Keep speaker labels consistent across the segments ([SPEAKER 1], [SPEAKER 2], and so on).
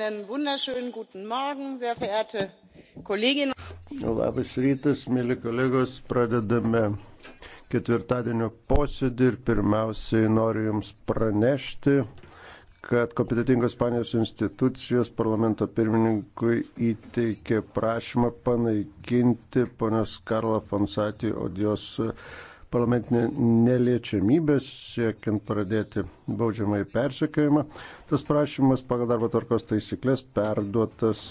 [SPEAKER 1] Einen wunderschönen guten Morgen, sehr verehrte Kolleginnen.
[SPEAKER 2] Labas rytas, mėly kolegos, pradedame ketvirtadienio posėdį ir pirmiausiai noriu Jums pranešti, kad kompetitingos Ispanijos institucijos parlamento pirmininkui įteikė prašymą panaikinti ponios Karla Fonsatį Odijos parlamentinė neliečiamybė, siekiant pradėti baudžiamai persekiojimą. Tas prašymas pagal darbo tvarkos taisyklės perduotas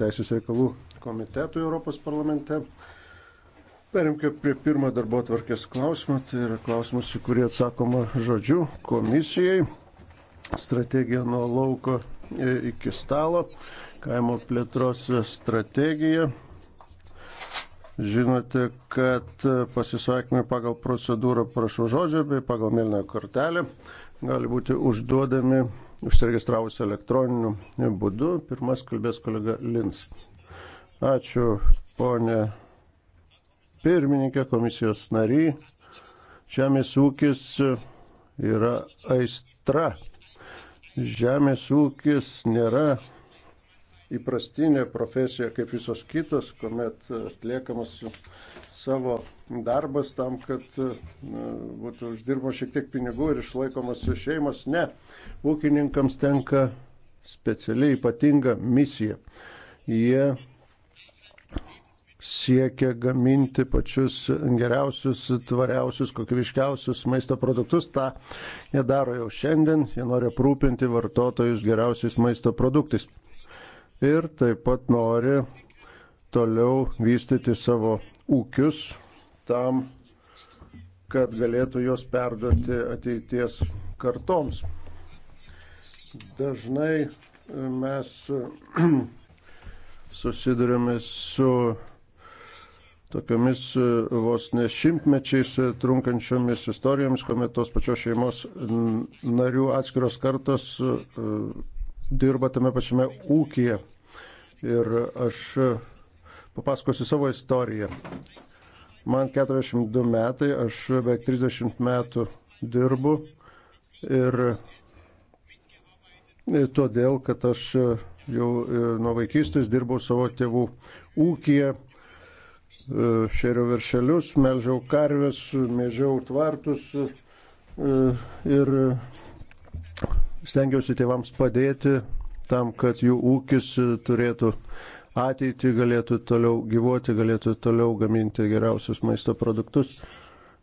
[SPEAKER 2] Teisės reikalų komitetui Europos parlamente. Perimkime prie pirmo darbo tvarkės klausimo, tai yra klausimas, į kurį atsakoma žodžiu komisijai. Strategija nuo lauko iki stalo, kaimo plėtros strategija Žinote, kad pasisakymai pagal procedūrą prašau žodžio bei pagal mėlyną kortelę gali būti užduodami užsiregistravus elektroniniu būdu. Pirmas kalbės kolega Lins. Ačiū, ponė pirmininkė, komisijos nary. Žemės ūkis yra aistra. Žemės ūkis nėra įprastinė profesija kaip visos kitos, kuomet e, atliekamas savo darbas tam, kad e, būtų uždirbama šiek tiek pinigų ir išlaikomas šeimas. Ne, ūkininkams tenka specialiai ypatinga misija. Jie siekia gaminti pačius geriausius, tvariausius, kokybiškiausius maisto produktus. Ta jie daro jau šiandien, jie nori aprūpinti vartotojus geriausiais maisto produktais ir taip pat nori toliau vystyti savo ūkius tam, kad galėtų juos perduoti ateities kartoms. Dažnai mes susidurime su tokiamis vos ne šimtmečiais trunkančiomis istorijomis, kuomet tos pačios šeimos narių atskiros kartos dirba tame pačiame ūkija. Ir aš papasakosiu savo istoriją. Man 42 metai, aš beveik 30 metų dirbu ir todėl, kad aš jau nuo vaikystės dirbau savo tėvų ūkiją, šeriau viršelius, melžiau karves, mėžiau tvartus ir stengiausi tėvams padėti tam, kad jų ūkis e, turėtų ateitį, galėtų toliau gyvuoti, galėtų toliau gaminti geriausius maisto produktus.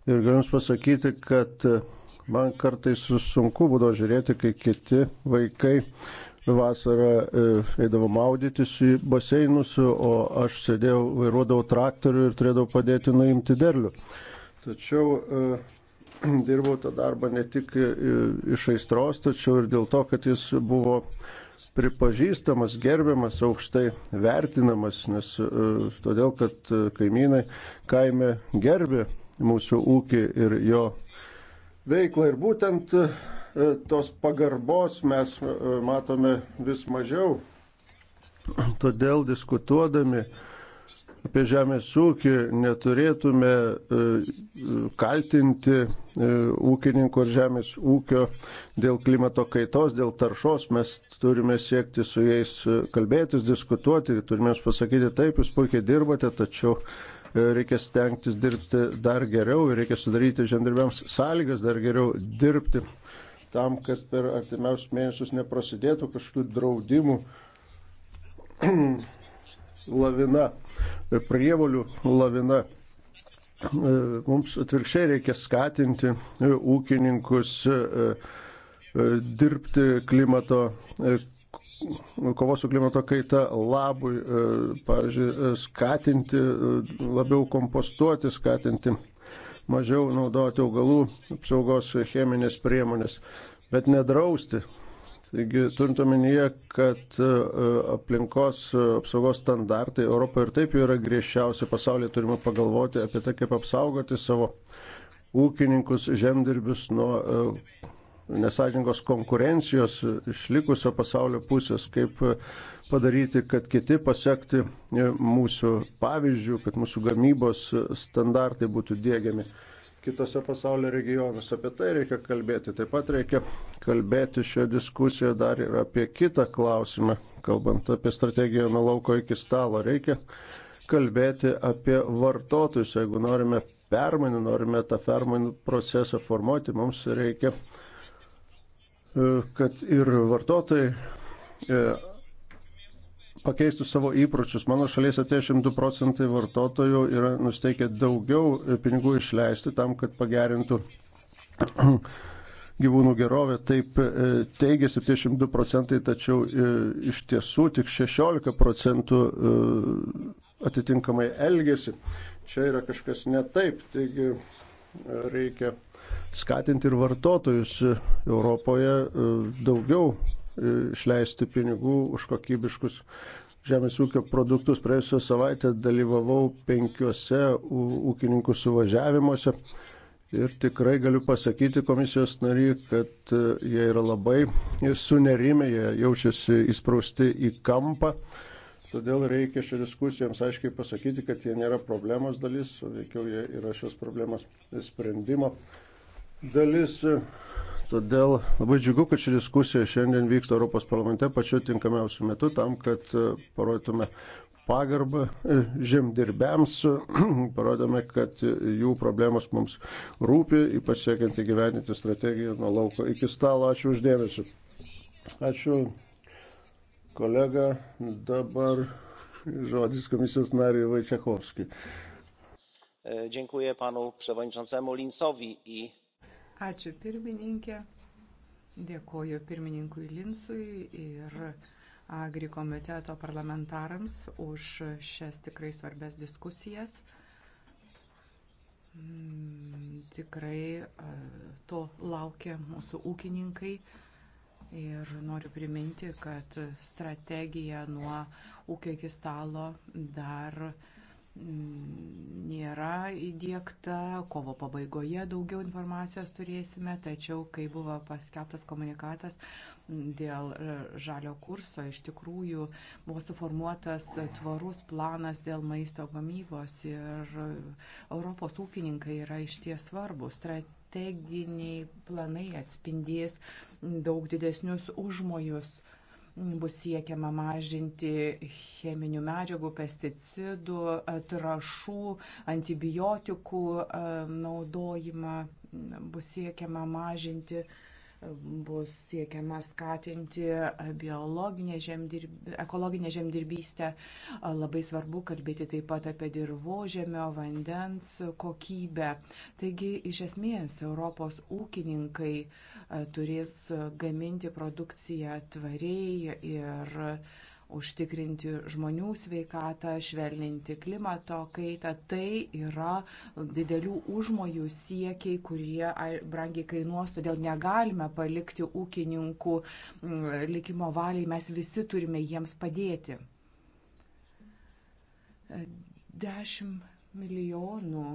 [SPEAKER 2] Ir galiu Jums pasakyti, kad e, man kartais sunku būdavo žiūrėti, kai kiti vaikai vasarą e, eidavo maudytis į baseinus, o aš sėdėjau, vairuodavau traktorių ir turėdavau padėti nuimti derlių. Tačiau dirbau tą darbą ne tik iš aistros, tačiau ir dėl to, kad jis buvo pripažįstamas, gerbiamas, aukštai vertinamas, nes e, todėl, kad e, kaimynai kaime gerbė mūsų ūkį ir jo veiklą. Ir būtent e, tos pagarbos mes matome vis mažiau. Todėl diskutuodami apie žemės ūkį, neturėtume e, kaltinti e, ūkininkų ir žemės ūkio dėl klimato kaitos, dėl taršos. Mes turime siekti su jais e, kalbėtis, diskutuoti, turime jums pasakyti, taip, jūs puikiai dirbate, tačiau reikia stengtis dirbti dar geriau ir reikia sudaryti žemdirbiams sąlygas dar geriau dirbti tam, kad per artimiausius mėnesius neprasidėtų kažkokių draudimų lavina, prievolių lavina. Mums atvirkščiai reikia skatinti e, ūkininkus e, e, dirbti klimato, kovos su klimato kaita labui, pavyzdžiui, skatinti labiau kompostuoti, skatinti mažiau naudoti augalų apsaugos cheminės priemonės, bet nedrausti Taigi, turint omenyje, kad e, aplinkos e, apsaugos standartai Europoje ir taip yra griežčiausi pasaulyje, turime pagalvoti apie tai, kaip apsaugoti savo ūkininkus, žemdirbius nuo e, nesažingos konkurencijos išlikusio pasaulio pusės, kaip padaryti, kad kiti pasiekti mūsų pavyzdžių, kad mūsų gamybos standartai būtų dėgiami kitose pasaulio regionuose. Apie tai reikia kalbėti. Taip pat reikia kalbėti šioje diskusijoje dar ir apie kitą klausimą, kalbant apie strategiją nuo lauko iki stalo. Reikia kalbėti apie vartotojus. Jeigu norime permainų, norime tą permainų procesą formuoti, mums reikia, e, kad ir vartotojai e, pakeistų savo įpročius. Mano šalies 72 procentai vartotojų yra nusteikę daugiau pinigų išleisti tam, kad pagerintų gyvūnų gerovė. Taip e, teigia 72 procentai, tačiau e, iš tiesų tik 16 procentų e, atitinkamai elgesi. Čia yra kažkas ne taip, taigi reikia skatinti ir vartotojus Europoje daugiau E, išleisti pinigų už kokybiškus žemės ūkio produktus. Praėjusią savaitę dalyvavau penkiuose ūkininkų suvažiavimuose ir tikrai galiu pasakyti komisijos nariai, kad e, jie yra labai sunerimę, jie jaučiasi įsprausti į kampą. Todėl reikia šią diskusijoms aiškiai pasakyti, kad jie nėra problemos dalis, o veikiau jie yra šios problemos sprendimo dalis. Todėl labai džiugu, kad ši diskusija šiandien vyksta Europos parlamente pačiu tinkamiausiu metu tam, kad e, parodytume pagarbą e, žemdirbiams, parodėme, kad jų problemos mums rūpi, ypač siekiant įgyveninti strategiją nuo lauko iki stalo. Ačiū uždėmesi. Ačiū, kolega. Dabar žodis komisijos nariui Vaičiakovskiui.
[SPEAKER 3] E, dziękuję panu przewodniczącemu Linsowi i Ačiū
[SPEAKER 1] pirmininkė. Dėkoju pirmininkui Linsui ir Agri komiteto parlamentarams už šias tikrai svarbės diskusijas. Mm, tikrai e, to laukia mūsų ūkininkai. Ir noriu priminti, kad strategija nuo ūkio iki stalo dar uh, nėra įdėkta, kovo pabaigoje daugiau informacijos turėsime, tačiau kai buvo paskelbtas komunikatas dėl žalio kurso, iš tikrųjų buvo suformuotas tvarus planas dėl maisto gamybos ir Europos ūkininkai yra iš ties svarbus. Strateginiai planai atspindės daug didesnius užmojus bus siekiama mažinti cheminių medžiagų, pesticidų, trašų, antibiotikų e, naudojimą, bus siekiama mažinti uh, bus siekiama skatinti biologinę žemdirb... ekologinę žemdirbystę. Labai svarbu kalbėti taip pat apie dirbožėmio, vandens kokybę. Taigi, iš esmės, Europos ūkininkai turės gaminti produkciją tvariai ir užtikrinti žmonių sveikatą, švelninti klimato kaitą. Tai yra didelių užmojų siekiai, kurie brangiai kainuos, todėl negalime palikti ūkininkų likimo valiai, mes visi turime jiems padėti. 10 milijonų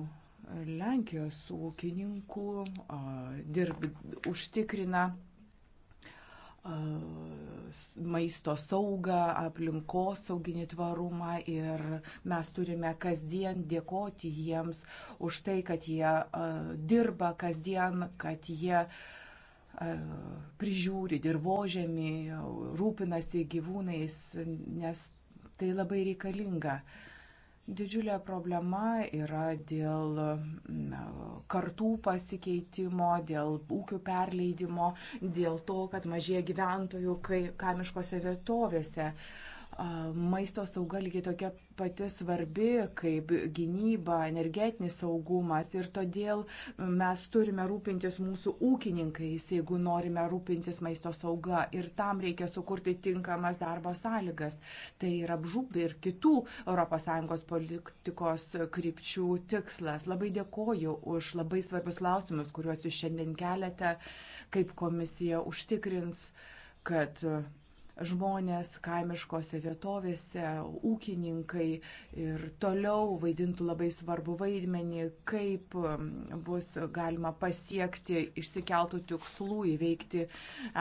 [SPEAKER 1] Lenkijos ūkininkų a, dirb, užtikrina maisto saugą, aplinkos sauginį tvarumą ir mes turime kasdien dėkoti jiems už tai, kad jie dirba kasdien, kad jie prižiūri dirbožėmį, rūpinasi gyvūnais, nes tai labai reikalinga. Uh, Didžiulė problema yra dėl kartų pasikeitimo, dėl ūkių perleidimo, dėl to, kad mažėja gyventojų kaimiškose vietovėse. Uh, Maisto sauga lygiai tokia pati svarbi kaip gynyba, energetinis saugumas ir todėl mes turime rūpintis mūsų ūkininkais, jeigu norime rūpintis maisto sauga ir tam reikia sukurti tinkamas darbo sąlygas. Tai yra apžūp ir kitų ES politikos krypčių tikslas. Labai dėkoju už labai svarbius klausimus, kuriuos jūs šiandien keliate, kaip komisija užtikrins kad žmonės kaimiškose vietovėse, ūkininkai ir toliau vaidintų labai svarbu vaidmenį, kaip um, bus galima pasiekti išsikeltų tikslų, įveikti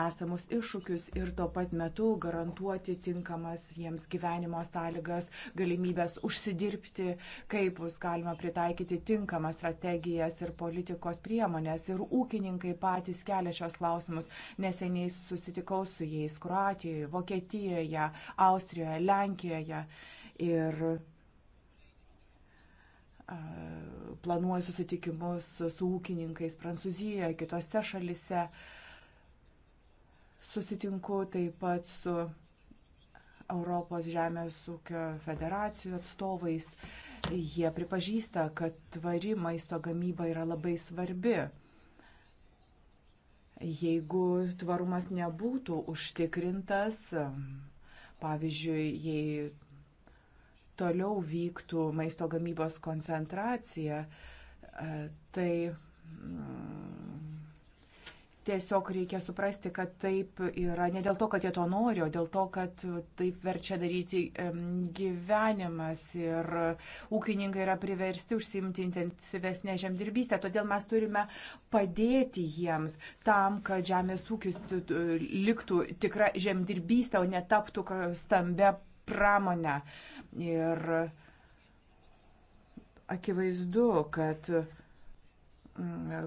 [SPEAKER 1] esamus iššūkius ir tuo pat metu garantuoti tinkamas jiems gyvenimo sąlygas, galimybės užsidirbti, kaip bus galima pritaikyti tinkamas strategijas ir politikos priemonės. Ir ūkininkai patys kelia šios klausimus. Neseniai susitikau su jais Kroatijoje, Vokietijoje, Austrijoje, Lenkijoje. Ir planuoja susitikimus su ūkininkais Prancūzijoje, kitose šalise. Susitinku taip pat su Europos žemės ūkio federacijų atstovais. Jie pripažįsta, kad tvari maisto gamyba yra labai svarbi. Jeigu tvarumas nebūtų užtikrintas, pavyzdžiui, jei toliau vyktų maisto gamybos koncentracija, e, tai mm, Tiesiog reikia suprasti, kad taip yra ne dėl to, kad jie to nori, o dėl to, kad taip verčia daryti gyvenimas ir ūkininkai yra priversti užsimti intensyvesnę žemdirbystę. Todėl mes turime padėti jiems tam, kad žemės ūkis liktų tikra žemdirbystė, o netaptų stambia pramonę. Ir akivaizdu, kad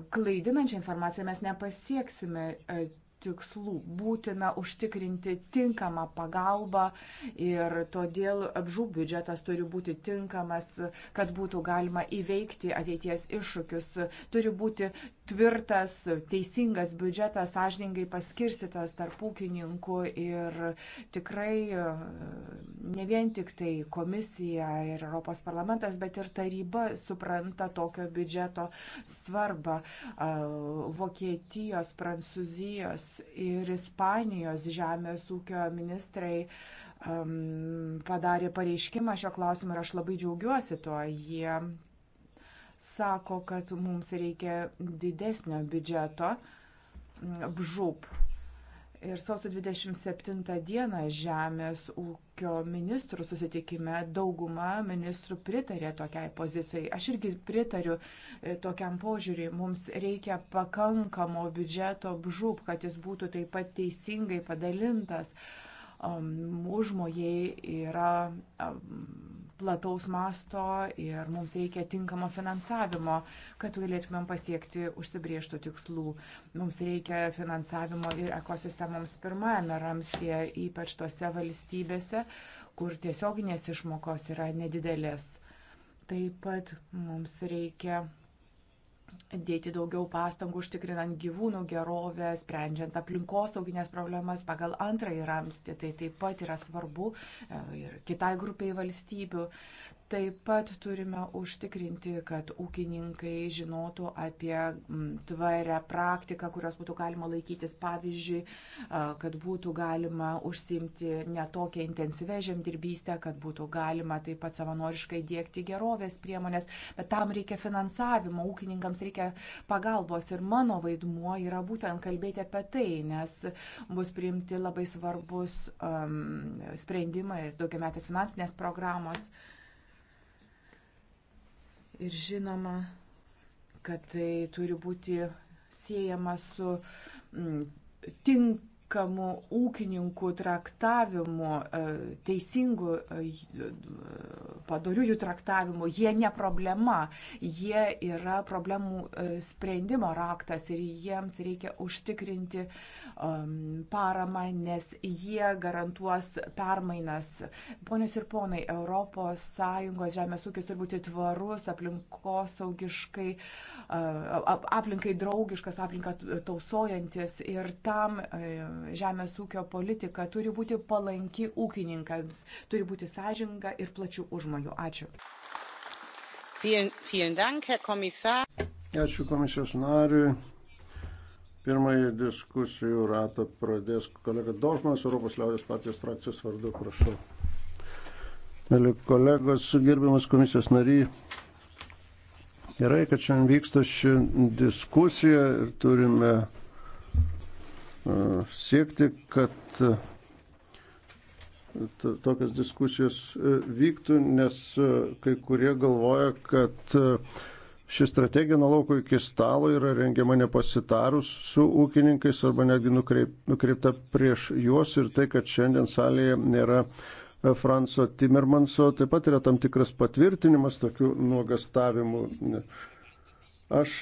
[SPEAKER 1] klaidinančią informaciją mes nepasieksime e, tikslų. Būtina užtikrinti tinkamą pagalbą ir todėl apžų biudžetas turi būti tinkamas, kad būtų galima įveikti ateities iššūkius. Turi būti tvirtas, teisingas biudžetas, sąžiningai paskirstytas tarp ūkininkų ir tikrai e, ne vien tik tai komisija ir Europos parlamentas, bet ir taryba supranta tokio biudžeto svarbą. E, Vokietijos, Prancūzijos ir Ispanijos žemės ūkio ministrai um, padarė pareiškimą šio klausimu ir aš labai džiaugiuosi tuo. Jie sako, kad mums reikia didesnio biudžeto bžūp. Ir sausio 27 dieną Žemės ūkio ministrų susitikime dauguma ministrų pritarė tokiai pozicijai. Aš irgi pritariu e, tokiam požiūriui. Mums reikia pakankamo biudžeto bžūp, kad jis būtų taip pat teisingai padalintas. Um, užmojai yra. Um, plataus masto ir mums reikia tinkamo finansavimo, kad galėtumėm pasiekti užsibrieštų tikslų. Mums reikia finansavimo ir ekosistemoms pirmajame ramstėje, ypač tose valstybėse, kur tiesioginės išmokos yra nedidelės. Taip pat mums reikia dėti daugiau pastangų užtikrinant gyvūnų gerovę, sprendžiant aplinkosauginės problemas pagal antrąjį ramstį. Tai taip pat yra svarbu e, ir kitai grupiai valstybių. Taip pat turime užtikrinti, kad ūkininkai žinotų apie tvarę praktiką, kurios būtų galima laikytis. Pavyzdžiui, kad būtų galima užsimti netokią intensyvę žemdirbystę, kad būtų galima taip pat savanoriškai dėkti gerovės priemonės. Bet tam reikia finansavimo, ūkininkams reikia pagalbos. Ir mano vaidmuo yra būtent kalbėti apie tai, nes bus priimti labai svarbus um, sprendimai ir daugiametės finansinės programos. Thank you Ir žinoma, kad tai turi būti siejama su mm, tink tinkamu ūkininkų traktavimu, e, teisingu, e, e, padoriu jų traktavimu. Jie ne problema, jie yra problemų sprendimo raktas ir jiems reikia užtikrinti paramą, nes jie garantuos permainas. Ponios ir ponai, ES žemės ūkis turi būti tvarus, aplinkosaugiškai, aplinkai draugiškas, aplinką tausojantis ir tam žemės ūkio politika turi būti palanki ūkininkams, turi būti sąžinga ir plačių užmojų. Ačiū. Vielen,
[SPEAKER 4] vielen Dank, Herr Kommissar.
[SPEAKER 2] Ačiū komisijos nariui. Pirmąjį diskusijų ratą pradės kolega Dorfmanas, Europos liaudės partijos frakcijos vardu, prašau. Mėly kolegos, gerbiamas komisijos nariai, gerai, kad šiandien vyksta ši diskusija ir turime E, siekti, kad e, tokias diskusijos e, vyktų, nes kai kurie galvoja, kad ši strategija nuo lauko iki stalo yra rengiama nepasitarus su ūkininkais arba netgi nukreipta prieš juos ir tai, kad šiandien salėje nėra Franso Timmermanso, taip pat yra tam tikras patvirtinimas tokių nuogastavimų Aš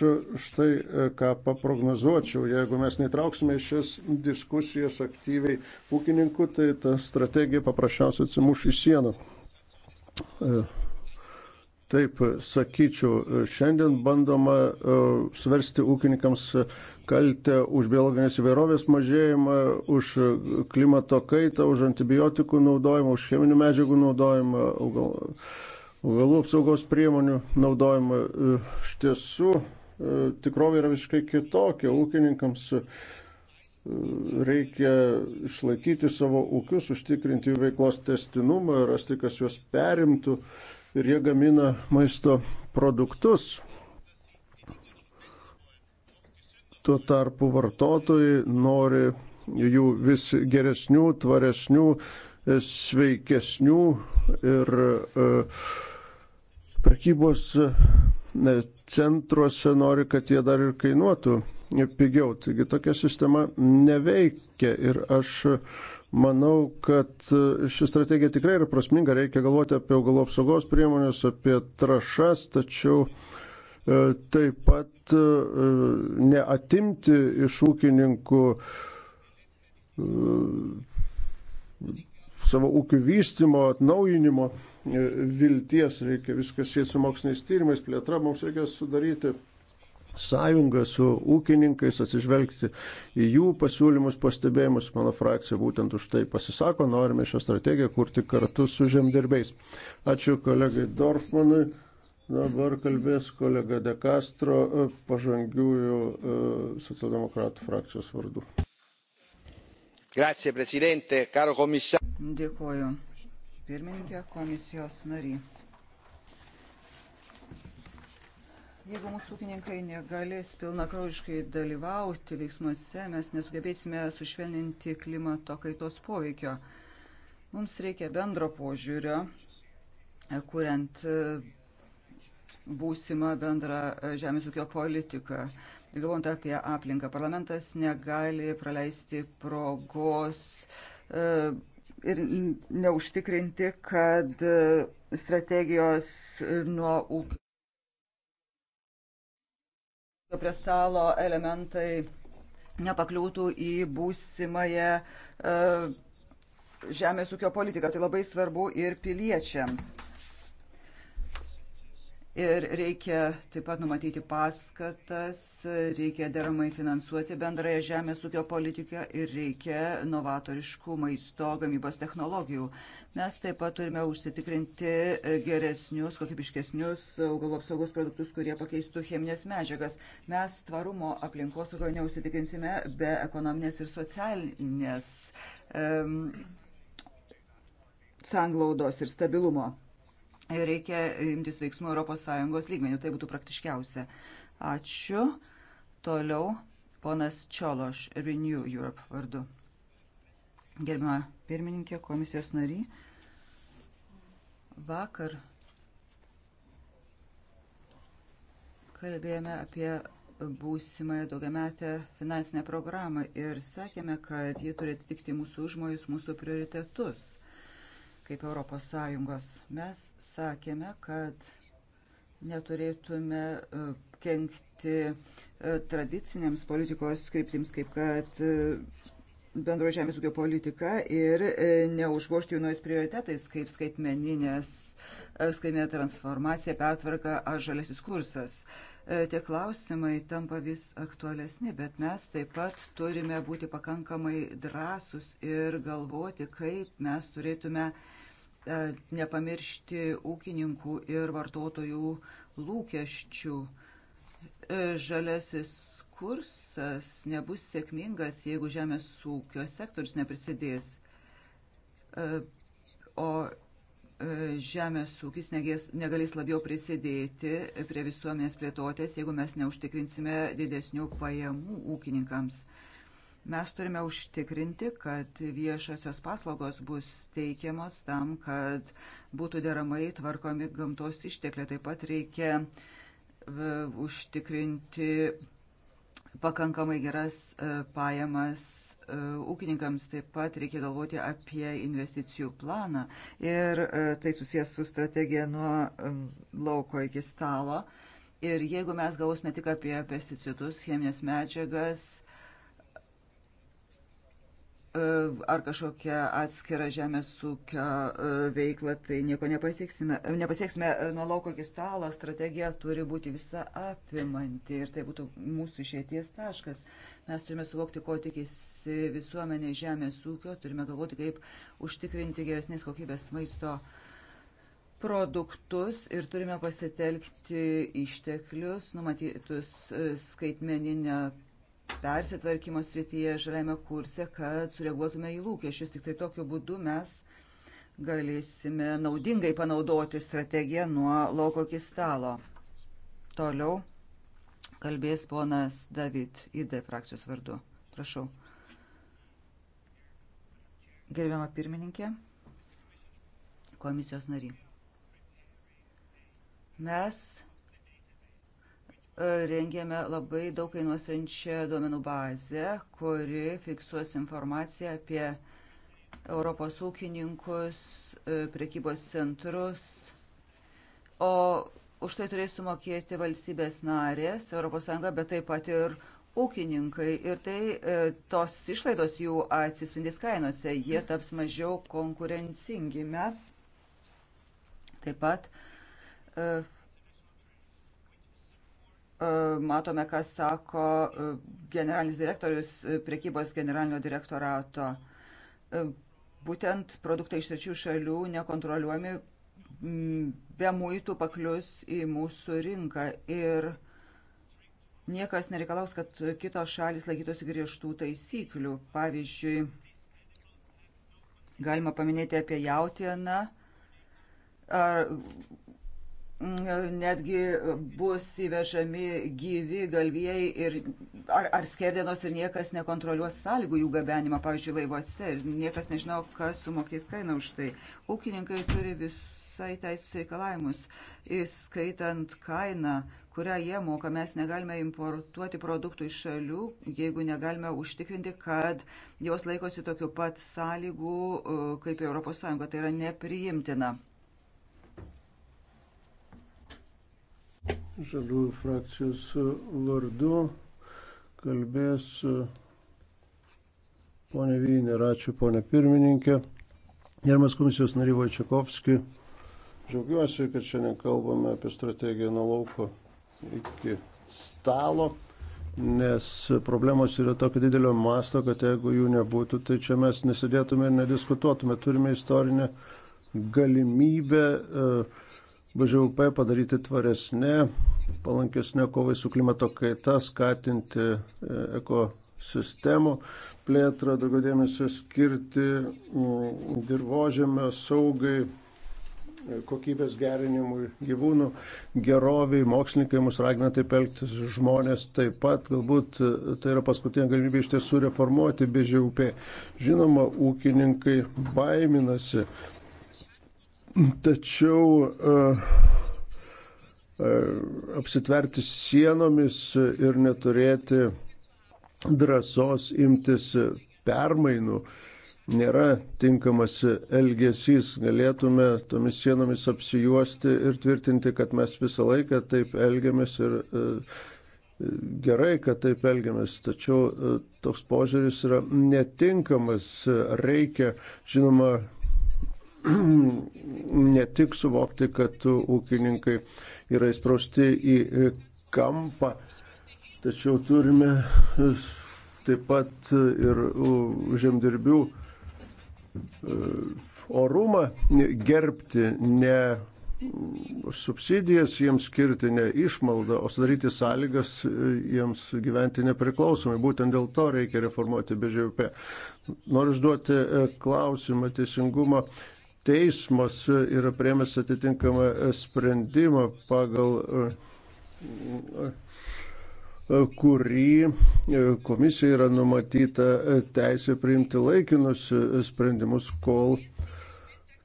[SPEAKER 2] štai e, ką paprognozuočiau, jeigu mes netrauksime šias diskusijas aktyviai ūkininkų, tai ta strategija paprasčiausiai atsimuš į sieną. E, taip, sakyčiau, šiandien bandoma e, svarsti ūkininkams kaltę už biologinės įvairovės mažėjimą, už klimato kaitą, už antibiotikų naudojimą, už cheminių medžiagų naudojimą, augal, augalų apsaugos priemonių naudojimą. E, iš tiesų, e, tikrovė yra visiškai kitokia. Ūkininkams e, reikia išlaikyti savo ūkius, užtikrinti jų veiklos testinumą, rasti, kas juos perimtų ir jie gamina maisto produktus. Tuo tarpu vartotojai nori jų vis geresnių, tvaresnių, sveikesnių ir uh, prekybos e, centruose nori, kad jie dar ir kainuotų pigiau. Taigi tokia sistema neveikia ir aš manau, kad e, ši strategija tikrai yra prasminga, reikia galvoti apie augalų apsaugos priemonės, apie trašas, tačiau e, taip pat neatimti iš ūkininkų savo ūkių vystimo, atnaujinimo vilties, reikia viskas sėti su moksliniais tyrimais, plėtra, mums reikia sudaryti sąjungą su ūkininkais, atsižvelgti į jų pasiūlymus, pastebėjimus. Mano frakcija būtent už tai pasisako, norime šią strategiją kurti kartu su žemdirbiais. Ačiū kolegai Dorfmanui. Dabar kalbės kolega De Castro e, pažangiųjų e, socialdemokratų frakcijos
[SPEAKER 3] vardu. Grazie, prezidente, karo komisarė.
[SPEAKER 5] Dėkuoju pirmininkė, komisijos nary. Jeigu mūsų ūkininkai negalės pilnakraujiškai dalyvauti veiksmuose, mes nesugebėsime sušvelninti klimato kaitos poveikio. Mums reikia bendro požiūrio, e, kuriant e, būsimą bendrą e, žemės ūkio politiką. Galvojant apie aplinką, parlamentas negali praleisti progos ir neužtikrinti, kad e, strategijos nuo ūkio prie stalo elementai nepakliūtų į būsimąją e, žemės ūkio politiką. Tai labai svarbu ir piliečiams. Ir reikia taip pat numatyti paskatas, reikia deramai finansuoti bendrąją žemės ūkio politiką ir reikia novatoriškų maisto gamybos technologijų. Mes taip pat turime užsitikrinti geresnius, kokybiškesnius augalų apsaugos produktus, kurie pakeistų cheminės medžiagas. Mes tvarumo aplinkos saugoje neužsitikrinsime be ekonominės ir socialinės um, sanglaudos ir stabilumo reikia imtis veiksmų ES lygmenių. Tai būtų praktiškiausia. Ačiū. Toliau ponas Čiološ, Renew Europe vardu. Gerbima pirmininkė, komisijos nary. Vakar kalbėjome apie būsimąją daugiametę finansinę programą ir sakėme, kad ji turi atitikti mūsų užmojus, mūsų prioritetus – kaip ES. Mes sakėme, kad neturėtume e, kenkti e, tradicinėms politikos skriptims, kaip kad e, bendro žemės ūkio politika ir neužgošti jų nuojais prioritetais, kaip skaitmeninės, skaitmeninė transformacija, pertvarka ar žalesis kursas. E, tie klausimai tampa vis aktualesni, bet mes taip pat turime būti pakankamai drąsus ir galvoti, kaip mes turėtume e, nepamiršti ūkininkų ir vartotojų lūkesčių. E, Žalesis kursas nebus sėkmingas, jeigu žemės ūkio sektorius neprisidės o žemės ūkis negės, negalės labiau prisidėti prie visuomenės plėtotės, jeigu mes neužtikrinsime didesnių pajamų ūkininkams. Mes turime užtikrinti, kad viešosios paslaugos bus teikiamos tam, kad būtų deramai tvarkomi gamtos ištekliai. Taip pat reikia užtikrinti pakankamai geras e, pajamas E, ūkininkams taip pat reikia galvoti apie investicijų planą ir e, tai susijęs su strategija nuo lauko iki stalo. Ir jeigu mes gausime tik apie pesticidus, cheminės medžiagas, e, ar kažkokią atskirą žemės ūkio veiklą, tai nieko nepasieksime. Nepasieksime nuo lauko iki stalo, strategija turi būti visa apimanti ir tai būtų mūsų išėties taškas. Mes turime suvokti, ko tikisi visuomenė žemės ūkio, turime galvoti, kaip užtikrinti geresnės kokybės maisto produktus ir turime pasitelkti išteklius numatytus e, skaitmeninę persitvarkymo srityje žaliame kurse, kad sureaguotume į lūkesčius. Tik tai tokiu būdu mes galėsime naudingai panaudoti strategiją nuo lauko iki stalo. Toliau Kalbės ponas David ID frakcijos vardu. Prašau. Gerbiama pirmininkė, komisijos nary. Mes e, rengėme labai daug kainuosiančią duomenų bazę, kuri fiksuos informaciją apie Europos ūkininkus, e, prekybos centrus, o už tai turės sumokėti valstybės narės, ES, bet taip pat ir ūkininkai. Ir tai e, tos išlaidos jų atsispindys kainose, jie taps mažiau konkurencingi. Mes taip pat e, e, matome, kas sako e, generalinis direktorius e, priekybos generalinio direktorato. E, būtent produktai iš trečių šalių nekontroliuojami be muitų paklius į mūsų rinką ir niekas nereikalaus, kad kitos šalis laikytųsi griežtų taisyklių. Pavyzdžiui, galima paminėti apie jautieną, ar netgi bus įvežami gyvi galvijai ir, ar, ar skerdienos ir niekas nekontroliuos sąlygų jų gabenimą, pavyzdžiui, laivuose ir niekas nežino, kas sumokės kainą už tai. Ūkininkai turi visų visai teisų reikalavimus, įskaitant kainą, kurią jie moka. Mes negalime importuoti produktų iš šalių, jeigu negalime užtikrinti, kad jos laikosi tokiu pat sąlygų e, kaip ES. Tai yra nepriimtina.
[SPEAKER 2] Žaliųjų frakcijos vardu kalbės e, ponė Vynė, ačiū ponė pirmininkė. Gerbiamas komisijos nary Vojčiakovski, Džiaugiuosi, kad šiandien kalbame apie strategiją nuo lauko iki stalo, nes problemos yra tokio didelio masto, kad jeigu jų nebūtų, tai čia mes nesėdėtume ir nediskutuotume. Turime istorinę galimybę e, BŽUP padaryti tvaresnė, palankesnė kovai su klimato kaita, skatinti e, ekosistemų plėtrą, daugiau dėmesio skirti mm, dirbožėmio saugai, kokybės gerinimui, gyvūnų geroviai, mokslininkai mus ragina taip elgtis, žmonės taip pat, galbūt e, tai yra paskutinė galimybė iš tiesų reformuoti BŽUP. Žinoma, ūkininkai baiminasi, tačiau uh, uh, apsitverti sienomis ir neturėti drąsos imtis permainų uh, nėra tinkamas elgesys. Galėtume tomis sienomis apsijuosti ir tvirtinti, kad mes visą laiką taip elgiamės ir e, gerai, kad taip elgiamės. Tačiau e, toks požiūris yra netinkamas. Reikia, žinoma, ne tik suvokti, kad ūkininkai yra įsprausti į kampą, tačiau turime taip pat ir žemdirbių orumą gerbti, ne subsidijas jiems skirti, ne išmaldą, o sudaryti sąlygas e, jiems gyventi nepriklausomai. Būtent dėl to reikia reformuoti BŽP. Noriu užduoti e, klausimą teisingumo. Teismas e, yra priemęs atitinkamą sprendimą pagal kurį e, komisija yra numatyta e, teisė priimti laikinus e, sprendimus, kol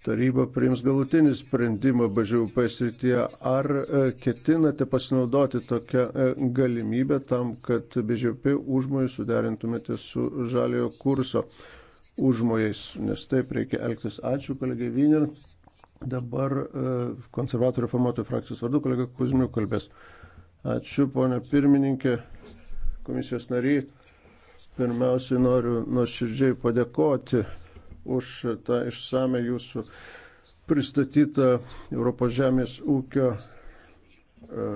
[SPEAKER 2] taryba priims galutinį sprendimą BŽUP srityje. Ar ketinate pasinaudoti tokią galimybę tam, kad BŽUP užmojų suderintumėte su žaliojo kurso užmojais, nes taip reikia elgtis. Ačiū, kolegai Vynel. Dabar konservatorių formuotojų frakcijos vardu kolega Kuzmiu kalbės. Ačiū, ponė pirmininkė, komisijos nariai. Pirmiausiai noriu nuoširdžiai padėkoti už tą išsame jūsų pristatytą Europos žemės ūkio e,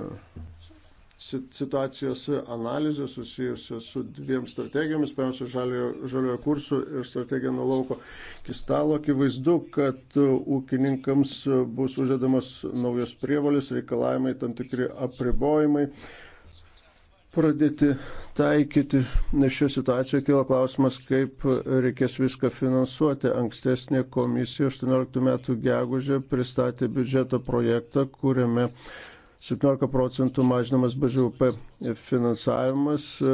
[SPEAKER 2] situacijos analizę susijusią su dviem strategijomis, pirmiausia, žaliojo, žaliojo kursų ir strategija nuo lauko iki stalo. Akivaizdu, kad ūkininkams bus uždedamas naujos prievalis, reikalavimai, tam tikri apribojimai pradėti taikyti. Nes šio situacijoje kilo klausimas, kaip reikės viską finansuoti. Ankstesnė komisija 18 metų gegužė pristatė biudžeto projektą, kuriame 17 procentų mažinamas BŽUP finansavimas e,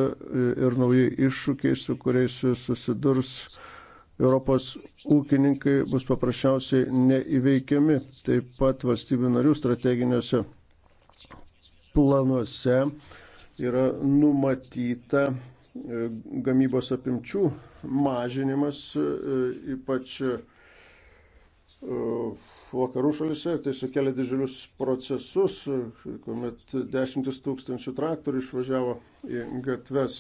[SPEAKER 2] ir nauji iššūkiai, su kuriais susidurs Europos ūkininkai, bus paprasčiausiai neįveikiami. Taip pat valstybių narių strateginiuose planuose yra numatyta e, gamybos apimčių mažinimas, e, ypač uh, vakarų šalise ir tai sukelia didžiulius procesus, kuomet dešimtis tūkstančių traktorių išvažiavo į gatves.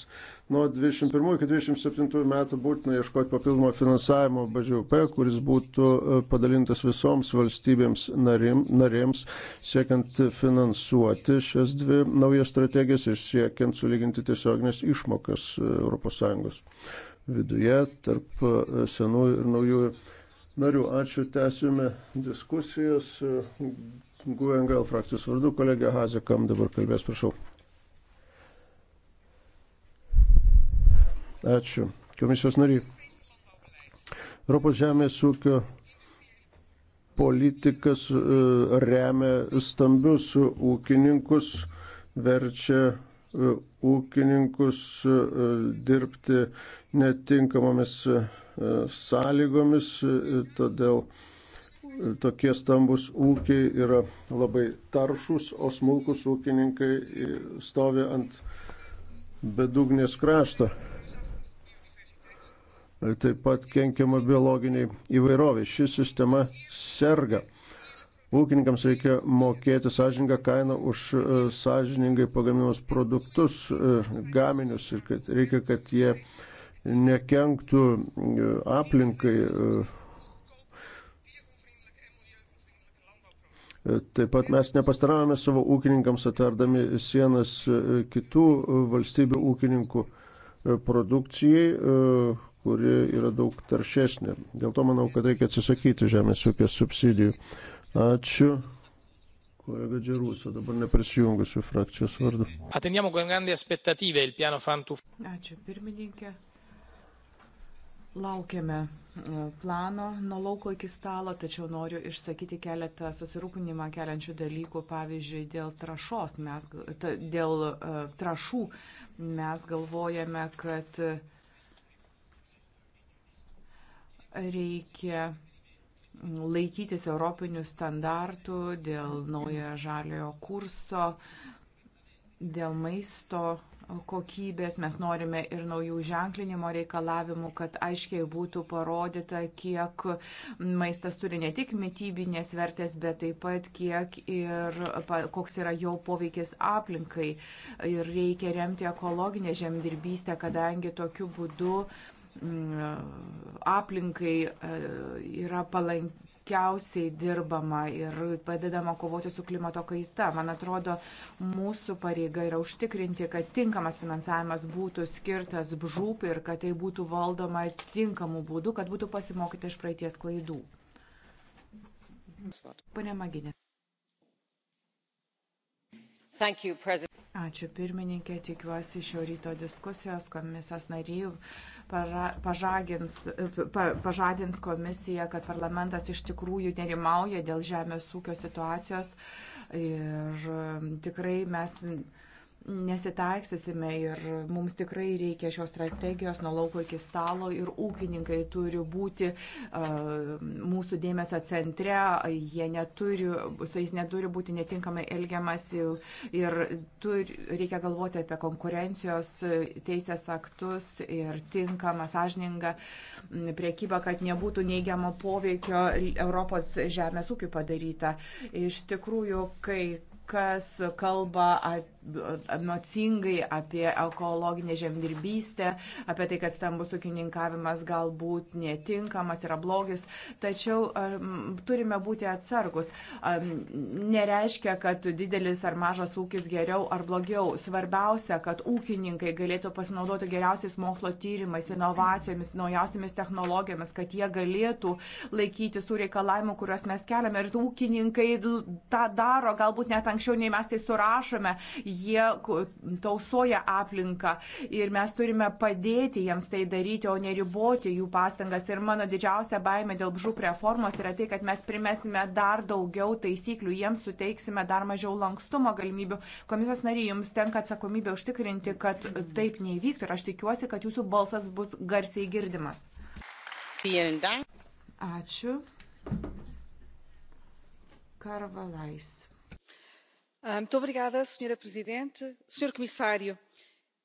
[SPEAKER 2] Nuo 21 iki 27 metų būtina ieškoti papildomo finansavimo BŽUP, kuris būtų e, padalintas visoms valstybėms narim, narėms, siekiant finansuoti šias dvi naujas strategijas ir siekiant sulyginti tiesioginės išmokas ES viduje tarp e, senųjų ir naujųjų narių. Ačiū, tęsime diskusijas. GUNGL frakcijos vardu kolegė Hazė, kam dabar kalbės, prašau. Ačiū. Komisijos nariai. Europos žemės ūkio politikas e, remia stambius ūkininkus, verčia e, ūkininkus e, dirbti netinkamomis E, sąlygomis, e, todėl tokie stambus ūkiai yra labai taršus, o smulkus ūkininkai stovi ant bedugnės krašto. E, taip pat kenkiama biologiniai įvairoviai. Ši sistema serga ūkininkams reikia mokėti sąžiningą kainą už sąžiningai pagaminamus produktus, gaminius ir kad reikia, kad jie nekenktų e, aplinkai. E, e, taip pat mes nepastaravome savo ūkininkams atverdami sienas kitų valstybių ūkininkų produkcijai, kuri yra daug taršesnė. Dėl to manau, kad reikia atsisakyti žemės ūkio subsidijų. Ačiū. Kolega Džerūso, dabar neprisijungusiu frakcijos vardu.
[SPEAKER 4] Ačiū
[SPEAKER 1] pirmininkė. Laukiame e, plano nuo lauko iki stalo, tačiau noriu išsakyti keletą susirūpinimą keliančių dalykų. Pavyzdžiui, dėl, trašos, mes, ta, dėl uh, trašų mes galvojame, kad reikia laikytis europinių standartų dėl naujojo žaliojo kurso, dėl maisto kokybės, mes norime ir naujų ženklinimo reikalavimų, kad aiškiai būtų parodyta, kiek maistas turi ne tik mytybinės vertės, bet taip pat kiek ir koks yra jo poveikis aplinkai. Ir reikia remti ekologinę žemdirbystę, kadangi tokiu būdu mm, aplinkai e, yra palank, sunkiausiai dirbama ir padedama kovoti su klimato kaita. Man atrodo, mūsų pareiga yra užtikrinti, kad tinkamas finansavimas būtų skirtas bžūp ir kad tai būtų valdoma tinkamų būdų, kad būtų pasimokyti iš praeities klaidų. Pane Maginė. You, Ačiū pirmininkė, tikiuosi šio ryto diskusijos komisijos nariai para, pažagins, pa, pažadins komisiją, kad parlamentas iš tikrųjų nerimauja dėl žemės ūkio situacijos. Ir um, tikrai mes nesitaiksysime ir mums tikrai reikia šios strategijos nuo lauko iki stalo ir ūkininkai turi būti uh, mūsų dėmesio centre, jie neturi, su jais neturi būti netinkamai elgiamasi ir turi, reikia galvoti apie konkurencijos teisės aktus ir tinkamą, sąžiningą priekybą, kad nebūtų neigiamo poveikio Europos žemės ūkiu padaryta. Iš tikrųjų, kai kas kalba apie emocingai apie ekologinę žemdirbystę, apie tai, kad stambus ūkininkavimas galbūt netinkamas yra blogis. Tačiau turime būti atsargus. Nereiškia, kad didelis ar mažas ūkis geriau ar blogiau. Svarbiausia, kad ūkininkai galėtų pasinaudoti geriausiais mokslo tyrimais, inovacijomis, naujausiamis technologijomis, kad jie galėtų laikytis tų reikalavimų, kuriuos mes keliame. Ir ūkininkai tą daro, galbūt net anksčiau nei mes tai surašome jie tausoja aplinką ir mes turime padėti jiems tai daryti, o neriboti jų pastangas. Ir mano didžiausia baime dėl žūp reformos yra tai, kad mes primesime dar daugiau taisyklių, jiems suteiksime dar mažiau lankstumo galimybių. Komisijos nariai, jums tenka atsakomybė užtikrinti, kad taip neįvyktų ir aš tikiuosi, kad jūsų balsas bus garsiai girdimas. Ačiū.
[SPEAKER 5] Karvalais. Ah, senhora presidente senhor comissário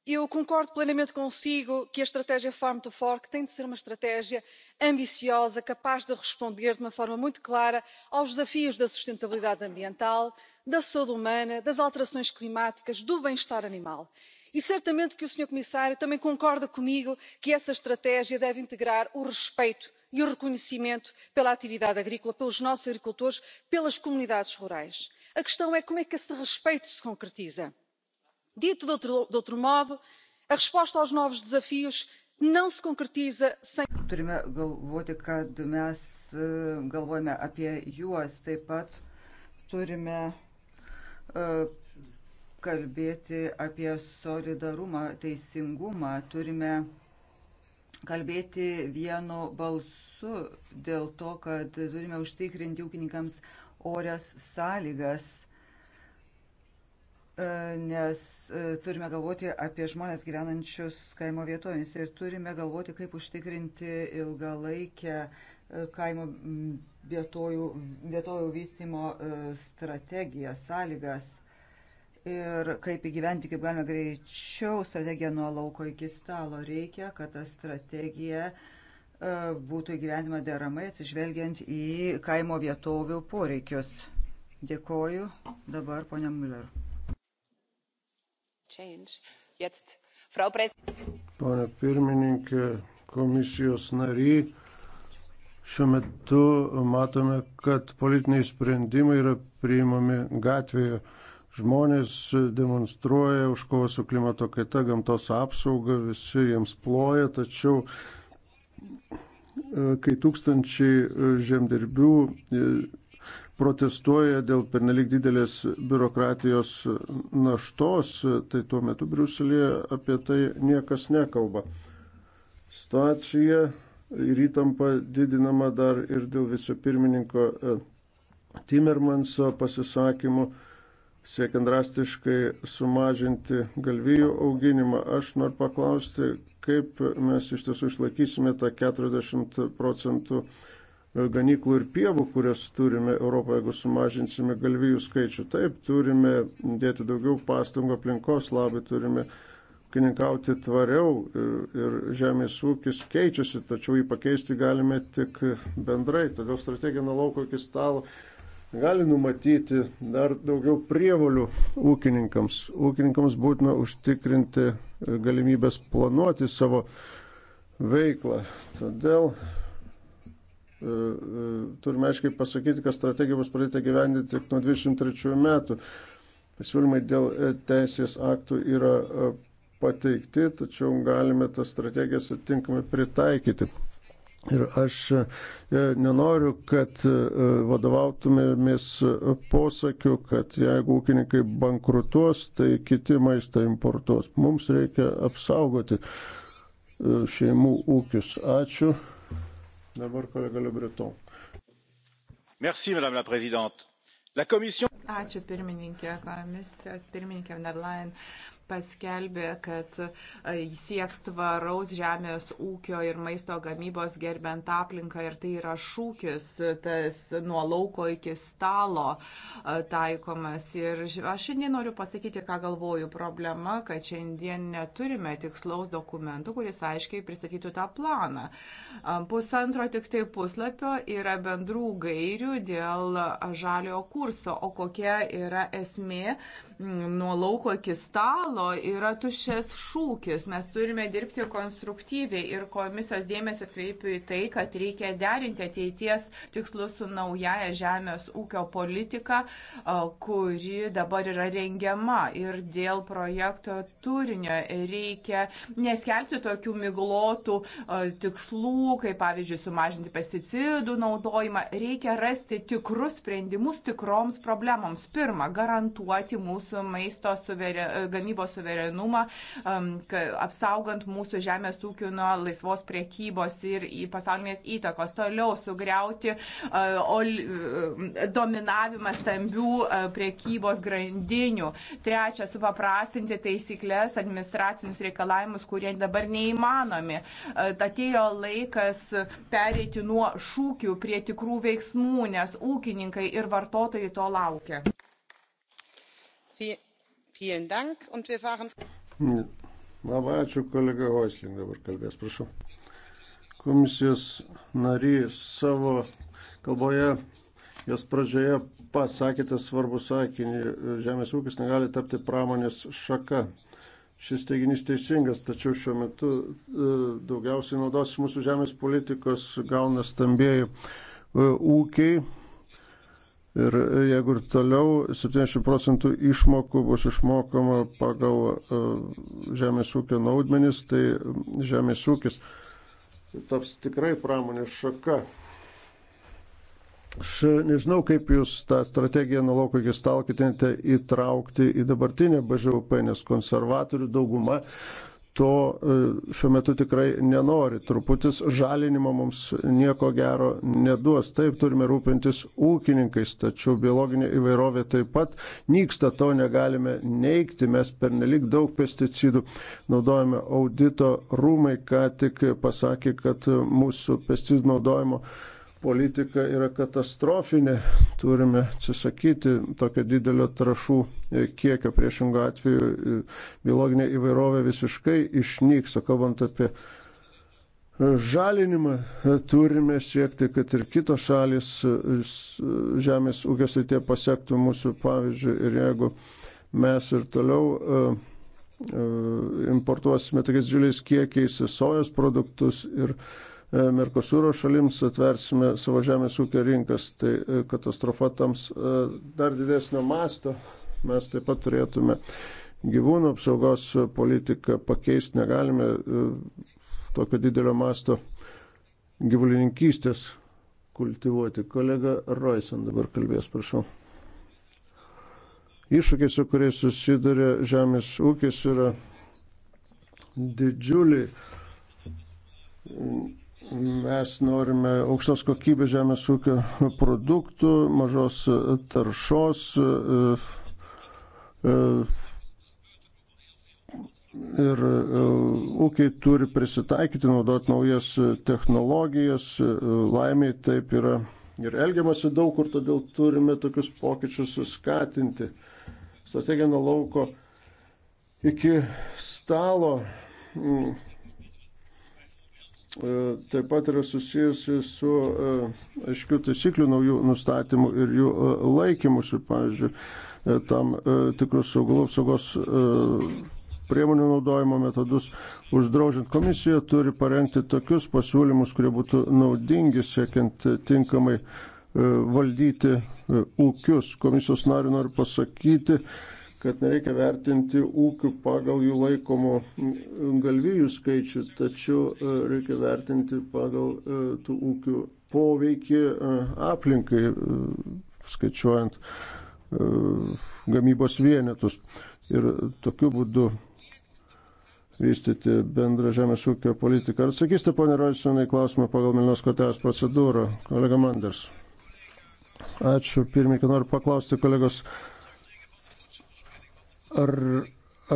[SPEAKER 5] eu concordo plenamente consigo que a estratégia farm to fork tem de ser uma estratégia ambiciosa capaz de responder de uma forma muito clara aos desafios da sustentabilidade ambiental da saúde humana das alterações climáticas do bem estar animal e certamente que o senhor comissário também concorda comigo que essa estratégia deve integrar o respeito e o reconhecimento pela atividade agrícola pelos nossos agricultores pelas comunidades rurais. a questão é como é que esse respeito se concretiza. dito de outro modo a resposta aos novos desafios não se concretiza sem. turime galvoti kad mes eh, galvojame apie juos taip pat turime uh, kalbėti apie solidarumą, teisingumą, turime kalbėti vienu balsu dėl to, kad turime užtikrinti ūkininkams orias sąlygas, e, nes e, turime galvoti apie žmonės gyvenančius kaimo vietomis ir turime galvoti, kaip užtikrinti ilgalaikę e, kaimo vietojų, vietojų vystimo strategiją, sąlygas ir kaip įgyventi, kaip galima greičiau strategiją nuo lauko iki stalo. Reikia, kad ta strategija e, būtų įgyvendima deramai atsižvelgiant į kaimo vietovių poreikius. Dėkoju. Dabar ponia Müller.
[SPEAKER 2] Pane pirmininkė, komisijos nariai, šiuo metu matome, kad politiniai sprendimai yra priimami gatvėje Žmonės demonstruoja už kovą su klimato kaita, gamtos apsaugą, visi jiems ploja, tačiau e, kai tūkstančiai e, žemdirbių e, protestuoja dėl pernelik didelės biurokratijos naštos, tai tuo metu Briuselėje apie tai niekas nekalba. Situacija ir įtampa didinama dar ir dėl viso pirmininko Timermanso pasisakymų siekiant drastiškai sumažinti galvijų auginimą. Aš noriu paklausti, kaip mes iš tiesų išlaikysime tą 40 procentų ganyklų ir pievų, kurias turime Europoje, jeigu sumažinsime galvijų skaičių. Taip, turime dėti daugiau pastangų aplinkos labai, turime kininkauti tvariau ir žemės ūkis keičiasi, tačiau jį pakeisti galime tik bendrai. Todėl strateginio lauko iki stalo gali numatyti dar daugiau prievalių ūkininkams. Ūkininkams būtina užtikrinti galimybės planuoti savo veiklą. Todėl e, e, turime aiškiai pasakyti, kad strategija bus pradėta gyvendinti tik nuo 23 metų. Pasiūlymai dėl teisės aktų yra e, pateikti, tačiau galime tas strategijas atitinkamai pritaikyti. Ir aš e, nenoriu, kad e, vadovautumėmės e, posakiu, kad jeigu ūkininkai bankrutuos, tai kiti maistą importuos. Mums reikia apsaugoti šeimų ūkius. Ačiū.
[SPEAKER 3] Dabar kolega Lebreton. Merci, Madame la Présidente. La Commission.
[SPEAKER 1] Ačiū pirmininkė, komisijos pirmininkė Nerlain paskelbė, kad e, sieks tvaraus žemės ūkio ir maisto gamybos gerbent aplinką ir tai yra šūkis, tas nuo lauko iki stalo e, taikomas. Ir aš šiandien noriu pasakyti, ką galvoju. Problema, kad šiandien neturime tikslaus dokumentų, kuris aiškiai pristatytų tą planą. E, pusantro tik tai puslapio yra bendrų gairių dėl žaliojo kurso, o kokia yra esmė nuo lauko iki stalo yra tuščias šūkis. Mes turime dirbti konstruktyviai ir komisijos dėmesio kreipiu į tai, kad reikia derinti ateities tikslus su naujaja žemės ūkio politika, kuri dabar yra rengiama. Ir dėl projekto turinio reikia neskelbti tokių miglotų tikslų, kaip pavyzdžiui sumažinti pesticidų naudojimą. Reikia rasti tikrus sprendimus tikroms problemoms. Pirma, garantuoti mūsų mūsų maisto suveren, gamybos suverenumą, um, apsaugant mūsų žemės ūkių nuo laisvos priekybos ir pasaulinės įtakos. Toliau sugriauti uh, ol, uh, dominavimą stambių uh, priekybos grandinių. Trečia, supaprastinti taisyklės, administracinius reikalavimus, kurie dabar neįmanomi. Atėjo laikas pereiti nuo šūkių prie tikrų veiksmų, nes ūkininkai ir vartotojai to laukia.
[SPEAKER 2] Labai ačiū, kolega Hoisling dabar kalbės, prašau. Komisijos narys savo kalboje, jos pradžioje pasakėte svarbų sakinį, žemės ūkis negali tapti pramonės šaka. Šis teiginys teisingas, tačiau šiuo metu e, daugiausiai naudos mūsų žemės politikos gauna stambėjai e, ūkiai, Ir jeigu ir toliau 70 procentų išmokų bus išmokama pagal e, žemės ūkio naudmenis, tai žemės ūkis taps tikrai pramonės šaka. Aš nežinau, kaip jūs tą strategiją nuo lauko iki stalo ketinate įtraukti į dabartinę BŽUP, nes konservatorių dauguma to e, šiuo metu tikrai nenori. Truputis žalinimo mums nieko gero neduos. Taip turime rūpintis ūkininkais, tačiau biologinė įvairovė taip pat nyksta, to negalime neikti. Mes pernelik daug pesticidų naudojame. Audito rūmai ką tik pasakė, kad mūsų pesticidų naudojimo politika yra katastrofinė, turime atsisakyti tokio didelio trašų e, kiekio, priešingų atveju e, biologinė įvairovė visiškai išnyks, o kalbant apie e, žalinimą, turime siekti, kad ir kitos šalis žemės ūkio srityje pasiektų mūsų pavyzdžių ir jeigu mes ir toliau importuosime tokiais didžiuliais kiekiais sojos produktus ir uh, E, Merkosūro šalims atversime savo žemės ūkio rinkas, tai e, katastrofa tams e, dar didesnio masto. Mes taip pat turėtume gyvūnų apsaugos politiką pakeisti, negalime tokio didelio masto gyvulininkystės kultivuoti. Kolega Roisan dabar kalbės, prašau. Iššūkiai, su kuriais susiduria žemės ūkis, yra didžiuliai mes norime aukštos kokybės žemės ūkio produktų, mažos taršos e, e, ir e, ūkiai turi prisitaikyti, naudoti naujas technologijas. Laimiai taip yra ir elgiamasi daug kur, todėl turime tokius pokyčius skatinti. Strategija nuo lauko iki stalo. Mm E, taip pat yra susijusi su e, aiškių taisyklių naujų nustatymų ir jų e, laikymusi, pavyzdžiui, tam tikrus augalų apsaugos priemonių naudojimo metodus uždraudžiant komisiją turi parengti tokius pasiūlymus, kurie būtų naudingi siekiant tinkamai valdyti ūkius. Komisijos nariu noriu pasakyti, kad nereikia vertinti ūkių pagal jų laikomų galvijų skaičių, tačiau e, reikia vertinti pagal e, tų ūkių poveikį e, aplinkai, skaičiuojant gamybos vienetus. Ir tokiu būdu vystyti bendrą žemės ūkio politiką. Ar sakysite, ponė Rolisonai, klausimą pagal Milnos kortelės procedūrą? Kolega Manders. Ačiū. Pirmininkai, noriu paklausti kolegos ar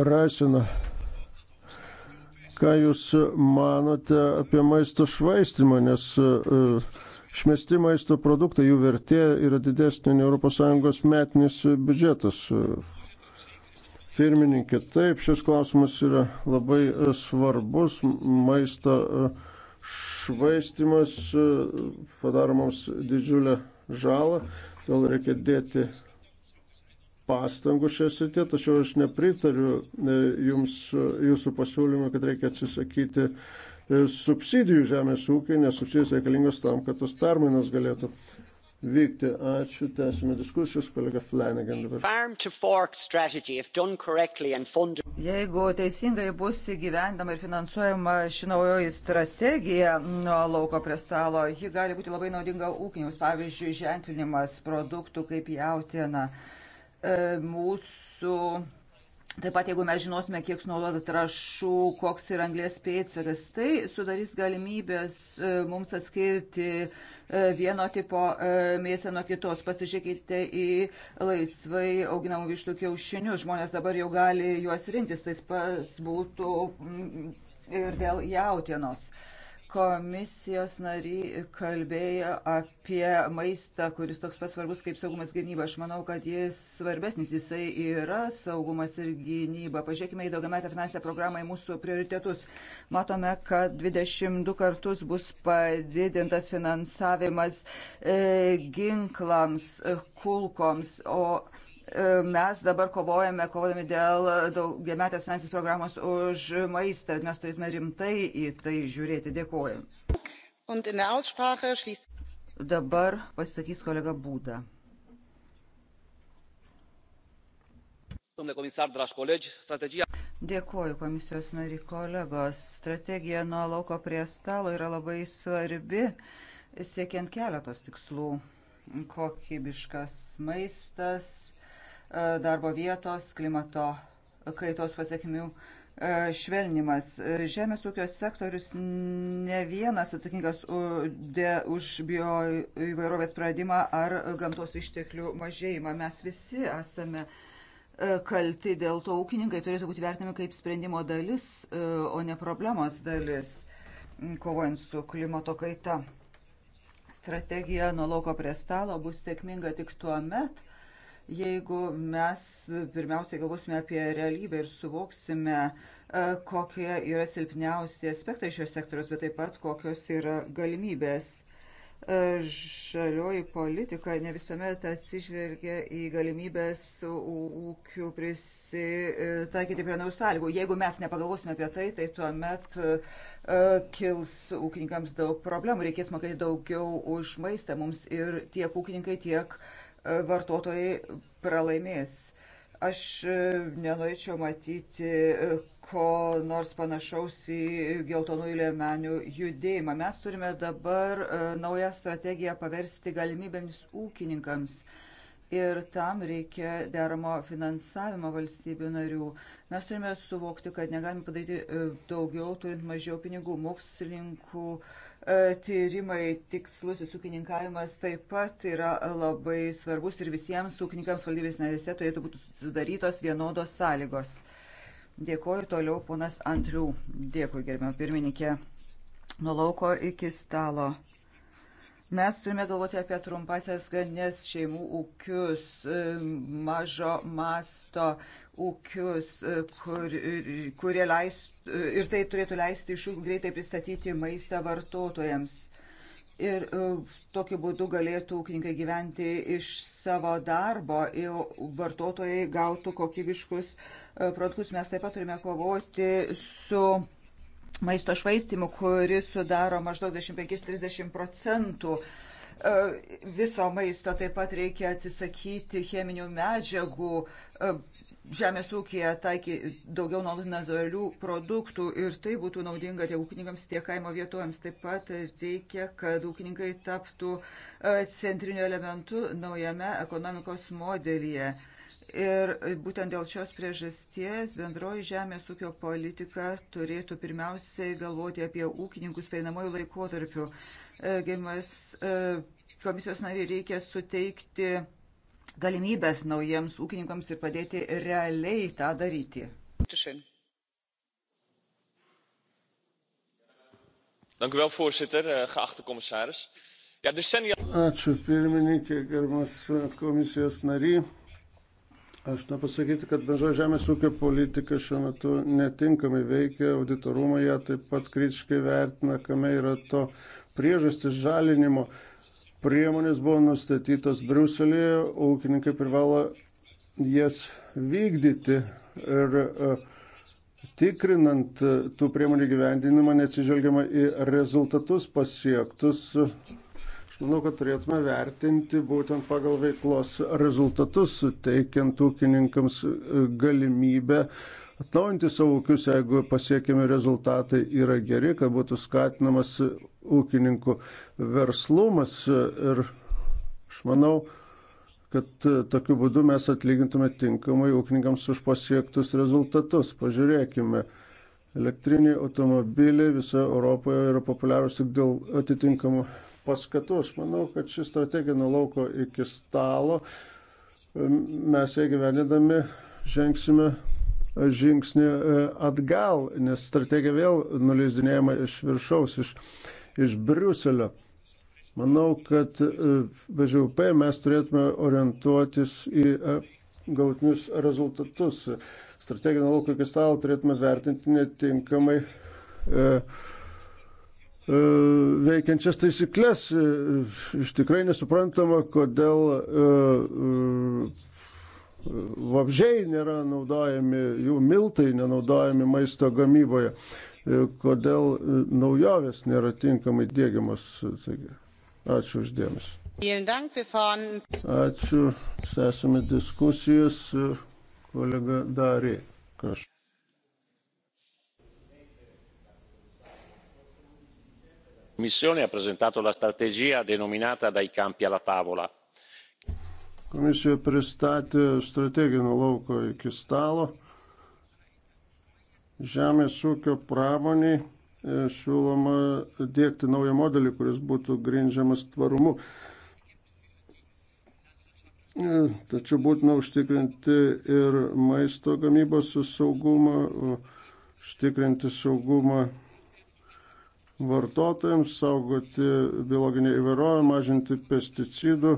[SPEAKER 2] Rasina, ką Jūs manote apie maisto švaistimą, nes išmesti e, maisto produktai, jų vertė yra didesnė nei ES metinis biudžetas. E, pirmininkė, taip, šis klausimas yra labai e, svarbus. Maisto švaistimas padaro mums didžiulę žalą, todėl reikia dėti pastangų šioje srityje, tačiau aš nepritariu e, jums, e, jūsų pasiūlymui, kad reikia atsisakyti e, subsidijų žemės ūkiai, nes subsidijos reikalingos tam, kad tos permainos galėtų vykti. Ačiū, tęsime diskusijos, kolega Flanagan dabar.
[SPEAKER 5] Jeigu teisingai bus įgyvendama ir finansuojama ši naujoji strategija nuo lauko prie stalo, ji gali būti labai naudinga ūkinius, pavyzdžiui, ženklinimas produktų kaip jautiena. Na, E, mūsų Taip pat, jeigu mes žinosime, kiek sunaudota trašų, koks yra anglės pėdsakas, tai sudarys galimybės e, mums atskirti e, vieno tipo mėsą nuo kitos. Pasižiūrėkite į laisvai auginamų vištų kiaušinius. Žmonės dabar jau gali juos rinktis, tai pas būtų mm, ir dėl jautienos. Uh, Komisijos nariai kalbėjo apie maistą, kuris toks pats svarbus kaip saugumas gynyba. Aš manau, kad jis svarbesnis, jisai yra saugumas ir gynyba. Pažiūrėkime į daugiametę finansinę programą, į mūsų prioritetus. Matome, kad 22 kartus bus padidintas finansavimas e, ginklams, e, kulkoms, o E, mes dabar kovojame, kovodami dėl daugiametės finansinės programos už maistą, mes turėtume rimtai į tai žiūrėti. Dėkuoju. Dabar pasisakys kolega Būda.
[SPEAKER 3] Domnule comisar, dragi colegi, strategija.
[SPEAKER 5] Dėkuoju komisijos nari kolegos. Strategija nuo lauko prie stalo yra labai svarbi, siekiant keletos tikslų. Kokybiškas maistas, E, darbo vietos, klimato kaitos pasiekmių e, švelnimas. E, žemės ūkio sektorius ne vienas atsakingas už bio įvairovės pradimą ar gamtos išteklių mažėjimą. Mes visi esame kalti, dėl to ūkininkai turėtų būti vertinami kaip sprendimo dalis, o ne problemos dalis, kovojant su klimato kaita. Strategija nuo lauko prie stalo bus sėkminga tik tuo metu, jeigu mes pirmiausiai galvosime apie realybę ir suvoksime, e, kokie yra silpniausi aspektai šios sektoriaus, bet taip pat kokios yra galimybės e, žalioji politika ne visuomet atsižvelgia į galimybės ūkių prisitaikyti prie naujų sąlygų. Jeigu mes nepagalvosime apie tai, tai tuomet e, kils ūkininkams daug problemų, reikės mokėti daugiau už maistą mums ir tiek ūkininkai, tiek uh, vartotojai pralaimės. Aš e, nenorėčiau matyti e, ko nors panašaus į geltonųjų lėmenių judėjimą. Mes turime dabar e, naują strategiją paversti galimybėmis ūkininkams. Ir tam reikia deramo finansavimo valstybių narių. Mes turime suvokti, kad negalime padaryti daugiau, turint mažiau pinigų. Mokslininkų uh, tyrimai, tikslusis ūkininkavimas taip pat yra labai svarbus ir visiems ūkininkams valdybės narėse turėtų būti sudarytos vienodos sąlygos. Dėkuoju toliau ponas Antrių. Dėkui gerbiamą pirmininkę. Nuo lauko iki stalo Mes turime galvoti apie trumpasias grandinės šeimų ūkius, e, mažo masto ūkius, e, kur, kurie leistų e, ir tai turėtų leisti iš jų greitai pristatyti maistą vartotojams. Ir tokiu būdu galėtų ūkininkai gyventi iš savo darbo ir vartotojai gautų kokybiškus produktus. Mes taip pat turime kovoti su maisto švaistimu, kuris sudaro maždaug 25-30 procentų e, viso maisto. Taip pat reikia atsisakyti cheminių medžiagų, e, žemės ūkija taikė daugiau natūralių produktų ir tai būtų naudinga tiek ūkininkams, tiek kaimo vietovėms. Taip pat reikia, kad ūkininkai taptų e, centriniu elementu naujame ekonomikos modelyje. Ir būtent dėl šios priežasties bendroji žemės ūkio politika turėtų pirmiausiai galvoti apie ūkininkus perinamojų laikotarpių. E, Gėmas e, komisijos nariai reikia suteikti galimybės naujiems ūkininkams ir padėti realiai tą daryti. Dank u wel, voorzitter, eh, geachte commissaris. Ja, decennia...
[SPEAKER 2] Ačiū pirmininkė, gerbiamas eh, komisijos nariai. Aš nepasakyti, kad bendro žemės ūkio politika šiuo metu netinkamai veikia, auditorumai ją taip pat kritiškai vertina, kame yra to priežastis žalinimo. Priemonės buvo nustatytos Briuselėje, ūkininkai privalo jas vykdyti ir e, tikrinant tų priemonių gyvendinimą neatsižvelgiama į rezultatus pasiektus Aš manau, kad turėtume vertinti būtent pagal veiklos rezultatus, suteikiant ūkininkams e, galimybę atnaujinti savo ūkius, jeigu pasiekiami rezultatai yra geri, kad būtų skatinamas ūkininkų verslumas. Ir aš manau, kad e, tokiu būdu mes atlygintume tinkamai ūkininkams už pasiektus rezultatus. Pažiūrėkime, elektriniai automobiliai visoje Europoje yra populiarūs tik dėl atitinkamų paskatų. Aš manau, kad šį strategiją nuo lauko iki stalo mes ją gyvenidami žengsime žingsnį e, atgal, nes strategija vėl nuleisdinėjama iš viršaus, iš, iš Briuselio. Manau, kad e, BŽUP mes turėtume orientuotis į e, gautinius rezultatus. Strateginio lauko iki stalo turėtume vertinti netinkamai e, E, veikiančias taisyklės. E, iš tikrai nesuprantama, kodėl e, vabžiai nėra naudojami, jų miltai nenaudojami maisto gamyboje, kodėl naujovės nėra tinkamai dėgiamas. Taigi, ačiū uždėmesi. Ačiū, esame diskusijos, kolega Darė. Kažkaip.
[SPEAKER 3] commissione ha presentato la strategia denominata dai campi alla tavola.
[SPEAKER 2] Komisija pristatė strategiją nuo lauko iki stalo. Žemės ūkio pramoniai e, siūloma dėkti naują modelį, kuris būtų grindžiamas tvarumu. E, tačiau būtina užtikrinti ir maisto gamybos saugumą, užtikrinti saugumą vartotojams, saugoti biologinę įvairovę, mažinti pesticidų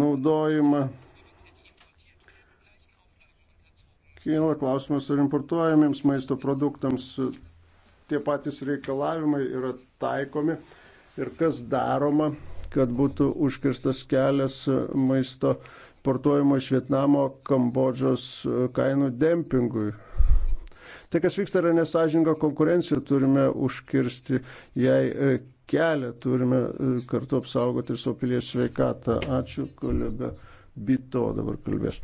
[SPEAKER 2] naudojimą. Kyla klausimas, ar importuojamiems maisto produktams tie patys reikalavimai yra taikomi ir kas daroma, kad būtų užkirstas kelias maisto importuojamo iš Vietnamo, Kambodžos kainų dempingui. Tai, kas vyksta, yra nesažinga konkurencija, turime užkirsti jai e, kelią, turime e, kartu apsaugoti ir savo piliečių sveikatą. Ačiū, kolega Bito dabar kalbės.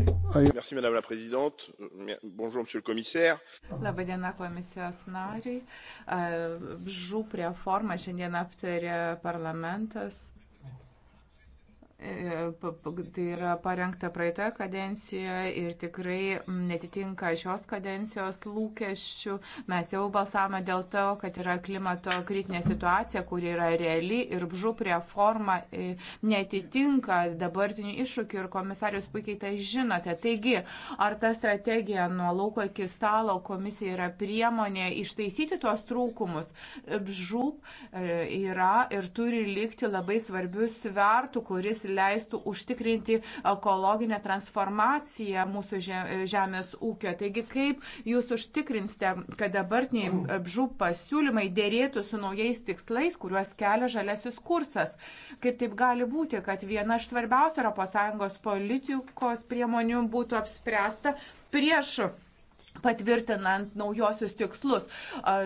[SPEAKER 2] Merci, Madame la Présidente.
[SPEAKER 1] Bonjour, Monsieur le Commissaire. Labai diena komisijos nariui. Žūp reformą šiandien aptarė parlamentas. E, tai yra parengta praeitą kadenciją ir tikrai netitinka šios kadencijos lūkesčių. Mes jau balsavome dėl to, kad yra klimato kritinė situacija, kuri yra reali ir bžup reforma e, netitinka dabartinių iššūkių ir komisarius puikiai tai žinote. Taigi, ar ta strategija nuo lauko iki stalo komisija yra priemonė ištaisyti tuos trūkumus? Bžup e, yra ir turi likti labai svarbius svertų, kuris leistų užtikrinti ekologinę transformaciją mūsų žemės ūkio. Taigi, kaip jūs užtikrinsite, kad dabartiniai žūp pasiūlymai dėrėtų su naujais tikslais, kuriuos kelia žalesis kursas? Kaip taip gali būti, kad viena iš svarbiausių ES politikos priemonių būtų apspręsta prieš patvirtinant naujosius tikslus.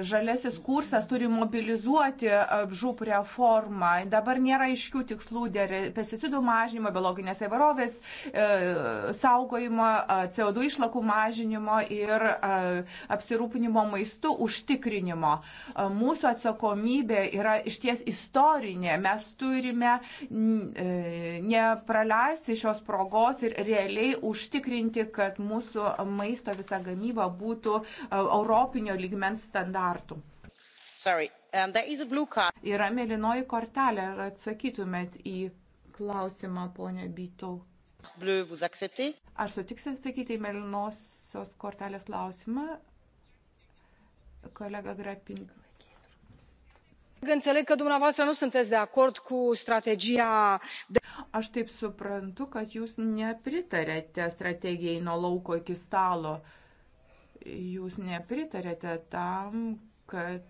[SPEAKER 1] Žalesis kursas turi mobilizuoti žūp reformą. Dabar nėra iškių tikslų dėl pesticidų mažinimo, biologinės įvairovės e, saugojimo, CO2 išlakų mažinimo ir apsirūpinimo maistu užtikrinimo. Mūsų atsakomybė yra išties istorinė. Mes turime e, nepraleisti šios progos ir realiai užtikrinti, kad mūsų maisto visa gamyba direktyva būtų e, europinio lygmens standartų. Sorry, um, Yra mėlynoji kortelė, ar atsakytumėt į klausimą, ponė Bytau?
[SPEAKER 3] Bleu, vous acceptez?
[SPEAKER 1] Ar sutiksit atsakyti į mėlynosios kortelės klausimą? Kolega Grapink. Înțeleg că dumneavoastră nu sunteți de acord cu strategia de... Aš taip suprantu, kad jūs nepritarėte strategijai nuo lauko iki stalo. Uh, jūs nepritarėte tam, kad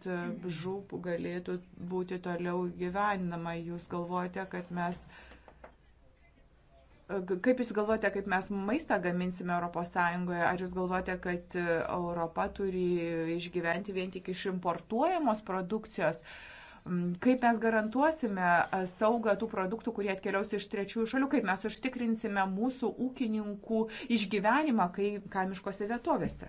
[SPEAKER 1] žūp galėtų būti toliau gyvenama. Jūs galvojate, kad mes. Kaip Jūs galvojate, kaip mes maistą gaminsime ES? Ar Jūs galvojate, kad Europa turi išgyventi vien tik iš importuojamos produkcijos? Kaip mes garantuosime saugą tų produktų, kurie atkeliaus iš trečiųjų šalių? Kaip mes užtikrinsime mūsų ūkininkų išgyvenimą kai kaimiškose vietovėse?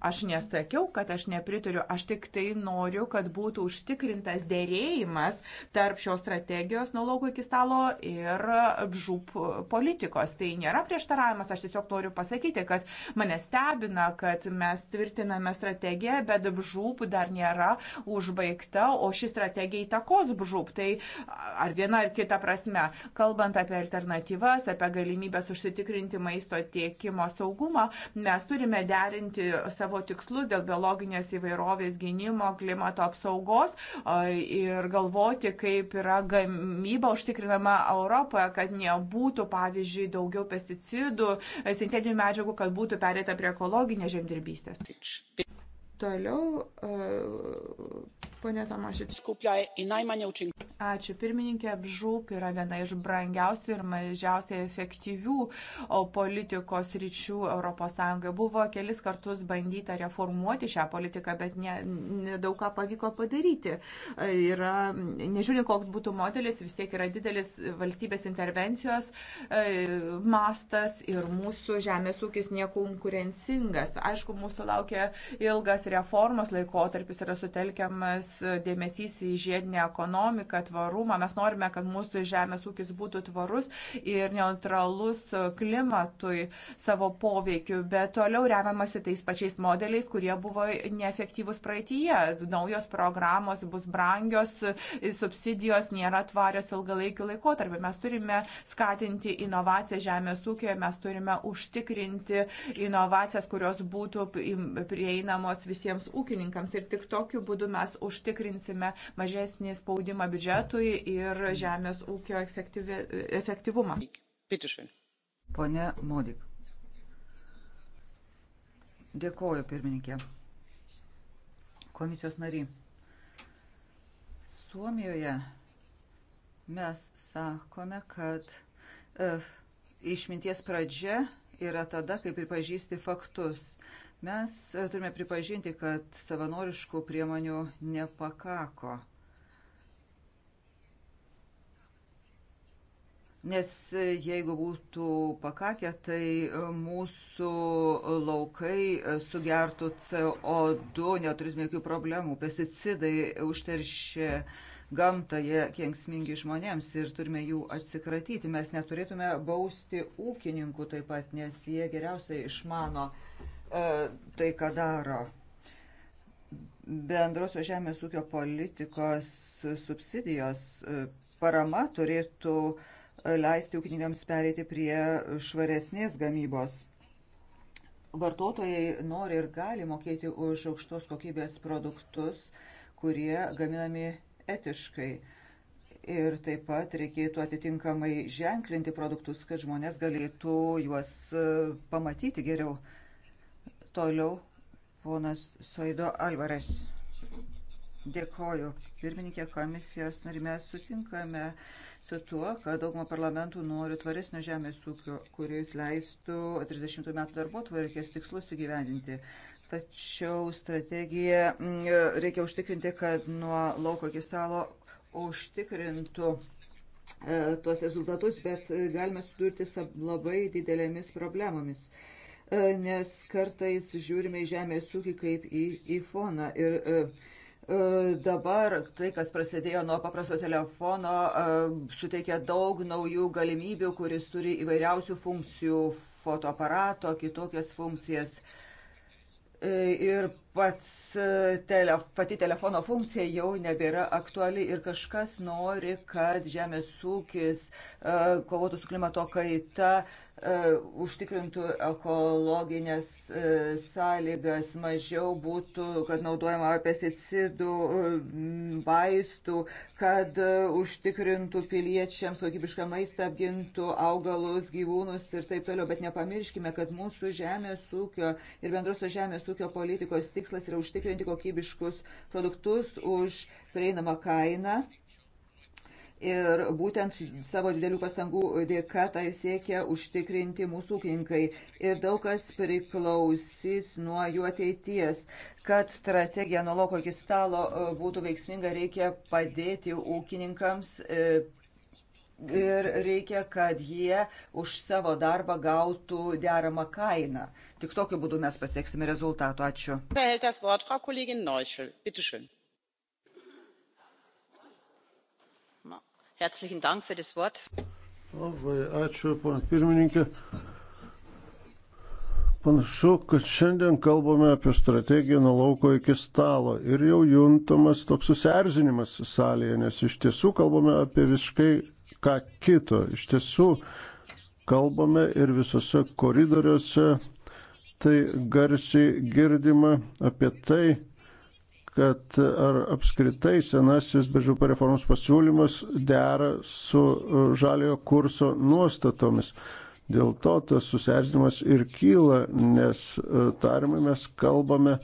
[SPEAKER 1] Aš nesakiau, kad aš nepritariu, aš tik tai noriu, kad būtų užtikrintas dėrėjimas tarp šios strategijos nuo lauko iki stalo ir žūp politikos. Tai nėra prieštaravimas, aš tiesiog noriu pasakyti, kad mane stebina, kad mes tvirtiname strategiją, bet žūp dar nėra užbaigta, o ši strategija įtakos žūp. Tai ar viena ar kita prasme, kalbant apie alternatyvas, apie galimybės užsitikrinti maisto tiekimo saugumą, mes turime turime derinti savo tikslus dėl biologinės įvairovės gynimo, klimato apsaugos ir galvoti, kaip yra gamyba užtikrinama Europoje, kad nebūtų, pavyzdžiui, daugiau pesticidų, e, sintetinių medžiagų, kad būtų perėta prie ekologinės žemdirbystės. Toliau, e, ponė Tomašič. Ačiū. Pirmininkė, apžūp yra viena iš brangiausių ir mažiausiai efektyvių politikos ryčių ES. Buvo kelis kartus bandyta reformuoti šią politiką, bet nedaug ne ką pavyko padaryti. E, yra, nežiūrint, koks būtų modelis, vis tiek yra didelis valstybės intervencijos e, mastas ir mūsų žemės ūkis nekonkurencingas. Aišku, mūsų laukia ilgas reformos laikotarpis yra sutelkiamas dėmesys į žiedinę ekonomiką, tvarumą. Mes norime, kad mūsų žemės ūkis būtų tvarus ir neutralus klimatui savo poveikiu, bet toliau remiamasi tais pačiais modeliais, kurie buvo neefektyvus praeitie. Naujos programos bus brangios, subsidijos nėra tvarios ilgalaikiu laikotarpiu. Mes turime skatinti inovaciją žemės ūkioje, mes turime užtikrinti inovacijas, kurios būtų prieinamos visiems visiems ūkininkams ir tik tokiu būdu mes užtikrinsime mažesnį spaudimą biudžetui ir žemės ūkio efektyvi,
[SPEAKER 5] efektyvumą. Pone Modik. Dėkoju, pirmininkė. Komisijos nariai. Suomijoje mes sakome, kad e, išminties pradžia yra tada, kai pripažįsti faktus. E, Mes e, turime pripažinti, kad savanoriškų priemonių nepakako. Nes e, jeigu būtų pakakę, tai e, mūsų laukai sugertų CO2, neturėtume jokių problemų. Pesticidai užteršia gamtą, jie kenksmingi žmonėms ir turime jų atsikratyti. Mes neturėtume bausti ūkininkų taip pat, nes jie geriausiai išmano uh, E, tai, ką daro bendrosios žemės ūkio politikos subsidijos e, parama turėtų e, leisti ūkininkams pereiti prie švaresnės gamybos. Vartotojai nori ir gali mokėti už aukštos kokybės produktus, kurie gaminami etiškai. Ir taip pat reikėtų atitinkamai ženklinti produktus, kad žmonės galėtų juos pamatyti geriau. Toliau ponas Soido Alvaras. Dėkoju. Pirmininkė komisijos narimės sutinkame su tuo, kad daugumą parlamentų nori tvaresnio žemės ūkio, kuris leistų 30 metų darbo tvarkės tikslus įgyvendinti. Tačiau strategiją mm, reikia užtikrinti, kad nuo lauko iki stalo užtikrintų e, tuos rezultatus, bet galime sudurti su labai didelėmis problemomis nes kartais žiūrime į žemės ūkį kaip į, į foną. Ir e, e, dabar tai, kas prasidėjo nuo paprasto telefono, e, suteikia daug naujų galimybių, kuris turi įvairiausių funkcijų, fotoaparato, kitokias funkcijas. Ir pats tele, pati telefono funkcija jau nebėra aktuali ir kažkas nori, kad žemės ūkis kovotų su klimato kaita, E, užtikrintų ekologinės e, sąlygas, mažiau būtų, kad naudojama pesticidų, e, vaistų, kad užtikrintų piliečiams kokybišką maistą, apgintų augalus, gyvūnus ir taip toliau. Bet nepamirškime, kad mūsų žemės ūkio ir bendrosios žemės ūkio politikos tikslas yra užtikrinti kokybiškus produktus už prieinamą kainą ir būtent savo didelių pastangų dėka tai siekia užtikrinti mūsų ūkininkai. Ir daug kas priklausys nuo jų ateities. Kad strategija nuo loko iki stalo e, būtų veiksminga, reikia padėti ūkininkams. E, ir reikia, kad jie už savo darbą gautų deramą kainą. Tik tokiu būdu mes pasieksime rezultatų. Ačiū.
[SPEAKER 6] Herzlichen Dank für das Wort.
[SPEAKER 5] Labai
[SPEAKER 2] ačiū, pana pirmininkė. Panašu, kad šiandien kalbame apie strategiją nuo lauko iki stalo ir jau juntamas toks susierzinimas salėje, nes iš tiesų kalbame apie visiškai ką kito. Iš tiesų kalbame ir visose koridoriuose tai garsiai girdima apie tai, kad ar apskritai senasis bežūpa reformos pasiūlymas dera su e, žaliojo kurso nuostatomis. Dėl to tas susierzinimas ir kyla, nes e, tarimai mes kalbame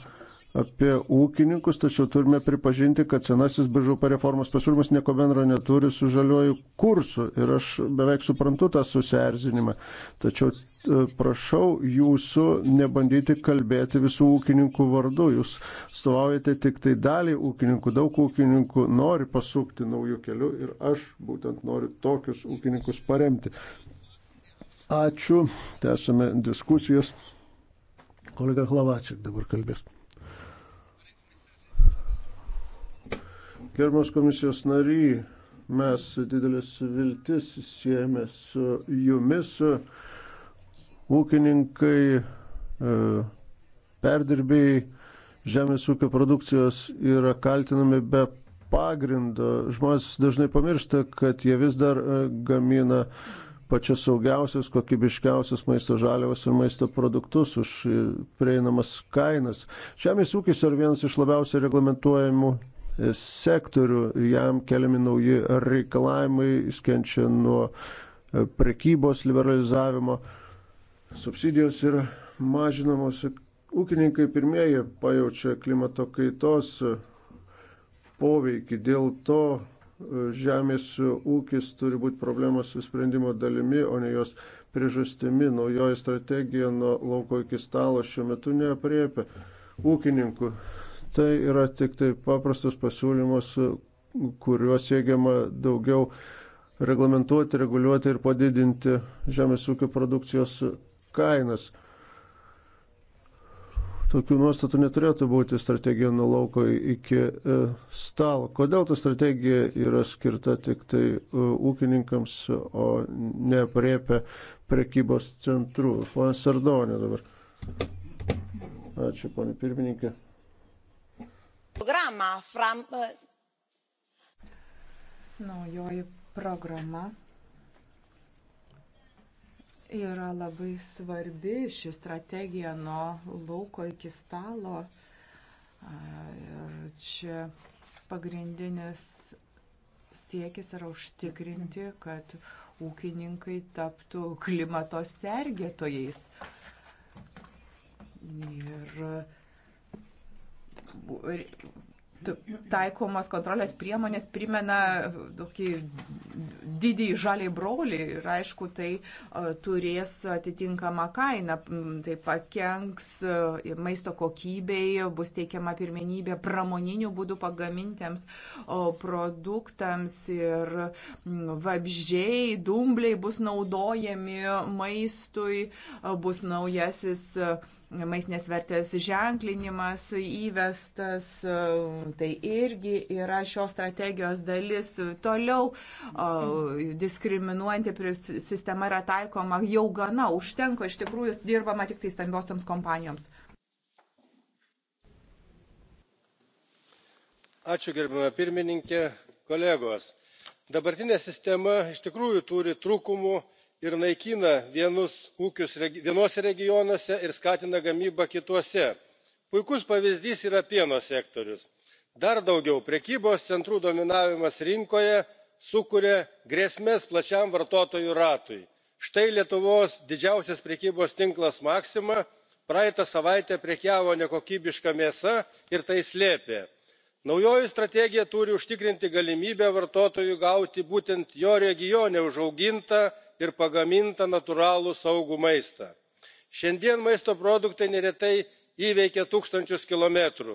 [SPEAKER 2] apie ūkininkus, tačiau turime pripažinti, kad senasis bežūpa reformos pasiūlymas nieko bendro neturi su žaliuoju kursu ir aš beveik suprantu tą susierzinimą. Tačiau E, prašau jūsų nebandyti kalbėti visų ūkininkų vardu. Jūs stovaujate tik tai dalį ūkininkų. Daug ūkininkų nori pasukti naujų kelių ir aš būtent noriu tokius ūkininkus paremti. Ačiū. Tęsime diskusijas. Kolega Hlavačiak dabar kalbės. Gerbiamas komisijos nariai, mes didelės viltis siejame su jumis. Su ūkininkai, e, perdirbėjai žemės ūkio produkcijos yra kaltinami be pagrindo. Žmonės dažnai pamiršta, kad jie vis dar e, gamina pačias saugiausias, kokybiškiausias maisto žaliavas ir maisto produktus už prieinamas kainas. Žemės ūkis yra vienas iš labiausiai reglamentuojamų e, sektorių, jam keliami nauji reikalavimai, skenčia nuo prekybos liberalizavimo subsidijos yra mažinamos, ūkininkai pirmieji pajaučia klimato kaitos poveikį. Dėl to e, žemės ūkis turi būti problemos sprendimo dalimi, o ne jos priežastimi. Naujoji strategija nuo lauko iki stalo šiuo metu neapriepia ūkininkų. Tai yra tik tai paprastas pasiūlymas, kuriuo siekiama daugiau reglamentuoti, reguliuoti ir padidinti žemės ūkio produkcijos kainas. Tokių nuostatų neturėtų būti strategija nuo lauko iki e, stalo. Kodėl ta strategija yra skirta tik tai e, ūkininkams, o nepriepia prekybos centrų? Pana Sardonė dabar. Ačiū, ponė pirmininkė.
[SPEAKER 6] Programa, fram,
[SPEAKER 1] Naujoji programa yra labai svarbi ši strategija nuo lauko iki stalo. Ir čia pagrindinis siekis yra užtikrinti, kad ūkininkai taptų klimato sergėtojais. Ir taikomos kontrolės priemonės primena tokį didį žaliai brolį ir aišku, tai turės atitinkamą kainą, mm, tai pakenks maisto kokybei, bus teikiama pirmenybė pramoninių būdų pagamintiems produktams ir mm, vabžiai, dumbliai bus naudojami maistui, bus naujasis maistinės vertės ženklinimas įvestas, tai irgi yra šios strategijos dalis. Toliau o, diskriminuojanti sistema yra taikoma jau gana, užtenka iš tikrųjų dirbama tik tai stambiosioms kompanijoms.
[SPEAKER 3] Ačiū gerbama pirmininkė, kolegos. Dabartinė sistema iš tikrųjų turi trūkumų ir naikina vienus ūkius vienuose regionuose ir skatina gamybą kituose. puikus pavyzdys yra pieno sektorius. dar daugiau prekybos centrų dominavimas rinkoje sukuria grėsmes plačiam vartotojų ratui. štai lietuvos didžiausias prekybos tinklas maxima praeitą savaitę prekiavo nekokybiška mėsa ir tai slėpė. naujoji strategija turi užtikrinti galimybę vartotojui gauti būtent jo regione užaugintą ir pagamintą natūralų saugų maistą. šiandien maisto produktai neretai įveikia tūkstančius kilometrų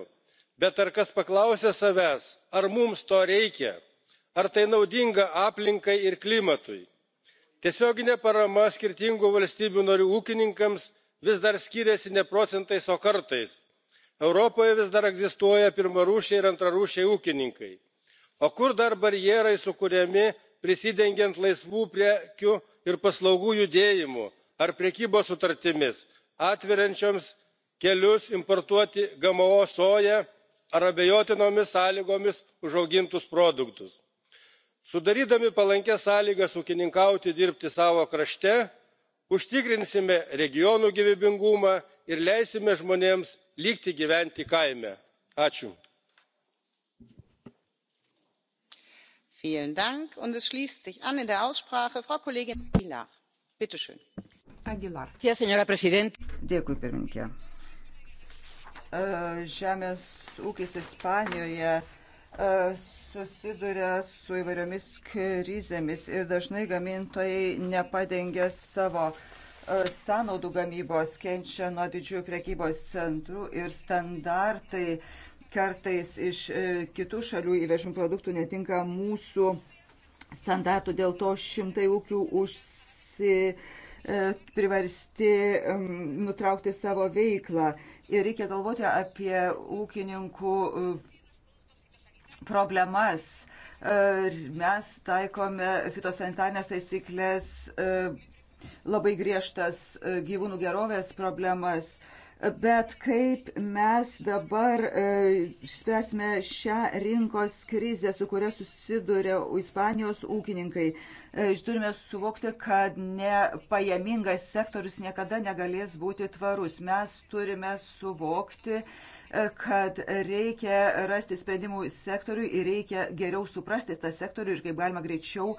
[SPEAKER 3] bet ar kas paklausė savęs ar mums to reikia ar tai naudinga aplinkai ir klimatui? tiesioginė parama skirtingų valstybių narių ūkininkams vis dar skiriasi ne procentais o kartais. europoje vis dar egzistuoja pirmarūšiai ir antrarūšiai ūkininkai. o kur dar barjerai sukuriami prisidengiant laisvų prekių ir paslaugų judėjimu ar prekybos sutartimis atveriančiomis kelius importuoti gmo soją ar abejotinomis sąlygomis užaugintus produktus. sudarydami palankias sąlygas ūkininkauti dirbti savo krašte užtikrinsime regionų gyvybingumą ir leisime žmonėms likti gyventi kaime. ačiū. vielen dank und
[SPEAKER 1] es schließt sich an in der aussprache frau kollegin aguilar
[SPEAKER 5] bitte schön. señora presidenta dėkui pirmininke žemės ūkis ispanijoje susiduria su įvairiomis krizėmis ir dažnai gamintojai nepadengia savo sąnaudų gamybos, kenčia nuo didžiųjų prekybos centrų ir standartai kartais iš e, kitų šalių įvežimų produktų netinka mūsų standartų, dėl to šimtai ūkių užsi e, priversti nutraukti savo veiklą. Ir reikia galvoti apie ūkininkų e, problemas. Mes taikome fitosanitarnės taisyklės, labai griežtas gyvūnų gerovės problemas bet kaip mes dabar e, spręsime šią rinkos krizę, su kuria susiduria Ispanijos ūkininkai. E, turime suvokti, kad nepajamingas sektorius niekada negalės būti tvarus. Mes turime suvokti, e, kad reikia rasti sprendimų sektoriui ir reikia geriau suprasti tą sektorių ir kaip galima greičiau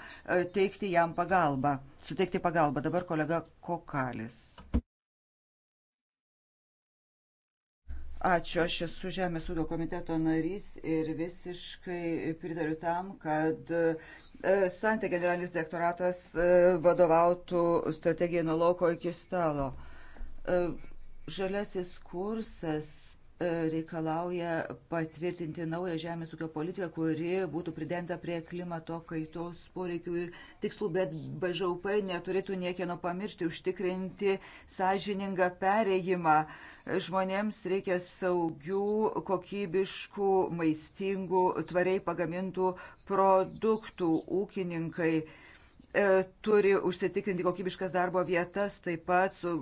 [SPEAKER 5] teikti jam pagalbą, suteikti pagalbą. Dabar kolega Kokalis. Ačiū, aš esu Žemės ūkio komiteto narys ir visiškai pritariu tam, kad e, Santė generalinis direktoratas e, vadovautų strategiją nuo lauko iki stalo. E, žaliasis kursas reikalauja patvirtinti naują žemės ūkio politiką, kuri būtų pridenta prie klimato kaitos poreikių ir tikslų, bet BŽUP neturėtų niekieno pamiršti užtikrinti sąžiningą perėjimą uh, Žmonėms reikia saugių, kokybiškų, maistingų, tvariai pagamintų produktų. Ūkininkai e, turi užsitikrinti kokybiškas darbo vietas, taip pat su,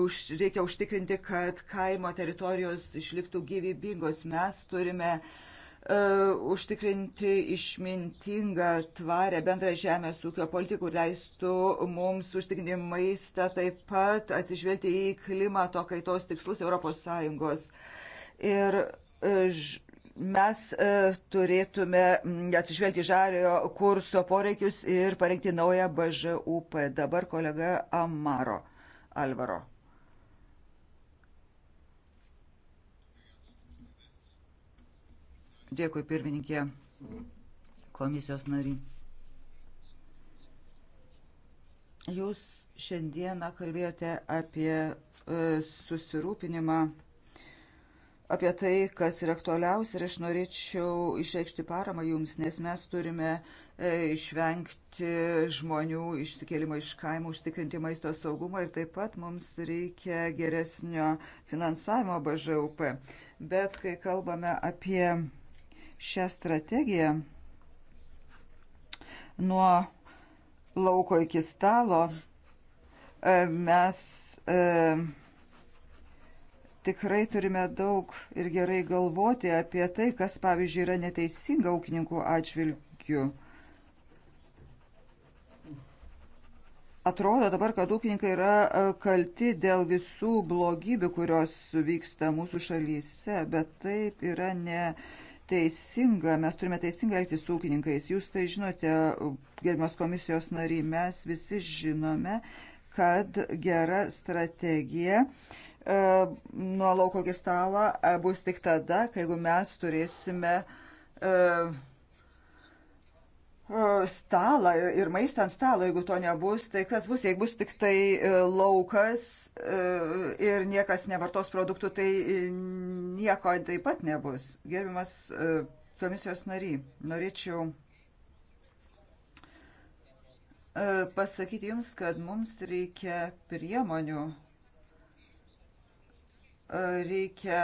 [SPEAKER 5] už, reikia užtikrinti, kad kaimo teritorijos išliktų gyvybingos. Mes turime uh, E, užtikrinti išmintingą, tvarę bendrą žemės ūkio politiką, kur leistų mums užtikrinti maistą, taip pat atsižvelgti į klimato kaitos tikslus ES. Ir e, mes e, turėtume atsižvelgti žario kurso poreikius ir parengti naują BŽUP. Dabar kolega Amaro Alvaro. Dėkui pirmininkė komisijos nariai. Jūs šiandieną kalbėjote apie e, susirūpinimą, apie tai, kas yra aktualiausia ir aš norėčiau išreikšti paramą jums, nes mes turime e, išvengti žmonių išsikėlimo iš kaimų, užtikrinti maisto saugumą ir taip pat mums reikia geresnio finansavimo BŽUP. Bet kai kalbame apie šią strategiją nuo lauko iki stalo e, mes e, tikrai turime daug ir gerai galvoti apie tai, kas, pavyzdžiui, yra neteisinga ūkininkų atžvilgių. Atrodo dabar, kad ūkininkai yra e, kalti dėl visų blogybių, kurios vyksta mūsų šalyse, bet taip yra ne. Uh, teisinga, mes turime teisingai elgtis su ūkininkais. Jūs tai žinote, gerbiamas komisijos nariai, mes visi žinome, kad gera strategija e, nuo lauko iki stalo e, bus tik tada, kai jeigu mes turėsime e, stalą ir maistą ant stalo, jeigu to nebus, tai kas bus, jeigu bus tik tai e, laukas e, ir niekas nevartos produktų, tai e, nieko taip pat nebus. Gerbimas komisijos nary, norėčiau pasakyti Jums, kad mums reikia priemonių, reikia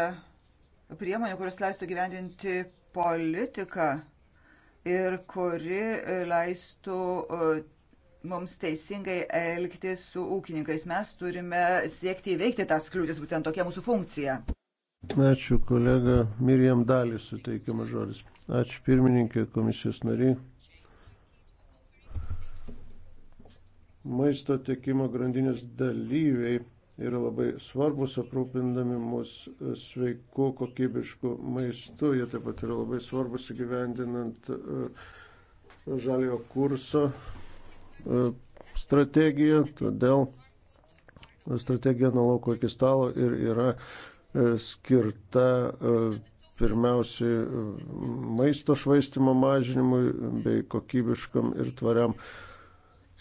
[SPEAKER 5] priemonių, kurios leistų gyvendinti politiką ir kuri e, leistų e, mums teisingai elgtis su ūkininkais. Mes turime siekti įveikti tas kliūtis, būtent tokia mūsų funkcija.
[SPEAKER 2] Ačiū, kolega Mirjam Dalis suteikiamas žodis. Ačiū pirmininkė, komisijos nariai. Maisto tiekimo grandinės dalyviai yra labai svarbus aprūpindami mus e, sveiku, kokybišku maistu. Jie taip pat yra labai svarbus įgyvendinant e, žaliojo kurso e, strategiją. Todėl strategija nuo lauko iki stalo ir yra skirta pirmiausiai maisto švaistimo mažinimui bei kokybiškam ir tvariam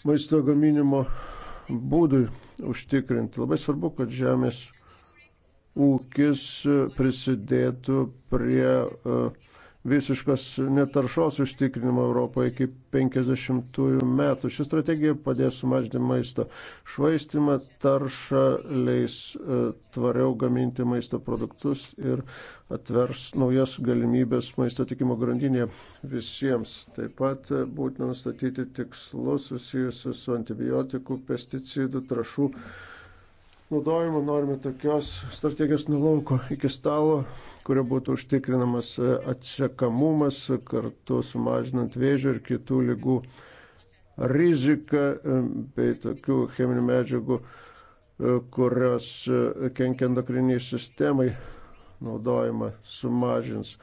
[SPEAKER 2] maisto gaminimo būdui užtikrinti. Labai svarbu, kad žemės ūkis prisidėtų prie uh, visiškos netaršos užtikrinimo Europoje iki 50 metų. Ši strategija padės sumažinti maisto švaistimą, taršą, leis e, tvariau gaminti maisto produktus ir atvers naujas galimybės maisto tikimo grandinėje visiems. Taip pat e, būtina nustatyti tikslus susijusius su antibiotikų, pesticidų, trašų naudojimo, norime tokios strategijos nulauko iki stalo, kuria būtų užtikrinamas e, atsekamumas kartu sumažinant vėžio ir kitų lygų riziką e, bei tokių cheminių medžiagų, e, kurios kenkia endokriniai sistemai naudojimą sumažins.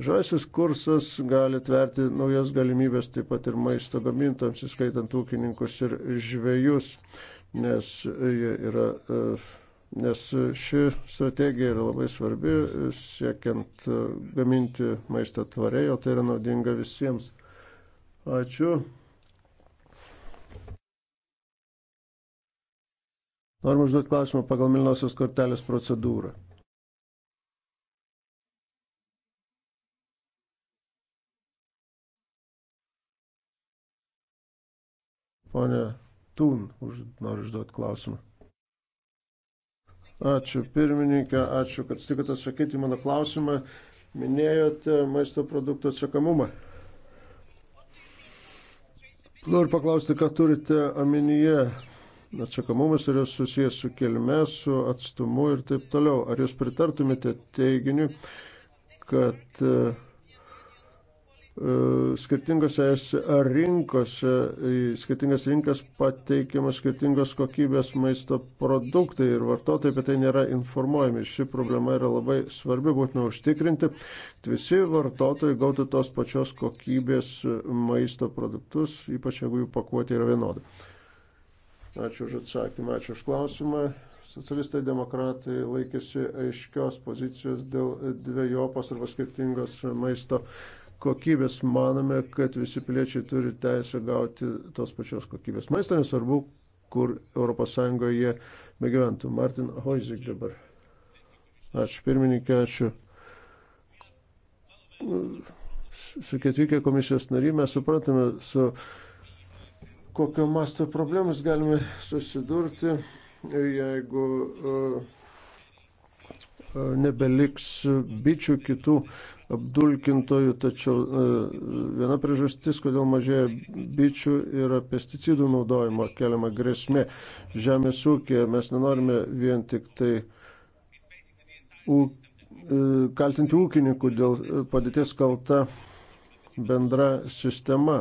[SPEAKER 2] Žaisis kursas gali tverti naujas galimybės taip pat ir maisto gamintams, įskaitant ūkininkus ir žvėjus nes, yra, e, nes ši strategija yra labai svarbi, e, siekiant e, gaminti maistą tvariai, o tai yra naudinga visiems. Ačiū. Noriu užduoti klausimą pagal Milnosios kortelės procedūrą. Pone Tūn už, noriu užduoti klausimą. Ačiū pirmininkė, ačiū, kad sutikote atsakyti mano klausimą. Minėjote maisto produktų atsakomumą. Noriu paklausti, ką turite omenyje. Atsakomumas yra susijęs su kelme, su atstumu ir taip toliau. Ar jūs pritartumėte teiginiu, kad uh, E, skirtingose rinkose, skirtingas rinkas pateikiamas skirtingos kokybės maisto produktai ir vartotojai apie tai nėra informuojami. Ši problema yra labai svarbi, būtina užtikrinti, kad visi vartotojai gautų tos pačios kokybės maisto produktus, ypač jeigu jų pakuotė yra vienoda. Ačiū už atsakymą, ačiū už klausimą. Socialistai demokratai laikėsi aiškios pozicijos dėl dviejopos arba skirtingos maisto produktų kokybės. Manome, kad visi piliečiai turi teisę gauti tos pačios kokybės maistą, nesvarbu, kur ES jie begyventų. Martin Hoizik dabar. Ačiū pirmininkė, ačiū. Su ketvykia komisijos nariai mes suprantame, su kokio masto problemas galime susidurti, jeigu uh, nebeliks bičių kitų apdulkintojų, tačiau e, viena priežastis, kodėl mažėja bičių, yra pesticidų naudojimo keliama grėsmė žemės ūkėje. Mes nenorime vien tik tai ūk, e, kaltinti ūkininkų dėl padėties kalta bendra sistema.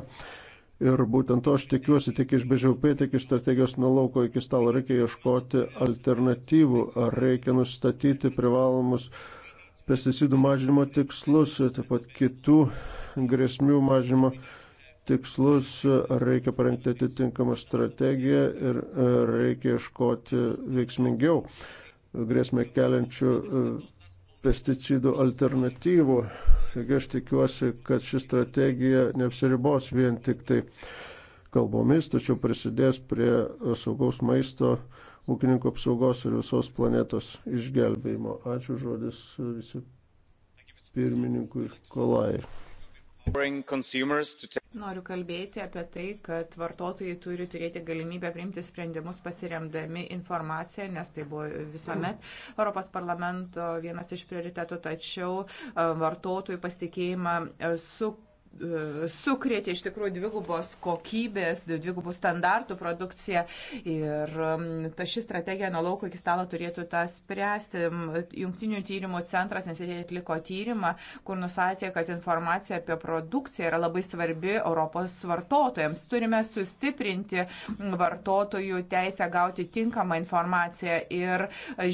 [SPEAKER 2] Ir būtent to aš tikiuosi tiek iš BŽP, tiek iš strategijos nuo lauko iki stalo. Reikia ieškoti alternatyvų, ar reikia nustatyti privalomus pesticidų mažinimo tikslus, taip pat kitų grėsmių mažinimo tikslus, ar reikia parengti atitinkamą strategiją ir e, reikia iškoti veiksmingiau grėsmę keliančių e, pesticidų alternatyvų. Taigi aš tikiuosi, kad ši strategija neapsiribos vien tik tai kalbomis, tačiau prisidės prie saugaus maisto, ūkininkų apsaugos ir visos planetos išgelbėjimo. Ačiū žodis visi pirmininkui Kolai.
[SPEAKER 1] Noriu kalbėti apie tai, kad vartotojai turi turėti galimybę priimti sprendimus pasiremdami informaciją, nes tai buvo visuomet Europos parlamento vienas iš prioritetų, tačiau e, vartotojų pasitikėjimą e, su sukrėtė iš tikrųjų dvigubos kokybės, dvigubų standartų produkciją ir um, ta ši strategija nuo lauko iki stalo turėtų tą spręsti. Jungtinių tyrimų centras nesėdė atliko tyrimą, kur nusatė, kad informacija apie produkciją yra labai svarbi Europos vartotojams. Turime sustiprinti vartotojų teisę gauti tinkamą informaciją ir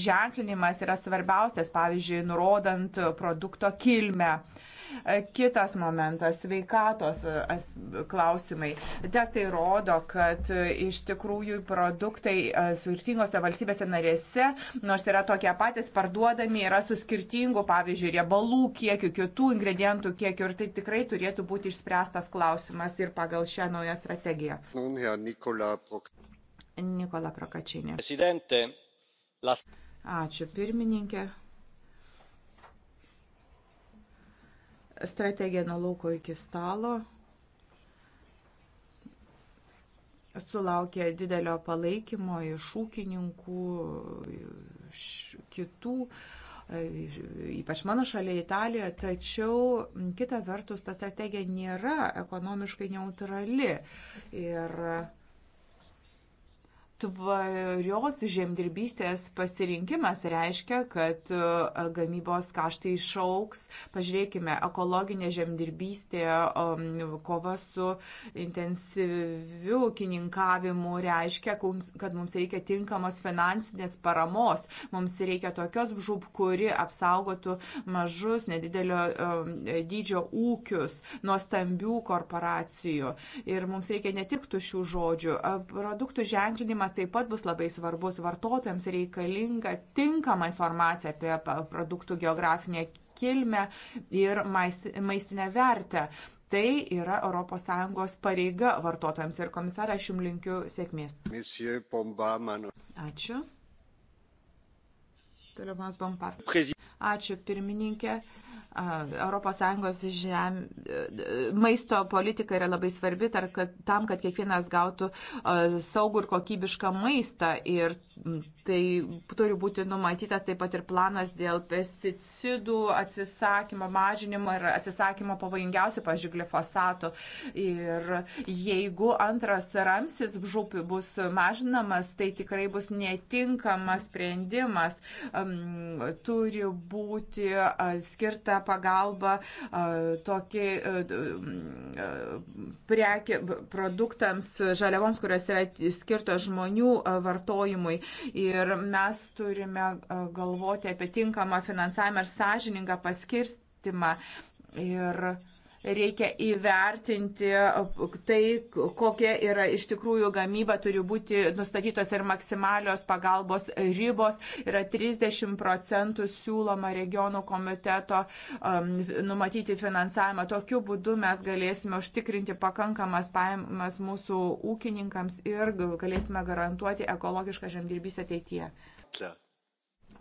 [SPEAKER 1] ženklinimas yra svarbiausias, pavyzdžiui, nurodant produkto kilmę. Kitas momentas - sveikatos e, klausimai. Testai rodo, kad e, iš tikrųjų produktai e, skirtingose valstybėse narėse, nors yra tokie patys, parduodami yra su skirtingu, pavyzdžiui, riebalų kiekiu, kitų ingredientų kiekiu ir tai tikrai turėtų būti išspręstas klausimas ir pagal šią naują strategiją.
[SPEAKER 3] Nikola, Prok... Nikola Prokačinė.
[SPEAKER 1] Ačiū pirmininkė. strategija nuo lauko iki stalo sulaukė didelio palaikymo iš ūkininkų, iš kitų, ypač mano šalia Italijoje, tačiau kita vertus ta strategija nėra ekonomiškai neutrali. Ir tvarios žemdirbystės pasirinkimas reiškia, kad e, gamybos kaštai išauks. Pažiūrėkime, ekologinė žemdirbystė, um, kova su intensyviu ūkininkavimu reiškia, kad mums reikia tinkamos finansinės paramos. Mums reikia tokios žūb, kuri apsaugotų mažus, nedidelio um, dydžio ūkius nuo stambių korporacijų. Ir mums reikia ne tik tušių žodžių. E, produktų ženklinimas Informavimas taip pat bus labai svarbus. Vartotojams reikalinga tinkama informacija apie produktų geografinę kilmę ir maistinę vertę. Tai yra ES pareiga vartotojams ir komisarą aš jums linkiu sėkmės. Ačiū. Toliau mas Bompar. Ačiū pirmininkė. ES žem, maisto politika yra labai svarbi tar, kad, tam, kad kiekvienas gautų saugų ir kokybišką maistą. Ir Tai turi būti numatytas taip pat ir planas dėl pesticidų atsisakymo, mažinimo ir atsisakymo pavojingiausių, pažiūrėjau, glifosato. Ir jeigu antras ramsis žūpi bus mažinamas, tai tikrai bus netinkamas sprendimas. Turi būti skirta pagalba tokiai prekė, produktams, žaliavoms, kurios yra skirtos žmonių vartojimui. Ir Ir mes turime galvoti apie tinkamą finansavimą ir sąžiningą paskirstimą. Ir reikia įvertinti tai, kokia yra iš tikrųjų gamyba, turi būti nustatytos ir maksimalios pagalbos ribos. Yra 30 procentų siūloma regionų komiteto um, numatyti finansavimą. Tokiu būdu mes galėsime užtikrinti pakankamas pajamas mūsų ūkininkams ir galėsime garantuoti ekologišką žemdirbystę ateityje.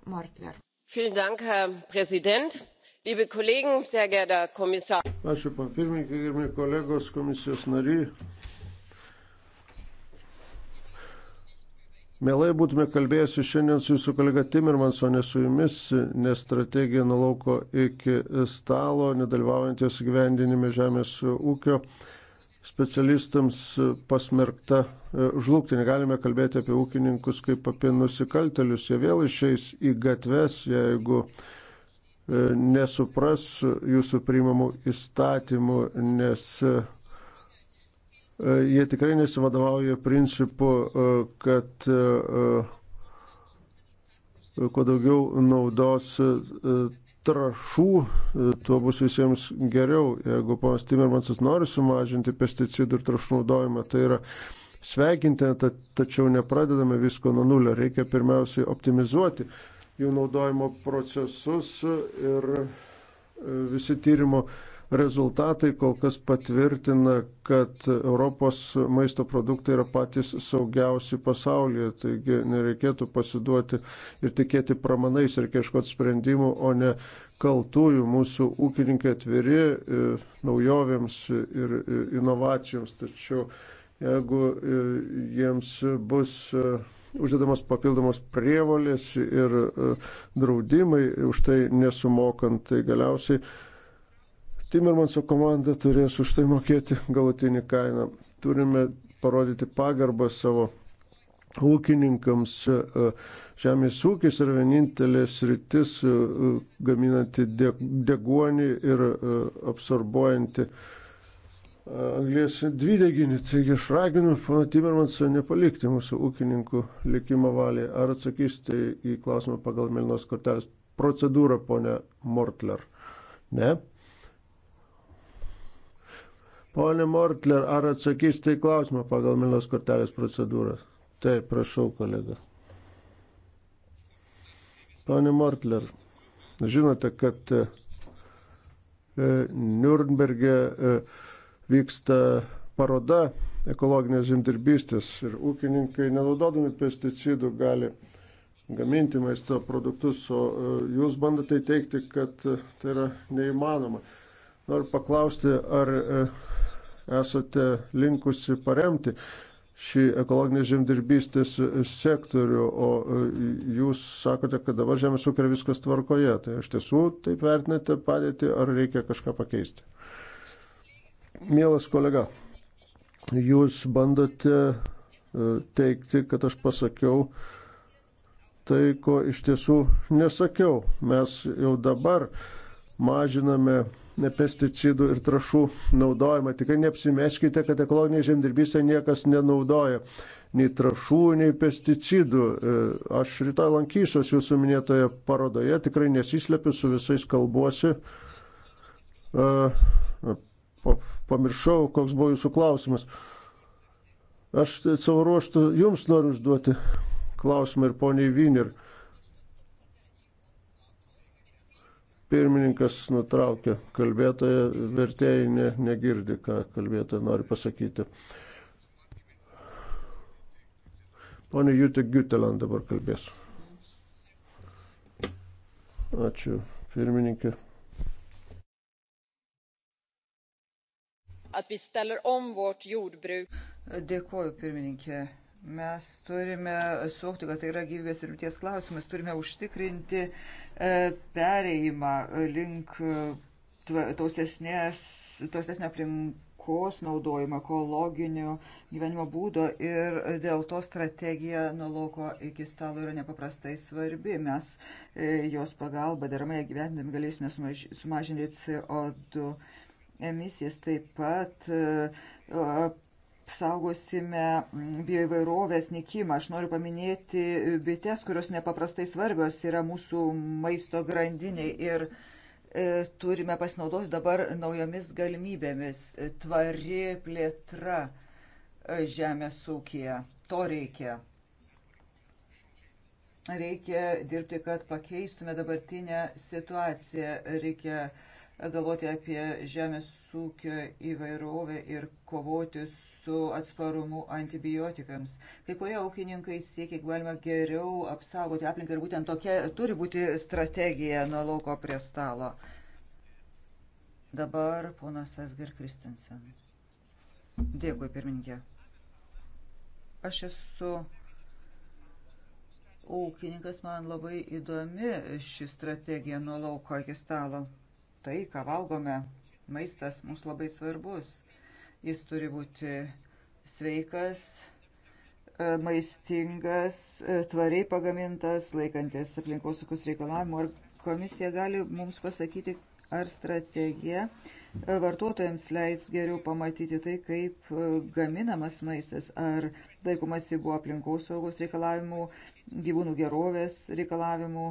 [SPEAKER 1] Martler. Vielen Dank, Herr
[SPEAKER 7] Präsident liebe Kollegen, sehr geehrter Kommissar.
[SPEAKER 2] Ačiū, pan pirmininkai, gerbimi kolegos, komisijos nariai. Mielai būtume kalbėjusi šiandien su jūsų kolega Timirmans, o ne su jumis, nes strategija nuo lauko iki stalo, nedalyvaujant jos gyvendinime žemės ūkio specialistams pasmerkta e, žlugti. Negalime kalbėti apie ūkininkus kaip apie nusikaltelius. Jie vėl išeis į gatves, jeigu uh, nesupras jūsų priimamų įstatymų, nes e, jie tikrai nesivadovauja principu, e, kad e, kuo daugiau naudos trašų, tuo bus visiems geriau. Jeigu ponas Timermansas nori sumažinti pesticidų ir trašų naudojimą, tai yra sveikinti, tačiau nepradedame visko nuo nulio. Reikia pirmiausiai optimizuoti uh, jų naudojimo procesus ir e, visi tyrimo rezultatai kol kas patvirtina, kad Europos maisto produktai yra patys saugiausi pasaulyje, taigi nereikėtų pasiduoti ir tikėti pramanais ir ieškoti sprendimų, o ne kaltųjų mūsų ūkininkai atviri e, naujovėms ir e, inovacijoms. Tačiau jeigu jiems bus uždedamos papildomos prievolės ir e, draudimai, už tai nesumokant, tai galiausiai Timmermanso komanda turės už tai mokėti galutinį kainą. Turime parodyti pagarbą savo ūkininkams. E, žemės ūkis yra vienintelė sritis e, gaminanti deguonį ir absorbuojanti uh, anglės dvideginį. Taigi aš raginu pana Timermansą nepalikti mūsų ūkininkų likimo valiai. Ar atsakysite į klausimą pagal Melinos kortelės procedūrą, ponia Mortler? Ne? Pone Mortler, ar atsakysite į klausimą pagal Melinos kortelės procedūrą? Taip, prašau, kolega. Pone Mortler, žinote, kad e, Nürnberge e, vyksta paroda ekologinės žemdirbystės ir ūkininkai, nenaudodami pesticidų, gali gaminti maisto produktus, o e, jūs bandote teikti, kad e, tai yra neįmanoma. Noriu paklausti, ar e, esate linkusi paremti šį ekologinės žemdirbystės sektorių, o jūs sakote, kad dabar žemės ūkio viskas tvarkoje. Tai iš tiesų taip vertinate padėtį, ar reikia kažką pakeisti? Mielas kolega, jūs bandote e, teikti, kad aš pasakiau tai, ko iš tiesų nesakiau. Mes jau dabar mažiname pesticidų ir trašų naudojimą. Tikrai neapsimeskite, kad ekologinė žemdirbystė niekas nenaudoja nei trašų, nei pesticidų. E, aš rytoj lankysiuosi jūsų minėtoje parodoje, tikrai nesislepiu, su visais kalbuosi. E, pamiršau, koks buvo jūsų klausimas. Aš savo ruoštų jums noriu užduoti klausimą ir poniai Viner. Pirmininkas nutraukė kalbėtoją, vertėjai ne, negirdi, ką kalbėtoja nori pasakyti. Pone Jutė Guteland dabar kalbės. Ačiū, pirmininkė.
[SPEAKER 7] att vi ställer om vårt jordbruk.
[SPEAKER 5] Dėkuoju, pirmininkė. Mes turime suvokti, kad tai yra gyvybės ir mirties klausimas, turime užtikrinti e, pereimą link e, tausesnės, tausesnio aplinkos naudojimo, ekologinio gyvenimo būdo ir dėl to strategija nuo lauko iki stalo yra nepaprastai svarbi. Mes e, jos pagalba deramai gyvendami galėsime sumažinti CO2 emisijas, taip pat e, saugosime bioįvairovės nikimą. Aš noriu paminėti bites, kurios nepaprastai svarbios yra mūsų maisto grandiniai ir e, turime pasinaudoti dabar naujomis galimybėmis. Tvari plėtra e, žemės ūkija. To reikia. Reikia dirbti, kad pakeistume dabartinę situaciją. Reikia uh, galvoti apie žemės ūkio įvairovę ir kovoti su atsparumu antibiotikams. Kai kurie ūkininkai siekia, galima geriau apsaugoti aplinką ir būtent tokia turi būti strategija nuo lauko prie stalo. Dabar ponas Asger Kristensen. Dėkui, pirmininkė. Aš esu ūkininkas, man labai įdomi ši strategija nuo lauko iki stalo tai, ką valgome, maistas mums labai svarbus. Jis turi būti sveikas, e, maistingas, e, tvariai pagamintas, laikantis aplinkosaugus reikalavimų. Ar komisija gali mums pasakyti, ar strategija e, vartotojams leis geriau pamatyti tai, kaip gaminamas maistas, ar laikomasi buvo aplinkosaugos reikalavimų, gyvūnų gerovės reikalavimų,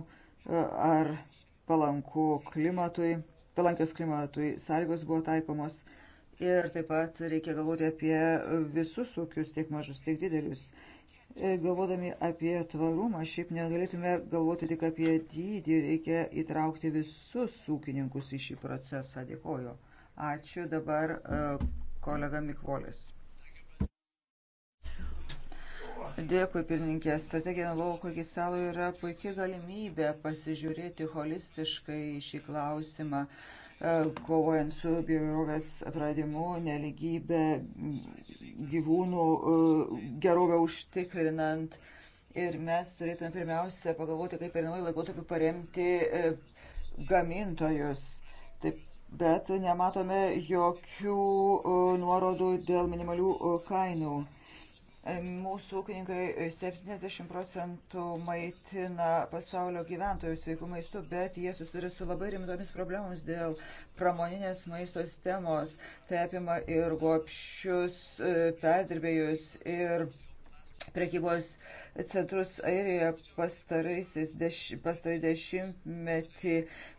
[SPEAKER 5] ar palanku klimatui palankios klimatui sąlygos buvo taikomos. Ir taip pat reikia galvoti apie visus ūkius, tiek mažus, tiek didelius. E, galvodami apie tvarumą, šiaip negalėtume galvoti tik apie dydį, reikia įtraukti visus ūkininkus į šį procesą. Dėkoju. Ačiū dabar e, kolega Mikvolis. Dėkui, pirmininkė. Strategija lauko iki stalo yra puikia galimybė pasižiūrėti holistiškai šį klausimą, e, kovojant su bioįrovės pradimu, neligybė, gyvūnų e, gerovę užtikrinant. Ir mes turėtume pirmiausia pagalvoti, kaip perinamai laikotarpį paremti e, gamintojus. Taip bet nematome jokių nuorodų dėl minimalių kainų. Mūsų ūkininkai 70 procentų maitina pasaulio gyventojų sveikų maistų, bet jie susiduria su labai rimtomis problemomis dėl pramoninės maisto sistemos. Tai apima ir gopšius, e, perdirbėjus ir prekybos centrus Airijoje pastaraisiais deš, pastarai dešimtmetį.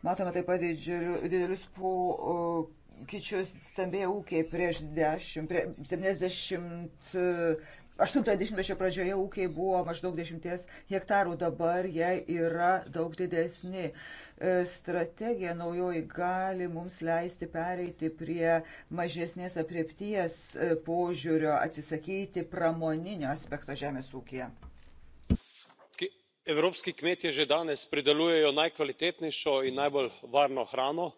[SPEAKER 5] Matome taip pat didžiuliu, didelius pokyčius stambėjo ūkiai prieš 10, prie 70 80-mečio pradžioje ūkiai buvo maždaug 10 hektarų, dabar jie yra daug didesni. E, strategija naujoji gali mums leisti pereiti prie mažesnės apriepties e, požiūrio, atsisakyti pramoninio aspekto žemės ūkija.
[SPEAKER 3] Evropski kmetje že danes pridelujejo najkvalitetnejšo in najbolj varno hrano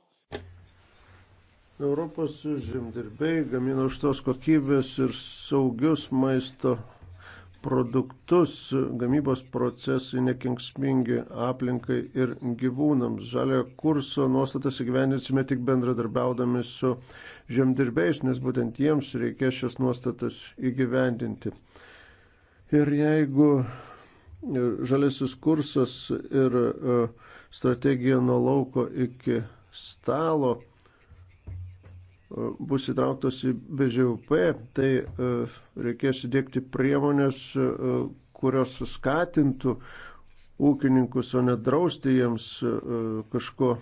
[SPEAKER 2] Europos žemdirbiai gamina aukštos kokybės ir saugius maisto produktus, gamybos procesai nekenksmingi aplinkai ir gyvūnams. Žaliojo kurso nuostatas įgyvendinsime tik bendradarbiaudami su žemdirbiais, nes būtent jiems reikės šias nuostatas įgyvendinti. Ir jeigu e, žalėsis kursas ir e, strategija nuo lauko iki stalo bus įtrauktos į BŽUP, tai e, reikės įdėkti priemonės, e, kurios skatintų ūkininkus, o nedrausti jiems e, kažko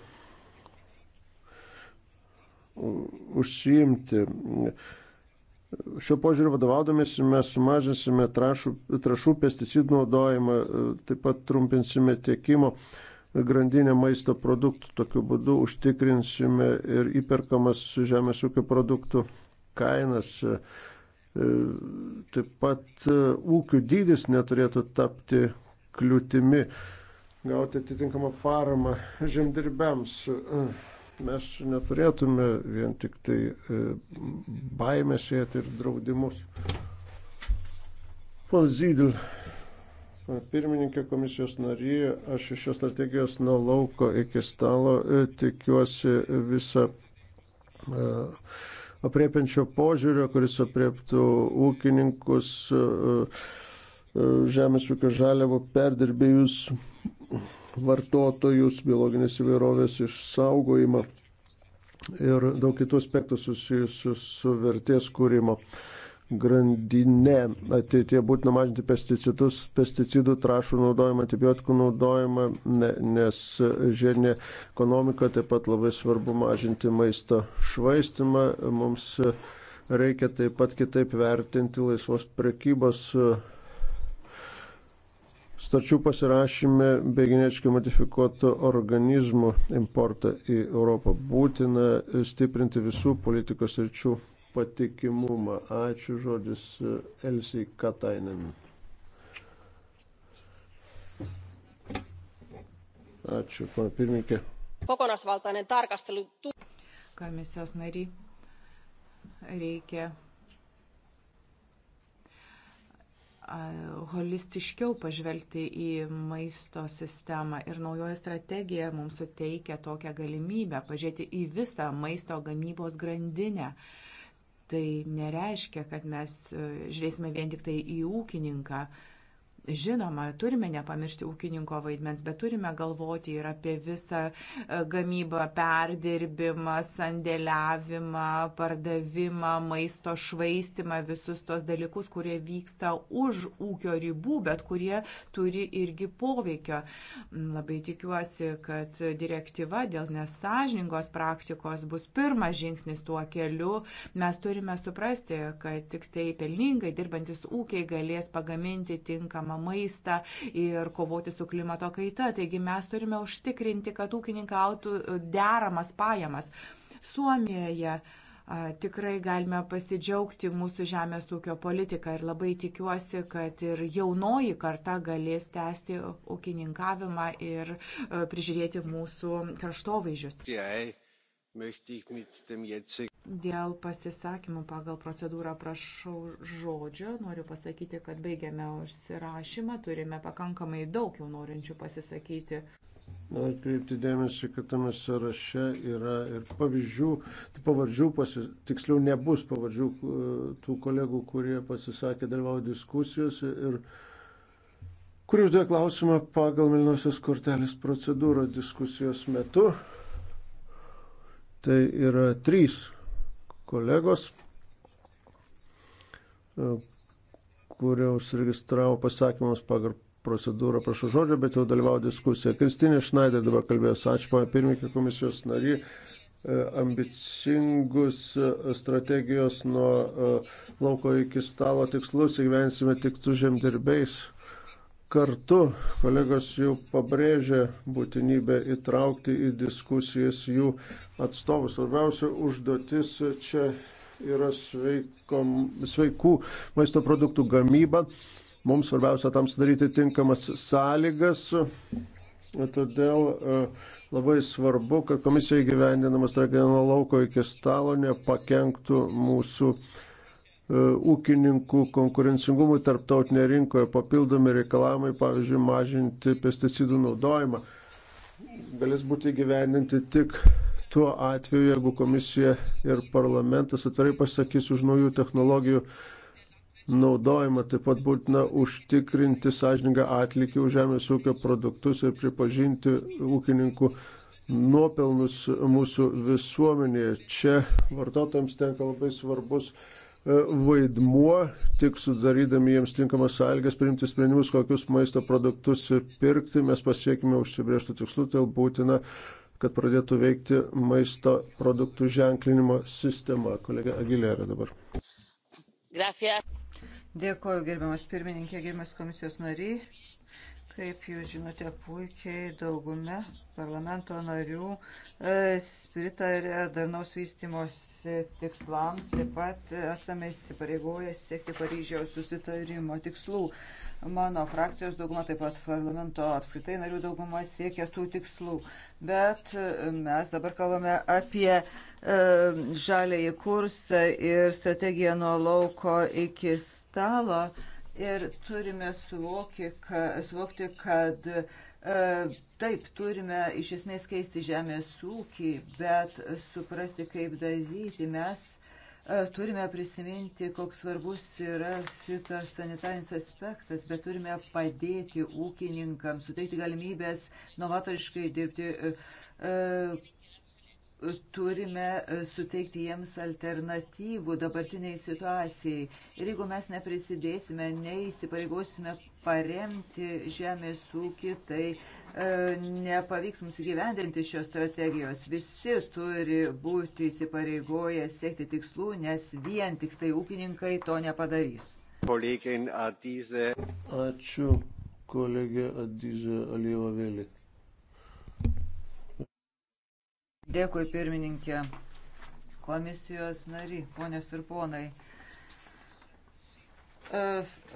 [SPEAKER 2] užsiimti. Šio požiūrį vadovaudomėsi mes sumažinsime trašų, trašų pesticidų naudojimą, taip pat trumpinsime tiekimo grandinę maisto produktų. Tokiu būdu užtikrinsime ir įperkamas žemės ūkio produktų kainas. E, taip pat e, ūkių dydis neturėtų tapti kliūtimi gauti atitinkamą paramą žemdirbiams. E, mes neturėtume vien tik tai baimės sėti ir draudimus. Pazydėl. Pirmininkė komisijos nary, aš iš šios strategijos nuo lauko iki stalo e, tikiuosi visą e, apriepiančio požiūrio, kuris apriektų ūkininkus, e, žemės ūkio žaliavų perdirbėjus, vartotojus, biologinės įvairovės išsaugojimą ir daug kitų aspektų susijusių su vertės kūrimo. Uh, grandinė. Ateitie būtina mažinti pesticidus, pesticidų trašų naudojimą, antibiotikų naudojimą, ne, nes žiedinė ekonomika taip pat labai svarbu mažinti maisto švaistimą. Mums reikia taip pat kitaip vertinti laisvos prekybos stačių pasirašymę bei genetiškai modifikuotų organizmų importą į Europą. Būtina stiprinti visų politikos ryčių patikimumą. Ačiū žodis e, Elsiai Katainen. Ačiū, pana pirmininkė.
[SPEAKER 6] Kokonaisvaltainen tarkastelu.
[SPEAKER 1] Komisijos nariai reikia holistiškiau pažvelgti į maisto sistemą ir naujoji strategija mums suteikia tokią galimybę pažiūrėti į visą maisto gamybos grandinę. Uh, tai nereiškia, kad mes e, žiūrėsime vien tik tai į ūkininką. Uh, Žinoma, turime nepamiršti ūkininko vaidmens, bet turime galvoti ir apie visą e, gamybą, perdirbimą, sandėliavimą, pardavimą, maisto švaistimą, visus tos dalykus, kurie vyksta už ūkio ribų, bet kurie turi irgi poveikio. Mm, labai tikiuosi, kad direktyva dėl nesažningos praktikos bus pirmas žingsnis tuo keliu. Mes turime suprasti, kad tik tai pelningai dirbantis ūkiai galės pagaminti tinkamą tinkamą maistą ir kovoti su klimato kaita. Taigi mes turime užtikrinti, kad ūkininkai gautų deramas pajamas. Suomijoje tikrai galime pasidžiaugti mūsų žemės ūkio politiką ir labai tikiuosi, kad ir jaunoji karta galės tęsti ūkininkavimą ir prižiūrėti mūsų
[SPEAKER 3] kraštovaizdžius. Yeah.
[SPEAKER 1] Dėl pasisakymų pagal procedūrą prašau žodžio. Noriu pasakyti, kad baigiame užsirašymą, turime pakankamai daug jau norinčių pasisakyti.
[SPEAKER 2] Noriu atkreipti dėmesį, kad tame sąraše yra ir pavyzdžių, pavardžių, pasi, tiksliau nebus pavardžių e, tų kolegų, kurie pasisakė dalyvauti diskusijose ir kurie uždėjo klausimą pagal Milnosios kortelės procedūrą diskusijos metu. Tai yra trys kolegos, e, kurios registravo pasakymus pagal procedūrą, prašau žodžio, bet jau dalyvau diskusiją. Kristinė Šnaider dabar kalbės, ačiū pana pirmininkė komisijos nary, e, ambicingus e, strategijos nuo lauko iki stalo tikslus įgyvensime tik su žemdirbiais Kartu kolegos jau pabrėžė būtinybę įtraukti į diskusijas jų atstovus. Svarbiausia užduotis čia yra sveikom, sveikų maisto produktų gamyba. Mums svarbiausia tam sudaryti tinkamas sąlygas. Todėl e, labai svarbu, kad komisija įgyvendinama strateginio lauko iki stalo nepakenktų mūsų uh, E, ūkininkų konkurencingumui tarptautinėje rinkoje papildomi reikalavimai, pavyzdžiui, mažinti pesticidų naudojimą, galės būti gyveninti tik tuo atveju, jeigu komisija ir parlamentas atvirai pasakys už naujų technologijų naudojimą, taip pat būtina užtikrinti sąžiningą atlikį už žemės ūkio produktus ir pripažinti ūkininkų nuopelnus mūsų visuomenėje. Čia vartotojams tenka labai svarbus E, vaidmuo, tik sudarydami jiems tinkamas sąlygas priimti sprendimus, kokius maisto produktus pirkti, mes pasiekime užsibrieštų tikslų, tai būtina, kad pradėtų veikti maisto produktų ženklinimo sistema. Kolega Agilėra dabar.
[SPEAKER 5] Gracias. Dėkuoju, gerbiamas pirmininkė, gerbiamas komisijos nariai. Kaip jūs žinote puikiai, daugume parlamento narių e, pritarė darnaus vystimosi tikslams, taip pat esame įsipareigoję siekti Paryžiaus susitarimo tikslų. Mano frakcijos dauguma, taip pat parlamento apskritai narių dauguma siekia tų tikslų. Bet e, mes dabar kalbame apie e, žalėjį kursą ir strategiją nuo lauko iki stalo. E, ir turime suvoki, ka, suvokti, kad e, taip turime iš esmės keisti žemės ūkį, bet suprasti, kaip daryti mes. E, turime prisiminti, koks svarbus yra fitosanitarinis aspektas, bet turime padėti ūkininkams, suteikti galimybės novatoriškai dirbti, e, e turime e, suteikti jiems alternatyvų dabartiniai situacijai. Ir jeigu mes neprisidėsime, neįsipareigosime paremti žemės ūkį, tai e, nepavyks mums įgyvendinti šios strategijos. Visi turi būti įsipareigoję siekti tikslų, nes vien tik tai ūkininkai to nepadarys.
[SPEAKER 3] Ačiū
[SPEAKER 2] kolegė Adizė Alievavėlė.
[SPEAKER 5] Dėkui pirmininkė, komisijos nari, ponės ir ponai. E,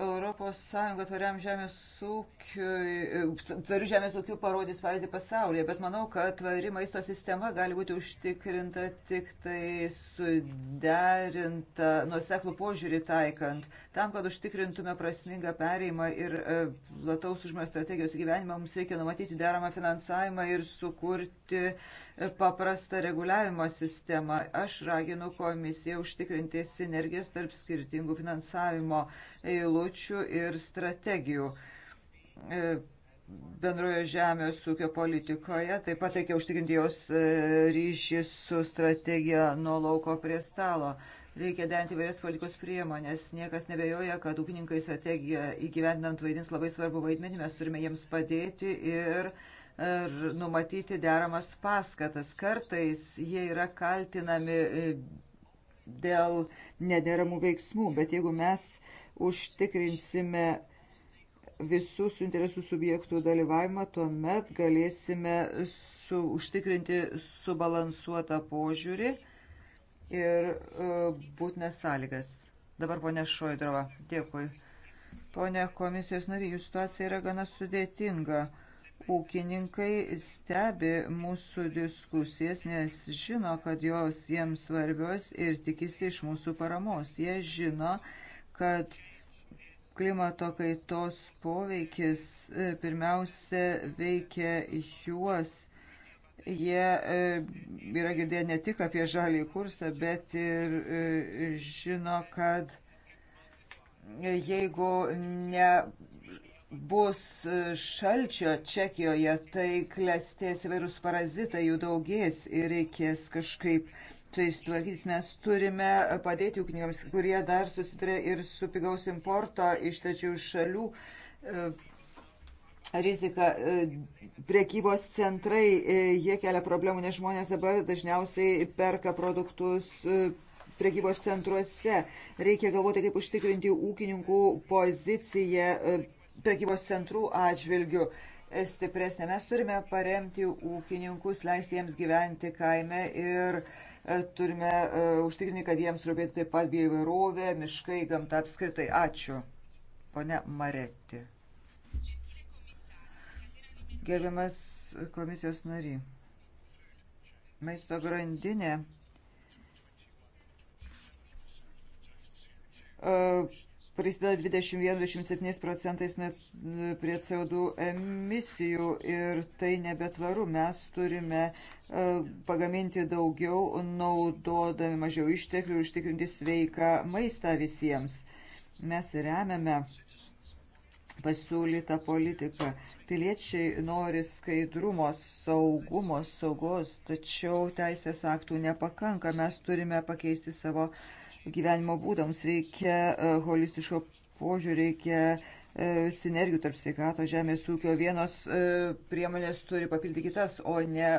[SPEAKER 5] Europos Sąjunga tvariam žemės ūkiui, e, tvarių žemės ūkių parodys pavyzdį pasaulyje, bet manau, kad tvari maisto sistema gali būti užtikrinta tik tai suderinta, nuoseklų požiūrį taikant. Tam, kad užtikrintume prasmingą pereimą ir e, plataus užmojo strategijos gyvenimą, mums reikia numatyti deramą finansavimą ir sukurti e, paprastą reguliavimo sistemą. Aš raginu komisiją užtikrinti sinergijas tarp skirtingų finansavimo eilų eilučių ir strategijų e, bendroje žemės ūkio politikoje. Taip pat reikia užtikrinti jos e, ryšį su strategija nuo lauko prie stalo. Reikia derinti vairias politikos priemonės. Niekas nebejoja, kad ūkininkai strategiją įgyvendinant vaidins labai svarbu vaidmenį. Mes turime jiems padėti ir, ir numatyti deramas paskatas. Kartais jie yra kaltinami e, dėl nederamų veiksmų, bet jeigu mes uh, užtikrinsime visų suinteresų subjektų dalyvavimą, tuomet galėsime su, užtikrinti subalansuotą požiūrį ir uh, būtinas sąlygas. Dabar ponė Šoidrova, dėkui. Pone komisijos nariai, jų situacija yra gana sudėtinga. Ūkininkai stebi mūsų diskusijas, nes žino, kad jos jiems svarbios ir tikisi iš mūsų paramos. Jie žino, kad kad klimato kaitos poveikis e, pirmiausia veikia juos. Jie e, yra girdėję ne tik apie žalį kursą, bet ir e, žino, kad jeigu ne bus šalčio Čekijoje, tai klestės įvairūs parazitai, jų daugės ir reikės kažkaip tai sutvarkys. Mes turime padėti ūkininkams, kurie dar susiduria ir su pigaus importo iš tačių šalių e, rizika. E, prekybos centrai, e, jie kelia problemų, nes žmonės dabar dažniausiai perka produktus prekybos centruose. Reikia galvoti, kaip užtikrinti ūkininkų poziciją prekybos centrų atžvilgių stipresnė. Mes turime paremti ūkininkus, leisti jiems gyventi kaime ir uh, E, turime e, užtikrinti, kad jiems rūpėtų taip pat bioįvairovė, miškai, gamta apskritai. Ačiū. Pone Maretti. Gerbiamas komisijos nary. Maisto grandinė. Uh, prisideda 21-27 procentais e, prie CO2 emisijų ir tai nebetvaru. Mes turime e, pagaminti daugiau, naudodami mažiau išteklių ir užtikrinti sveiką maistą visiems. Mes remiame pasiūlytą politiką. Piliečiai nori skaidrumo, saugumo, saugos, tačiau teisės aktų nepakanka. Mes turime pakeisti savo uh, gyvenimo būdams. Reikia e, holistiško požiūrį, reikia e, sinergijų tarp sveikato, žemės ūkio. Vienos e, priemonės turi papildyti kitas, o ne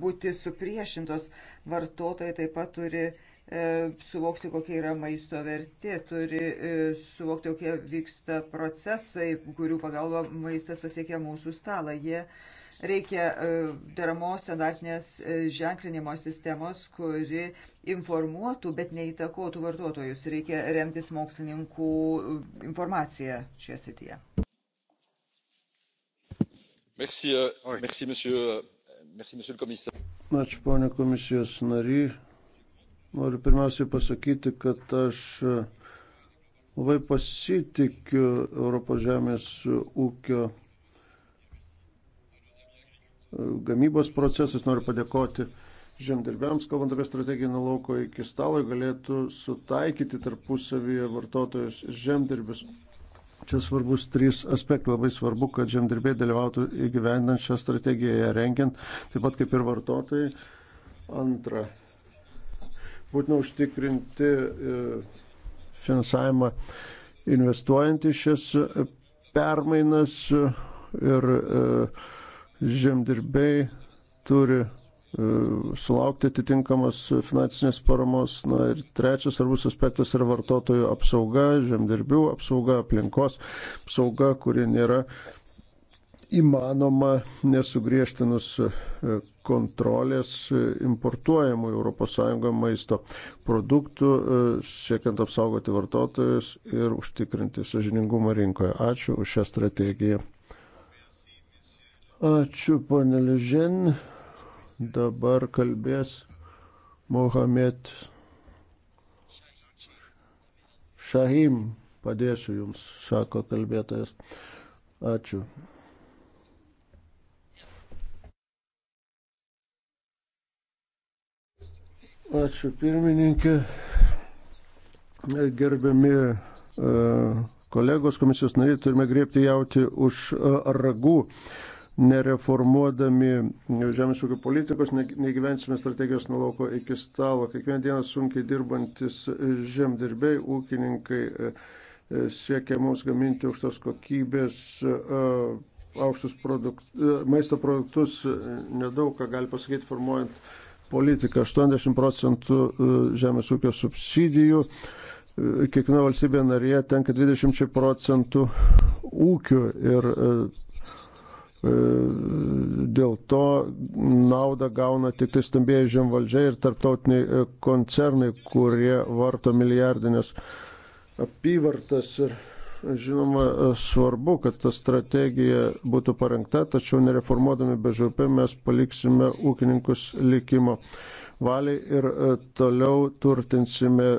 [SPEAKER 5] būti supriešintos. Vartotojai taip pat turi suvokti, kokia yra maisto vertė, turi suvokti, kokie vyksta procesai, kurių pagalba maistas pasiekia mūsų stalą. Jie Reikia e, deramos standartinės e, ženklinimo sistemos, kuri informuotų, bet neįtakotų vartotojus. Reikia remtis mokslininkų e, informaciją šioje srityje.
[SPEAKER 3] Merci, merci, monsieur, merci, monsieur le commissaire.
[SPEAKER 2] Ačiū, ponė komisijos nary. Noriu pirmiausiai pasakyti, kad aš labai pasitikiu Europos žemės ūkio gamybos procesus. Noriu padėkoti žemdirbiams, kalbant apie strategiją nuo lauko iki stalo, galėtų sutaikyti tarpusavyje vartotojus ir žemdirbius. Čia svarbus trys aspektai. Labai svarbu, kad žemdirbiai dalyvautų įgyvendant šią strategiją, ją rengiant, taip pat kaip ir vartotojai. Antra, būtina užtikrinti e, finansavimą investuojant į šias permainas ir e, žemdirbiai turi e, sulaukti atitinkamos finansinės paramos. Na ir trečias svarbus aspektas yra vartotojų apsauga, žemdirbių apsauga, aplinkos apsauga, kuri nėra įmanoma nesugriežtinus e, kontrolės e, importuojamų ES maisto produktų, siekiant apsaugoti vartotojus ir užtikrinti sažiningumą rinkoje. Ačiū už šią strategiją. Ačiū, ponė Ližin. Dabar kalbės Mohamed Šahim. Padėsiu jums, sako kalbėtojas. Ačiū. Ačiū pirmininkė, gerbiami e, kolegos komisijos nariai, turime griebti jauti už e, ragų nereformuodami žemės ūkio politikos, negyvensime strategijos nuo lauko iki stalo. Kiekvieną dieną sunkiai dirbantis žemdirbiai, ūkininkai e, e, siekia mums gaminti aukštos kokybės e, aukštus produkt, maisto produktus, nedaug ką gali pasakyti formuojant politiką. 80 procentų žemės ūkio subsidijų kiekviena valstybė narėje tenka 20 procentų ūkių ir E, dėl to naudą gauna tik tai stambėjai žemvaldžiai ir tarptautiniai e, koncernai, kurie varto milijardinės apyvartas. Ir žinoma, e, svarbu, kad ta strategija būtų parengta, tačiau nereformuodami BŽP mes paliksime ūkininkus likimo valiai ir toliau turtinsime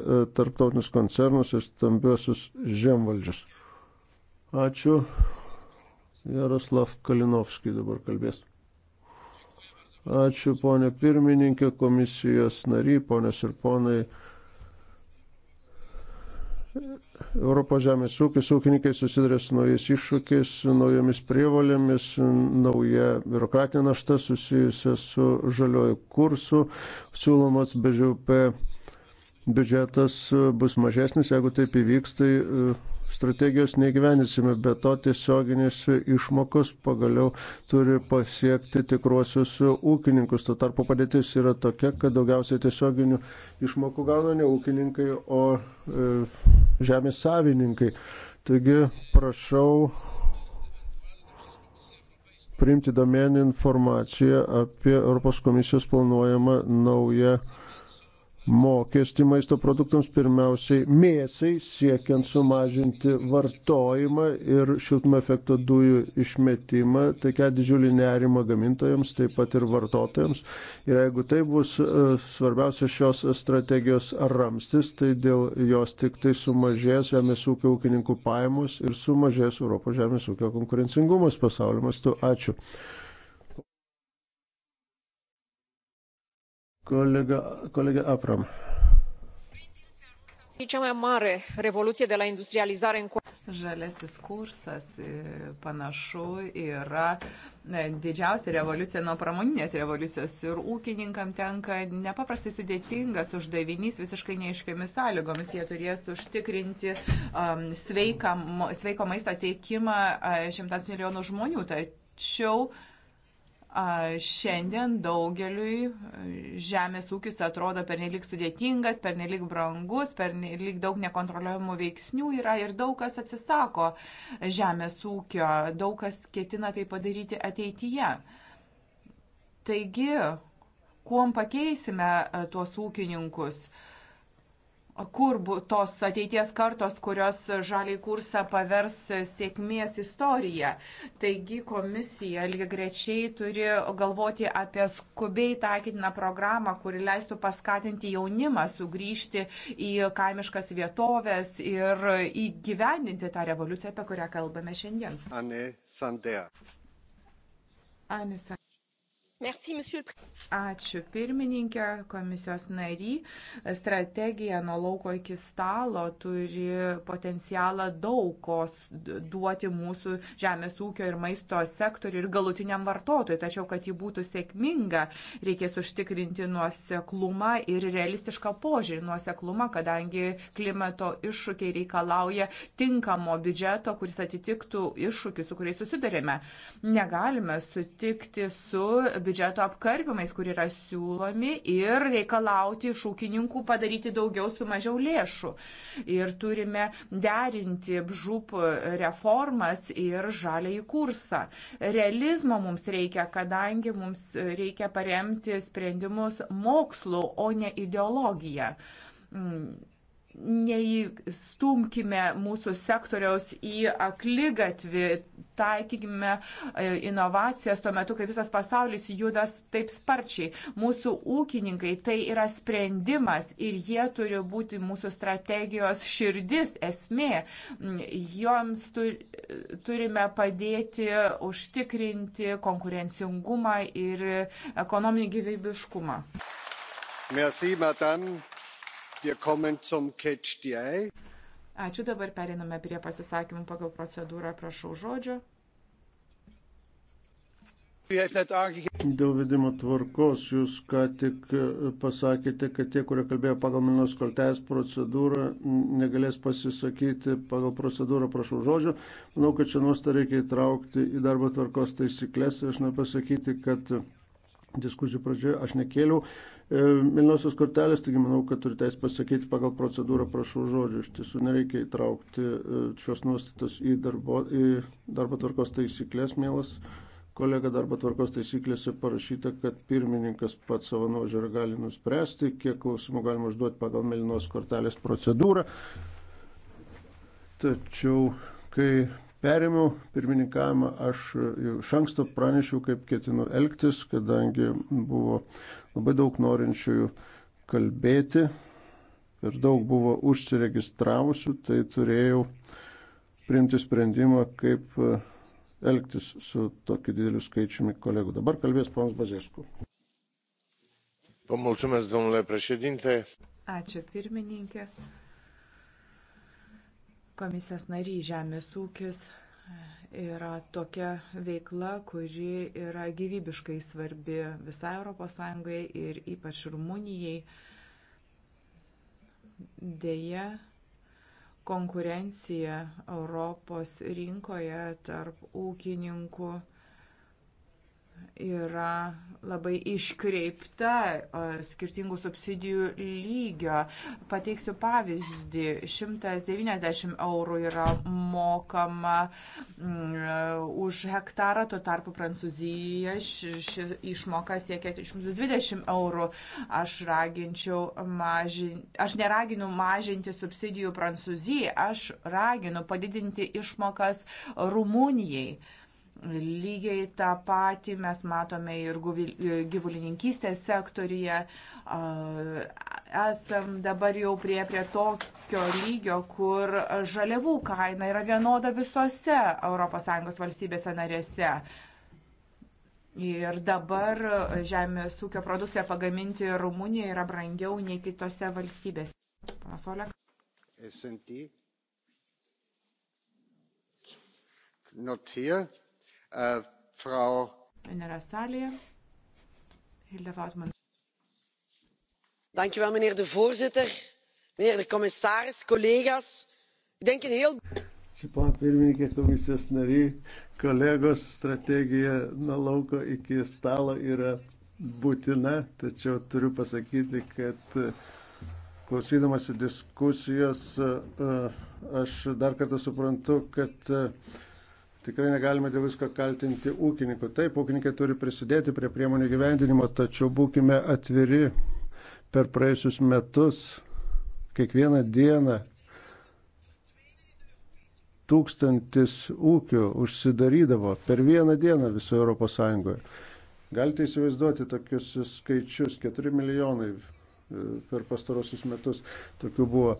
[SPEAKER 2] tarptautinius koncernus ir stambiuosius žemvaldžius. Ačiū. Jaroslav Kalinovskis dabar kalbės. Ačiū, ponė pirmininkė, komisijos nary, ponės ir ponai. Europos žemės ūkis, ūkininkai susiduria su naujais iššūkiais, naujomis prievolėmis, nauja biurokratinė našta susijusia su žalioju kursu, siūlomas BŽP biudžetas bus mažesnis, jeigu taip įvyks, tai strategijos negyvenysime, bet to tiesioginės išmokos pagaliau turi pasiekti tikruosius ūkininkus. Tuo tarpu padėtis yra tokia, kad daugiausiai tiesioginių išmokų gauna ne ūkininkai, o e, žemės savininkai. Taigi prašau priimti domenį informaciją apie Europos komisijos planuojamą naują mokestį maisto produktams, pirmiausiai mėsai, siekiant sumažinti vartojimą ir šiltnamio efekto dujų išmetimą. Tai ką didžiulį nerimą gamintojams, taip pat ir vartotojams. Ir jeigu tai bus e, svarbiausias šios strategijos ramstis, tai dėl jos tik tai sumažės žemės ūkio ūkininkų pajamos ir sumažės Europos žemės ūkio konkurencingumas pasaulio mastu. Ačiū. Kolega, kolega Afram.
[SPEAKER 6] E cea mai mare revoluție de la industrializare în Žalesis kursas e,
[SPEAKER 1] panašu yra e, didžiausia revoliucija nuo pramoninės revoliucijos ir ūkininkam tenka nepaprastai sudėtingas uždavinys visiškai neiškiomis sąlygomis. Jie turės užtikrinti um, sveiką, sveiko maisto teikimą šimtas milijonų žmonių. Tačiau Šiandien daugeliui žemės ūkis atrodo pernelik sudėtingas, pernelik brangus, pernelik daug nekontroliuojamų veiksnių yra ir daug kas atsisako žemės ūkio, daug kas ketina tai padaryti ateityje. Taigi, kuom pakeisime tuos ūkininkus? Uh, kur tos ateities kartos, kurios žaliai kursą pavers sėkmės istoriją. Taigi komisija lygiai grečiai turi galvoti apie skubiai taikytiną programą, kuri leistų paskatinti jaunimą sugrįžti į kaimiškas vietovės ir įgyvendinti tą revoliuciją, apie kurią kalbame šiandien.
[SPEAKER 3] Anne Sandea.
[SPEAKER 1] Anne Sandea. Ačiū pirmininkė, komisijos nary. Strategija nuo lauko iki stalo turi potencialą daug ko duoti mūsų žemės ūkio ir maisto sektoriui ir galutiniam vartotojui. Tačiau, kad ji būtų sėkminga, reikės užtikrinti nuoseklumą ir realistišką požiūrį nuoseklumą, kadangi klimato iššūkiai reikalauja tinkamo biudžeto, kuris atitiktų iššūkius, su kuriais susidurėme. Negalime sutikti su biudžeto apkarpimais, kur yra siūlomi ir reikalauti iš ūkininkų padaryti daugiau su mažiau lėšų. Ir turime derinti žūp reformas ir žaliai kursą. Realizmo mums reikia, kadangi mums reikia paremti sprendimus mokslu, o ne ideologiją. Mm neįstumkime mūsų sektoriaus į aklygatvį, taikykime e, inovacijas tuo metu, kai visas pasaulis judas taip sparčiai. Mūsų ūkininkai tai yra sprendimas ir jie turi būti mūsų strategijos širdis, esmė. Mm, joms turime padėti užtikrinti konkurencingumą ir ekonominį gyvybiškumą.
[SPEAKER 3] Merci, madame.
[SPEAKER 1] Ačiū, dabar periname prie pasisakymų pagal procedūrą, prašau žodžio.
[SPEAKER 2] Dėl vedimo tvarkos jūs ką tik e, pasakėte, kad tie, kurie kalbėjo pagal Milnos kortelės procedūrą, negalės pasisakyti pagal procedūrą, prašau žodžio. Manau, kad čia nuostą reikia įtraukti į darbo tvarkos taisyklės ir aš nepasakyti, kad e, diskusijų pradžioje aš nekėliau E, Milnosios kortelės, taigi manau, kad turite pasakyti pagal procedūrą, prašau žodžių, iš tiesų nereikia įtraukti e, šios nuostatos į darbo, į darbo tvarkos taisyklės, mielas kolega, darbo tvarkos taisyklėse parašyta, kad pirmininkas pats savo nuožiūrą gali nuspręsti, kiek klausimų galima užduoti pagal Milnos kortelės procedūrą. Tačiau, kai perėmiau pirmininkavimą, aš iš anksto pranešiau, kaip ketinu elgtis, kadangi buvo Labai daug norinčiųjų kalbėti ir daug buvo užsiregistravusių, tai turėjau priimti sprendimą, kaip e, elgtis su tokiu dideliu skaičiumi kolegų. Dabar kalbės ponas Bazėsku. Pamulčiumės, domnule prešedinte.
[SPEAKER 1] Ačiū pirmininkė. Komisijos nariai Žemės ūkis yra tokia veikla, kuri yra gyvybiškai svarbi visai ES ir ypač Rumunijai. Deja, konkurencija Europos rinkoje tarp ūkininkų yra labai iškreipta skirtingų subsidijų lygio. Pateiksiu pavyzdį. 190 eurų yra mokama mm, už hektarą, tuo tarpu Prancūzija ši išmoka siekia 120 eurų. Aš, mažin... aš neraginu mažinti subsidijų Prancūzijai, aš raginu padidinti išmokas Rumunijai. Lygiai tą patį mes matome ir gyvulininkystės sektorija. Esam dabar jau prie, prie tokio lygio, kur žaliavų kaina yra vienoda visose ES valstybėse narėse. Ir dabar žemės ūkio produkciją pagaminti Rumunijoje yra brangiau nei kitose valstybėse. Panas Olek.
[SPEAKER 3] SNT. Not here. Uh, Frau.
[SPEAKER 1] Nėra salėje. Hilda
[SPEAKER 5] Vautman. Dankjewel, meneer de voorzitter, meneer de commissaris, collega's. Ik denk een heel.
[SPEAKER 2] Šipa pirmininkė komisijos nariai, kolegos strategija nuo lauko iki stalo yra būtina, tačiau turiu pasakyti, kad e, klausydamasi diskusijos e, e, aš dar kartą suprantu, kad Tikrai negalime dėl visko kaltinti ūkininkų. Taip, ūkininkai turi prisidėti prie priemonių gyvendinimo, tačiau būkime atviri per praėjusius metus, kiekvieną dieną tūkstantis ūkių užsidarydavo per vieną dieną visoje Europos Sąjungoje. Galite įsivaizduoti tokius skaičius, 4 milijonai e, per pastarosius metus tokių buvo.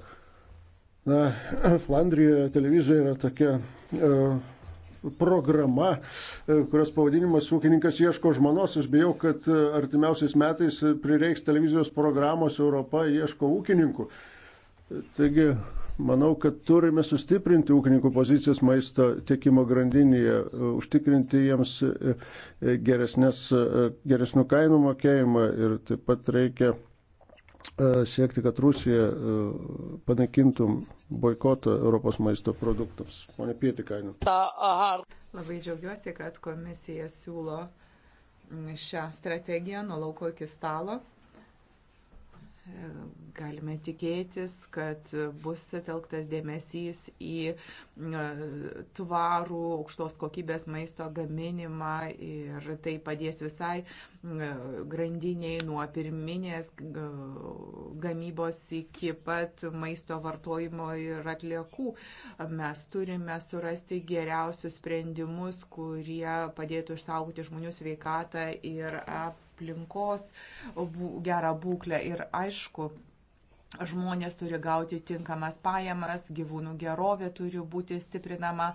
[SPEAKER 2] Na, Flandrijoje televizija yra tokia uh, programa, e, kurios pavadinimas ūkininkas ieško žmonos. Aš bijau, kad e, artimiausiais metais prireiks televizijos programos Europa ieško ūkininkų. Taigi, manau, kad turime sustiprinti ūkininkų pozicijas maisto tiekimo grandinėje, e, užtikrinti jiems geresnės, geresnių kainų mokėjimą ir taip pat reikia siekti, kad Rusija panaikintum boikotą Europos maisto produktams. Pone Pietikainė.
[SPEAKER 1] Labai džiaugiuosi, kad komisija siūlo šią strategiją nuo lauko iki stalo galime tikėtis, kad bus telktas dėmesys į e, tvarų, aukštos kokybės maisto gaminimą ir tai padės visai e, grandiniai nuo pirminės gamybos iki pat maisto vartojimo ir atliekų. Mes turime surasti geriausius sprendimus, kurie padėtų išsaugoti žmonių sveikatą ir aplinką aplinkos gerą būklę ir aišku, žmonės turi gauti tinkamas pajamas, gyvūnų gerovė turi būti stiprinama,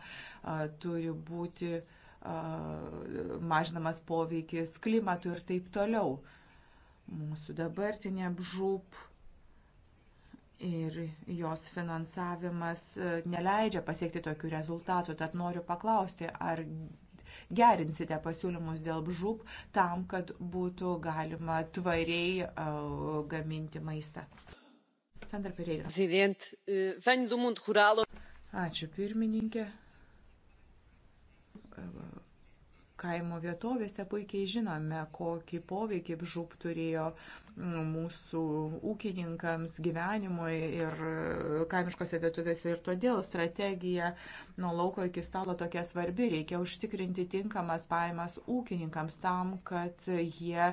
[SPEAKER 1] turi būti mažinamas poveikis klimatui ir taip toliau. Mūsų dabartinė bžūp ir jos finansavimas e, neleidžia pasiekti tokių rezultatų. Tad noriu paklausti, ar gerinsite pasiūlymus dėl žūb tam, kad būtų galima tvariai e, gaminti maistą. Sandra Pereira. E, Ačiū pirmininkė e, kaimo vietovėse puikiai žinome, kokį poveikį žūp turėjo mūsų ūkininkams gyvenimui ir kaimiškose vietuvėse. Ir todėl strategija nuo lauko iki stalo tokia svarbi. Reikia užtikrinti tinkamas pajamas ūkininkams tam, kad jie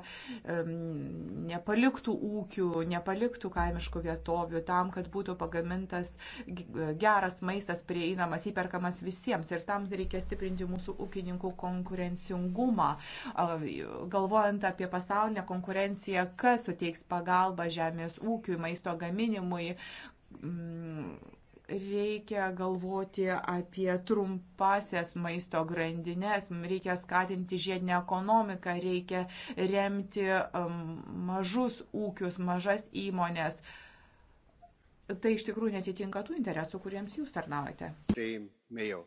[SPEAKER 1] nepaliktų ūkių, nepaliktų kaimiškų vietovių, tam, kad būtų pagamintas geras maistas prieinamas, įperkamas visiems. Ir tam reikia stiprinti mūsų ūkininkų konkurencingumą. Galvojant apie pasaulinę konkurenciją, kas suteiks pagalbą žemės ūkiui, maisto gaminimui. Mm, reikia galvoti apie trumpasias maisto grandinės, reikia skatinti žiedinę ekonomiką, reikia remti um, mažus ūkius, mažas įmonės. Tai iš tikrųjų netitinka tų interesų, kuriems jūs tarnaujate.
[SPEAKER 3] Tai mėjau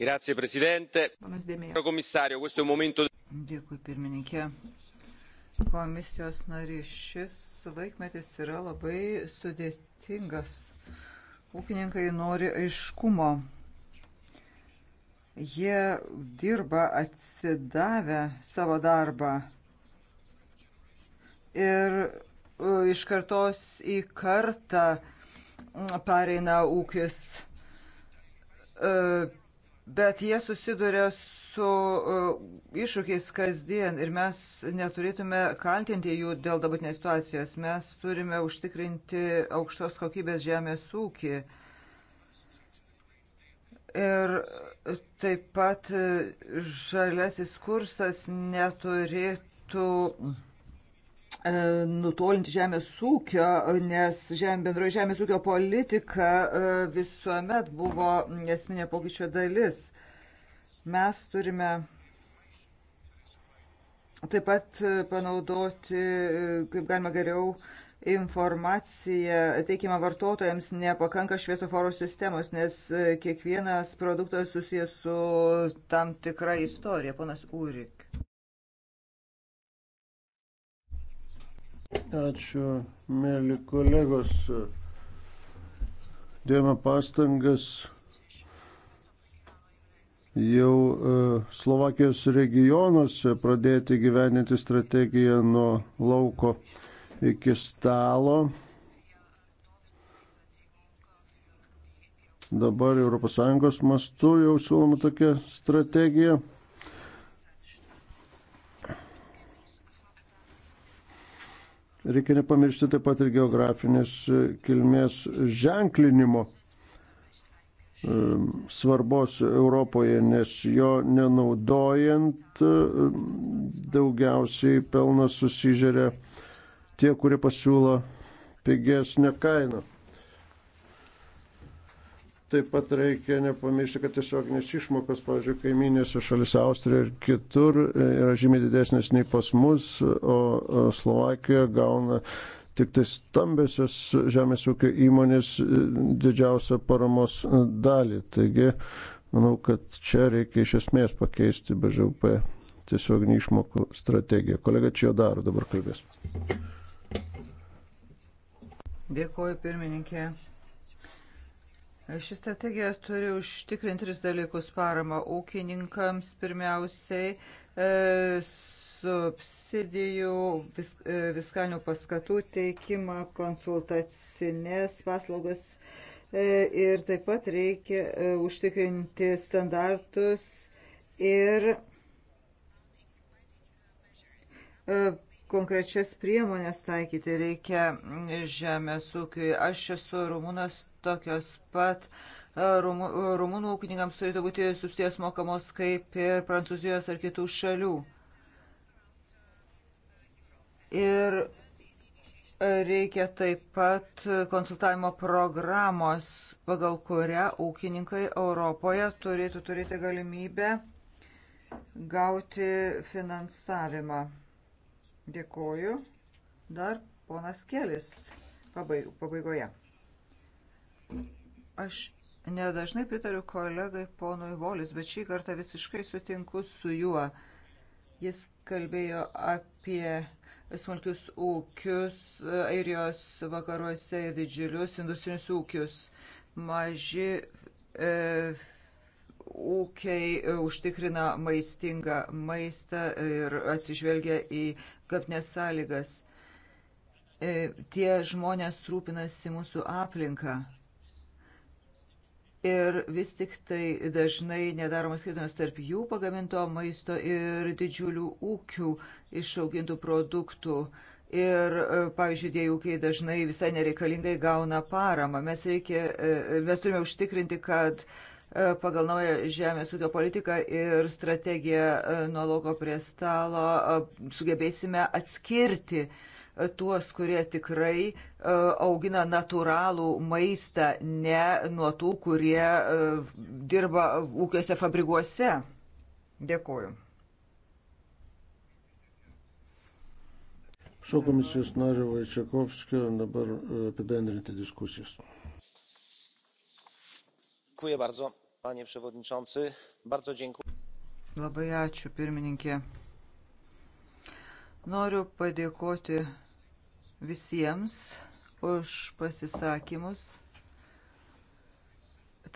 [SPEAKER 3] signor presidente signor commissario questo è un momento. dėkui
[SPEAKER 5] pirmininke komisijos narys. Šis laikmetis yra labai sudėtingas. Ūkininkai nori aiškumo. Jie dirba atsidavę savo darbą. Ir e, iš kartos į kartą pareina ūkis. E, bet jie susiduria su su e, iššūkiais kasdien ir mes neturėtume kaltinti jų dėl dabartinės situacijos. Mes turime užtikrinti aukštos kokybės žemės ūkį. Ir taip pat žalesis kursas neturėtų e, nutolinti žemės ūkio, nes žem, bendroji žemės ūkio politika e, visuomet buvo esminė pokyčio dalis. Mes turime taip pat panaudoti, kaip galima geriau, informacija teikiama vartotojams nepakanka šviesoforų sistemos, nes kiekvienas produktas susijęs su tam tikra istorija. Ponas Ūrik.
[SPEAKER 2] Ačiū, mėly kolegos. Dėjome pastangas jau e, Slovakijos regionuose pradėti gyveninti strategiją nuo lauko iki stalo. Dabar ES mastu jau siūloma tokia strategija. Reikia nepamiršti taip pat ir geografinės kilmės ženklinimo Um, svarbos Europoje, nes jo nenaudojant um, daugiausiai pelną susižeria tie, kurie pasiūlo pigesnę kainą. Taip pat reikia nepamiršti, kad tiesioginės išmokas, pavyzdžiui, kaiminėse šalise Austrija ir kitur e, yra žymiai didesnės nei pas mus, o Slovakija gauna tik tai stambiosios žemės ūkio įmonės e, didžiausią paramos e, dalį. Taigi, manau, kad čia reikia iš esmės pakeisti BŽP tiesioginį išmokų strategiją. Kolega čia jo daro, dabar kalbės.
[SPEAKER 7] Dėkuoju,
[SPEAKER 5] pirmininkė. Ši strategija turi užtikrinti tris dalykus - paramą ūkininkams, pirmiausiai e, subsidijų, vis, viskanių e, paskatų teikimą, konsultacinės paslaugas e, ir taip pat reikia e, užtikrinti standartus ir konkrečias priemonės taikyti reikia žemės ūkiui. Aš esu rumunas tokios pat. Rumunų ūkininkams turėtų būti subsidijos mokamos kaip ir Prancūzijos ar kitų šalių. Ir reikia taip pat konsultavimo programos, pagal kurią ūkininkai Europoje turėtų turėti galimybę gauti finansavimą. Dėkoju. Dar ponas Kelis pabaigoje. Aš Nedažnai pritariu kolegai ponui Volis, bet šį kartą visiškai sutinku su juo. Jis kalbėjo apie smulkius ūkius airijos vakaruose ir didžiulius industrinius ūkius. Maži e, ūkiai e, užtikrina maistingą maistą ir atsižvelgia į gamtinės sąlygas. E, tie žmonės rūpinasi mūsų aplinką ir vis tik tai dažnai nedaromas skirtumas tarp jų pagaminto maisto ir didžiulių ūkių išaugintų produktų. Ir, e, pavyzdžiui, tie ūkiai dažnai visai nereikalingai gauna paramą. Mes, reikia, e, mes turime užtikrinti, kad e, pagal naują žemės ūkio politiką ir strategiją nuo lauko prie stalo sugebėsime atskirti uh, tuos, kurie tikrai e, augina natūralų maistą, ne nuo tų, kurie e, dirba ūkiuose fabrikuose. Dėkuoju.
[SPEAKER 2] Su komisijos nariu Vaičiakovskiu dabar e, apibendrinti
[SPEAKER 3] diskusijas. Dziękuję bardzo, panie przewodniczący. Bardzo dziękuję.
[SPEAKER 5] Labai ačiū, pirmininkė. Noriu padėkoti visiems už pasisakymus.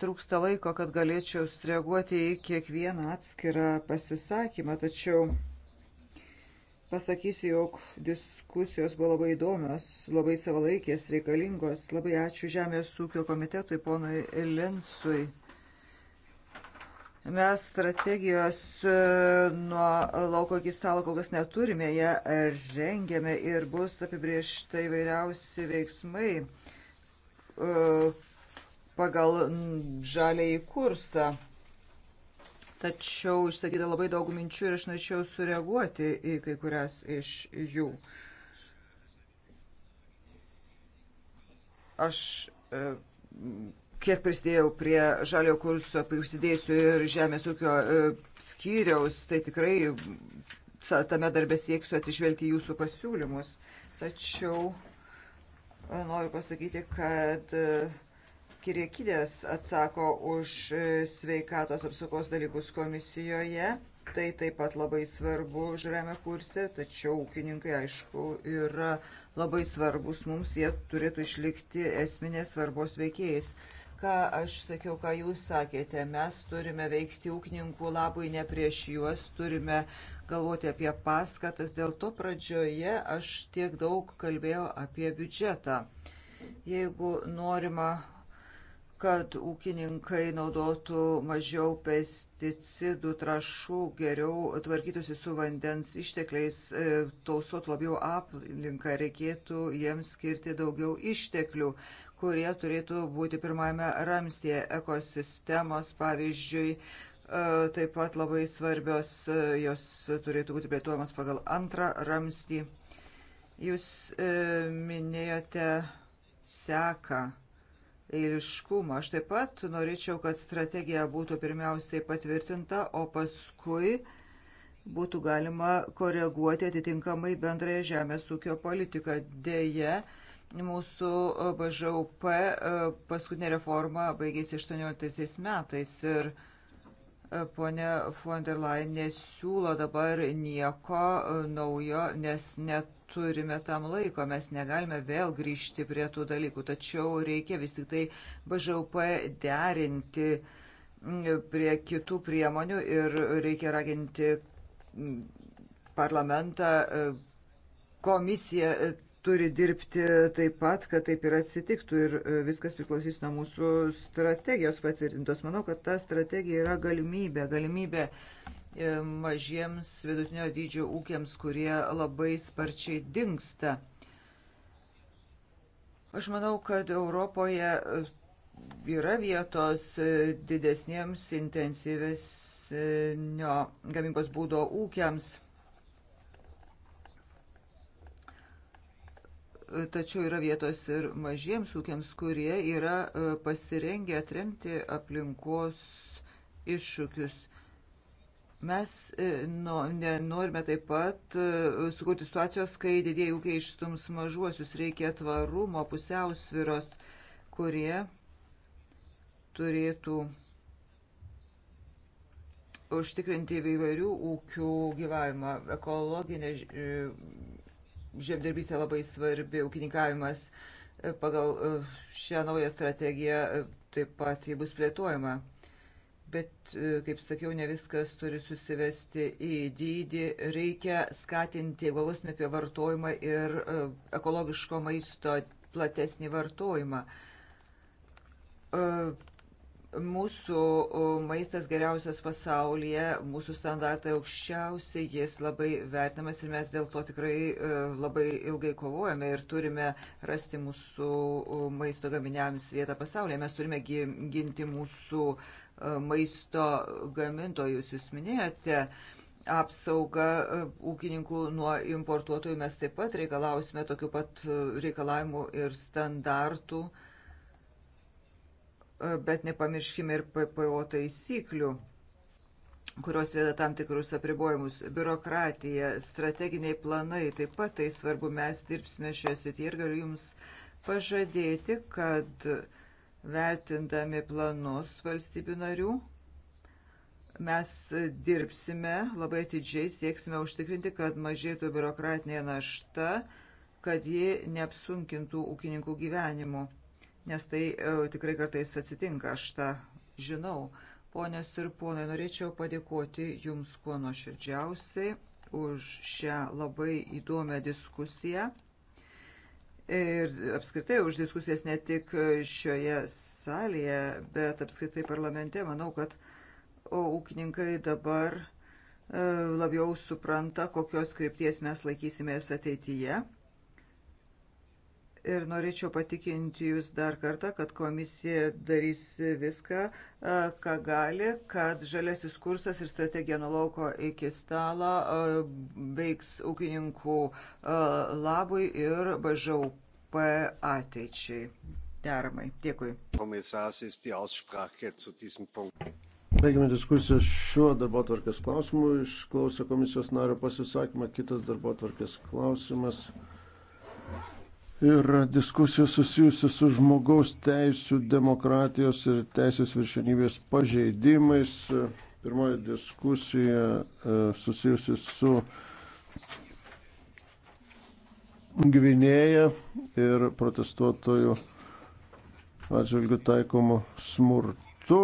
[SPEAKER 5] Trūksta laiko, kad galėčiau sureaguoti į kiekvieną atskirą pasisakymą, tačiau pasakysiu, jog diskusijos buvo labai įdomios, labai savalaikės, reikalingos. Labai ačiū Žemės ūkio komitetui, ponui Linsui. Mes strategijos e, nuo lauko iki stalo kol kas neturime, ją rengiame ir bus apibriešta įvairiausi veiksmai e, pagal žaliai kursą. Tačiau išsakyta labai daug minčių ir aš norėčiau sureaguoti į kai kurias iš jų. Aš e, kiek prisidėjau prie žalio kurso, prisidėsiu ir žemės ūkio e, skyriaus, tai tikrai tame darbe sieksiu atsižvelgti jūsų pasiūlymus. Tačiau e, noriu pasakyti, kad e, Kiriekidės atsako už sveikatos apsaugos dalykus komisijoje. Tai taip pat labai svarbu žremio kurse, tačiau ūkininkai, aišku, yra labai svarbus mums, jie turėtų išlikti esminės svarbos veikėjais ką aš sakiau, ką jūs sakėte. Mes turime veikti ūkininkų labui, ne prieš juos, turime galvoti apie paskatas. Dėl to pradžioje aš tiek daug kalbėjau apie biudžetą. Jeigu norima kad ūkininkai naudotų mažiau pesticidų, trašų, geriau tvarkytųsi su vandens ištekliais, e, tausot labiau aplinką, reikėtų jiems skirti daugiau išteklių kurie turėtų būti pirmajame ramstėje ekosistemos, pavyzdžiui, e, taip pat labai svarbios, e, jos turėtų būti plėtuojamas pagal antrą ramstį. Jūs e, minėjote seką eiliškumą. Aš taip pat norėčiau, kad strategija būtų pirmiausiai patvirtinta, o paskui būtų galima koreguoti atitinkamai bendrąją žemės ūkio politiką. Deja, Mūsų e, BŽUP e, paskutinė reforma baigėsi 18 metais ir e, ponė von der Leyen nesiūlo dabar nieko naujo, nes neturime tam laiko, mes negalime vėl grįžti prie tų dalykų, tačiau reikia vis tik tai BŽUP derinti prie kitų priemonių ir reikia raginti parlamentą, komisiją turi dirbti taip pat, kad taip ir atsitiktų ir e, viskas priklausys nuo mūsų strategijos patvirtintos. Manau, kad ta strategija yra galimybė, galimybė e, mažiems vidutinio dydžio ūkiams, kurie labai sparčiai dinksta. Aš manau, kad Europoje e, yra vietos didesniems intensyvesnio gamybos būdo ūkiams tačiau yra vietos ir mažiems ūkiams, kurie yra e, pasirengę atremti aplinkos iššūkius. Mes e, no, ne, norime taip pat e, sukurti situacijos, kai didieji ūkiai išstums mažuosius, reikia tvarumo, pusiausviros, kurie turėtų užtikrinti įvairių ūkių gyvavimą, ekologinę žemdirbystė labai svarbi, ūkininkavimas e, pagal e, šią naują strategiją e, taip pat jį bus plėtojama. Bet, kaip sakiau, ne viskas turi susivesti į dydį. Reikia skatinti galosmį apie vartojimą ir ekologiško maisto platesnį vartojimą Mūsų maistas geriausias pasaulyje, mūsų standartai aukščiausi, jis labai vertinamas ir mes dėl to tikrai e, labai ilgai kovojame ir turime rasti mūsų maisto gaminiams vietą pasaulyje. Mes turime ginti mūsų e, maisto gamintojus, jūs minėjote apsaugą e, ūkininkų nuo importuotojų mes taip pat reikalausime tokių pat reikalavimų ir standartų. Uh, bet nepamirškime ir PPO taisyklių kurios veda tam tikrus apribojimus, biurokratija, strateginiai planai, taip pat tai svarbu, mes dirbsime šioje srityje ir galiu Jums pažadėti, kad vertindami planus valstybių narių, mes dirbsime labai atidžiai, sieksime užtikrinti, kad mažėtų biurokratinė našta, kad ji neapsunkintų ūkininkų gyvenimų nes tai e, tikrai kartais atsitinka, aš tą žinau. Ponios ir ponai, norėčiau padėkoti Jums kuo nuoširdžiausiai už šią labai įdomią diskusiją ir apskritai už diskusijas ne tik šioje salėje, bet apskritai parlamente. Manau, kad ūkininkai dabar e, labiau supranta, kokios krypties mes laikysimės ateityje ir norėčiau patikinti Jūs dar kartą, kad komisija darys viską, ką gali, kad žaliasis kursas ir strategija nuo lauko iki stalo veiks ūkininkų labui ir BŽUP ateičiai. Deramai. Dėkui.
[SPEAKER 2] Baigime diskusiją šiuo darbo tvarkės klausimu. Išklausę komisijos nario pasisakymą, kitas darbo tvarkės klausimas ir diskusijos susijusios su žmogaus teisų, demokratijos ir teisės viršenybės pažeidimais. Pirmoji diskusija e, susijusi su Gvinėja ir protestuotojų atžvilgių taikomu smurtu.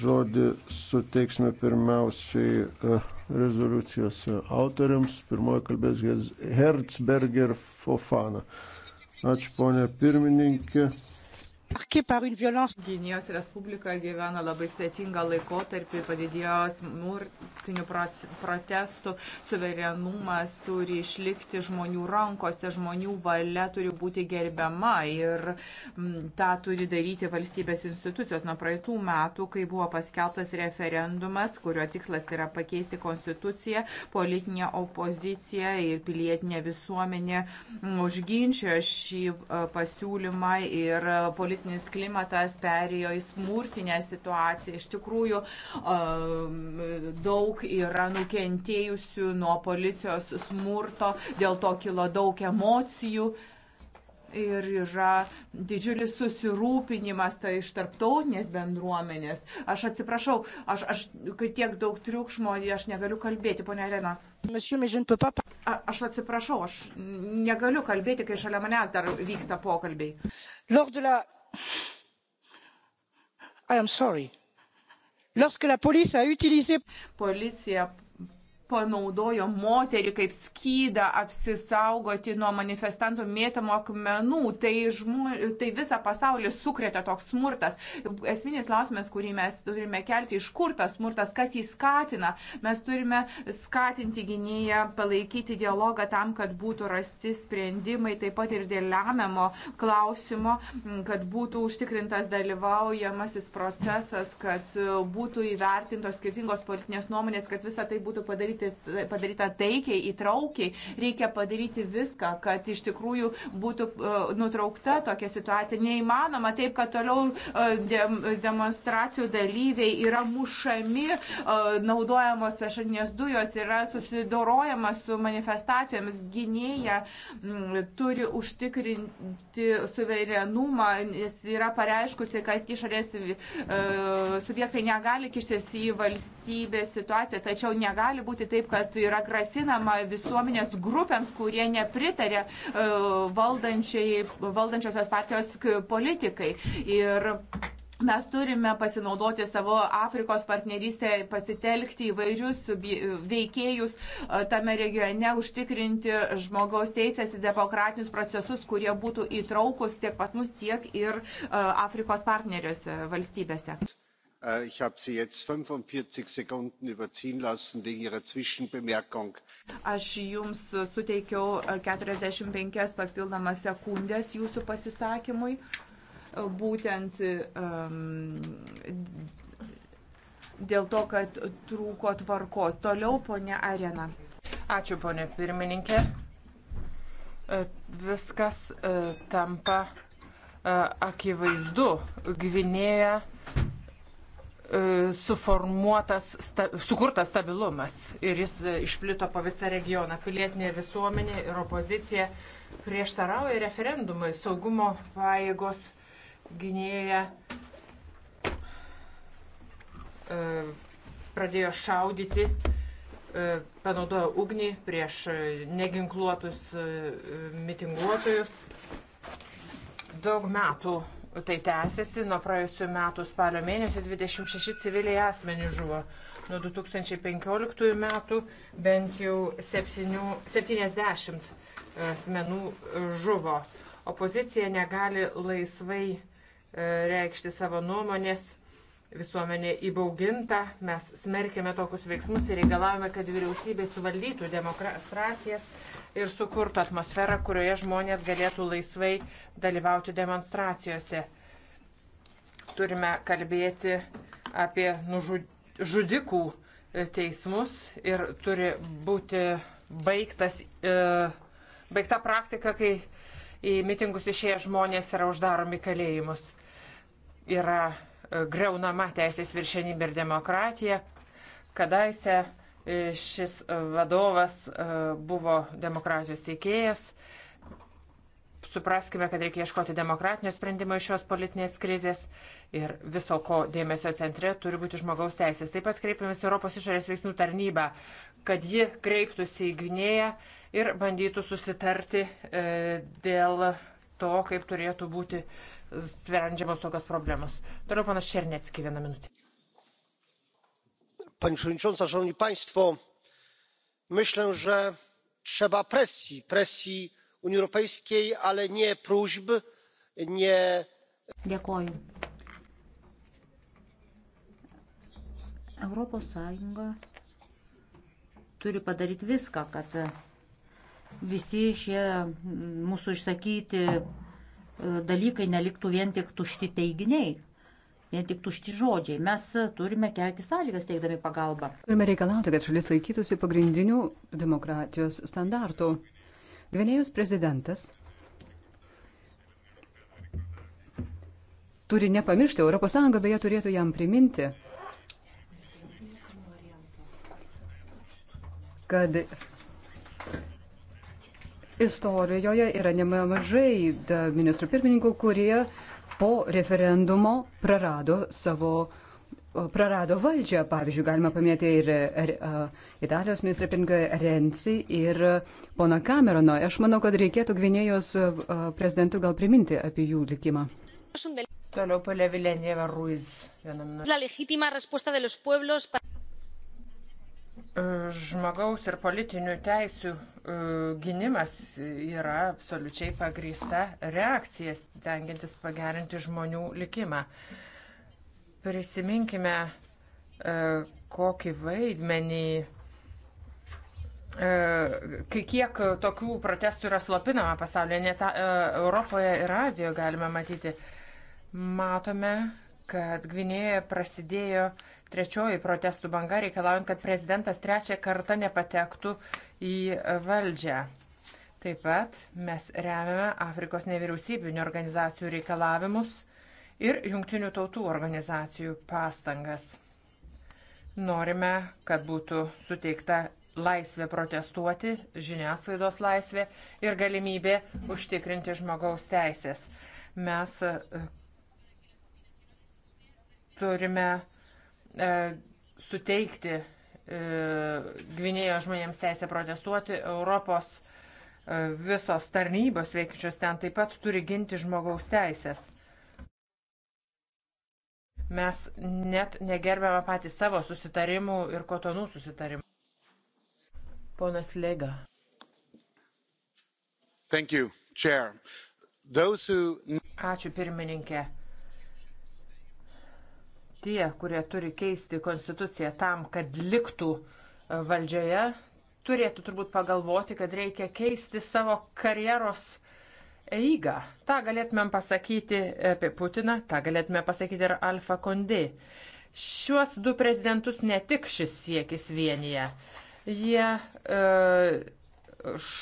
[SPEAKER 2] Žodį suteiksime pirmiausiai e, rezoliucijos autoriams. Pirmoji kalbės Herzberger Fofana. Ačiū ponė pirmininkė.
[SPEAKER 1] Kinijos Respublika gyvena labai sėtingą laikotarpį, padidėjo smurtinių protestų, suverenumas turi išlikti žmonių rankose, žmonių valia turi būti gerbiama ir m, tą turi daryti valstybės institucijos. Nuo praeitų metų, kai buvo paskelbtas referendumas, kurio tikslas yra pakeisti konstituciją, politinė opozicija ir pilietinė visuomenė užginčia šį e, pasiūlymą ir e, politinė politinis klimatas perėjo į smurtinę situaciją. Iš tikrųjų, um, daug yra nukentėjusių nuo policijos smurto, dėl to kilo daug emocijų ir yra didžiulis susirūpinimas tai iš tarptautinės bendruomenės. Aš atsiprašau, aš, aš kai tiek daug triukšmo, aš negaliu kalbėti, ponia Elena. A, aš atsiprašau, aš negaliu kalbėti, kai šalia manęs dar vyksta pokalbiai. La...
[SPEAKER 5] Lorsque la police a
[SPEAKER 1] utilisé... Policija panaudojo moterį kaip skydą apsisaugoti nuo manifestantų mėtamo akmenų. Tai, žmu, tai visą pasaulį sukrėtė toks smurtas. Esminis klausimas, kurį mes turime kelti, iš kur tas smurtas, kas jį skatina. Mes turime skatinti gynėją, palaikyti dialogą tam, kad būtų rasti sprendimai, taip pat ir dėl lemiamo klausimo, kad būtų užtikrintas dalyvaujamasis procesas, kad būtų įvertintos skirtingos politinės nuomonės, kad visa tai būtų padaryta padaryti, padaryta taikiai, įtraukiai. Reikia padaryti viską, kad iš tikrųjų būtų e, nutraukta tokia situacija. Neįmanoma taip, kad toliau e, demonstracijų dalyviai yra mušami, e, naudojamos ašarinės dujos, yra susidorojama su manifestacijomis. Gynėja turi užtikrinti suverenumą, nes yra pareiškusi, kad išorės subjektai negali kištis į valstybės situaciją, tačiau negali būti elgesi taip, kad yra grasinama visuomenės grupėms, kurie nepritarė e, valdančiosios partijos politikai. Ir Mes turime pasinaudoti savo Afrikos partnerystę, pasitelkti įvairius veikėjus e, tame regione, užtikrinti žmogaus teisės į demokratinius procesus, kurie būtų įtraukus tiek pas mus, tiek ir e, Afrikos partneriuose valstybėse.
[SPEAKER 3] Äh, ich habe sie jetzt fünfundvierzig sekunden überziehen lassen wegen ihrer zwischenbemerkung. aš
[SPEAKER 1] jums suteikiau äh, keturiasdešimt penkias papildomas sekundes jūsų pasisakymui äh, būtent um, dėl to kad trūko tvarkos. toliau ponia arena.
[SPEAKER 4] ačiū ponia pirmininke. viskas tampa akivaizdu gvinėja E, suformuotas, sta, sukurtas stabilumas ir jis e, išplito po visą regioną. Pilietinė visuomenė ir opozicija prieštarauja referendumui. Saugumo pajėgos gynėja e, pradėjo šaudyti, panaudojo ugnį prieš neginkluotus mitinguotojus. Daug metų Tai tęsiasi nuo praėjusių metų spalio mėnesio 26 civiliai asmenys žuvo. Nuo 2015 metų bent jau 7, 70 asmenų žuvo. Opozicija negali laisvai e, reikšti savo nuomonės, visuomenė įbauginta, mes smerkėme tokius veiksmus ir reikalavome, kad vyriausybė suvaldytų demonstracijas ir sukurtų atmosferą, kurioje žmonės galėtų laisvai dalyvauti demonstracijose. Turime kalbėti apie žudikų e, teismus ir turi būti baigtas, e, baigta praktika, kai į mitingus išėję žmonės yra uždaromi kalėjimus. Yra e, greunama teisės viršenybė ir demokratija. Kadaise Šis vadovas e, buvo demokratijos teikėjas. Supraskime, kad reikia ieškoti demokratinio sprendimo iš šios politinės krizės ir viso ko dėmesio centre turi būti žmogaus teisės. Taip pat kreipiamės Europos išorės veiksmų tarnybą, kad ji kreiptųsi į gynėją ir bandytų susitarti e, dėl to, kaip turėtų būti sprendžiamos tokios problemos. Toliau panas Černetski vieną minutę
[SPEAKER 3] pani przewodnicząca! szanowni państwo! myślę że trzeba presji presji unii europejskiej ale ne próśb ne.
[SPEAKER 6] dėkoju. europos sąjunga turi padaryti viską kad visi šie mūsų išsakyti dalykai neliktų vien tik tušti teiginiai vien tik tušti žodžiai. Mes turime
[SPEAKER 7] kelti sąlygas teikdami pagalbą. Turime reikalauti, kad šalis laikytųsi pagrindinių demokratijos standartų. Gvinėjos prezidentas turi nepamiršti, ES beje turėtų jam priminti, kad istorijoje yra nemažai ministrų pirmininkų, kurie po referendumo prarado savo prarado valdžią. Pavyzdžiui, galima paminėti ir, ir, ir Italijos ministrą Pinką Renzi ir poną Cameroną. Aš manau, kad reikėtų Gvinėjos prezidentui gal priminti apie jų likimą.
[SPEAKER 4] Toliau palė Vilenėva Ruiz. Vieną
[SPEAKER 3] minutę.
[SPEAKER 4] Žmogaus ir politinių teisių e, gynimas yra absoliučiai pagrįsta reakcija, tengiantis pagerinti žmonių likimą. Prisiminkime, e, kokį vaidmenį e, kai kiek tokių protestų yra slopinama pasaulyje, net Europoje ir Azijoje galime matyti. Matome, kad Gvinėje prasidėjo uh, trečioji protestų banga reikalaujant, kad prezidentas trečią kartą nepatektų į valdžią. Taip pat mes remiame Afrikos nevyriausybinio organizacijų reikalavimus ir jungtinių tautų organizacijų pastangas. Norime, kad būtų suteikta laisvė protestuoti, žiniasklaidos laisvė ir galimybė užtikrinti žmogaus teisės. Mes e, turime e, suteikti e, Gvinėjos žmonėms teisę protestuoti. Europos e, visos tarnybos veikiančios ten taip pat turi ginti žmogaus teisės. Mes net negerbėme patys savo susitarimų ir kotonų susitarimų. Ponas Lega.
[SPEAKER 8] Thank you, Chair. Those who...
[SPEAKER 4] Ačiū pirmininkė tie, kurie turi keisti konstituciją tam, kad liktų e, valdžioje, turėtų turbūt pagalvoti, kad reikia keisti savo karjeros eigą. Ta galėtumėm pasakyti e, apie Putiną, tą galėtume pasakyti ir Alfa Kondi. Šiuos du prezidentus ne tik šis siekis vienyje. Jie e,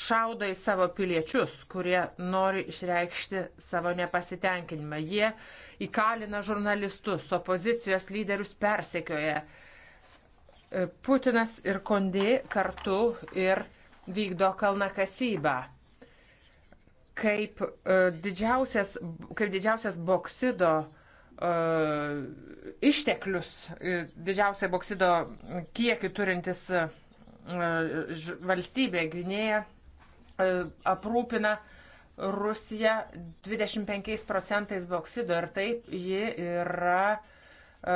[SPEAKER 4] šaudo į savo piliečius, kurie nori išreikšti savo nepasitenkinimą. Jie e, įkalina žurnalistus, opozicijos lyderius persekioja. E, Putinas ir Kondė kartu ir vykdo kalnakasybą. Kaip, e, didžiausias, kaip didžiausias boksido e, išteklius, didžiausią boksido kiekį turintis valstybė Gvinėja aprūpina uh, Rusija 25 procentais boksido ir taip ji yra e,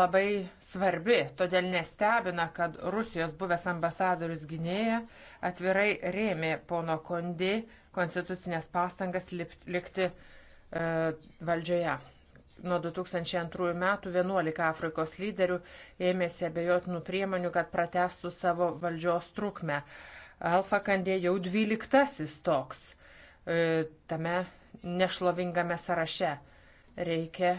[SPEAKER 4] labai svarbi, todėl nestebina, kad Rusijos buvęs ambasadorius gynėja atvirai rėmė pono Kondi konstitucinės pastangas likti e, valdžioje. Nuo 2002 metų 11 Afrikos lyderių ėmėsi abejotinų priemonių, kad pratestų savo valdžios trukmę. Alfa Kandė jau 12 toks. E, tame nešlovingame sąraše. Reikia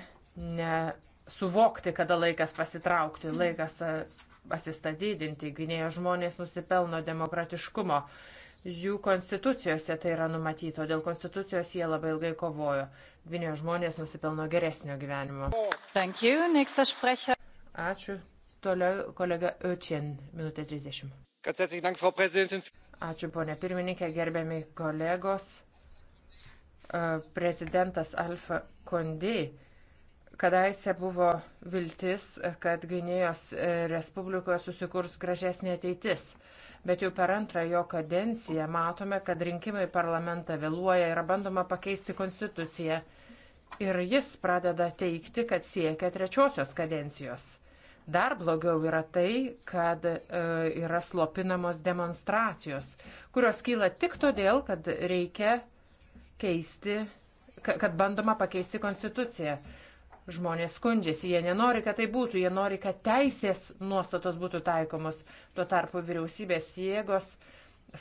[SPEAKER 4] suvokti, kada laikas pasitraukti, laikas pasistatydinti. E, Gynėjo žmonės nusipelno demokratiškumo. Jų konstitucijose tai yra numatyto, dėl konstitucijos jie labai ilgai kovojo. Gvinėjo žmonės nusipelno geresnio gyvenimo. Ačiū. Toliau kolega Ötjen, minutė 30. Ačiū, ponė pirmininkė, gerbiami kolegos. E, prezidentas Alfa Kondi. Kadaise buvo viltis, kad Gvinėjos e, Respublikoje susikurs gražesnė ateitis bet jau per antrą jo kadenciją matome, kad rinkimai parlamentą vėluoja ir bandoma pakeisti konstituciją. Ir jis pradeda teikti, kad siekia trečiosios kadencijos. Dar blogiau yra tai, kad e, yra slopinamos demonstracijos, kurios kyla tik todėl, kad reikia e, keisti, kad bandoma pakeisti konstituciją. Žmonės skundžiasi, jie nenori, kad tai būtų, jie nori, kad teisės nuostatos būtų taikomos. Tuo tarpu vyriausybės jėgos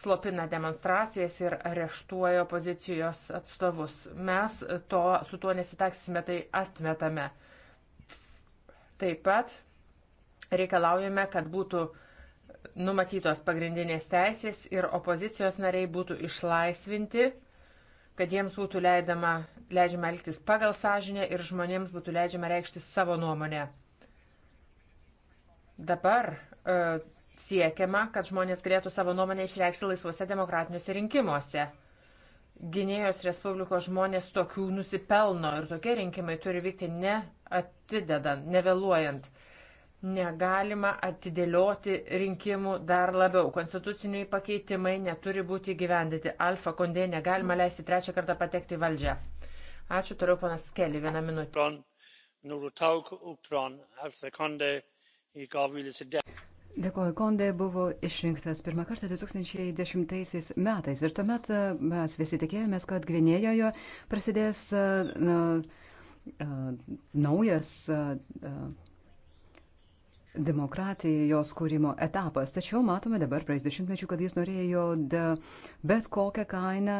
[SPEAKER 4] slopina demonstracijas ir areštuoja opozicijos atstovus. Mes to, su tuo nesitaksime, tai atmetame. Taip pat reikalaujame, kad būtų numatytos pagrindinės teisės ir opozicijos nariai būtų išlaisvinti kad jiems būtų leidama, leidžiama elgtis pagal sąžinę ir žmonėms būtų leidžiama reikšti savo nuomonę. Dabar e, siekiama, kad žmonės galėtų savo nuomonę išreikšti laisvuose demokratiniuose rinkimuose. Gynėjos Respublikos žmonės tokių nusipelno ir tokie rinkimai turi vykti neatidedant, nevėluojant. Ne negalima atidėlioti rinkimų dar labiau. Konstituciniai pakeitimai neturi būti gyvendyti. Alfa kondė negalima leisti trečią kartą patekti į valdžią. Ačiū,
[SPEAKER 7] toliau panas Keli, vieną minutę. Dėkoju, Kondė buvo išrinktas pirmą kartą 2010 metais ir tuomet e, mes visi tikėjomės, kad Gvinėjoje prasidės e, na, na, e, naujas. Na, demokratijos kūrimo etapas. Tačiau matome dabar, praeis dešimtmečių, kad jis norėjo bet kokią kainą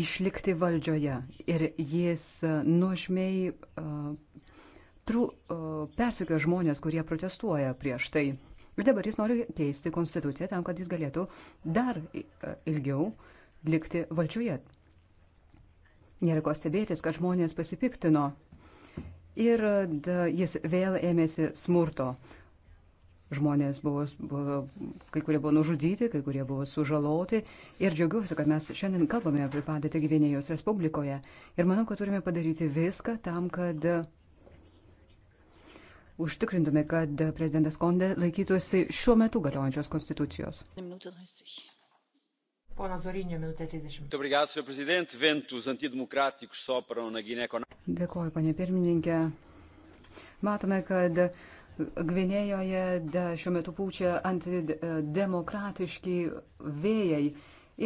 [SPEAKER 7] išlikti valdžioje. Ir jis nuožmiai uh, uh, persikio žmonės, kurie protestuoja prieš tai. Ir dabar jis nori keisti konstituciją tam, kad jis galėtų dar ilgiau likti valdžioje. Nėra ko stebėtis, kad žmonės pasipiktino ir jis vėl ėmėsi smurto. Žmonės buvo, buvo, kai kurie buvo nužudyti, kai kurie buvo sužaloti. Ir džiaugiuosi, kad mes šiandien kalbame apie padėtį Gyvenėjos Respublikoje. Ir manau, kad turime padaryti viską tam, kad užtikrintume, kad prezidentas Konde laikytųsi šiuo metu galiojančios konstitucijos.
[SPEAKER 3] Minutė 30. Pono
[SPEAKER 7] Zorinio, minutė 30. Dėkuoju, panė pirmininkė. Matome, kad Gvinėjoje šiuo metu pučia antidemokratiški vėjai.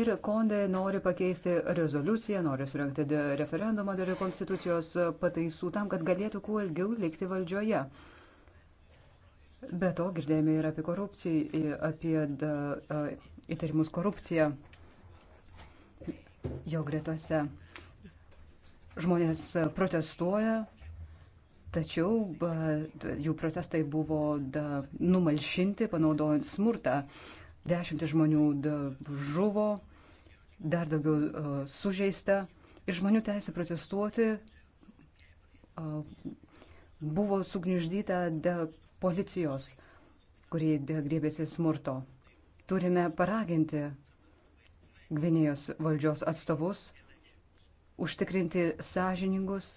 [SPEAKER 7] Ir Kondė nori pakeisti rezoliuciją, nori surinkti referendumą dėl konstitucijos pataisų tam, kad galėtų kuo ilgiau likti valdžioje. Be to girdėjome ir apie korupciją, apie da, įtarimus korupciją jo gretose. Žmonės protestuoja, tačiau jų protestai buvo da, numalšinti, panaudojant smurtą. Dešimtis žmonių da, žuvo, dar daugiau uh, sužeista. Ir žmonių teisė protestuoti uh, buvo sugniuždyta policijos, kurie griebėsi smurto. Turime paraginti Gvinėjos valdžios atstovus užtikrinti sąžiningus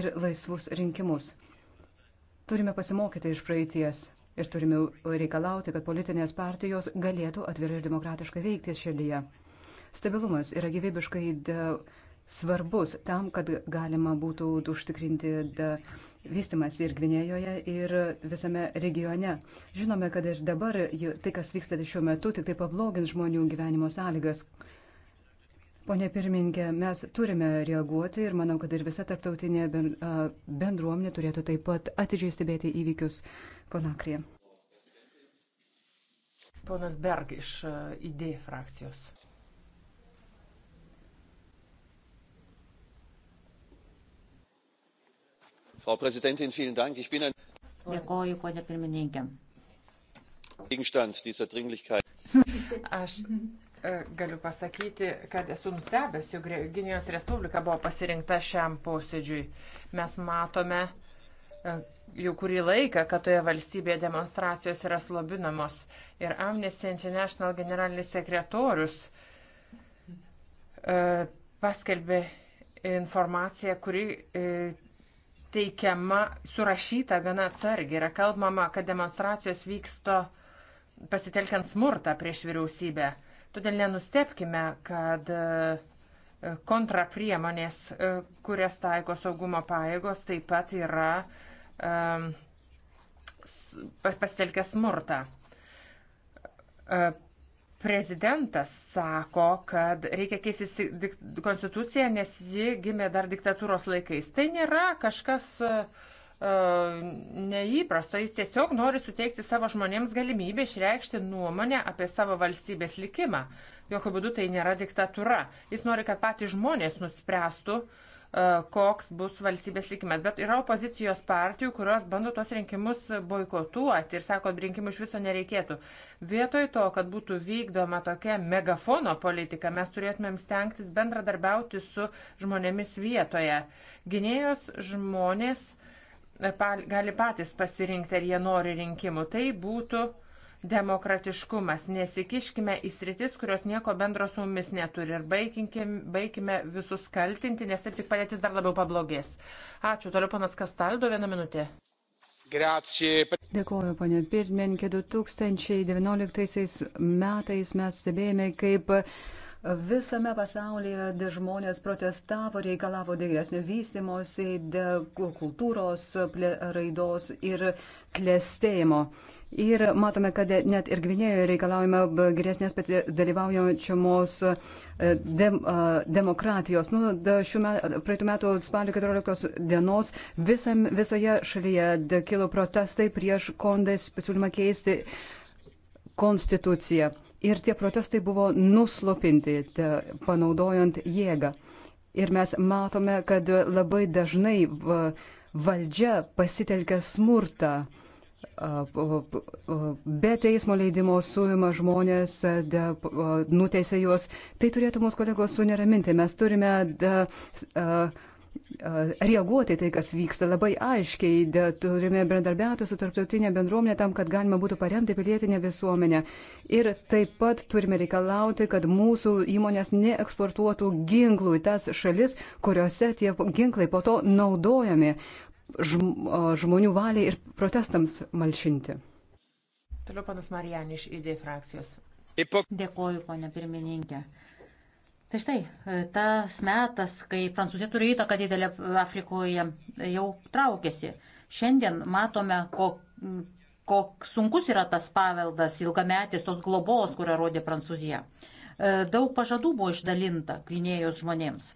[SPEAKER 7] ir laisvus rinkimus. Turime pasimokyti iš praeities ir turime reikalauti, kad politinės partijos galėtų atvirai ir demokratiškai veikti šalyje. Stabilumas yra gyvybiškai svarbus tam, kad galima būtų užtikrinti vystimas ir Gvinėjoje, ir visame regione. Žinome, kad ir dabar tai, kas vyksta šiuo metu, tik tai pablogins žmonių gyvenimo sąlygas. Pone pirmininkė, mes turime reaguoti ir manau, kad ir visa tarptautinė bendruomenė turėtų taip pat atidžiai stebėti įvykius Konakrėje.
[SPEAKER 4] Ponas Berg iš ID frakcijos.
[SPEAKER 3] Frau Präsidentin, vielen Dank. Ich bin ein.
[SPEAKER 6] Dėkoju, ponė pirmininkė.
[SPEAKER 3] Gegenstand dieser Dringlichkeit.
[SPEAKER 6] Aš
[SPEAKER 4] e, galiu pasakyti, kad esu nustebęs, jog Gynijos Respublika buvo pasirinkta šiam posėdžiui. Mes matome e, jau kurį laiką, kad toje valstybėje demonstracijos yra slobinamos. Ir Amnesty International generalinis sekretorius e, paskelbė informaciją, kuri teikiama, surašyta gana atsargiai. Yra kalbama, kad demonstracijos vyksta pasitelkiant smurtą prieš vyriausybę. Todėl nenustepkime, kad e, kontrapriemonės, e, kurias taiko saugumo pajėgos, taip pat yra um, pasitelkę smurtą. E, Prezidentas sako, kad reikia keistis konstituciją, nes ji gimė dar diktatūros laikais. Tai nėra kažkas uh, neįprasto, jis tiesiog nori suteikti savo žmonėms galimybę išreikšti nuomonę apie savo valstybės likimą. Jokių būdų tai nėra diktatūra. Jis nori, kad patys žmonės nuspręstų, uh, E, koks bus valstybės likimas. Bet yra opozicijos partijų, kurios bando tos rinkimus boikotuoti ir sako, kad rinkimų iš viso nereikėtų. Vietoj to, kad būtų vykdoma tokia megafono politika, mes turėtumėm stengtis bendradarbiauti su žmonėmis vietoje. Gynėjos žmonės e, gali patys pasirinkti, ar jie nori rinkimų. Tai būtų uh, demokratiškumas. Nesikiškime į sritis, kurios nieko bendro su mumis neturi. Ir baigime visus kaltinti, nes taip tik padėtis dar labiau pablogės. Ačiū. Toliau panas Kastaldo, vieną minutę.
[SPEAKER 5] Grazie.
[SPEAKER 7] Dėkuoju, ponė pirmininkė. 2019 metais mes stebėjome, kaip Visame pasaulyje žmonės protestavo, reikalavo geresnio vystimosi, kultūros plė, raidos ir klėstėjimo. Ir matome, kad net ir Gvinėjoje reikalaujame geresnės dalyvaujančiamos e, dem, demokratijos. Nu, met, praeitų metų spalio 14 dienos visam, visoje šalyje kilo protestai prieš kondais pasiūlymą keisti konstituciją. Ir tie protestai buvo nuslopinti, te, panaudojant jėgą. Ir mes matome, kad labai dažnai valdžia pasitelkia smurtą. Be teismo leidimo suima žmonės, de, nuteisia juos. Tai turėtų mūsų kolegos suneraminti. Mes turime de, de, reaguoti tai, kas vyksta labai aiškiai. De, turime bendradarbiauti su tarptautinė bendruomenė tam, kad galima būtų paremti pilietinę visuomenę. Ir taip pat turime reikalauti, kad mūsų įmonės neeksportuotų ginklų į tas šalis, kuriuose tie ginklai po to naudojami žm žmonių valiai ir protestams malšinti.
[SPEAKER 4] Toliau panas Marijan iš ID e frakcijos. Dėkoju, ponė
[SPEAKER 6] pirmininkė. Tai štai, e, tas metas, kai Prancūzija turi įtaką didelę Afrikoje, jau traukėsi. Šiandien matome, koks kok sunkus yra tas paveldas, ilgametis tos globos, kurią rodė Prancūzija. E, daug pažadų buvo išdalinta Gvinėjos žmonėms.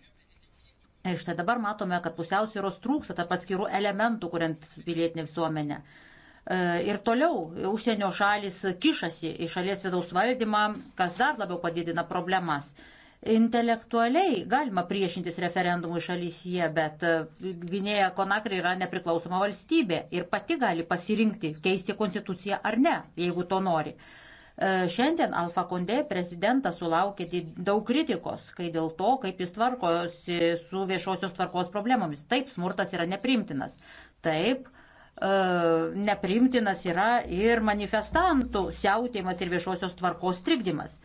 [SPEAKER 6] Ir štai dabar matome, kad pusiausvėros trūksta tarp atskirų elementų, kuriant pilietinę visuomenę. E, ir toliau užsienio šalis kišasi į šalies vidaus valdymą, kas dar labiau padidina problemas. Intelektualiai galima priešintis referendumui šalyje, bet e, Gvinėja Konakri yra nepriklausoma valstybė ir pati gali pasirinkti keisti konstituciją ar ne, jeigu to nori. E, šiandien Alfa Kondė prezidentas sulaukė daug kritikos, kai dėl to, kaip jis tvarkosi su viešosios tvarkos problemomis. Taip, smurtas yra neprimtinas. Taip, e, neprimtinas yra ir manifestantų siautėjimas ir viešosios tvarkos trikdymas.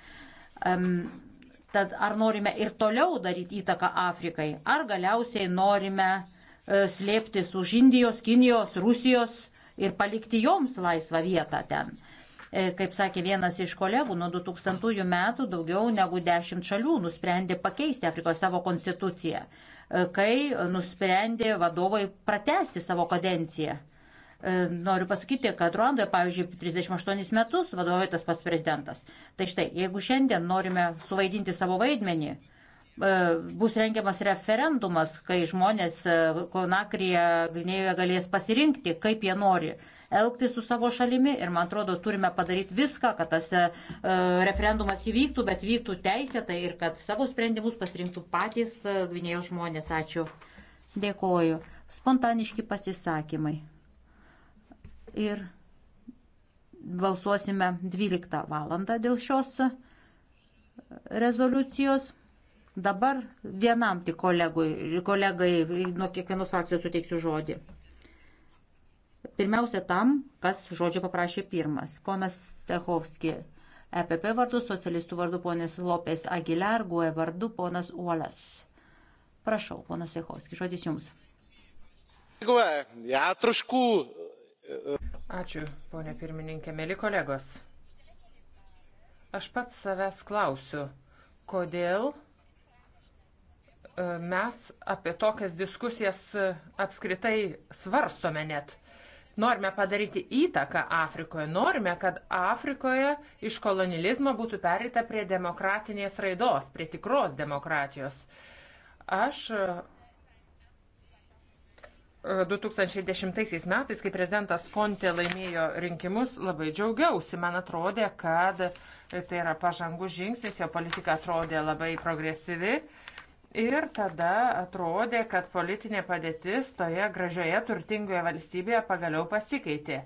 [SPEAKER 6] Tad ar norime ir toliau daryti įtaką Afrikai, ar galiausiai norime e, slėptis už Indijos, Kinijos, Rusijos ir palikti joms laisvą vietą ten. E, kaip sakė vienas iš kolegų, nuo 2000 metų daugiau negu 10 šalių nusprendė pakeisti Afrikoje savo konstituciją, e, kai nusprendė vadovai pratesti savo kadenciją. E, noriu pasakyti, kad Ruandoje, pavyzdžiui, 38 metus vadovauja tas pats prezidentas. Tai štai, jeigu šiandien norime suvaidinti savo vaidmenį, e, bus rengiamas referendumas, kai žmonės e, Konakryje, Gvinėjoje galės pasirinkti, kaip jie nori elgti su savo šalimi ir man atrodo turime padaryti viską, kad tas referendumas įvyktų, bet vyktų teisėtai ir kad savo sprendimus pasirinktų patys Gvinėjos žmonės. Ačiū. Dėkoju. Spontaniški pasisakymai ir balsuosime 12 valandą dėl šios rezoliucijos. Dabar vienam tik kolegui, kolegai nuo kiekvienos frakcijos suteiksiu žodį. Pirmiausia tam, kas žodžio paprašė pirmas. Ponas Stechovski, EPP vardu, socialistų vardu ponas Lopės Aguilar, GUE vardu ponas Uolas. Prašau, ponas Stechovski, žodis jums.
[SPEAKER 2] E, Já trošku Ačiū,
[SPEAKER 4] ponė pirmininkė, mėly kolegos. Aš pats savęs klausiu, kodėl e, mes apie tokias diskusijas e, apskritai svarstome net. Norime padaryti įtaką Afrikoje, norime, kad Afrikoje iš kolonializmo būtų perita prie demokratinės raidos, prie tikros demokratijos. Aš e, 2010 metais, kai prezidentas Kontė laimėjo rinkimus, labai džiaugiausi. Man atrodė, kad tai yra pažangus žingsnis, jo politika atrodė labai progresyvi. Ir tada atrodė, kad politinė padėtis toje gražioje, turtingoje valstybėje pagaliau pasikeitė.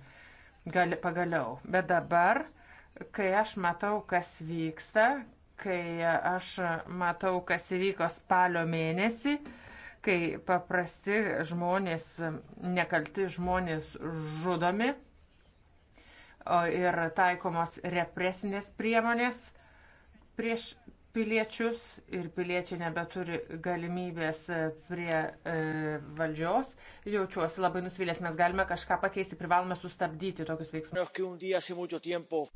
[SPEAKER 4] Gal, pagaliau. Bet dabar, kai aš matau, kas vyksta, kai aš matau, kas įvyko spalio mėnesį, uh, kai paprasti žmonės, nekalti žmonės žudomi ir taikomos represinės priemonės prieš piliečius ir piliečiai nebeturi galimybės prie e, valdžios. Jaučiuosi labai nusvilęs, mes galime kažką pakeisti, privalome sustabdyti tokius
[SPEAKER 3] veiksmus.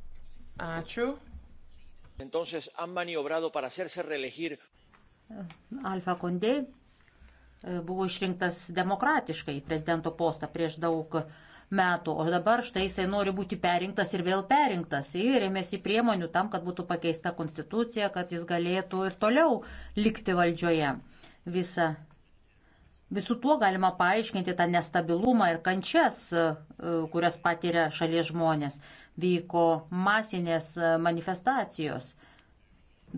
[SPEAKER 3] Ačiū. Entonces han maniobrado para hacerse reelegir.
[SPEAKER 6] Alfa Condé E, buvo išrinktas demokratiškai prezidento postą prieš daug metų, o dabar štai jisai nori būti perinktas ir vėl perinktas. Ir ėmėsi priemonių tam, kad būtų pakeista konstitucija, kad jis galėtų ir toliau likti valdžioje. Visa. Visų tuo galima paaiškinti tą nestabilumą ir kančias, e, kurias patiria šalies žmonės. Vyko masinės e, manifestacijos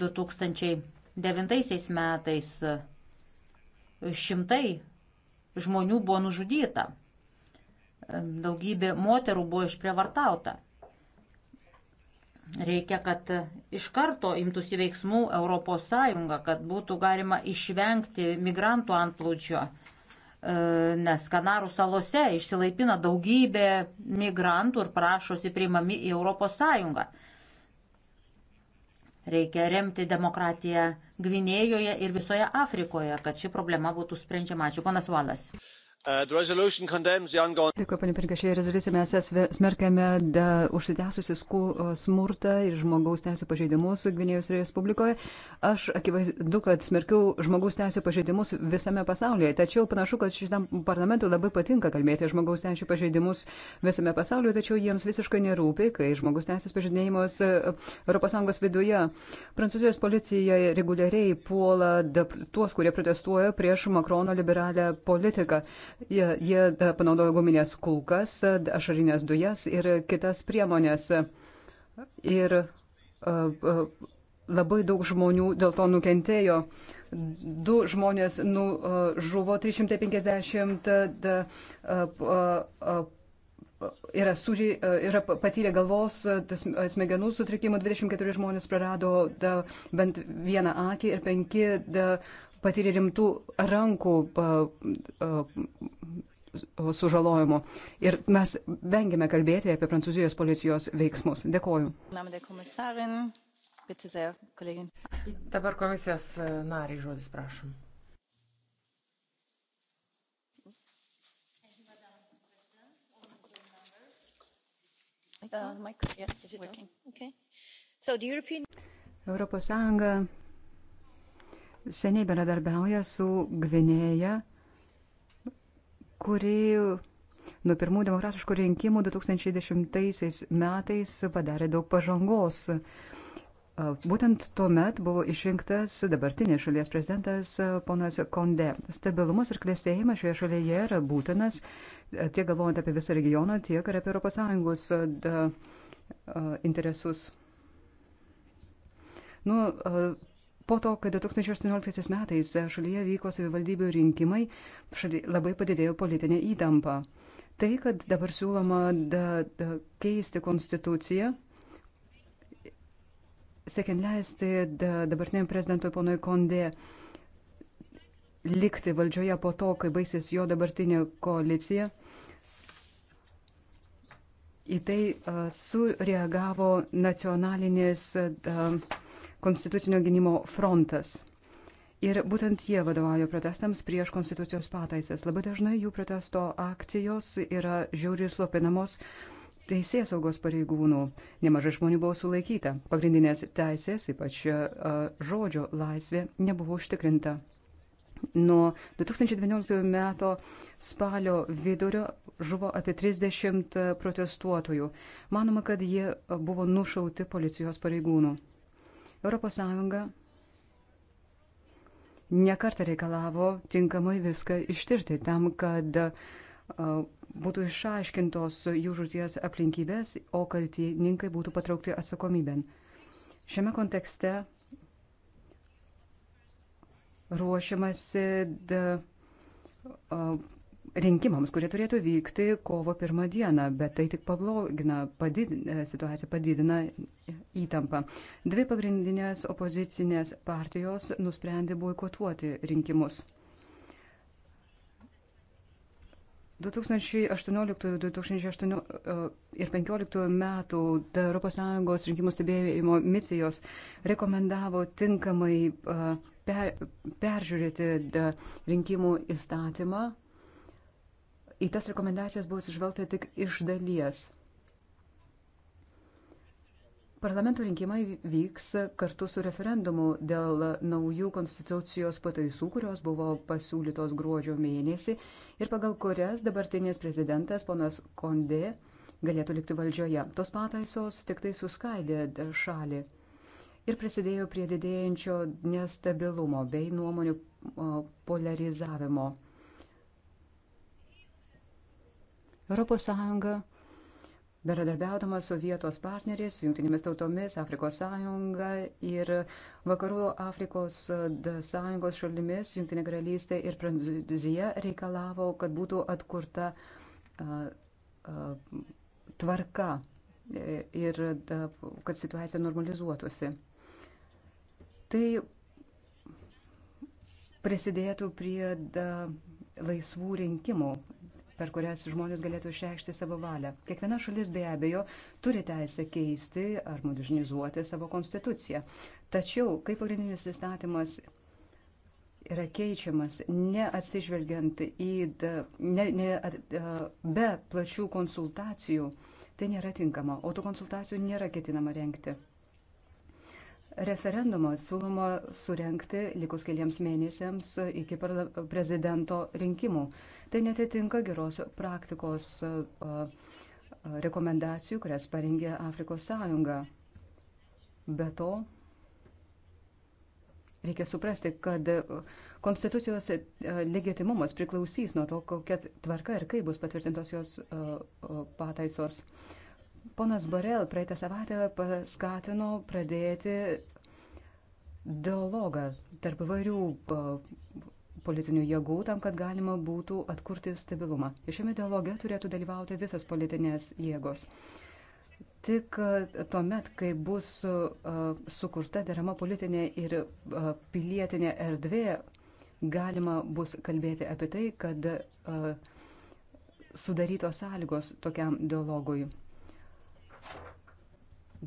[SPEAKER 6] 2009 metais šimtai žmonių buvo nužudyta, daugybė moterų buvo išprievartauta. Reikia, kad iš karto imtųsi veiksmų ES, kad būtų galima išvengti migrantų antplūdžio, e, nes Kanarų salose išsilaipina daugybė migrantų ir prašosi priimami į ES. Reikia remti demokratiją Gvinėjoje ir visoje Afrikoje, kad ši problema būtų sprendžiama. Ačiū,
[SPEAKER 7] ponas Valas.
[SPEAKER 2] Uh, Dėkui,
[SPEAKER 7] panė Pirka, šioje rezoliucijoje mes smerkėme užsitęsusius smurtą ir žmogaus teisų pažeidimus Gvinėjos Respublikoje. Aš akivaizdu, kad smerkiau žmogaus teisų pažeidimus visame pasaulyje, tačiau panašu, kad šitam parlamentui labai patinka kalbėti žmogaus teisų pažeidimus visame pasaulyje, tačiau jiems visiškai nerūpi, kai žmogaus teisės pažeidinėjimas e, ES viduje. Prancūzijos policija reguliariai puola tuos, kurie protestuoja prieš Makrono liberalią politiką. Jie, jie e, panaudojo guminės kulkas, e, ašarinės dujas ir kitas priemonės. Ir e, labai daug žmonių dėl to nukentėjo. Du žmonės nu, žuvo, 350 da, a, a, yra, sužiai, yra patyrę galvos smegenų sutrikimų, 24 žmonės prarado da, bent vieną akį ir penki da, patyrė rimtų rankų sužalojimų. Ir mes vengiame kalbėti apie prancūzijos policijos veiksmus. Dėkoju.
[SPEAKER 4] Dabar komisijos e, nariai žodis, prašom.
[SPEAKER 6] Uh,
[SPEAKER 7] Europos Sąjunga seniai bendradarbiauja su Gvinėja, kuri nuo pirmų demokratiškų rinkimų 2010 metais padarė daug pažangos. Būtent tuo met buvo išrinktas dabartinės šalies prezidentas ponas Konde. Stabilumas ir klėstėjimas šioje šalyje yra būtinas tiek galvojant apie visą regioną, tiek ir apie ES interesus. Nuo Po to, kai 2018 metais šalyje vyko savivaldybių rinkimai, šaly labai padidėjo politinė įtampa. Tai, kad dabar siūloma da, da, keisti konstituciją, siekiant leisti da, dabartiniam prezidentui ponui Kondė likti valdžioje po to, kai baisės jo dabartinė koalicija, į tai uh, sureagavo nacionalinės. Uh, konstitucinio gynimo frontas. Ir būtent jie vadovauja protestams prieš konstitucijos pataisas. Labai dažnai jų protesto akcijos yra žiauriai slopinamos teisės saugos pareigūnų. Nemažai žmonių buvo sulaikyta. Pagrindinės teisės, ypač e, žodžio laisvė, nebuvo užtikrinta. Nuo 2012 metų spalio vidurio žuvo apie 30 protestuotojų. Manoma, kad jie buvo nušauti policijos pareigūnų. ES nekartą reikalavo tinkamai viską ištirti tam, kad būtų išaiškintos jų žūties aplinkybės, o kaltininkai būtų patraukti atsakomybėn. Šiame kontekste ruošiamasi rinkimams, kurie turėtų vykti kovo pirmą dieną, bet tai tik pablogina padidina, e, situaciją, padidina įtampą. Dvi pagrindinės opozicinės partijos nusprendė boikotuoti rinkimus. 2018-2018 e, ir 2015 metų ES rinkimų stebėjimo misijos rekomendavo tinkamai e, per, peržiūrėti rinkimų įstatymą į tas rekomendacijas buvo sužvelgta tik iš dalies. Parlamento rinkimai vyks kartu su referendumu dėl naujų konstitucijos pataisų, kurios buvo pasiūlytos gruodžio mėnesį ir pagal kurias dabartinis prezidentas ponas Kondė galėtų likti valdžioje. Tos pataisos tik tai suskaidė šalį ir prisidėjo prie didėjančio nestabilumo bei nuomonių polarizavimo. ES Beradarbiaudama su vietos partneriais, jungtinėmis tautomis, Afrikos sąjunga ir vakarų Afrikos sąjungos šalimis, jungtinė karalystė ir Prancūzija reikalavo, kad būtų atkurta a, a, tvarka e, ir a, kad situacija normalizuotųsi. Tai prisidėtų prie da, laisvų rinkimų per kurias žmonės galėtų išreikšti savo valią. Kiekviena šalis be abejo turi teisę keisti ar modernizuoti savo konstituciją. Tačiau, kai pagrindinis įstatymas yra keičiamas neatsižvelgiant į, ne, ne, be plačių konsultacijų, tai nėra tinkama, o tų konsultacijų nėra ketinama renkti. Referendumą siūloma surenkti likus keliams mėnesiams iki prezidento rinkimų. Tai netitinka geros praktikos rekomendacijų, kurias parengė Afrikos sąjunga. Be to, reikia suprasti, kad konstitucijos legitimumas priklausys nuo to, kokia tvarka ir kaip bus patvirtintos jos pataisos. Uh, Ponas Borel praeitą savaitę paskatino pradėti dialogą tarp įvairių politinių jėgų tam, kad galima būtų atkurti stabilumą. Ir šiame dialoge turėtų dalyvauti visas politinės jėgos. Tik tuomet, kai bus sukurta derama politinė ir pilietinė erdvė, galima bus kalbėti apie tai, kad sudarytos sąlygos tokiam dialogui.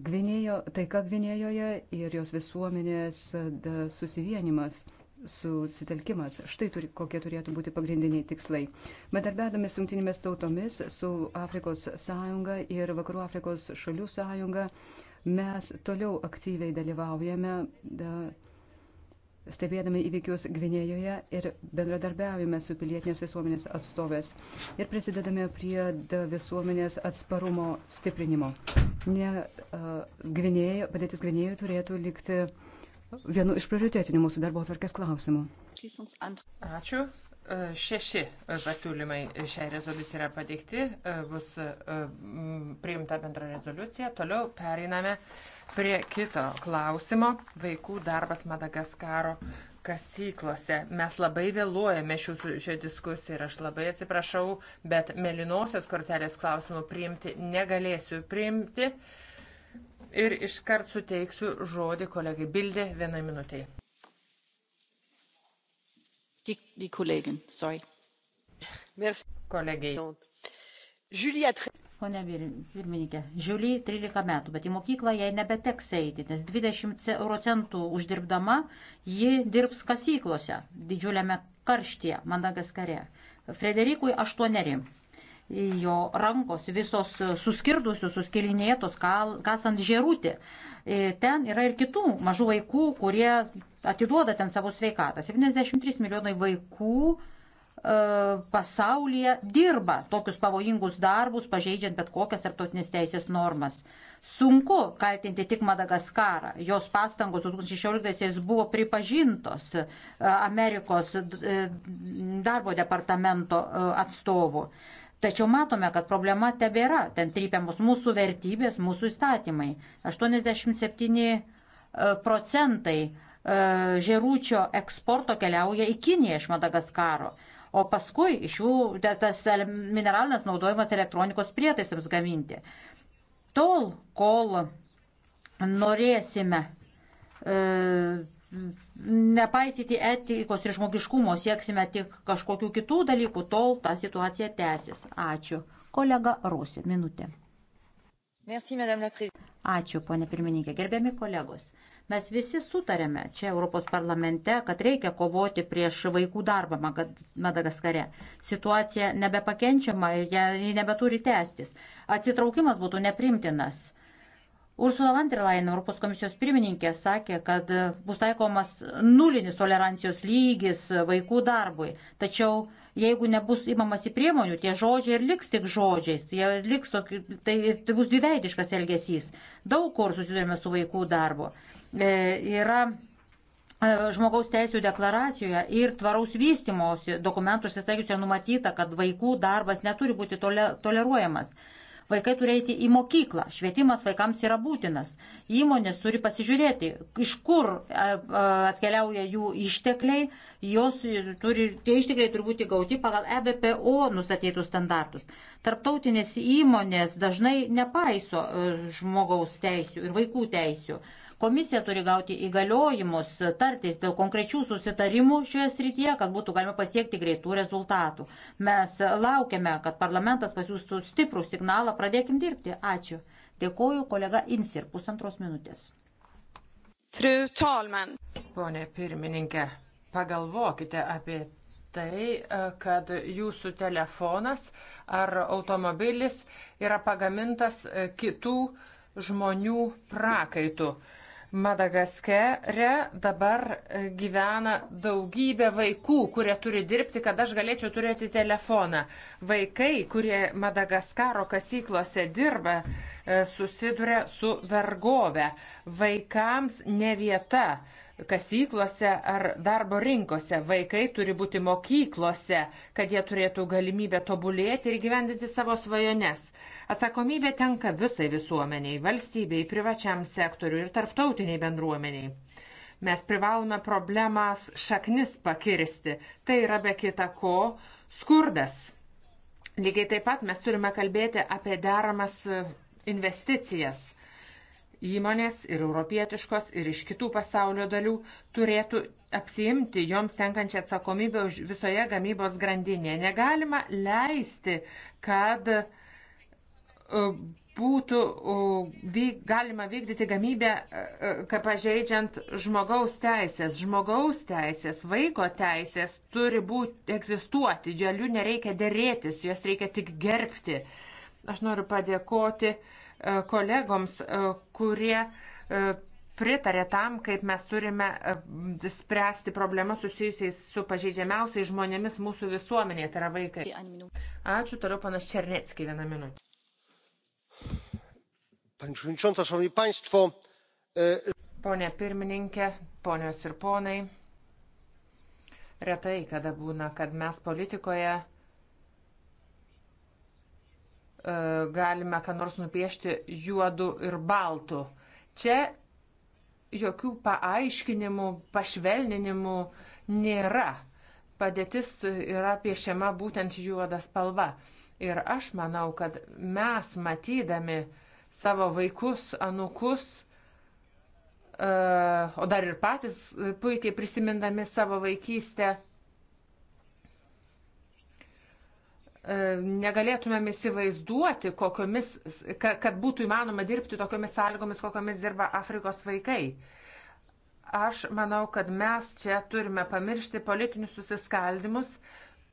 [SPEAKER 7] Gvinėjo, taika Gvinėjoje ir jos visuomenės susivienimas susitelkimas. Štai turi, kokie turėtų būti pagrindiniai tikslai. Bendarbiadami su jungtinėmis tautomis, su Afrikos sąjunga ir Vakarų Afrikos šalių sąjunga, mes toliau aktyviai dalyvaujame da, stebėdami įvykius Gvinėjoje ir bendradarbiavime su pilietinės visuomenės atstovės ir prisidedame prie visuomenės atsparumo stiprinimo. Ne, uh, Gvinėje, padėtis Gvinėjoje turėtų likti vienu iš prioritetinių mūsų darbo atvarkės klausimų.
[SPEAKER 4] Ačiū. Šeši e, pasiūlymai šiai rezoliucijai yra pateikti, e, bus e, priimta bendra rezoliucija. Toliau periname prie kito klausimo - vaikų darbas Madagaskaro kasyklose. Mes labai vėluojame šių, šią diskusiją ir aš labai atsiprašau, bet melinosios kortelės klausimų priimti negalėsiu priimti. Ir iškart suteiksiu žodį kolegai Bildė vienai
[SPEAKER 6] minutiai. Die Kollegin, sorry. Merci. Kolegiai. Julija. Pone pirmininkė, Žiuly 13 metų, bet į mokyklą jai nebeteks eiti, nes 20 euro centų uždirbdama ji dirbs kasyklose didžiuliame karštyje Madagaskare. Frederikui 8 jo rankos visos suskirdusios, suskilinėtos, kasant žėrutį. E, ten yra ir kitų mažų vaikų, kurie atiduoda ten savo sveikatą. 73 milijonai vaikų e, pasaulyje dirba tokius pavojingus darbus, pažeidžiant bet kokias tarptautinės teisės normas. Sunku kaltinti tik Madagaskarą. Jos pastangos 2016-aisiais buvo pripažintos e, Amerikos e, darbo departamento atstovų. Tačiau matome, kad problema tebėra. Ten trypiamos mūsų vertybės, mūsų įstatymai. 87 procentai E, žėrūčio eksporto keliauja į Kiniją iš Madagaskaro, o paskui iš jų tas mineralas naudojamas elektronikos prietaisams gaminti. Tol, kol norėsime e, nepaisyti etikos ir žmogiškumo, sieksime tik kažkokių kitų dalykų, tol ta situacija tęsis. Ačiū. Kolega Rusi, minutė. Merci, Ačiū, ponė pirmininkė. Gerbiami kolegos. Mes visi sutarėme čia Europos parlamente, kad reikia kovoti prieš vaikų darbą Madagaskare. Situacija nebepakenčiama, ji nebeturi tęstis. Atsitraukimas būtų neprimtinas. Ursula von der Leyen, Europos komisijos pirmininkė, sakė, kad bus taikomas nulinis tolerancijos lygis vaikų darbui. Tačiau jeigu nebus imamasi priemonių, tie žodžiai ir liks tik žodžiais, jie liks tokiu, tai, tai bus dviveidiškas elgesys. Daug kur susidurime su vaikų darbu. E, yra e, Žmogaus teisų deklaracijoje ir tvaraus vystimosi dokumentuose taigi yra numatyta, kad vaikų darbas neturi būti tole, toleruojamas. Vaikai turi eiti į mokyklą. Švietimas vaikams yra būtinas. Įmonės turi pasižiūrėti, iš kur e, e, atkeliauja jų ištekliai. Jos turi, tie ištekliai turi būti gauti pagal EBPO nustatytus standartus. Tarptautinės įmonės dažnai nepaiso e, žmogaus teisių ir vaikų teisių. Komisija turi gauti įgaliojimus tartis dėl konkrečių susitarimų šioje srityje, kad būtų galima pasiekti greitų rezultatų. Mes laukiame, kad parlamentas pasiūstų stiprų signalą, pradėkim dirbti. Ačiū. Dėkoju kolega Insir, pusantros minutės.
[SPEAKER 4] Fru Talman. Pone pirmininkė, pagalvokite apie tai, e, kad jūsų telefonas ar automobilis yra pagamintas e, kitų žmonių prakaitų. Madagaskere dabar gyvena daugybė vaikų, kurie turi dirbti, kad aš galėčiau turėti telefoną. Vaikai, kurie Madagaskaro kasyklose dirba, e, susiduria su vergove. Vaikams ne vieta kasyklose ar darbo rinkose. Vaikai turi būti mokyklose, kad jie turėtų galimybę tobulėti ir gyvendinti savo svajones. Atsakomybė tenka visai visuomeniai, valstybei, privačiam sektoriui ir tarptautiniai bendruomeniai. Mes privalome problemas šaknis pakirsti. Tai yra be kita ko skurdas. Lygiai taip pat mes turime kalbėti apie deramas investicijas Įmonės ir europietiškos, ir iš kitų pasaulio dalių turėtų apsiimti joms tenkančią atsakomybę už visoje gamybos grandinėje. Negalima leisti, kad e, būtų e, vyk, galima vykdyti gamybę, e, kad pažeidžiant žmogaus teisės. Žmogaus teisės, vaiko teisės turi būti egzistuoti, jų nereikia dėrėtis, juos reikia tik gerbti. Aš noriu padėkoti uh, E, kolegoms, e, kurie e, pritarė tam, kaip mes turime spręsti problemas susijusiais su pažeidžiamiausiais žmonėmis mūsų visuomenėje, tai yra vaikai. Ačiū, toliau panas Černetski, vieną minutę. Pone pirmininkė, ponios ir ponai, retai kada būna, kad mes politikoje E, galime ką nors nupiešti juodu ir baltu. Čia jokių paaiškinimų, pašvelninimų nėra. Padėtis yra piešiama būtent juoda spalva. Ir aš manau, kad mes matydami savo vaikus, anukus, e, o dar ir patys puikiai prisimindami savo vaikystę, E, negalėtumėm įsivaizduoti, kokiomis, kad būtų įmanoma dirbti tokiomis sąlygomis, kokiamis dirba Afrikos vaikai. Aš manau, kad mes čia turime pamiršti politinius susiskaldimus,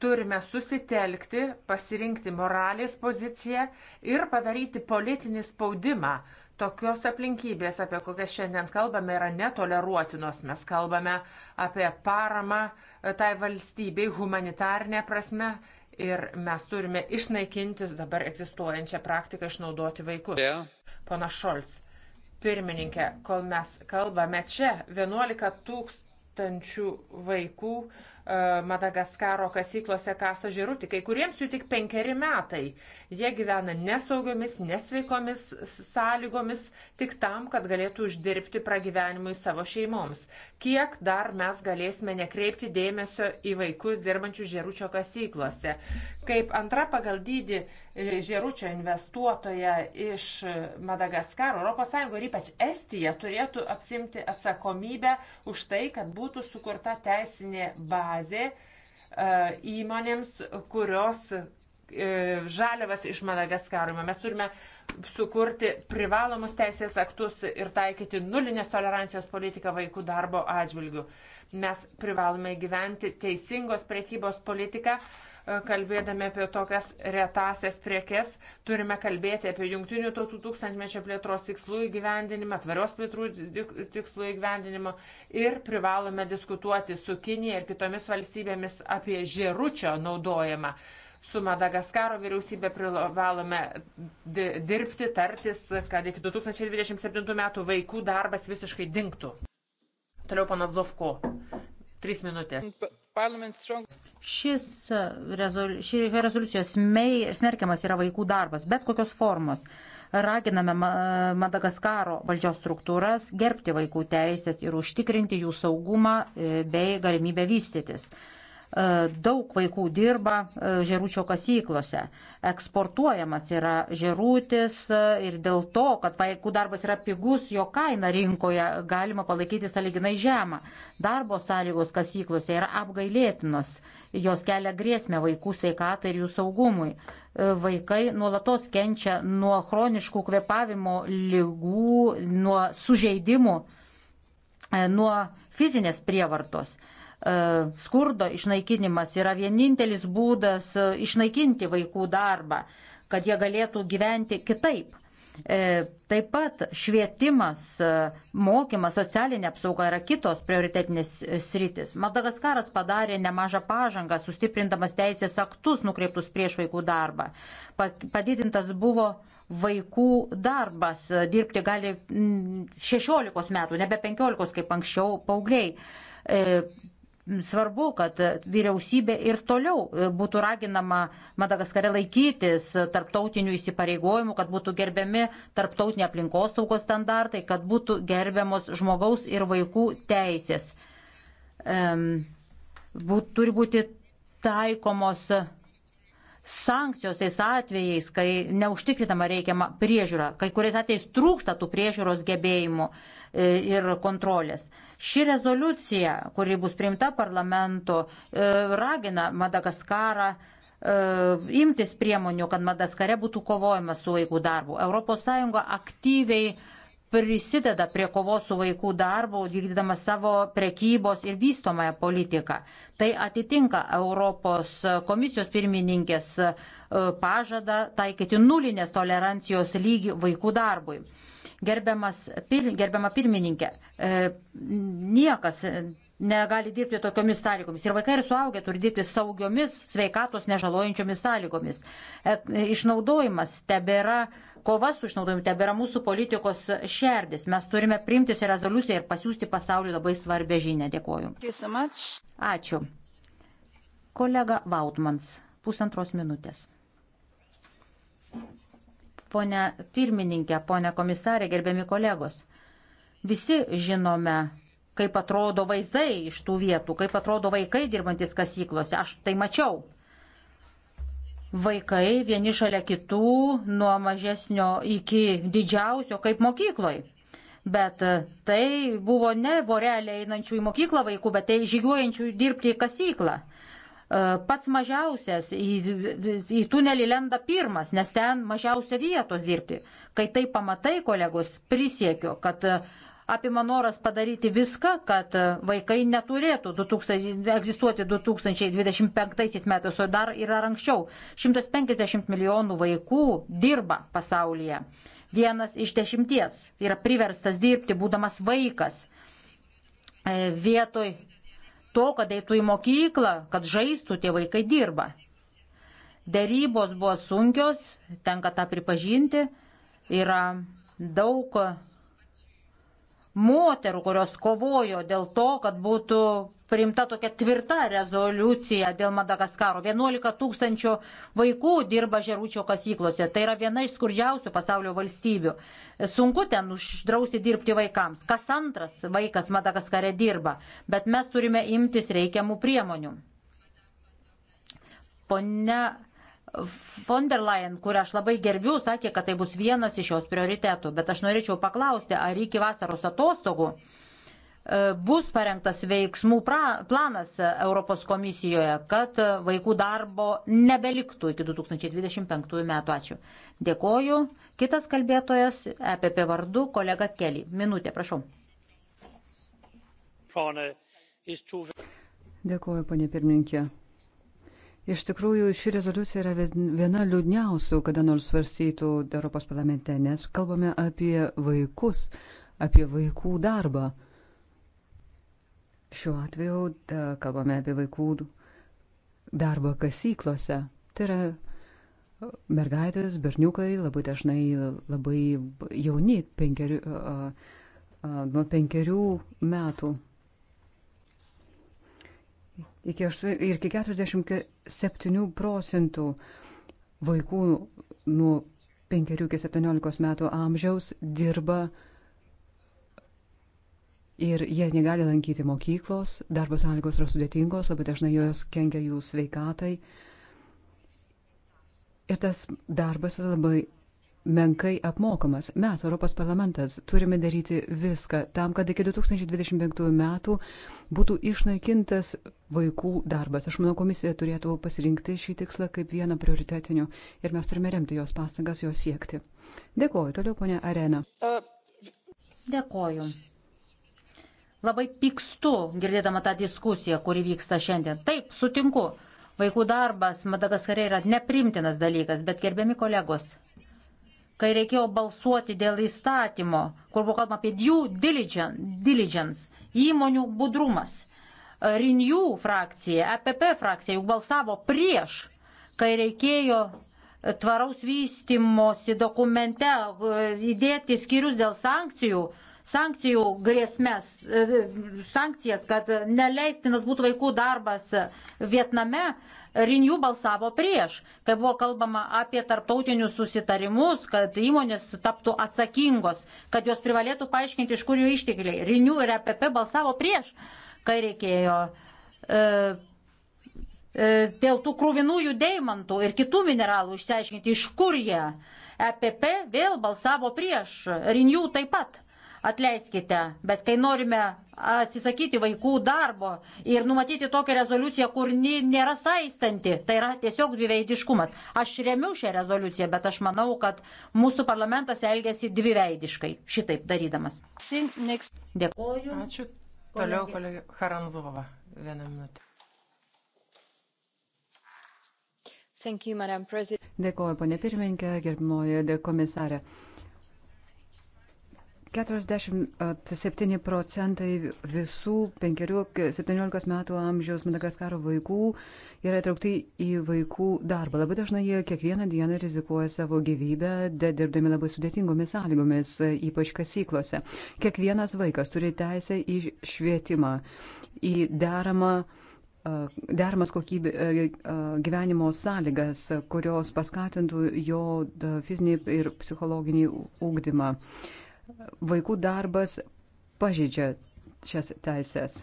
[SPEAKER 4] turime susitelkti, pasirinkti moralės poziciją ir padaryti politinį spaudimą. Tokios aplinkybės, apie kokias šiandien kalbame, yra netoleruotinos. Mes kalbame apie paramą e, tai valstybei humanitarnė prasme ir mes turime išnaikinti dabar egzistuojančią praktiką išnaudoti vaikus. Yeah. Pana Šolc, pirmininkė, kol mes kalbame čia, 11 tūkstančių vaikų uh, E, Madagaskaro kasyklose kasa žirutį. Kai kuriems jų tik penkeri metai. Jie gyvena nesaugiomis, nesveikomis sąlygomis, tik tam, kad galėtų uždirbti pragyvenimui savo šeimoms. Kiek dar mes galėsime nekreipti dėmesio į vaikus dirbančių žėručio kasyklose? Kaip antra pagal dydį žėručio investuotoją iš Madagaskaro, ES ir ypač Estija turėtų apsimti atsakomybę už tai, kad būtų sukurta teisinė bazė e, įmonėms, kurios e, žaliavas iš Madagaskaro. Mes turime sukurti privalomus teisės aktus ir taikyti nulinės tolerancijos politiką vaikų darbo atžvilgių. Mes privalome gyventi teisingos prekybos politiką, uh, kalbėdami apie tokias retasias priekes, turime kalbėti apie jungtinių tautų tūkstantmečio plėtros tikslų įgyvendinimą, tvarios plėtrų tikslų įgyvendinimą ir privalome diskutuoti su Kinija ir kitomis valstybėmis apie žėručio naudojimą. Su Madagaskaro vyriausybė privalome dirbti, tartis, kad iki 2027 metų vaikų darbas visiškai dinktų. Toliau panas Zovko. Trys minutės.
[SPEAKER 6] Šis e, rezol, ši rezoliucijos mei smerkiamas yra vaikų darbas, bet kokios formos. Raginame Madagaskaro valdžios struktūras gerbti vaikų teisės ir užtikrinti jų saugumą e, bei galimybę vystytis. E, daug vaikų dirba e, žeručio kasyklose. Eksportuojamas yra žerutis e, ir dėl to, kad vaikų darbas yra pigus, jo kaina rinkoje galima palaikyti saliginai žemą. Darbo sąlygos kasyklose yra apgailėtinos. Jos kelia grėsmę vaikų sveikatai ir jų saugumui. Vaikai nuolatos kenčia nuo chroniškų kvepavimo lygų, nuo sužeidimų nuo fizinės prievartos. E, skurdo išnaikinimas yra vienintelis būdas e, išnaikinti vaikų darbą, kad jie galėtų gyventi kitaip. E, taip pat švietimas, mokymas, socialinė apsauga yra kitos prioritetinės sritis. Madagaskaras padarė nemažą pažangą, sustiprindamas teisės aktus nukreiptus prieš vaikų darbą. Padidintas buvo vaikų darbas, dirbti gali 16 metų, nebe 15 kaip anksčiau paaugliai Svarbu, kad vyriausybė ir toliau e, būtų raginama Madagaskare laikytis tarptautinių įsipareigojimų, kad būtų gerbiami tarptautiniai aplinkosaugos standartai, kad būtų gerbiamos žmogaus ir vaikų teisės. Būt, turi būti taikomos sankcijos tais atvejais, kai neužtikrinama reikiama priežiūra, kai kuriais atvejais trūksta tų priežiūros gebėjimų e, ir kontrolės. Ši rezoliucija, kuri bus priimta parlamento, e, ragina Madagaskarą e, imtis priemonių, kad Madagaskare būtų kovojama su vaikų darbu. ES aktyviai prisideda prie kovos su vaikų darbu, vykdydama savo prekybos ir vystomąją politiką. Tai atitinka Europos komisijos pirmininkės e, pažadą taikyti nulinės tolerancijos lygį vaikų darbui. Gerbiamas, pir, gerbiama pirmininkė, e, niekas negali dirbti tokiomis sąlygomis. Ir vaikai ir suaugę turi dirbti saugiomis, sveikatos nežalojančiomis sąlygomis. E, išnaudojimas tebėra, kova su išnaudojimu tebėra mūsų politikos šerdis. Mes turime priimtis rezoliuciją ir pasiūsti pasauliu labai svarbę žinę. Dėkoju. Ačiū. Kolega Vautmans, pusantros minutės. Pone pirmininkė, pone komisarė, gerbiami kolegos, visi žinome, kaip atrodo vaizdai iš tų vietų, kaip atrodo vaikai dirbantis kasyklose. Aš tai mačiau. Vaikai vieni šalia kitų, nuo mažesnio iki didžiausio, kaip mokykloj. Bet tai buvo ne vorelė einančių į mokyklą vaikų, bet tai žygiuojančių dirbti į kasyklą. E, pats mažiausias į, į tunelį lenda pirmas, nes ten mažiausia vietos dirbti. Kai tai pamatai, kolegos, prisiekiu, kad e, apima noras padaryti viską, kad e, vaikai neturėtų 2000, egzistuoti 2025 metais, o dar yra anksčiau. 150 milijonų vaikų dirba pasaulyje. Vienas iš dešimties yra priverstas dirbti, būdamas vaikas vietoj to, kad eitų į mokyklą, kad žaistų tie vaikai dirba. Dėrybos buvo sunkios, tenka tą pripažinti, yra daug moterų, kurios kovojo dėl to, kad būtų priimta tokia tvirta rezoliucija dėl Madagaskaro. 11 tūkstančių vaikų dirba žeručio kasyklose. Tai yra viena iš skurdžiausių pasaulio valstybių. Sunku ten uždrausti dirbti vaikams. Kas antras vaikas Madagaskare dirba. Bet mes turime imtis reikiamų priemonių. Pone von der Leyen, kurią aš labai gerbiu, sakė, kad tai bus vienas iš jos prioritetų. Bet aš norėčiau paklausti, ar iki vasaros atostogų E, bus parengtas veiksmų pra, planas Europos komisijoje, kad vaikų darbo nebeliktų iki 2025 metų. Ačiū. Dėkoju. Kitas kalbėtojas,
[SPEAKER 7] EPP vardu, kolega Keli. Minutė, prašau. Dėkoju, ponė pirmininkė. Iš tikrųjų, ši rezoliucija yra viena liūdniausių, kada nors svarstytų Europos parlamente, nes kalbame apie vaikus, apie vaikų darbą. Šiuo atveju da, kalbame apie vaikų darbą kasyklose. Tai yra mergaitės, berniukai labai dažnai labai jauni, penkeri, a, a, nuo penkerių metų. Iki, iki 47 procentų vaikų nuo 5 iki 17 metų amžiaus dirba uh, ir jie negali lankyti mokyklos, darbo sąlygos yra sudėtingos, labai dažnai jos kenkia jų sveikatai. Ir tas darbas yra labai menkai apmokamas. Mes, Europos parlamentas, turime daryti viską tam, kad iki 2025 metų būtų išnaikintas vaikų darbas. Aš manau, komisija turėtų pasirinkti šį tikslą kaip vieną prioritetinių ir mes turime remti jos pastangas jo siekti. Dėkoju. Toliau, ponia Arena. Dėkoju. Labai pykstu
[SPEAKER 6] girdėdama tą diskusiją, kuri vyksta šiandien. Taip, sutinku. Vaikų darbas Madagaskare yra neprimtinas dalykas, bet gerbiami kolegos, kai reikėjo balsuoti dėl įstatymo, kur buvo kalbama apie due diligence, įmonių budrumas, Renew frakcija, EPP frakcija juk balsavo prieš, kai reikėjo tvaraus vystimosi dokumente e, įdėti skyrius dėl sankcijų sankcijų grėsmės, e, sankcijas, kad neleistinas būtų vaikų darbas Vietname, Rinjų balsavo prieš, kai buvo kalbama apie tarptautinius susitarimus, kad įmonės taptų atsakingos, kad jos privalėtų paaiškinti, iš kur jų ištikliai. Rinjų ir EPP balsavo prieš, kai reikėjo. E, e dėl tų krūvinųjų deimantų ir kitų mineralų išsiaiškinti, iš kur jie. EPP vėl balsavo prieš, Rinjų taip pat. Atleiskite, bet kai norime atsisakyti vaikų darbo ir numatyti tokią rezoliuciją, kur nėra saistanti, tai yra tiesiog dviveidiškumas. Aš remiu šią rezoliuciją, bet aš manau, kad mūsų parlamentas elgesi dviveidiškai šitaip darydamas. Dėkuoju. Ačiū.
[SPEAKER 4] Toliau kolegė Haranzova. Vieną minutę.
[SPEAKER 7] Dėkuoju, ponė pirmininkė, gerbimoji komisarė. 47 e, procentai visų 5-17 metų amžiaus Madagaskaro vaikų yra įtraukti į vaikų darbą. Labai dažnai jie kiekvieną dieną rizikuoja savo gyvybę, dirbdami labai sudėtingomis sąlygomis, e, ypač kasyklose. Kiekvienas vaikas turi teisę į švietimą, į deramą e, dermas kokybė, gyvenimo sąlygas, kurios paskatintų jo fizinį ir psichologinį ūkdymą vaikų darbas pažydžia šias teisės.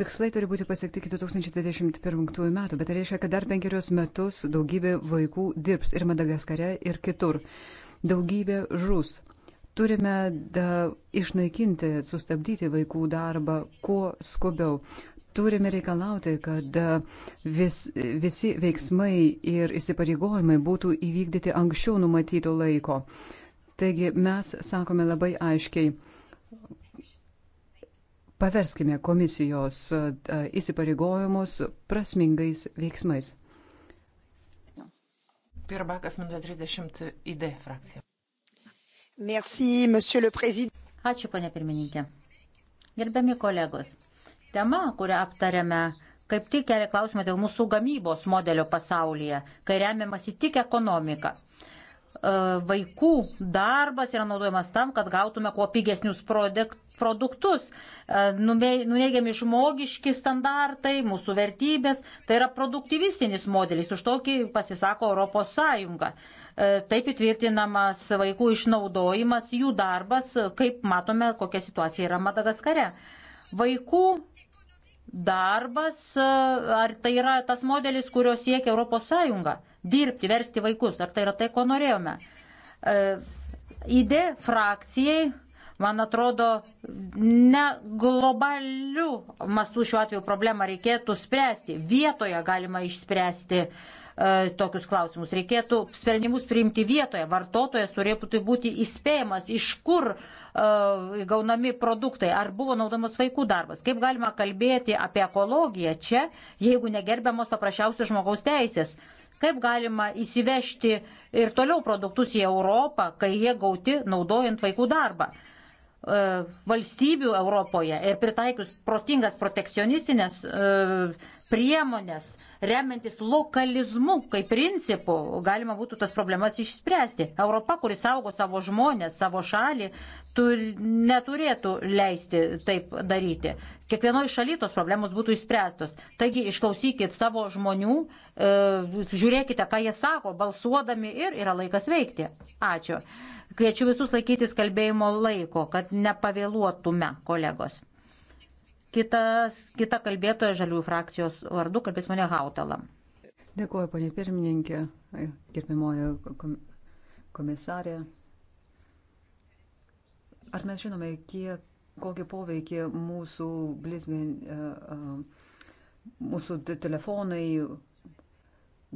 [SPEAKER 7] Tikslai turi būti pasiekti iki 2021 metų, bet tai reiškia, kad dar penkerius metus daugybė vaikų dirbs ir Madagaskare, ir kitur. Daugybė žus. Turime da, išnaikinti, sustabdyti vaikų darbą kuo skubiau. Turime reikalauti, kad vis, visi veiksmai ir įsipareigojimai būtų įvykdyti anksčiau numatyto laiko. Taigi mes sakome labai aiškiai, paverskime komisijos e, e, įsipareigojimus prasmingais veiksmais.
[SPEAKER 4] Pirbakas, minutė 30 ID frakcija.
[SPEAKER 6] Merci, monsieur le président. Ačiū, ponė pirmininkė. Gerbiami kolegos, tema, kurią aptarėme, kaip tik kelia klausimą dėl mūsų gamybos modelio pasaulyje, kai remiamasi tik ekonomika. E, vaikų darbas yra naudojamas tam, kad gautume kuo pigesnius produktus. E, nuneigiami žmogiški standartai, mūsų vertybės, tai yra produktyvistinis modelis, už tokį pasisako ES. E, taip įtvirtinamas vaikų išnaudojimas, jų darbas, kaip matome, kokia situacija yra Madagaskare. Vaikų darbas, ar tai yra tas modelis, kurio siekia ES? dirbti, versti vaikus. Ar tai yra tai, ko norėjome? E, ID frakcijai, man atrodo, ne globalių mastų šiuo atveju problemą reikėtų spręsti. Vietoje galima išspręsti e, tokius klausimus. Reikėtų sprendimus priimti vietoje. Vartotojas turėtų tai būti įspėjamas, iš kur uh, gaunami produktai, ar buvo naudomas vaikų darbas. Kaip galima kalbėti apie ekologiją čia, jeigu negerbiamos paprasčiausios žmogaus teisės. Uh, kaip galima įsivežti ir toliau produktus į Europą, kai jie gauti naudojant vaikų darbą. E, valstybių Europoje ir pritaikius protingas protekcionistinės e, priemonės, remiantis lokalizmu kaip principu, galima būtų tas problemas išspręsti. Europa, kuri saugo savo žmonės, savo šalį, turi, neturėtų leisti taip daryti. Kiekvienoje šalyje tos problemos būtų išspręstos. Taigi išklausykit savo žmonių, e, žiūrėkite, ką jie sako, balsuodami ir yra laikas veikti. Ačiū. Kviečiu visus laikytis kalbėjimo laiko, kad nepavėluotume, kolegos. Kitas, kita kalbėtoja žaliųjų frakcijos vardu kalbės mane Hautala.
[SPEAKER 7] Dėkuoju, ponė pirmininkė, gerbimoji komisarė. Ar mes žinome, kiek, kokį poveikį mūsų blizni, e, e, mūsų telefonai,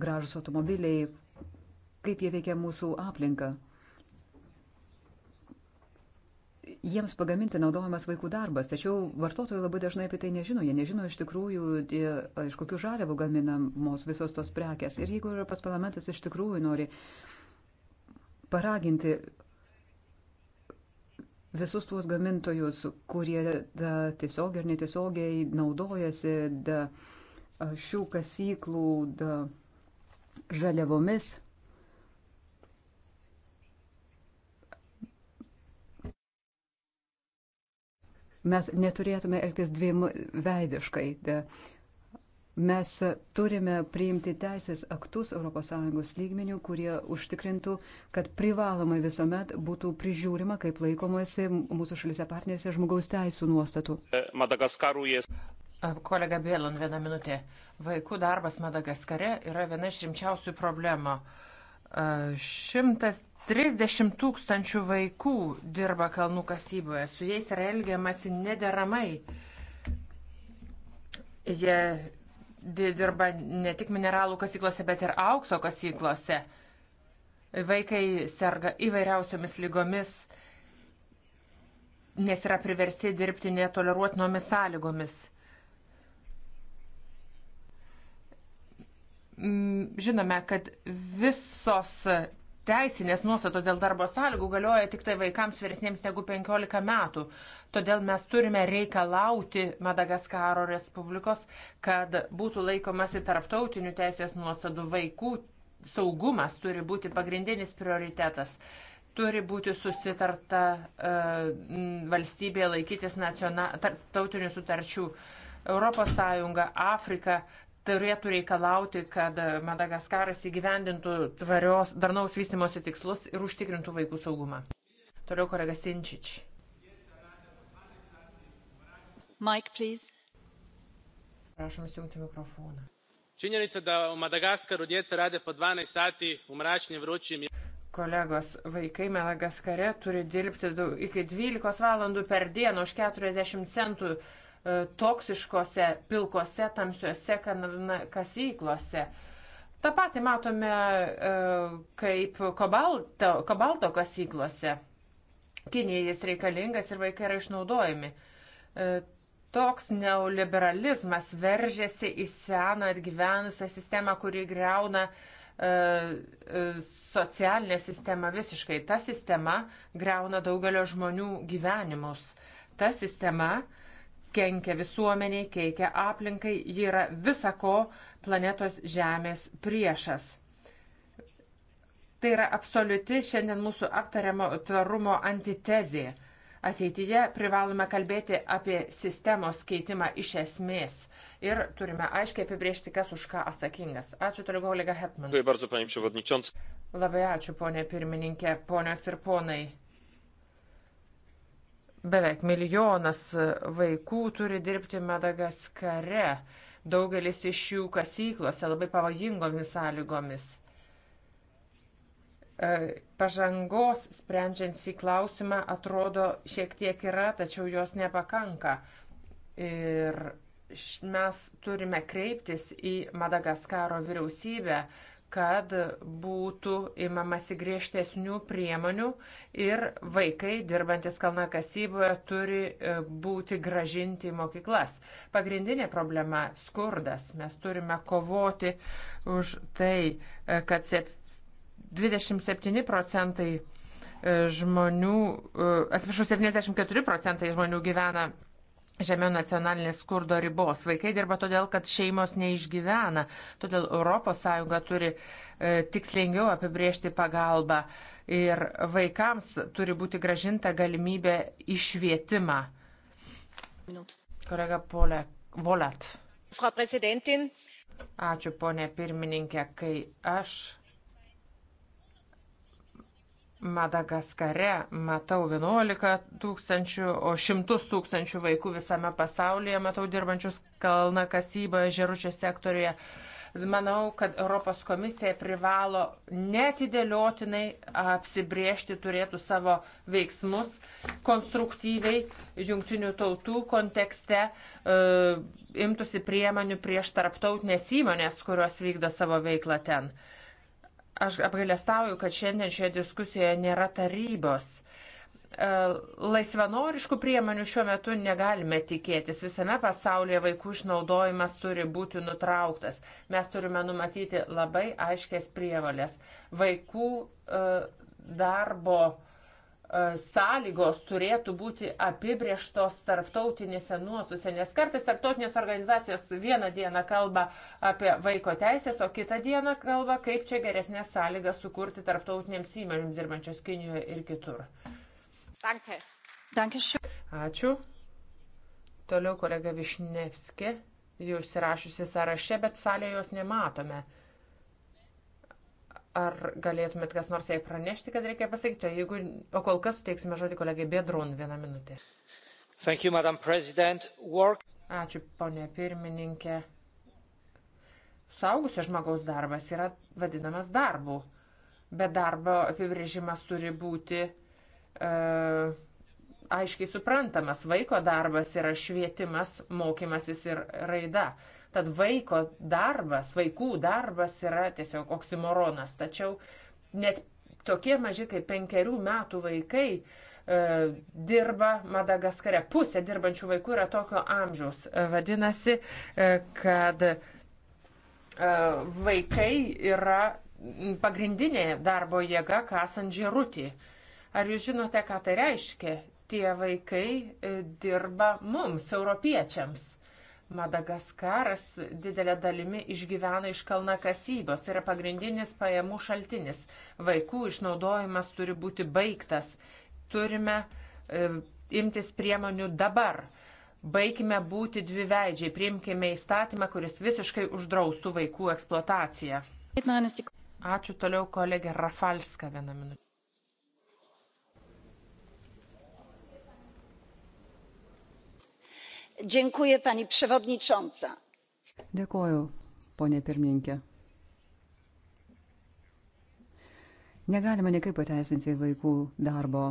[SPEAKER 7] gražus automobiliai, kaip jie veikia mūsų aplinką? jiems pagaminti naudojamas vaikų darbas, tačiau vartotojai labai dažnai apie tai nežino, jie nežino iš tikrųjų, iš kokių žaliavų gaminamos visos tos prekes. Ir jeigu Europos parlamentas iš tikrųjų nori paraginti visus tuos gamintojus, kurie da, tiesiog ir netiesiogiai naudojasi da, šių kasyklų da, žaliavomis, Mes neturėtume elgtis dviem veidiškai. Mes turime priimti teisės aktus ES lygmenių, kurie užtikrintų, kad privalomai visuomet būtų prižiūrima, kaip laikomasi mūsų šalise partnerėse žmogaus teisų nuostatų. Kolega Bėlon, vieną minutę. Vaikų darbas Madagaskare
[SPEAKER 4] yra viena iš rimčiausių problemų. Šimtas 30 tūkstančių vaikų dirba kalnų kasyboje, su jais yra elgiamasi nederamai. Jie dirba ne tik mineralų kasyklose, bet ir aukso kasyklose. Vaikai serga įvairiausiomis lygomis, nes yra priversti dirbti netoleruotinomis sąlygomis. žinome, kad visos teisinės nuostatos dėl darbo sąlygų galioja tik tai vaikams vyresniems negu 15 metų. Todėl mes turime reikalauti Madagaskaro Respublikos, kad būtų laikomasi tarptautinių teisės nuostatų vaikų. Saugumas turi būti pagrindinis prioritetas. Turi būti susitarta uh, valstybėje laikytis nacional... tarptautinių sutarčių. ES, Afrika turėtų reikalauti, kad Madagaskaras įgyvendintų tvarios, darnaus vystimosi tikslus ir užtikrintų vaikų saugumą. Toliau kolega Sinčič.
[SPEAKER 3] Mike, please. Prašom
[SPEAKER 4] įjungti mikrofoną.
[SPEAKER 3] Činjenica da u
[SPEAKER 5] Madagaskaru djeca rade po 12 sati u mračnim vrućim
[SPEAKER 4] kolegos, vaikai Melagaskare turi dirbti daug, iki 12 valandų per dieną už 40 centų E, toksiškose, pilkose, tamsiose kasyklose. Ta pati matome e, kaip kobalto, kobalto kasyklose. Kinijai jis reikalingas ir vaikai yra išnaudojami. E, toks neoliberalizmas veržiasi į seną atgyvenusią sistemą, kuri greuna socialinę sistemą visiškai. Ta sistema greuna daugelio žmonių gyvenimus. Ta sistema uh, kenkia visuomeniai, keikia aplinkai, ji yra visako planetos Žemės priešas. Tai yra absoliuti šiandien mūsų aptariamo tvarumo antitezė. Ateityje privalome kalbėti apie sistemos keitimą iš esmės ir turime aiškiai apibriežti, kas už ką atsakingas. Ačiū toliau, kolega Hetman. Labai ačiū, ponė pirmininkė, ponios ir ponai. Beveik milijonas vaikų turi dirbti Madagaskare, daugelis iš jų kasyklose labai pavojingomis sąlygomis. E, pažangos sprendžiant šį klausimą atrodo šiek tiek yra, tačiau jos nepakanka. Ir mes turime kreiptis į Madagaskaro vyriausybę, kad būtų imamasi griežtesnių priemonių ir vaikai dirbantis kalnakasyboje turi e, būti gražinti į mokyklas. Pagrindinė problema - skurdas. Mes turime kovoti už tai, e, kad 27 procentai e, žmonių, atsiprašau, 74 procentai žmonių gyvena žemiau nacionalinės skurdo ribos. Vaikai dirba todėl, kad šeimos neišgyvena. Todėl ES turi e, tikslingiau apibriežti pagalbą ir vaikams turi būti gražinta galimybė išvietimą. Kolega Polė, Volat. Ačiū, ponė pirmininkė, kai aš Madagaskare matau 11 tūkstančių, o šimtus tūkstančių vaikų visame pasaulyje matau dirbančius kalną kasybą žeručio sektoriuje. Manau, kad Europos komisija privalo netidėliotinai apsibriežti turėtų savo veiksmus konstruktyviai jungtinių tautų kontekste, e, imtųsi priemonių prieš tarptautinės įmonės, kurios vykdo savo veiklą ten. E, Aš apgailestauju, kad šiandien šioje diskusijoje nėra tarybos e, laisvanoriškų priemonių šiuo metu negalime tikėtis. Visame pasaulyje vaikų išnaudojimas turi būti nutrauktas. Mes turime numatyti labai aiškės prievalės. Vaikų e, darbo E, sąlygos turėtų būti apibrieštos tarptautinėse nuostuose, nes kartais tarptautinės organizacijos vieną dieną kalba apie vaiko teisės, o kitą dieną kalba, kaip čia geresnės sąlygas sukurti tarptautinėms įmonėms dirbančios Kinijoje ir kitur. Danke. Danke Ačiū. Toliau kolega Višnevski, jau užsirašusi sąraše, bet salėje jos nematome. Ar galėtumėt kas nors jai pranešti, kad reikia pasakyti, o, jeigu, o kol kas suteiksime žodį kolegai Biedron vieną minutę.
[SPEAKER 3] Thank you, Madam President. Work...
[SPEAKER 4] Ačiū, ponė pirmininkė. Saugusio žmogaus darbas yra vadinamas darbu, bet darbo apibrėžimas turi būti e, aiškiai suprantamas. Vaiko darbas yra švietimas, mokymasis ir raida. E, Tad vaiko darbas, vaikų darbas yra tiesiog oksimoronas. Tačiau net tokie maži kaip penkerių metų vaikai e, dirba Madagaskare. Pusė dirbančių vaikų yra tokio amžiaus. Vadinasi, e, kad e, vaikai yra pagrindinė darbo jėga kasant žirutį. Ar jūs žinote, ką tai reiškia? Tie vaikai e, dirba mums, europiečiams. Madagaskaras didelė dalimi išgyvena iš kalnakasybos, tai yra pagrindinis pajamų šaltinis. Vaikų išnaudojimas turi būti baigtas. Turime e, imtis priemonių dabar. Baigime būti dviveidžiai, priimkime įstatymą, kuris visiškai uždraustų vaikų eksploataciją. Ačiū toliau kolegė Rafalska vieną minutę.
[SPEAKER 5] Dziękuję, pani przewodnicząca.
[SPEAKER 7] Dėkoju, ponė pirmininkė. Negalima niekaip pateisinti vaikų darbo.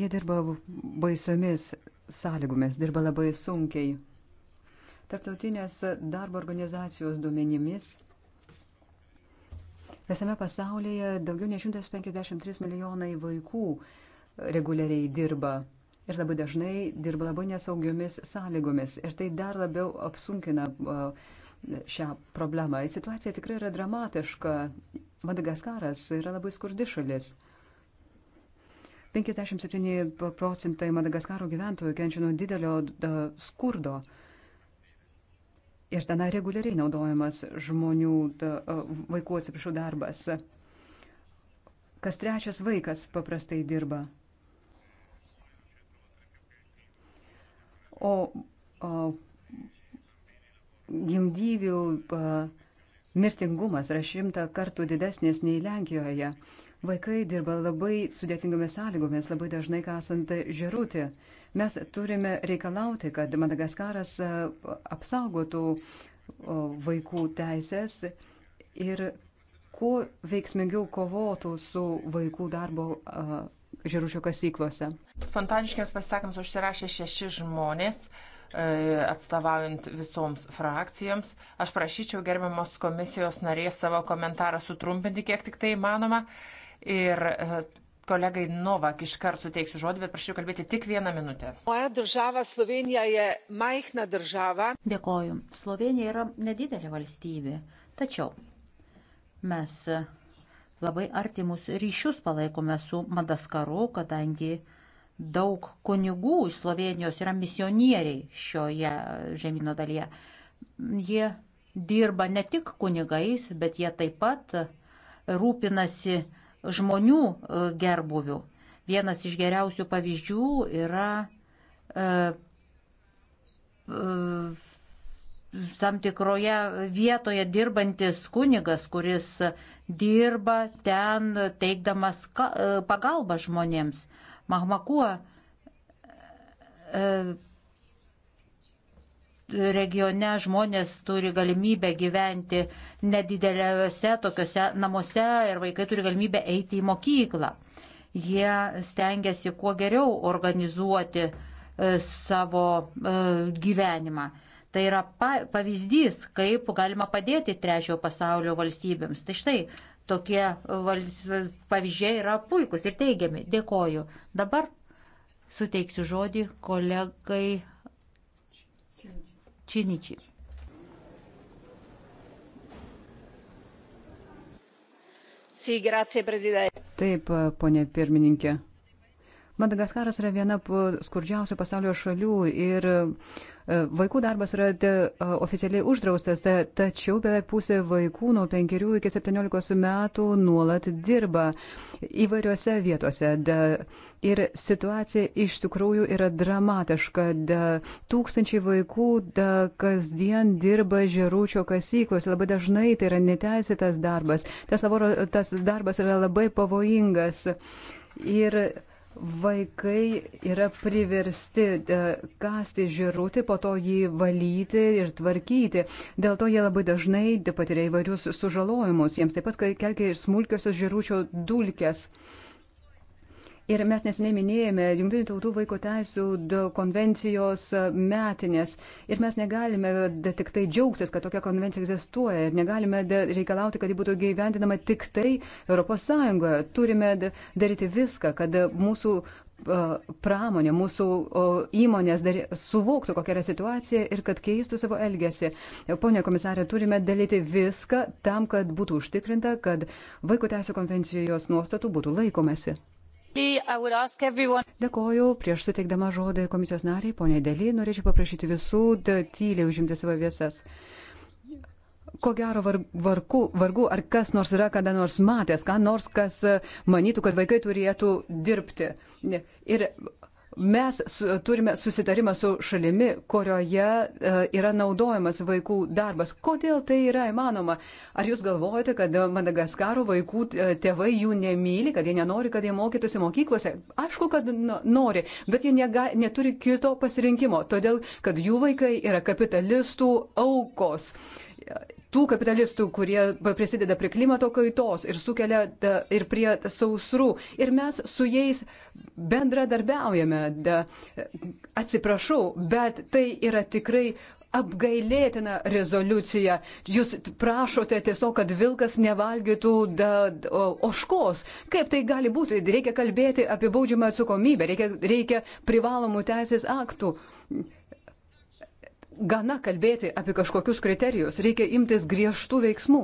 [SPEAKER 7] Jie dirba baisiomis sąlygomis, dirba labai sunkiai. Tarptautinės darbo organizacijos duomenimis visame pasaulyje daugiau nei 153 milijonai vaikų reguliariai dirba. Ir labai dažnai dirba labai nesaugiomis sąlygomis. Ir tai dar labiau apsunkina šią problemą. Situacija tikrai yra dramatiška. Madagaskaras yra labai skurdi šalis. 57 procentai Madagaskaro gyventojų kenčia nuo didelio skurdo. Ir tenai reguliariai naudojamas žmonių, da, vaikų atsiprašau, darbas. Kas trečias vaikas paprastai dirba. o, o gimdyvių mirtingumas yra šimta kartų didesnis nei Lenkijoje. Vaikai dirba labai sudėtingomis sąlygomis, labai dažnai kasant žirutį. Mes turime reikalauti, kad Madagaskaras apsaugotų vaikų teisės ir kuo veiksmingiau kovotų su vaikų darbo žirušių kasyklose.
[SPEAKER 4] Spontaniškiams pasisakams užsirašė šeši žmonės
[SPEAKER 7] e,
[SPEAKER 4] atstovaujant visoms frakcijoms. Aš prašyčiau gerbiamos komisijos narės savo komentarą sutrumpinti, kiek tik tai įmanoma. Ir e, kolegai Novak iškart suteiksiu žodį, bet prašyčiau kalbėti tik vieną minutę.
[SPEAKER 6] Moja država Slovenija je maikna država. Dėkoju. Slovenija yra nedidelė valstybė. Tačiau mes Labai artimus ryšius palaikome su Madagaskaru, kadangi daug kunigų iš Slovenijos yra misionieriai šioje žemynų dalyje. Jie dirba ne tik kunigais, bet jie taip pat rūpinasi žmonių e, gerbuvių. Vienas iš geriausių pavyzdžių yra e, e, tam tikroje vietoje dirbantis kunigas, kuris dirba ten teikdamas e, pagalbą žmonėms. Mahmakua e, regione žmonės turi galimybę gyventi nedidelėse tokiuose namuose ir vaikai turi galimybę eiti į mokyklą. Jie stengiasi kuo geriau organizuoti e, savo gyvenimą. Tai yra pavyzdys, kaip galima padėti trečiojo pasaulio valstybėms. Tai štai tokie pavyzdžiai yra puikūs ir teigiami. Dėkoju. Dabar suteiksiu žodį kolegai Činičiai.
[SPEAKER 7] Taip, ponė pirmininkė. Madagaskaras yra viena skurdžiausių pasaulio šalių ir uh, E, vaikų darbas yra de, oficialiai uždraustas, de, tačiau beveik pusė vaikų nuo 5 iki 17 metų nuolat dirba įvairiose vietose. De, ir situacija iš tikrųjų yra dramatiška. De, tūkstančiai vaikų de, kasdien dirba žeručio kasyklose. Labai dažnai tai yra neteisėtas darbas. Tas, laboro, tas darbas yra labai pavojingas. Ir Vaikai yra priversti e, kasti žirutį, po to jį valyti ir tvarkyti. Dėl to jie labai dažnai patiria įvairius sužalojimus. Jiems taip pat kelkia ir smulkiosios žiručio dulkės. Uh, Ir mes nesiniai minėjome Junktinių tautų vaiko teisų konvencijos e, metinės. Ir mes negalime tik tai džiaugtis, kad tokia konvencija egzistuoja. Ir negalime reikalauti, kad ji būtų gyvendinama tik tai ES. Turime daryti viską, kad mūsų e, pramonė, mūsų įmonės dar, suvoktų, kokia yra situacija ir kad keistų savo elgesį. Pone komisarė, turime dalyti viską tam, kad būtų užtikrinta, kad vaiko teisų konvencijos nuostatų būtų laikomasi. Dėkoju. Prieš suteikdama žodį komisijos nariai, ponė Dėlį, norėčiau paprašyti visų tyliai užimti savo viesas. Ko gero vargu, vargu, ar kas nors yra kada nors matęs, ką nors kas e, manytų, kad vaikai turėtų dirbti. Ir Mes su, turime susitarimą su šalimi, kurioje uh, yra naudojamas vaikų darbas. Kodėl tai yra įmanoma? Ar jūs galvojate, kad Madagaskaro vaikų e, tėvai jų nemyli, kad jie nenori, kad jie mokytųsi mokyklose? Aišku, kad nori, bet jie nega, neturi kito pasirinkimo, todėl kad jų vaikai yra kapitalistų aukos. Uh, tų kapitalistų, kurie prisideda prie klimato kaitos ir sukelia da, ir prie sausrų. Ir mes su jais bendradarbiaujame. Da, atsiprašau, bet tai yra tikrai apgailėtina rezoliucija. Jūs prašote tiesiog, kad vilkas nevalgytų da, o, oškos. Kaip tai gali būti? Reikia kalbėti apie baudžiamą atsakomybę, reikia, reikia privalomų teisės aktų gana kalbėti apie kažkokius kriterijus, reikia imtis griežtų veiksmų.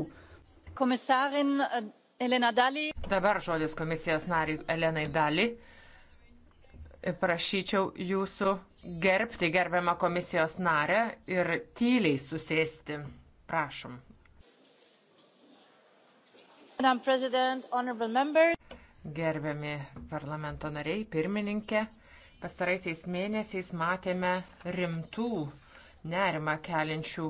[SPEAKER 6] Komisarin e,
[SPEAKER 4] Elena Dali. Dabar žodis komisijos nariui Elenai Dali. Prašyčiau jūsų gerbti gerbiamą komisijos narę ir tyliai susėsti. Prašom. Gerbiami parlamento nariai, pirmininkė, pastaraisiais mėnesiais matėme rimtų nerima keliančių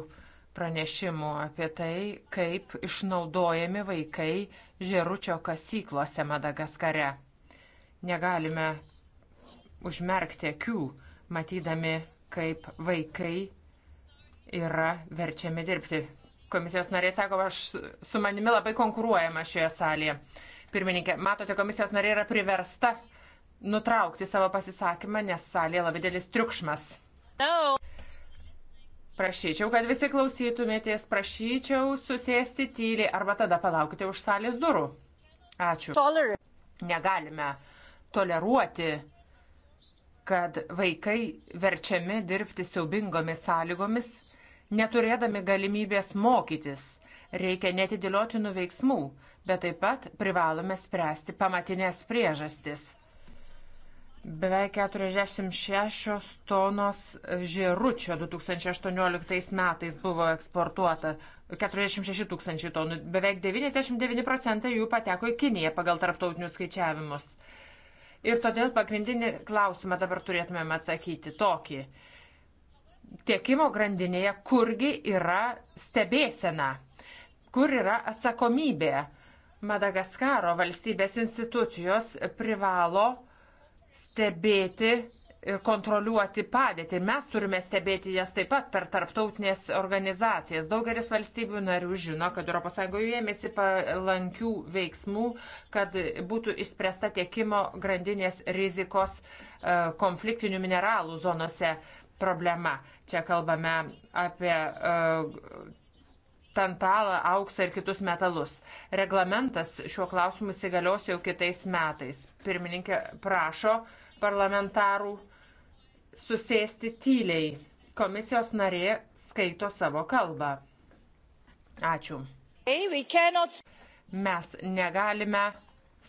[SPEAKER 4] pranešimų apie tai, kaip išnaudojami vaikai žėručio kasyklose Madagaskare. Negalime užmerkti akių, matydami, kaip vaikai yra verčiami dirbti. Komisijos nariai sako, aš su manimi labai konkuruojama šioje salėje. Pirmininkė, matote, komisijos nariai yra priversta nutraukti savo pasisakymą, nes salėje labai didelis triukšmas. No. Prašyčiau, kad visi klausytumėtės, prašyčiau susėsti tyliai arba tada palaukite už salės durų. Ačiū. Negalime toleruoti, kad vaikai verčiami dirbti siaubingomis sąlygomis, neturėdami galimybės mokytis. Reikia netidėliotinų veiksmų, bet taip pat privalome spręsti pamatinės priežastis beveik 46 tonos žėručio 2018 metais buvo eksportuota. 46 tūkstančiai tonų. Beveik 99 procentai jų pateko į Kiniją pagal tarptautinius skaičiavimus. Ir todėl pagrindinį klausimą dabar turėtumėm atsakyti tokį. Tiekimo grandinėje kurgi yra stebėsena? Kur yra atsakomybė? Madagaskaro valstybės institucijos privalo stebėti ir kontroliuoti padėtį. Mes turime stebėti jas taip pat per tarptautinės organizacijas. Daugelis valstybių narių žino, kad ES ėmėsi palankių veiksmų, kad būtų išspręsta tiekimo grandinės rizikos e, konfliktinių mineralų zonose problema. Čia kalbame apie e, tantalą, auksą ir kitus metalus. Reglamentas šiuo klausimu įsigalios jau kitais metais. Pirmininkė prašo, parlamentarų susėsti tyliai. Komisijos narė skaito savo kalbą. Ačiū. Mes negalime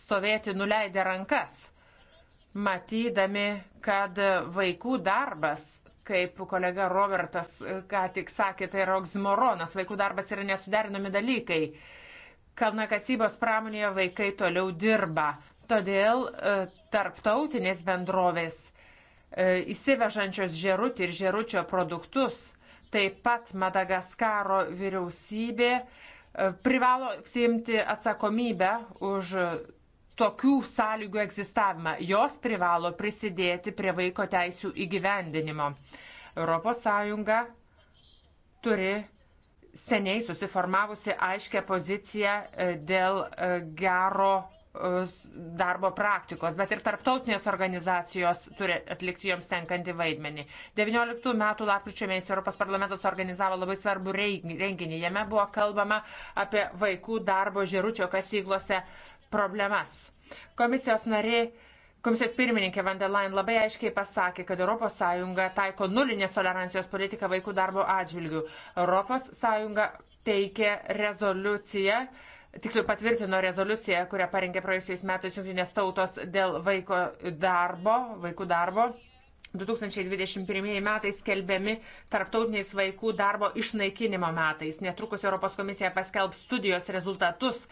[SPEAKER 4] stovėti nuleidę rankas, matydami, kad vaikų darbas, kaip kolega Robertas e, ką tik sakė, tai yra oksmoronas, vaikų darbas yra nesuderinami dalykai. Kalnakasybos pramonėje vaikai toliau dirba Todėl e, tarptautinės bendrovės e, įsivežančios žerutį ir žeručio produktus, taip pat Madagaskaro vyriausybė e, privalo simti atsakomybę už tokių sąlygų egzistavimą. Jos privalo prisidėti prie vaiko teisų įgyvendinimo. ES turi seniai susiformavusi aiškę poziciją dėl gero darbo praktikos, bet ir tarptautinės organizacijos turi atlikti joms tenkantį vaidmenį. 19 metų lapkričio mėnesį Europos parlamentas organizavo labai svarbų renginį. Jame buvo kalbama apie vaikų darbo žiručio kasyklose problemas. Komisijos nariai Komisijos pirmininkė Van der Leyen labai aiškiai pasakė, kad ES taiko nulinės tolerancijos politiką vaikų darbo atžvilgių. ES teikia rezoliuciją uh, tiksliau patvirtino rezoliuciją, kurią parengė praėjusiais metais Junktinės tautos dėl vaiko darbo, vaikų darbo. 2021 metai skelbiami tarptautiniais vaikų darbo išnaikinimo metais. Netrukus Europos komisija paskelb studijos rezultatus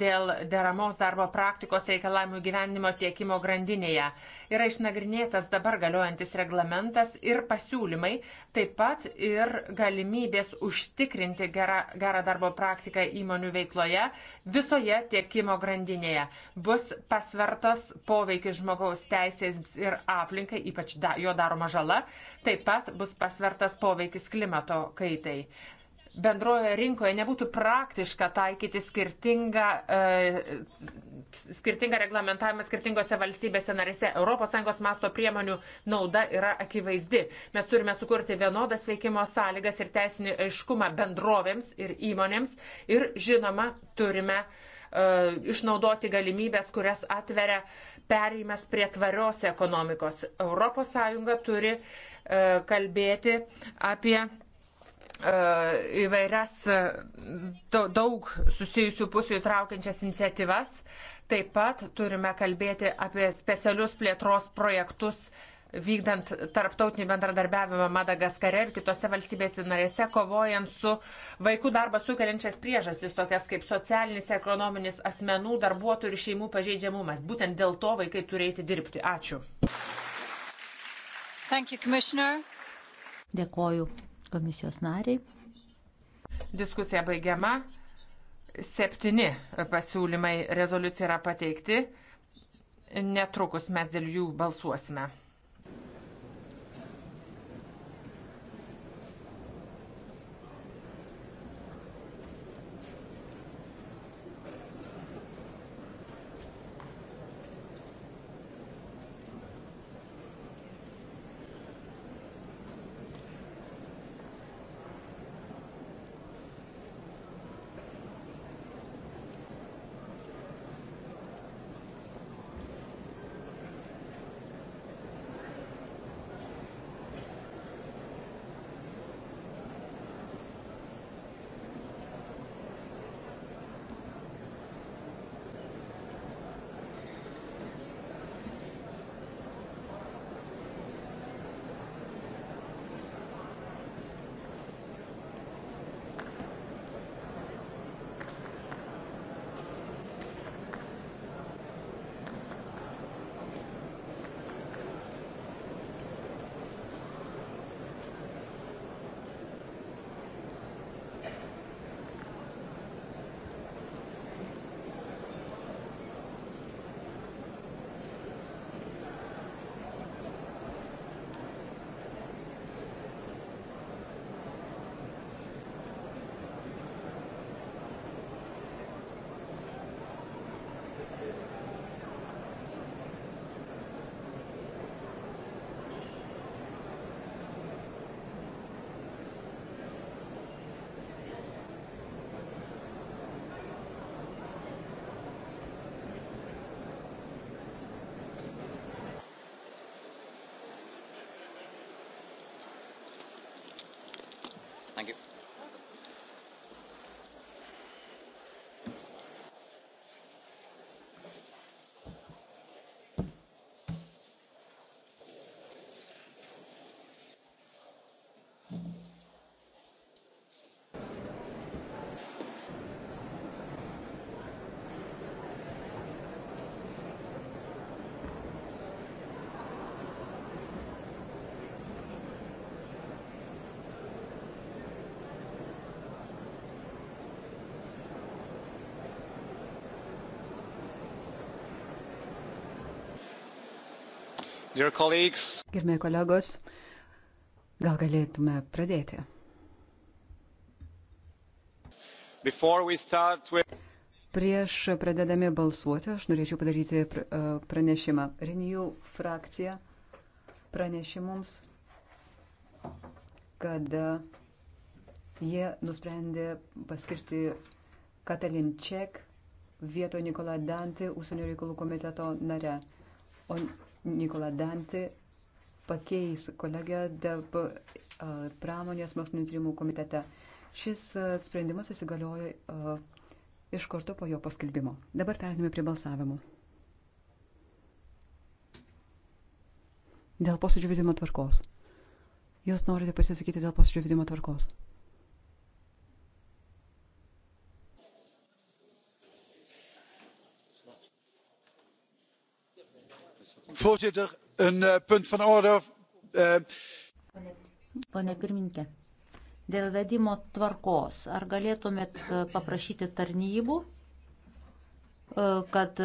[SPEAKER 4] dėl deramos darbo praktikos reikalavimų gyvenimo tiekimo grandinėje. Yra išnagrinėtas dabar galiojantis reglamentas ir pasiūlymai, taip pat ir galimybės užtikrinti gerą, gerą darbo praktiką įmonių veikloje visoje tiekimo grandinėje. Bus pasvertas poveikis žmogaus teisės ir aplinkai, ypač da, jo daroma žala, taip pat bus pasvertas poveikis klimato kaitai bendroje rinkoje nebūtų praktiška taikyti skirtingą, e, skirtingą reglamentavimą skirtingose valstybėse narėse. ES masto priemonių nauda yra akivaizdi. Mes turime sukurti vienodas veikimo sąlygas ir teisinį aiškumą bendrovėms ir įmonėms ir, žinoma, turime e, išnaudoti galimybės, kurias atveria perėjimas prie tvarios ekonomikos. ES turi e, kalbėti apie E, įvairias e, daug susijusių pusių įtraukiančias iniciatyvas. Taip pat turime kalbėti apie specialius plėtros projektus vykdant tarptautinį bendradarbiavimą Madagaskare ir kitose valstybėse narėse, kovojant su vaikų darbą sukeliančias priežastis, tokias kaip socialinis, ekonominis asmenų, darbuotojų ir šeimų pažeidžiamumas. Būtent dėl to vaikai turi eiti dirbti. Ačiū. You,
[SPEAKER 6] Dėkoju, komisijos nariai.
[SPEAKER 4] Diskusija baigiama. Septyni pasiūlymai rezoliucija yra pateikti. Netrukus mes dėl jų balsuosime.
[SPEAKER 3] Gerbėjai
[SPEAKER 7] kolegos, gal galėtume pradėti.
[SPEAKER 3] With...
[SPEAKER 7] Prieš pradedami balsuoti, aš norėčiau padaryti pranešimą. Renijų frakcija pranešė mums, kad jie nusprendė paskirti Katalin Ček vietoj Nikola Dantį, užsienio reikalų komiteto nare. O Nikola Dantį pakeis kolegę pramonės mokslinių tyrimų komitete. Šis sprendimas įsigaliojo iš karto po jo paskelbimo. Dabar perėdame prie balsavimų. Dėl posėdžio vedimo tvarkos. Jūs norite pasisakyti dėl posėdžio vedimo tvarkos?
[SPEAKER 6] Voorzitter, een eh, punt van orde. Eh. Pane pirmininkė, dėl vedimo tvarkos, ar galėtumėt eh, paprašyti tarnybų, kad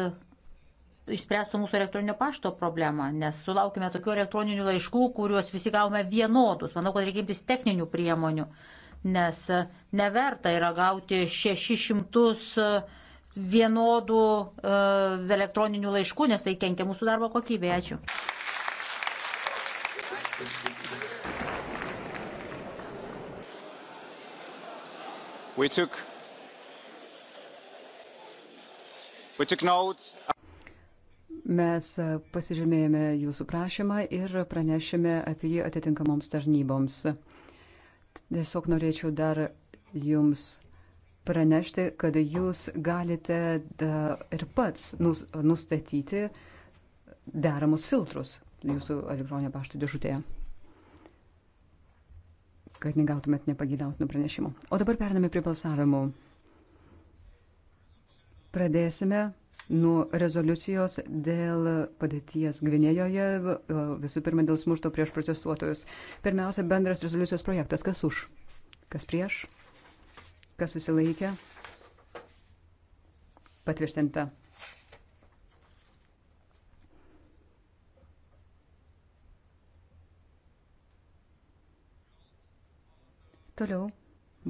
[SPEAKER 6] išspręstų mūsų elektroninio pašto problemą, nes sulaukime tokių elektroninių laiškų, kuriuos visi gavome vienodus. Manau, kad reikia imtis techninių priemonių, nes neverta yra gauti 600 vienodų e, elektroninių laiškų, nes tai kenkia mūsų darbo kokybė. Ačiū.
[SPEAKER 3] We took, we took notes.
[SPEAKER 7] Mes pasižymėjome jūsų prašymą ir pranešėme apie jį atitinkamoms tarnyboms. Tiesiog norėčiau dar jums pranešti, kad jūs galite ir pats nustatyti deramus filtrus jūsų elektroninio pašto dėžutėje, kad negautumėt nepagydautinų pranešimų. O dabar pername prie balsavimų. Pradėsime nuo rezoliucijos dėl padėties Gvinėjoje, visų pirma dėl smurto prieš protestuotojus. Pirmiausia, bendras rezoliucijos projektas. Kas už? Kas prieš? Kas susilaikė? Patvirtinta. Toliau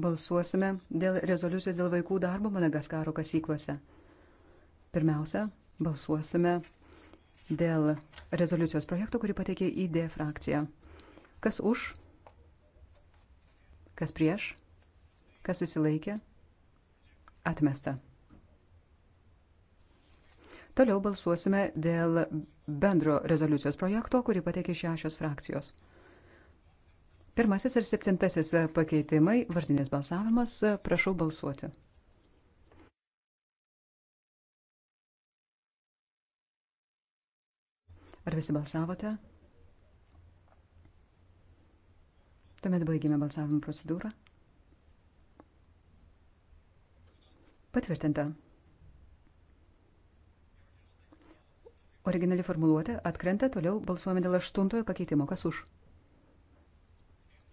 [SPEAKER 7] balsuosime dėl rezoliucijos dėl vaikų darbo Madagaskaro kasyklose. Pirmiausia, balsuosime dėl rezoliucijos projekto, kurį pateikė ID frakcija. Kas už? Kas prieš? Kas susilaikė? Atmesta. Toliau balsuosime dėl bendro rezoliucijos projekto, kurį pateikė šešios frakcijos. Pirmasis ir septintasis pakeitimai, vardinės balsavimas, prašau balsuoti. Ar visi balsavote? Tuomet baigėme balsavimo procedūrą. Patvirtinta. Originali formuluotė atkrenta, toliau balsuojame dėl aštuntojo pakeitimo. Kas už?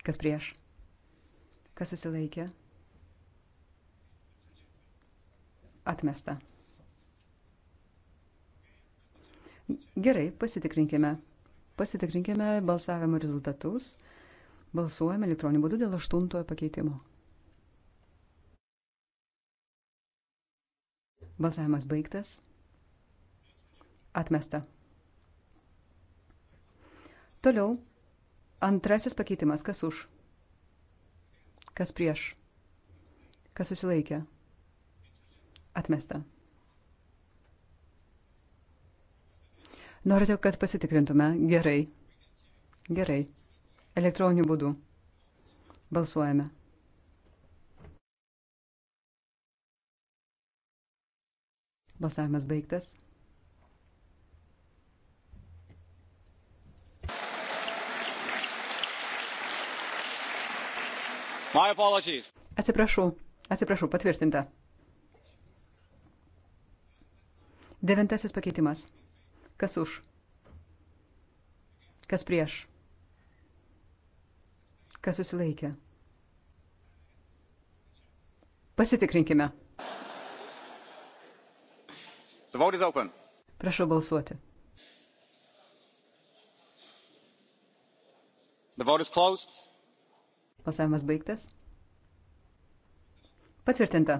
[SPEAKER 7] Kas prieš? Kas susilaikė? Atmesta. Gerai, pasitikrinkime. Pasitikrinkime balsavimo rezultatus. Balsuojame elektroniniu būdu dėl aštuntojo pakeitimo. Balsavimas baigtas. Atmesta. Toliau. Antrasis pakeitimas. Kas už? Kas prieš? Kas susilaikė? Atmesta. Norite, kad pasitikrintume? Gerai. Gerai. Elektroniniu būdu. Balsuojame. Balsavimas baigtas.
[SPEAKER 3] My apologies.
[SPEAKER 7] Atsiprašau, atsiprašau, patvirtinta. Devintasis pakeitimas. Kas už? Kas prieš? Kas susilaikė? Pasitikrinkime.
[SPEAKER 3] Prašau
[SPEAKER 7] balsuoti. Balsavimas baigtas. Patvirtinta.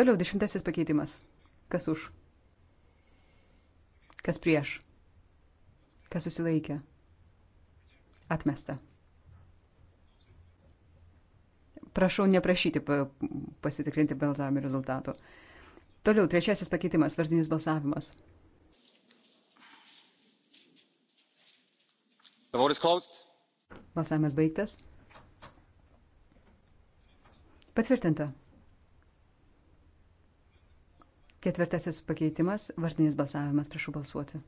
[SPEAKER 7] Toliau dešimtasis pakeitimas. Kas už? Kas prieš? Kas susilaikė? Atmesta prašau neprašyti pasitikrinti balsavimo rezultatų. Toliau, trečiasis pakeitimas, vardinis balsavimas. Balsavimas baigtas. Patvirtinta. Ketvirtasis pakeitimas, vardinis balsavimas, prašau balsuoti.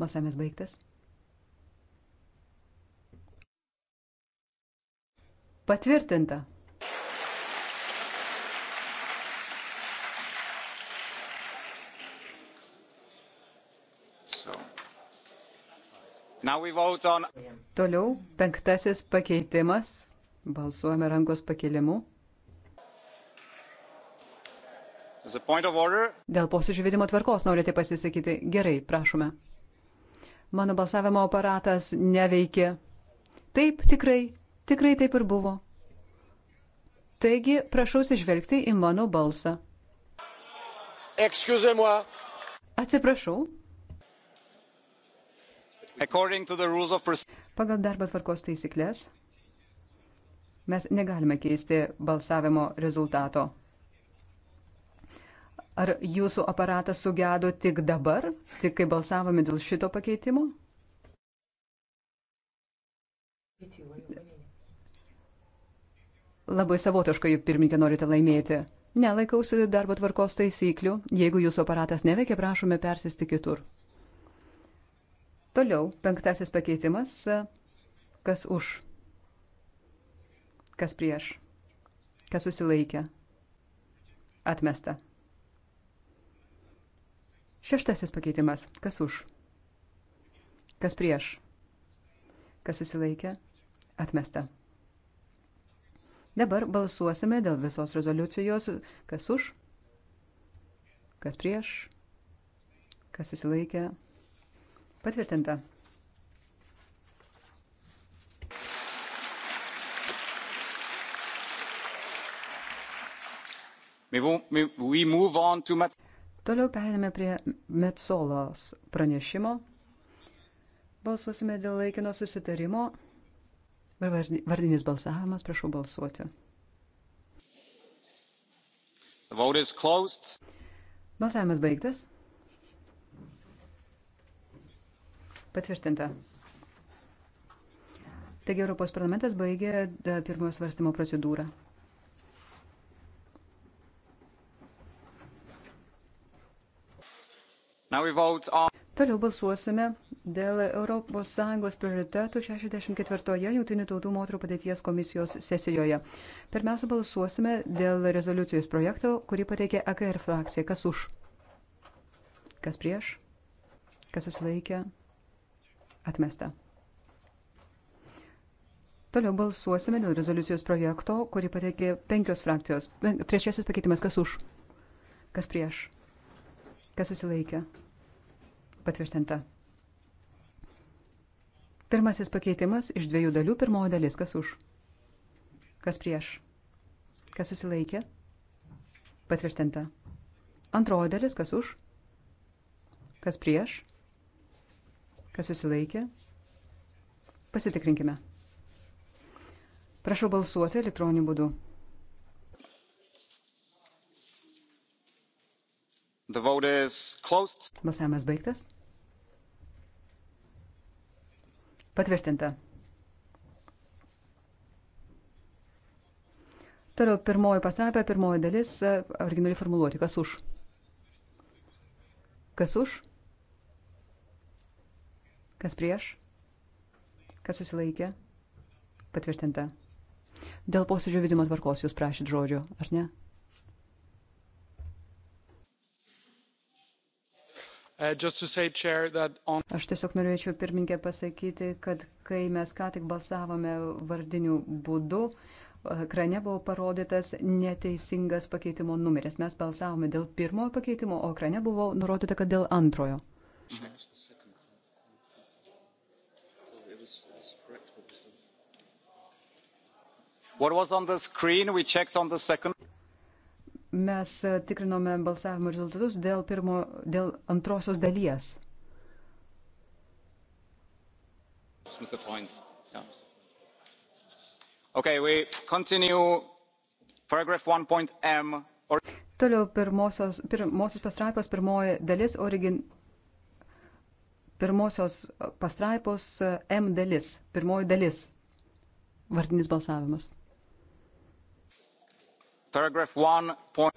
[SPEAKER 7] Balsavimas baigtas. Patvirtinta. So. On... Toliau penktasis pakeitimas. Balsuojame rankos pakelimu.
[SPEAKER 3] Dėl
[SPEAKER 7] posėdžių vedimo tvarkos norite pasisakyti. Gerai, prašome. Mano balsavimo aparatas neveikia. Taip, tikrai Tikrai taip ir buvo. Taigi, prašau sižvelgti į mano balsą. Atsiprašau. Pagal darbo tvarkos taisyklės mes negalime keisti balsavimo rezultato. Ar jūsų aparatas sugėdo tik dabar, tik kai balsavome dėl šito pakeitimo? labai savotiškai pirmininkę norite laimėti. Nelaikausi darbo tvarkos taisyklių. Jeigu jūsų aparatas neveikia, prašome persisti kitur. Toliau, penktasis pakeitimas. Kas už? Kas prieš? Kas susilaikė? Atmesta. Šeštasis pakeitimas. Kas už? Kas prieš? Kas susilaikė? Atmesta. Dabar balsuosime dėl visos rezoliucijos, kas už, kas prieš, kas susilaikė. Patvirtinta. Toliau perėmėme prie Metsolos pranešimo. Balsuosime dėl laikino susitarimo Vardinis balsavimas, prašau balsuoti. Balsavimas baigtas. Patvirtinta. Taigi Europos parlamentas baigė pirmojo svarstymo procedūrą.
[SPEAKER 5] On...
[SPEAKER 7] Toliau balsuosime dėl ES prioritetų 64-oje Junktinių tautų moterų padėties komisijos sesijoje. Pirmiausia, balsuosime dėl rezoliucijos projekto, kurį pateikė AKR e frakcija. Kas už? Kas prieš? Kas susilaikė? Atmesta. Toliau balsuosime dėl rezoliucijos projekto, kurį pateikė penkios frakcijos. Trečiasis pakeitimas. Kas už? Kas prieš? Kas susilaikė? Patvirtinta. Pirmasis pakeitimas iš dviejų dalių. Pirmoji dalis, kas už? Kas prieš? Kas susilaikė? Patvirtinta. Antroji dalis, kas už? Kas prieš? Kas susilaikė? Pasitikrinkime. Prašau balsuoti elektroniniu būdu.
[SPEAKER 3] Balsavimas
[SPEAKER 7] baigtas. Patvirtinta. Toliau pirmoji pastrapė, pirmoji dalis, e, originali formuluoti. Kas už? Kas už? Kas prieš? Kas susilaikė? Patvirtinta. Dėl posėdžio vidimo tvarkos jūs prašyt žodžio, ar ne?
[SPEAKER 3] Uh,
[SPEAKER 7] Aš tiesiog norėčiau pirmininkė pasakyti, kad kai mes ką tik balsavome vardiniu būdu, uh, ekrane buvo parodytas neteisingas pakeitimo numeris. Mes balsavome dėl pirmojo pakeitimo, o ekrane buvo nurodyta, kad dėl antrojo.
[SPEAKER 3] What was on the screen? We checked on the second
[SPEAKER 7] mes tikrinome balsavimo rezultatus dėl, pirmo, dėl antrosios dalies.
[SPEAKER 3] Ja. Okay, or...
[SPEAKER 7] Toliau pirmosios, pirmosios pastraipos pirmoji dalis, origin, pirmosios pastraipos M dalis, pirmoji dalis, vardinis balsavimas.
[SPEAKER 3] Paragraf 1. Point...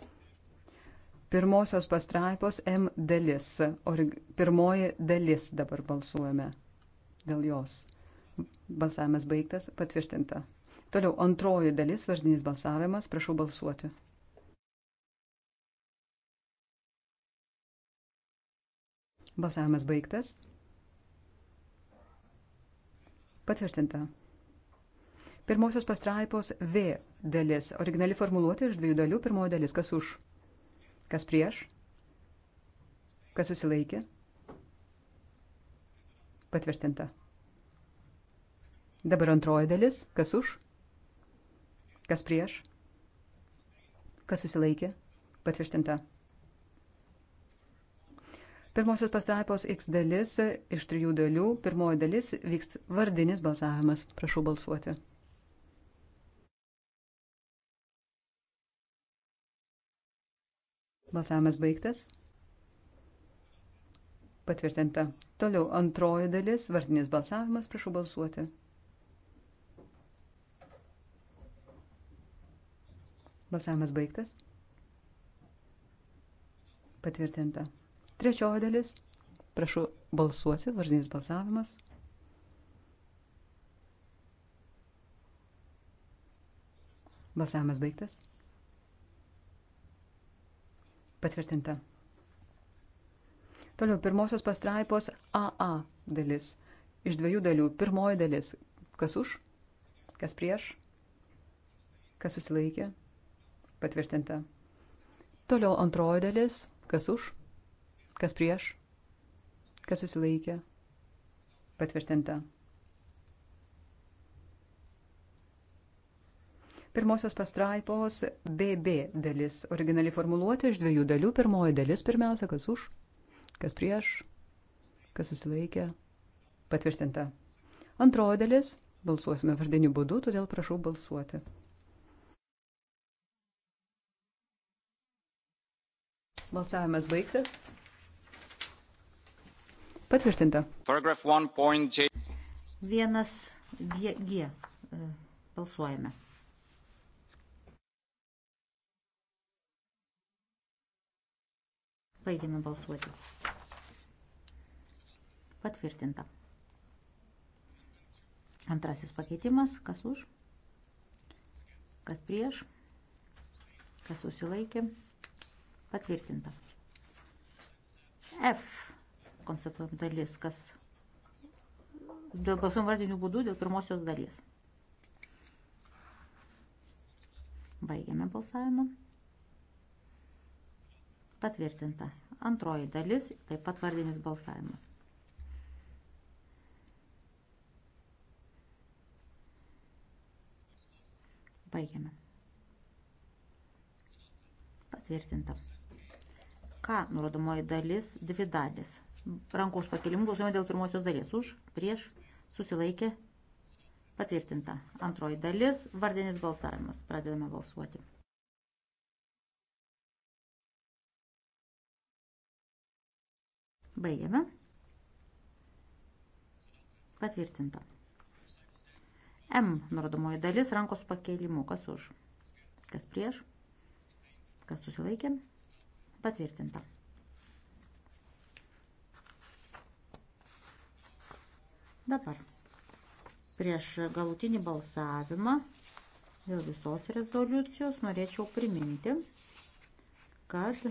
[SPEAKER 7] Pirmosios pastraipos M dalis. Ori... Pirmoji dalis dabar balsuojame dėl jos. Balsavimas baigtas, patvirtinta. Toliau antroji dalis, vardinis balsavimas, prašau balsuoti. Balsavimas baigtas. Patvirtinta. Pirmosios pastraipos V dalis. Originali formuluotė iš dviejų dalių. Pirmoji dalis. Kas už? Kas prieš? Kas susilaikė? Patvirtinta. Dabar antroji dalis. Kas už? Kas prieš? Kas susilaikė? Patvirtinta. Pirmosios pastraipos X dalis iš trijų dalių. Pirmoji dalis vyks vardinis balsavimas. Prašau balsuoti. Balsavimas baigtas. Patvirtinta. Toliau antroji dalis, vardinis balsavimas, prašau balsuoti. Balsavimas baigtas. Patvirtinta. Trečioji dalis, prašau balsuoti, vardinis balsavimas. Balsavimas baigtas. Patvirtinta. Toliau pirmosios pastraipos AA dalis. Iš dviejų dalių. Pirmoji dalis. Kas už? Kas prieš? Kas susilaikė? Patvirtinta. Toliau antroji dalis. Kas už? Kas prieš? Kas susilaikė? Patvirtinta. pirmosios pastraipos BB dalis. Originali formuluotė iš dviejų dalių. Pirmoji dalis pirmiausia, kas už, kas prieš, kas susilaikė. Patvirtinta. Antroji dalis. Balsuosime vardiniu būdu, todėl prašau balsuoti. Balsavimas baigtas. Patvirtinta.
[SPEAKER 3] Paragraf 1.j.
[SPEAKER 7] Vienas G. G. E, balsuojame.
[SPEAKER 6] Baigėme balsuoti. Patvirtinta. Antrasis pakeitimas. Kas už? Kas prieš? Kas susilaikė? Patvirtinta. F. Konstatuojam dalis. Kas dėl balsuojam vardinių būdų dėl pirmosios dalies. Baigiame balsavimą. Patvirtinta. Antroji dalis, taip pat vardinis balsavimas. Baigiame. Patvirtinta. Ką nurodomoji dalis? Dvi dalis. Rankos pakelimų balsuojame dėl pirmosios dalies. Už, prieš, susilaikė. Patvirtinta. Antroji dalis, vardinis balsavimas. Pradedame balsuoti. Baigiame. Patvirtinta. M nurodomoji dalis rankos pakėlimu. Kas už? Kas prieš? Kas susilaikė? Patvirtinta. Dabar prieš galutinį balsavimą dėl visos rezoliucijos norėčiau priminti, kad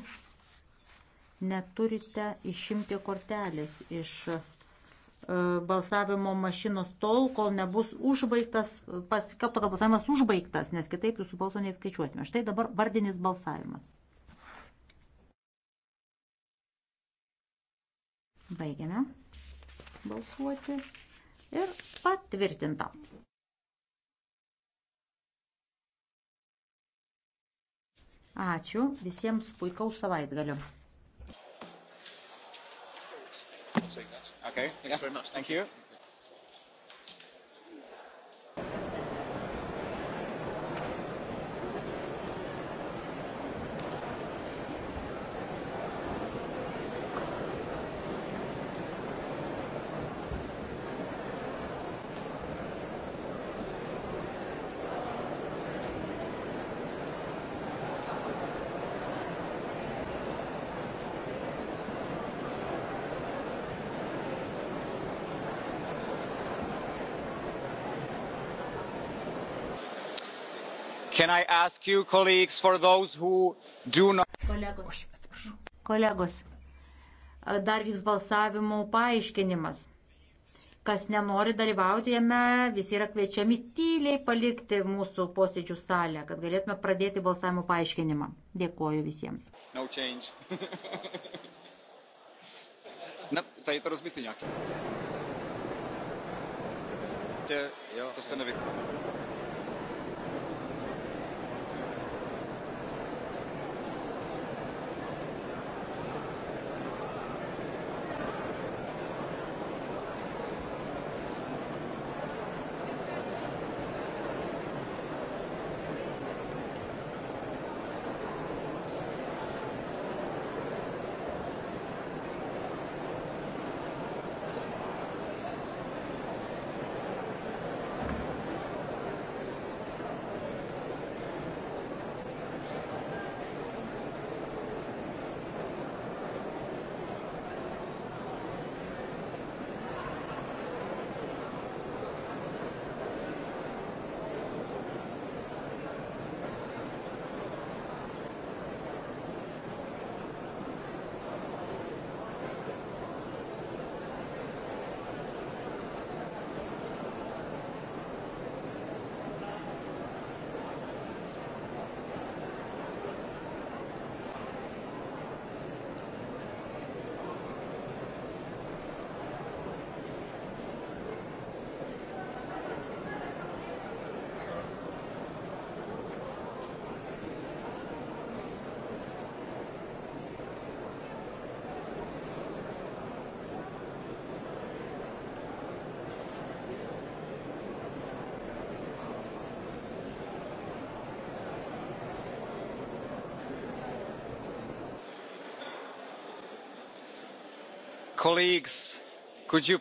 [SPEAKER 6] neturite išimti kortelės iš e, balsavimo mašinos tol, kol nebus užbaigtas, paskelbta, kad balsavimas užbaigtas, nes kitaip jūsų balsų neįskaičiuosime. Štai dabar vardinis balsavimas. Baigiame balsuoti ir patvirtinta. Ačiū visiems puikaus savaitgaliu.
[SPEAKER 5] next week. That's okay. Thanks yeah. very much. Thank, Thank you. you.
[SPEAKER 3] You, not... Kolegos,
[SPEAKER 6] kolegos, dar vyks balsavimo paaiškinimas. Kas nenori dalyvauti jame, visi yra kviečiami tyliai palikti mūsų posėdžių salę, kad galėtume pradėti balsavimo paaiškinimą. Dėkuoju visiems.
[SPEAKER 3] No ne, tady to rozbity nějaký. Tě, jo, to se nevykládá. Kolegos, kviečiu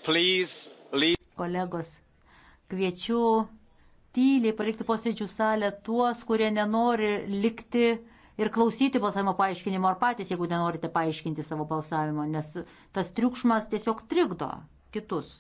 [SPEAKER 6] tyliai palikti posėdžių salę tuos, kurie nenori likti ir klausyti balsavimo paaiškinimo ar patys, jeigu nenorite paaiškinti savo balsavimo, nes tas triukšmas tiesiog trikdo kitus.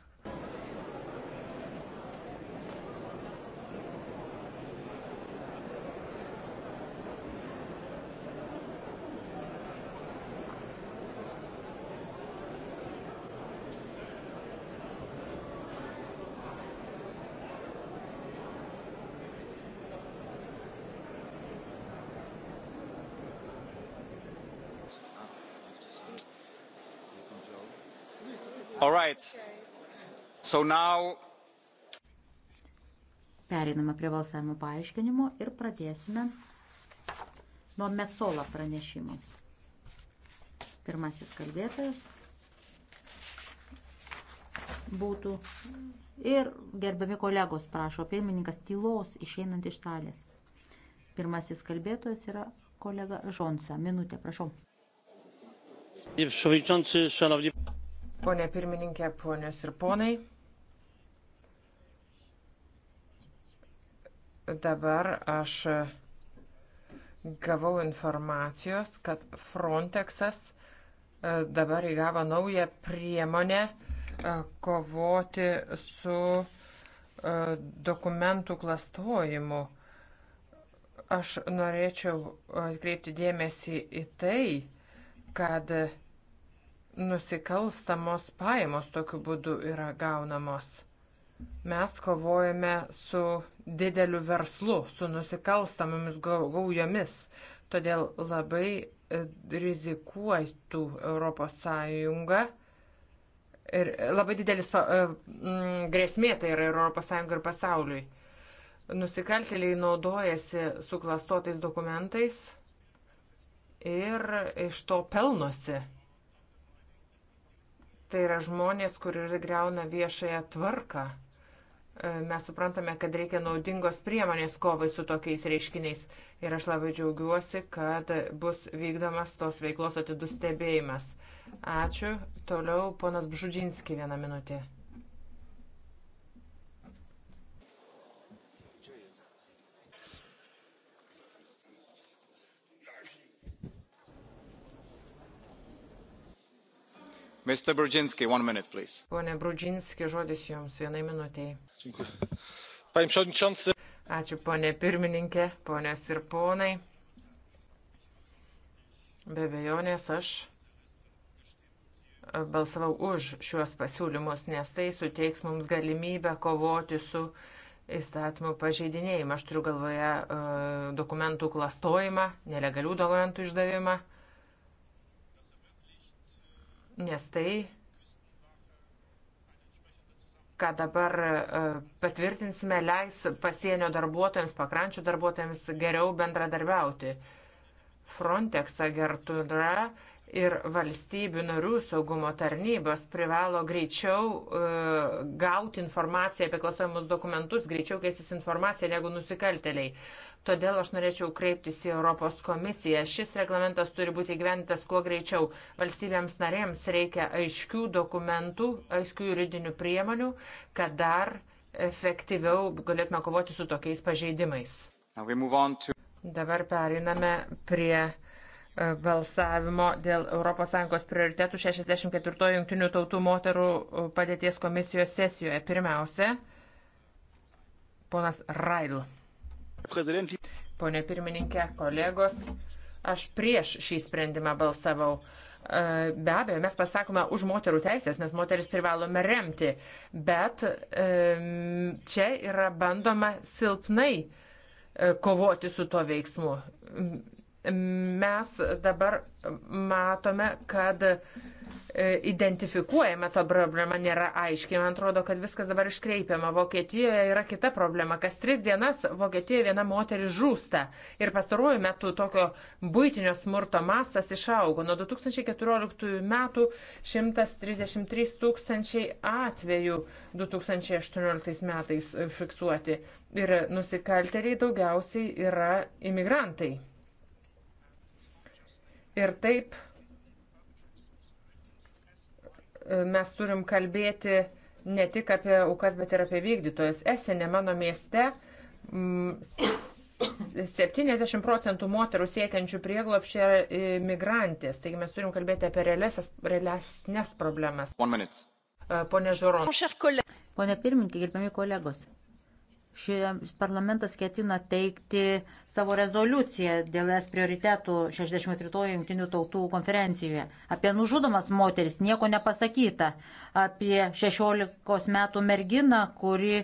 [SPEAKER 6] So now... Pereiname prie balsavimo paaiškinimo ir pradėsime nuo Metsola pranešimų. Pirmasis kalbėtojas būtų ir gerbiami kolegos prašo pirmininkas tylos išeinant iš salės. Pirmasis kalbėtojas yra kolega Žonsa. Minutė, prašau.
[SPEAKER 4] Pone pirmininkė, ponios ir ponai, Dabar aš gavau informacijos, kad Frontexas e, dabar įgavo naują priemonę e, kovoti su e, dokumentų klastojimu. Aš norėčiau atkreipti dėmesį į tai, kad nusikalstamos pajamos tokiu būdu yra gaunamos. Mes kovojame su dideliu verslu, su nusikalstamomis gaujomis. Todėl labai e, rizikuotų ES ir e, labai didelis e, grėsmė tai yra ES ir pasauliui. Nusikaltėliai naudojasi suklastotais dokumentais ir iš to pelnosi. Tai yra žmonės, kurie greuna viešąją tvarką. E, mes suprantame, kad reikia naudingos priemonės kovai su tokiais reiškiniais. Ir aš labai džiaugiuosi, kad bus vykdomas tos veiklos atidus stebėjimas. Ačiū. Toliau ponas Bžudžinski vieną minutę.
[SPEAKER 3] Mr. Brudzinski, one minute, please.
[SPEAKER 4] Pone Brudzinski, žodis jums vienai minutiai. Panie Przewodniczący. Ačiū, ponė pirmininkė, ponės ir ponai. Be bejonės aš balsavau už šiuos pasiūlymus, nes tai suteiks mums galimybę kovoti su įstatymų pažeidinėjimą. Aš turiu galvoje e, dokumentų klastojimą, nelegalių dokumentų išdavimą nes tai, ką dabar e, patvirtinsime, leis pasienio darbuotojams, pakrančių darbuotojams geriau bendradarbiauti. Frontex agentūra ir valstybių narių saugumo tarnybos privalo greičiau e, gauti informaciją apie klasojimus dokumentus, greičiau keistis informaciją negu nusikalteliai. Todėl aš norėčiau kreiptis į Europos komisiją. Šis reglamentas turi būti gyventas kuo greičiau. Valstybėms narėms reikia aiškių dokumentų, aiškių juridinių priemonių, kad dar efektyviau galėtume kovoti su tokiais pažeidimais.
[SPEAKER 3] To...
[SPEAKER 4] Dabar periname prie e, balsavimo dėl ES prioritetų 64 Junktinių tautų moterų e, padėties komisijos sesijoje. Pirmiausia, ponas Raidl. Pone pirmininkė, kolegos, aš prieš šį sprendimą balsavau. E, be abejo, mes pasakome už moterų teisės, nes moteris privalome remti, bet e, čia yra bandoma silpnai e, kovoti su tuo veiksmu mes dabar matome, kad e, identifikuojama ta problema nėra aiškiai. Man atrodo, kad viskas dabar iškreipiama. Vokietijoje yra kita problema. Kas tris dienas Vokietijoje viena moteris žūsta. Ir pastaruoju metu tokio būtinio smurto masas išaugo. Nuo 2014 metų 133 tūkstančiai atvejų 2018 metais fiksuoti. Ir nusikalteriai daugiausiai yra imigrantai. Ir taip e, mes turim kalbėti ne tik apie aukas, bet ir apie vykdytojus. Esenė mano mieste 70 mm, procentų moterų siekiančių prieglopšį yra e, migrantės.
[SPEAKER 6] Taigi mes turim kalbėti apie realesnes
[SPEAKER 4] problemas. E, pone Žuron.
[SPEAKER 6] Pone pirmininkai, gerbiami kolegos. Šis parlamentas ketina teikti savo rezoliuciją dėl es prioritetų 63-ojo Junktinių tautų konferencijoje. Apie nužudomas moteris nieko nepasakyta. Apie 16 metų merginą, kuri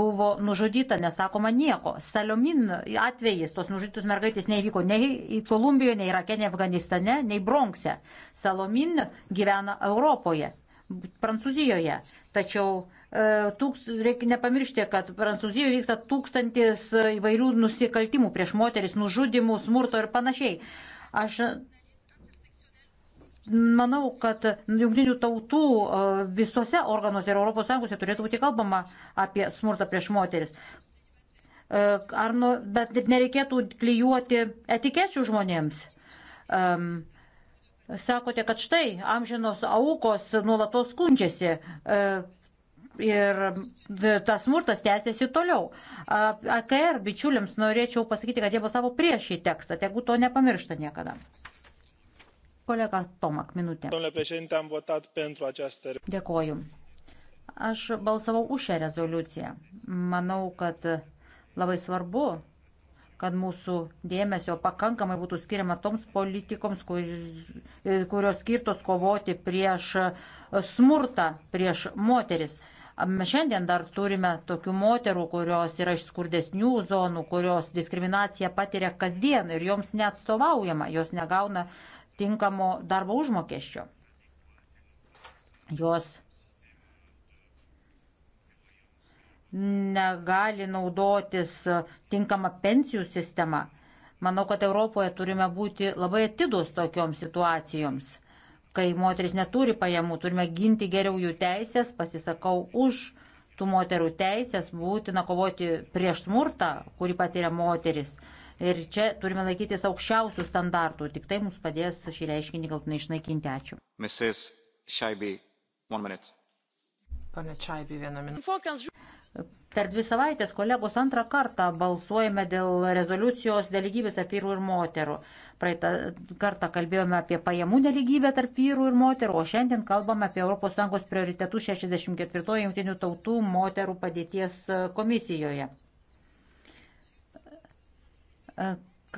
[SPEAKER 6] buvo nužudyta, nesakoma nieko. Saliomin atvejais tos nužudytos mergaitės nevyko nei į Kolumbiją, nei Irake, nei Afganistane, nei Bronkse. Salomin gyvena Europoje, Prancūzijoje Tačiau e, tūks, reikia nepamiršti, kad Prancūzijoje vyksta tūkstantis įvairių nusikaltimų prieš moteris, nužudimų, smurto ir panašiai. Aš manau, kad jungtinių tautų e, visose organuose ir ES turėtų būti kalbama apie smurtą prieš moteris. E, ar nu, bet nereikėtų klyjuoti etikečių žmonėms. Um, Sakote, kad štai amžinos aukos nuolatos skundžiasi e, ir tas smurtas tęsiasi toliau. AKR bičiuliams norėčiau pasakyti, kad jie balsavo prieš šį tekstą, tegu to nepamiršta niekada. Kolega Tomak, minutė. Dėkoju. Aš balsavau už šią rezoliuciją. Manau, kad labai svarbu kad mūsų dėmesio pakankamai būtų skiriama toms politikoms, e, kurios skirtos kovoti prieš e, smurtą, prieš moteris. Mes šiandien dar turime tokių moterų, kurios yra iš skurdesnių zonų, kurios diskriminaciją patiria kasdien ir joms neatstovaujama, jos negauna tinkamo darbo užmokesčio. Jos negali naudotis e, tinkama pensijų sistema. Manau, kad Europoje turime būti labai atidus tokioms situacijoms. Kai moteris neturi pajamų, turime ginti geriau jų teisės, pasisakau už tų moterų teisės, būtina kovoti prieš smurtą, kurį patiria moteris. Ir čia turime laikytis aukščiausių standartų, tik tai mums padės šį reiškinį galtinai išnaikinti. Ačiū.
[SPEAKER 3] Mrs. Šaibi, one minute.
[SPEAKER 6] Pane Čaibi, vieną minutę. Per dvi savaitės kolegos antrą kartą balsuojame dėl rezoliucijos dėl lygybės tarp vyrų ir moterų. Praeitą kartą kalbėjome apie pajamų neligybę tarp vyrų ir moterų, o šiandien kalbame apie ES prioritetų 64 jungtinių tautų moterų padėties komisijoje.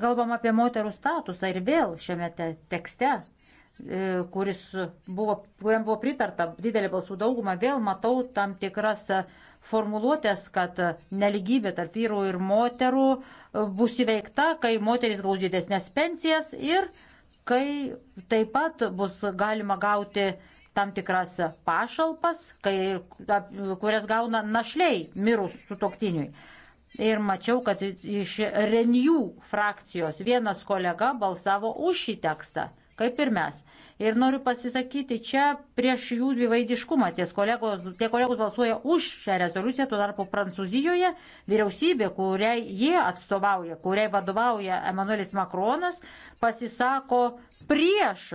[SPEAKER 6] Kalbam apie moterų statusą ir vėl šiame te tekste, e, kuris buvo, kuriam buvo pritarta didelė balsų dauguma, vėl matau tam tikras formuluotės, kad neligybė tarp vyrų ir moterų e, bus įveikta, kai moteris gaus didesnės pensijas ir kai taip pat bus galima gauti tam tikras pašalpas, kai, kurias gauna našliai mirus su toktiniui. Ir mačiau, kad iš Renijų frakcijos vienas kolega balsavo už šį tekstą kaip ir mes. Ir noriu pasisakyti čia prieš jų dvivaidiškumą. Ties kolegos, tie kolegos balsuoja už šią rezoliuciją, tuo tarpu Prancūzijoje vyriausybė, kuriai jie atstovauja, kuriai vadovauja Emanuelis Makronas, pasisako prieš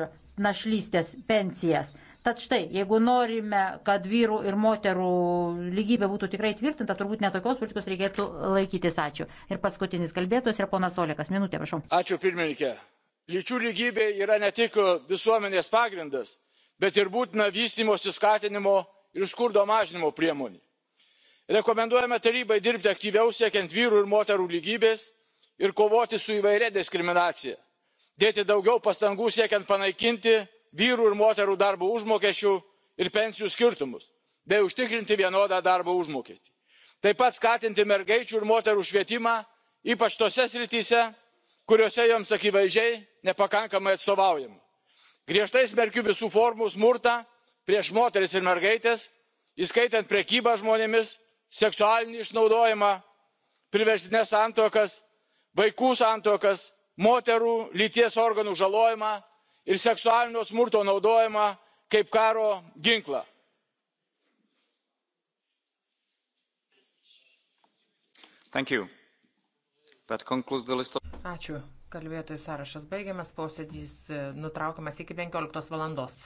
[SPEAKER 6] našlystės pensijas. Tad štai, jeigu norime, kad vyrų ir moterų lygybė būtų tikrai tvirtinta, turbūt netokios politikos reikėtų laikytis. Ačiū. Ir paskutinis kalbėtojas yra ponas Olekas. Minutė, prašau.
[SPEAKER 3] Ačiū pirmininkė lyčių lygybė yra ne tik e, visuomenės pagrindas bet ir būtina vystymosi skatinimo ir skurdo mažinimo priemonė. rekomenduojame tarybai dirbti aktyviau siekiant vyrų ir moterų lygybės
[SPEAKER 5] ir kovoti su įvairia diskriminacija dėti daugiau pastangų siekiant panaikinti
[SPEAKER 3] vyrų ir moterų darbo užmokesčių ir pensijų skirtumus bei užtikrinti vienodą darbo užmokestį taip pat skatinti mergaičių ir moterų švietimą ypač tose srityse kuriose joms akivaizdžiai nepakankamai atstovaujama. griežtai smerkiu visų formų smurtą prieš moteris ir mergaites įskaitant prekybą žmonėmis seksualinį išnaudojimą priverstines santuokas vaikų santuokas moterų lyties organų žalojimą ir seksualinio smurto naudojimą kaip karo ginklą. thank you. that concludes the list of.
[SPEAKER 4] Ačiū. Kalbėtojų sąrašas baigiamas, posėdys e, nutraukiamas iki 15 valandos.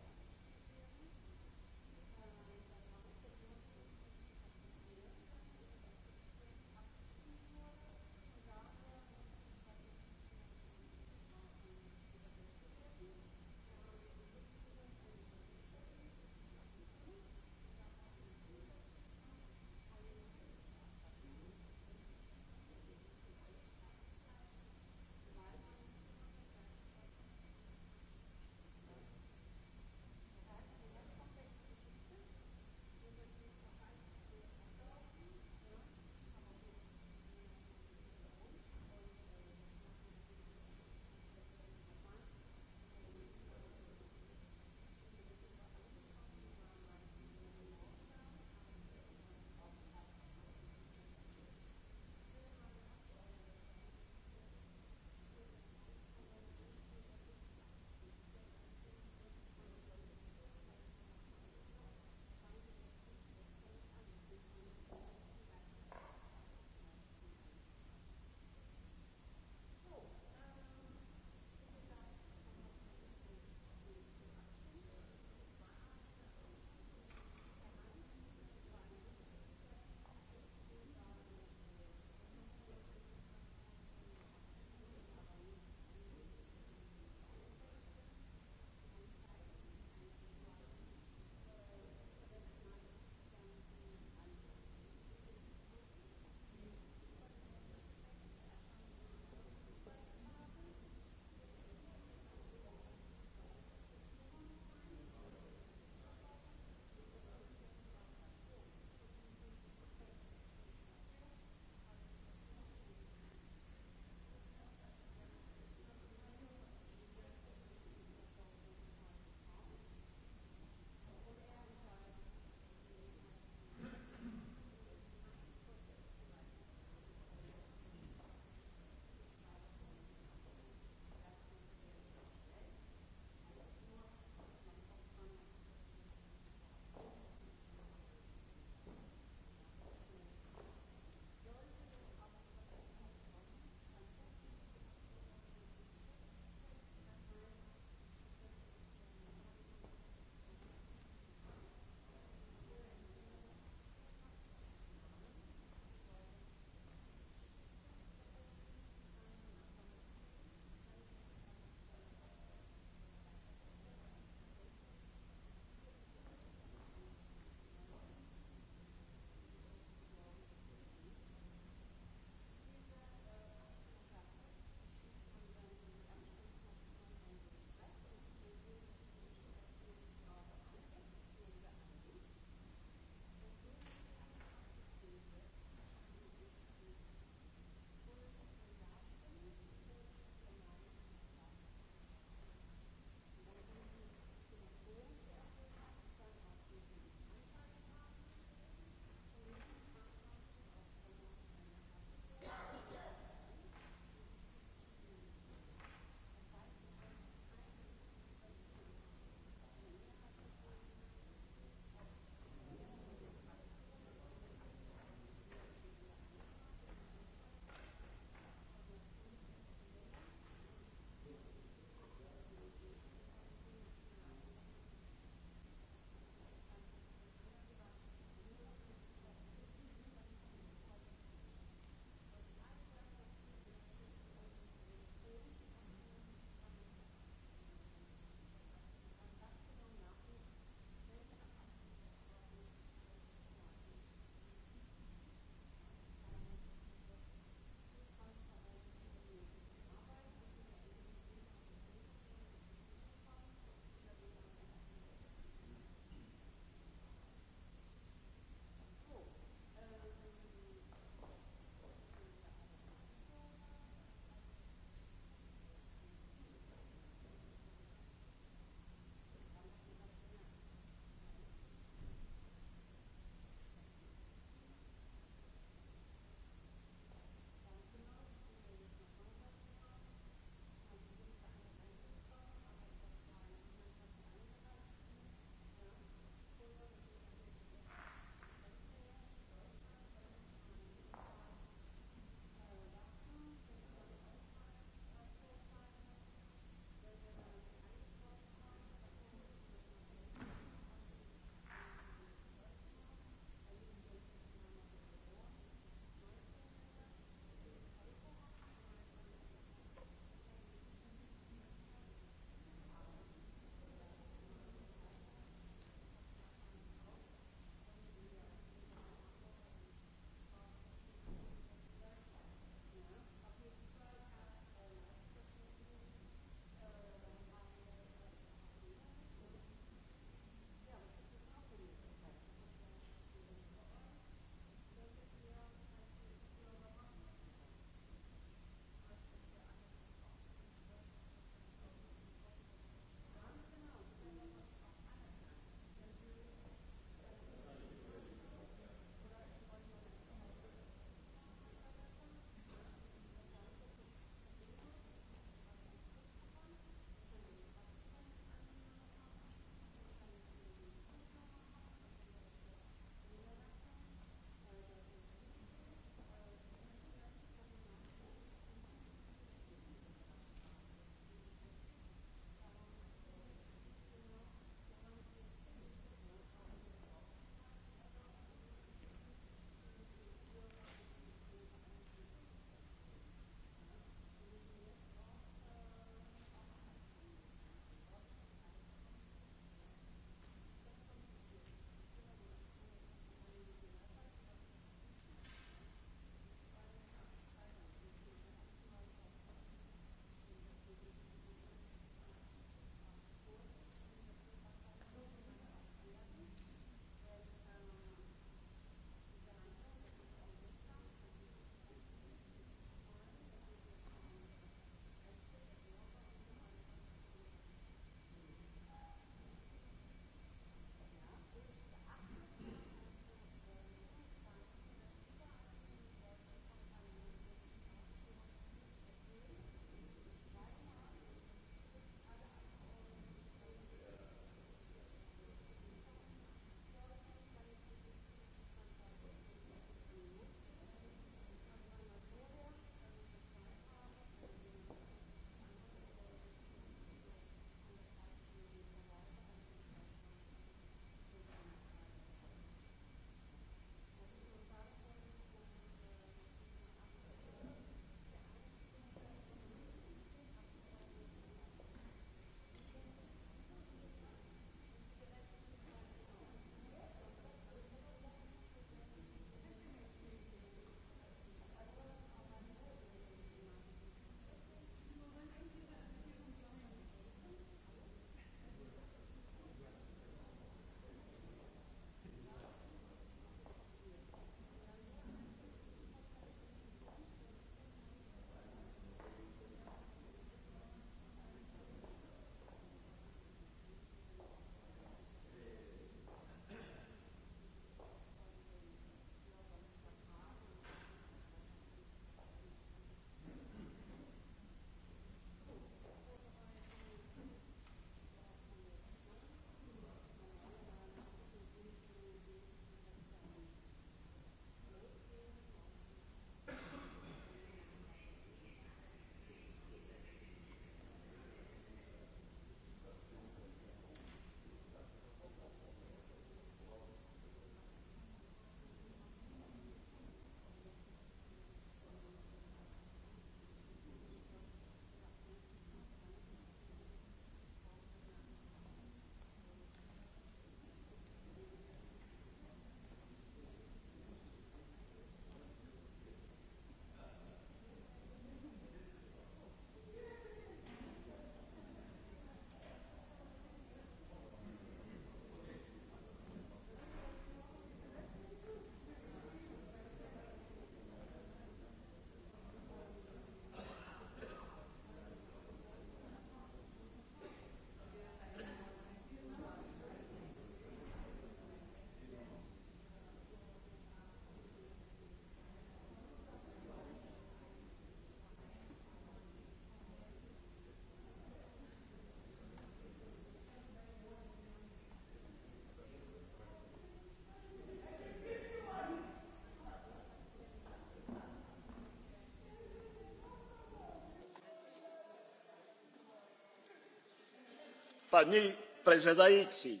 [SPEAKER 5] paní
[SPEAKER 3] předsedající.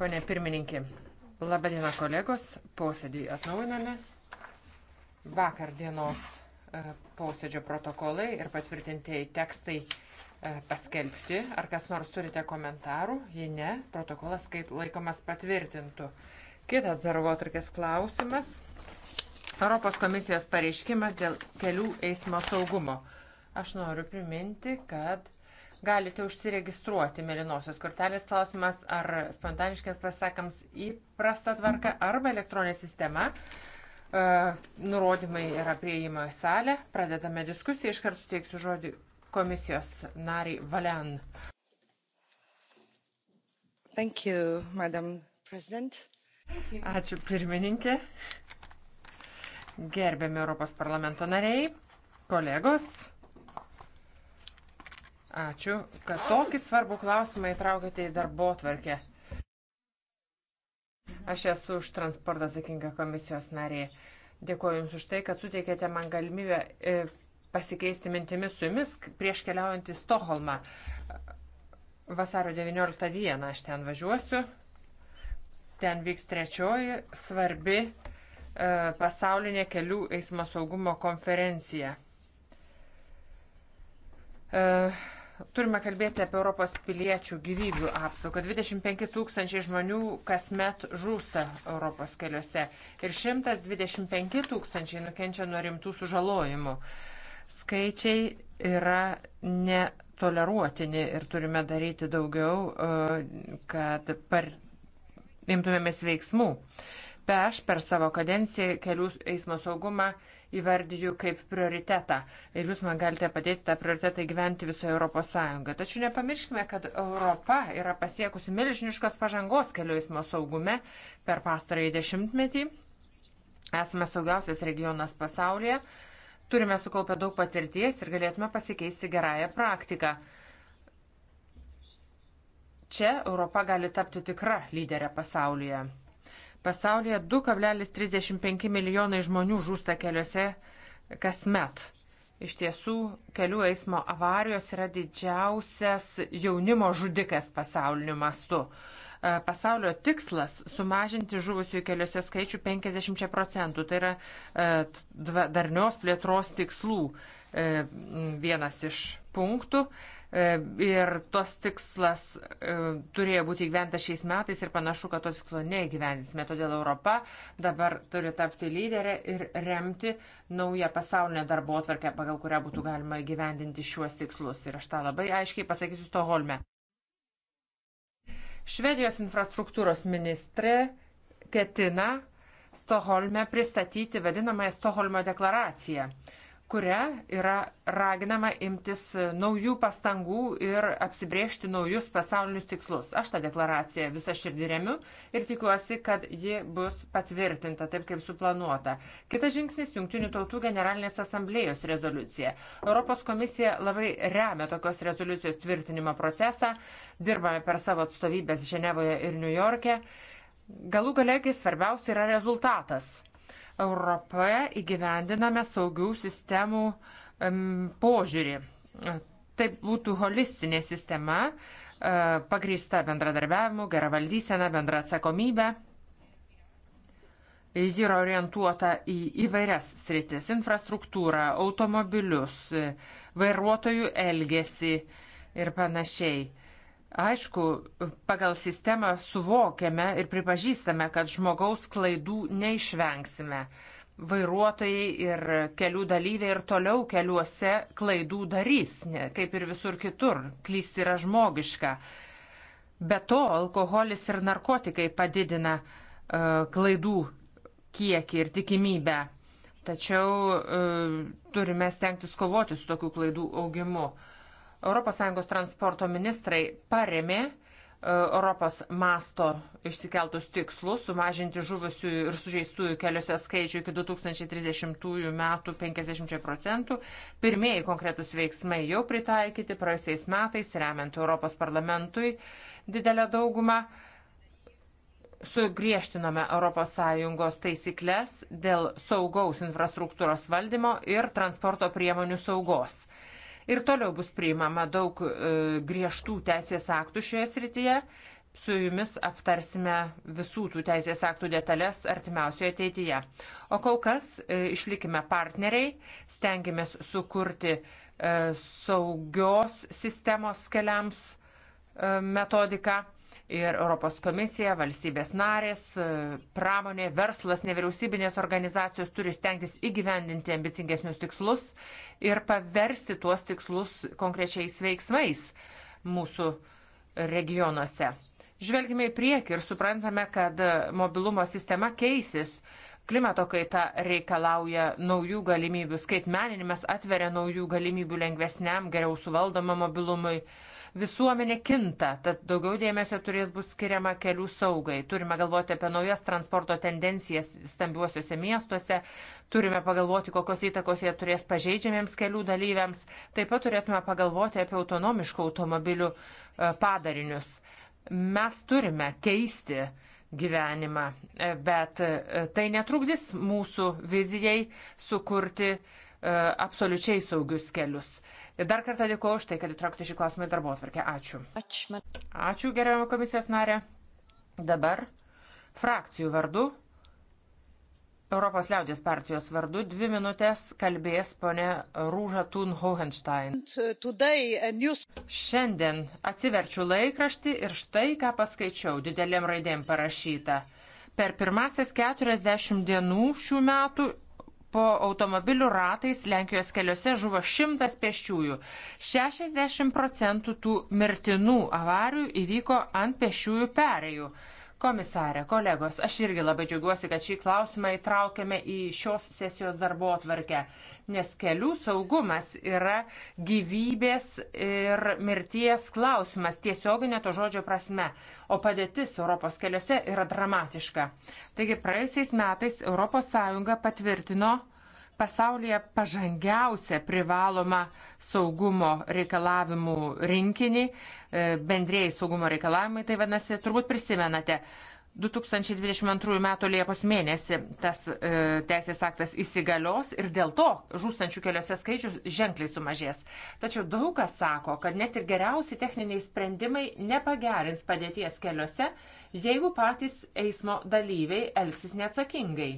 [SPEAKER 4] Pane pirmininkė, laba diena kolegos, posėdį atnaujiname. Vakar dienos e, posėdžio protokolai ir patvirtintieji tekstai e, paskelbti. Ar kas nors turite komentarų? Jei ne, protokolas skait laikomas patvirtintų. Kitas darbotvarkės klausimas. Europos komisijos pareiškimas dėl kelių eismo saugumo. Aš noriu priminti, kad galite užsiregistruoti mėlynosios kortelės klausimas ar spontaniškiams pasakams įprasta tvarka arba elektroninė sistema. E, nurodymai yra prieimo į salę. Pradedame diskusiją. Iškart suteiksiu žodį komisijos nariai Valen. Thank you, Madam
[SPEAKER 7] President. Ačiū
[SPEAKER 4] pirmininkė. Gerbiami Europos parlamento nariai, kolegos. Ačiū, kad tokį svarbų klausimą įtraukėte į darbo tvarkę. Aš esu už transportą atsakinga komisijos narė. Dėkuoju Jums už tai, kad suteikėte man galimybę e, pasikeisti mintimis su Jumis prieš keliaujant į Stoholmą. Vasario 19 dieną aš ten važiuosiu. Ten vyks trečioji svarbi e, pasaulinė kelių eismo saugumo konferencija. Uh, Turime kalbėti apie Europos piliečių gyvybių apsaugą. 25 tūkstančiai žmonių kasmet žūsta Europos keliuose ir 125 tūkstančiai nukenčia nuo rimtų sužalojimų. Skaičiai yra netoleruotini ir turime daryti daugiau, e, kad par... imtumėmės veiksmų. Peš per savo kadenciją kelių eismo saugumą įvardyju kaip prioritetą. Ir jūs man galite padėti tą prioritetą gyventi visoje Europos Sąjungoje. Tačiau nepamirškime, kad Europa yra pasiekusi milžiniškos pažangos kelių eismo saugume per pastarąjį dešimtmetį. Esame saugiausias regionas pasaulyje. Turime sukaupę daug patirties ir galėtume pasikeisti gerąją praktiką čia Europa gali tapti tikra lyderė pasaulyje. Pasaulyje 2,35 milijonai žmonių žūsta keliuose kasmet. Iš tiesų, kelių eismo avarijos yra didžiausias jaunimo žudikas pasauliniu mastu. E, pasaulio tikslas - sumažinti žuvusių keliuose skaičių 50 procentų. Tai yra e, darnios plėtros tikslų e, vienas iš punktų. E, ir tos tikslas e, turėjo būti įgyventas šiais metais ir panašu, kad to tikslo neįgyvendinsime. Todėl Europa dabar turi tapti lyderę ir remti naują pasaulinę darbo atvarkę, pagal kurią būtų galima įgyvendinti šiuos tikslus. Ir aš tą labai aiškiai pasakysiu Stoholme. Švedijos infrastruktūros
[SPEAKER 8] ministrė
[SPEAKER 4] ketina Stoholme pristatyti vadinamąją Stoholmo deklaraciją kuria yra raginama imtis naujų pastangų ir apsibriežti naujus pasaulinius tikslus. Aš tą deklaraciją visą širdį remiu ir tikiuosi, kad ji bus patvirtinta taip, kaip suplanuota. Kitas žingsnis - Junktinių tautų generalinės asamblėjos rezoliucija. Europos komisija labai remia tokios rezoliucijos tvirtinimo procesą, dirbame per savo atstovybės Ženevoje ir Niujorke. Galų galiai, kai svarbiausia yra rezultatas Europoje įgyvendiname saugių sistemų požiūrį. Tai būtų holistinė sistema, e, pagrįsta bendradarbiavimu, gera valdysena, bendra atsakomybė. Ji yra orientuota į įvairias sritis - infrastruktūrą, automobilius, e, vairuotojų elgesį ir panašiai. Aišku, pagal sistemą suvokiame ir pripažįstame, kad žmogaus klaidų neišvengsime. Vairuotojai ir kelių dalyviai ir toliau keliuose klaidų darys, ne, kaip ir visur kitur. Klysti yra žmogiška. Be to, alkoholis ir narkotikai padidina uh, klaidų kiekį ir tikimybę. Tačiau uh, turime stengtis kovoti su tokių klaidų augimu. Uh, ES transporto ministrai paremė e, Europos masto išsikeltus tikslus sumažinti žuvusių ir sužeistųjų keliuose skaičių iki 2030 metų 50 procentų. Pirmieji konkretus veiksmai jau pritaikyti praėjusiais metais, remiant Europos parlamentui didelę daugumą. Sugriežtinome ES taisyklės dėl saugaus infrastruktūros valdymo ir transporto priemonių saugos Ir toliau bus priimama daug e, griežtų teisės aktų šioje srityje. Su jumis aptarsime visų tų teisės aktų detalės artimiausioje ateityje. O kol kas e, išlikime partneriai, stengiamės sukurti e, saugios sistemos keliams metodiką ir Europos komisija, valstybės narės, e, pramonė, verslas, nevyriausybinės organizacijos turi stengtis įgyvendinti ambicingesnius tikslus ir paversti tuos tikslus konkrečiais veiksmais mūsų regionuose. Žvelgime į priekį ir suprantame, kad mobilumo sistema keisis. Klimato kaita reikalauja naujų galimybių, skaitmeninimas atveria naujų galimybių lengvesniam, geriau suvaldomam mobilumui. Uh, Visuomenė kinta, tad daugiau dėmesio turės bus skiriama kelių saugai. Turime galvoti apie naujas transporto tendencijas stambiuosiuose miestuose, turime pagalvoti, kokios įtakos jie turės pažeidžiamiems kelių dalyviams, taip pat turėtume pagalvoti apie autonomiškų automobilių e, padarinius. Mes turime keisti gyvenimą, e, bet e, tai netrukdys mūsų vizijai sukurti absoliučiai saugius kelius. Ir dar kartą dėkuoju už tai, kad įtraukti šį klausimą į darbo atvarkę. Ačiū. Ačiū, gerbiamą komisijos narę. Dabar frakcijų vardu, Europos liaudės partijos vardu, dvi minutės kalbės ponė Rūža Thun Hohenstein. News... Šiandien atsiverčiu laikraštį ir štai ką paskaičiau, didelėm raidėm parašyta. Per pirmasis 40 dienų šių metų po automobilių ratais Lenkijos keliuose žuvo šimtas pešiųjų. 60 procentų tų mirtinų avarijų įvyko ant pešiųjų perėjų. Komisarė, kolegos, aš irgi labai džiaugiuosi, kad šį klausimą įtraukėme į šios sesijos darbo atvarkę, nes kelių saugumas yra gyvybės ir mirties klausimas tiesioginė to žodžio prasme, o padėtis Europos keliuose yra dramatiška. Taigi praėjusiais metais ES patvirtino pasaulyje pažangiausią privalomą saugumo reikalavimų rinkinį, e, bendrėjai saugumo reikalavimai, tai vadinasi, turbūt prisimenate, 2022 m. Liepos mėnesį tas e, teisės aktas įsigalios ir dėl to žūstančių keliuose skaičius ženkliai sumažės. Tačiau daug kas sako, kad net ir geriausi techniniai sprendimai nepagerins padėties keliuose, jeigu patys eismo dalyviai elgsis neatsakingai.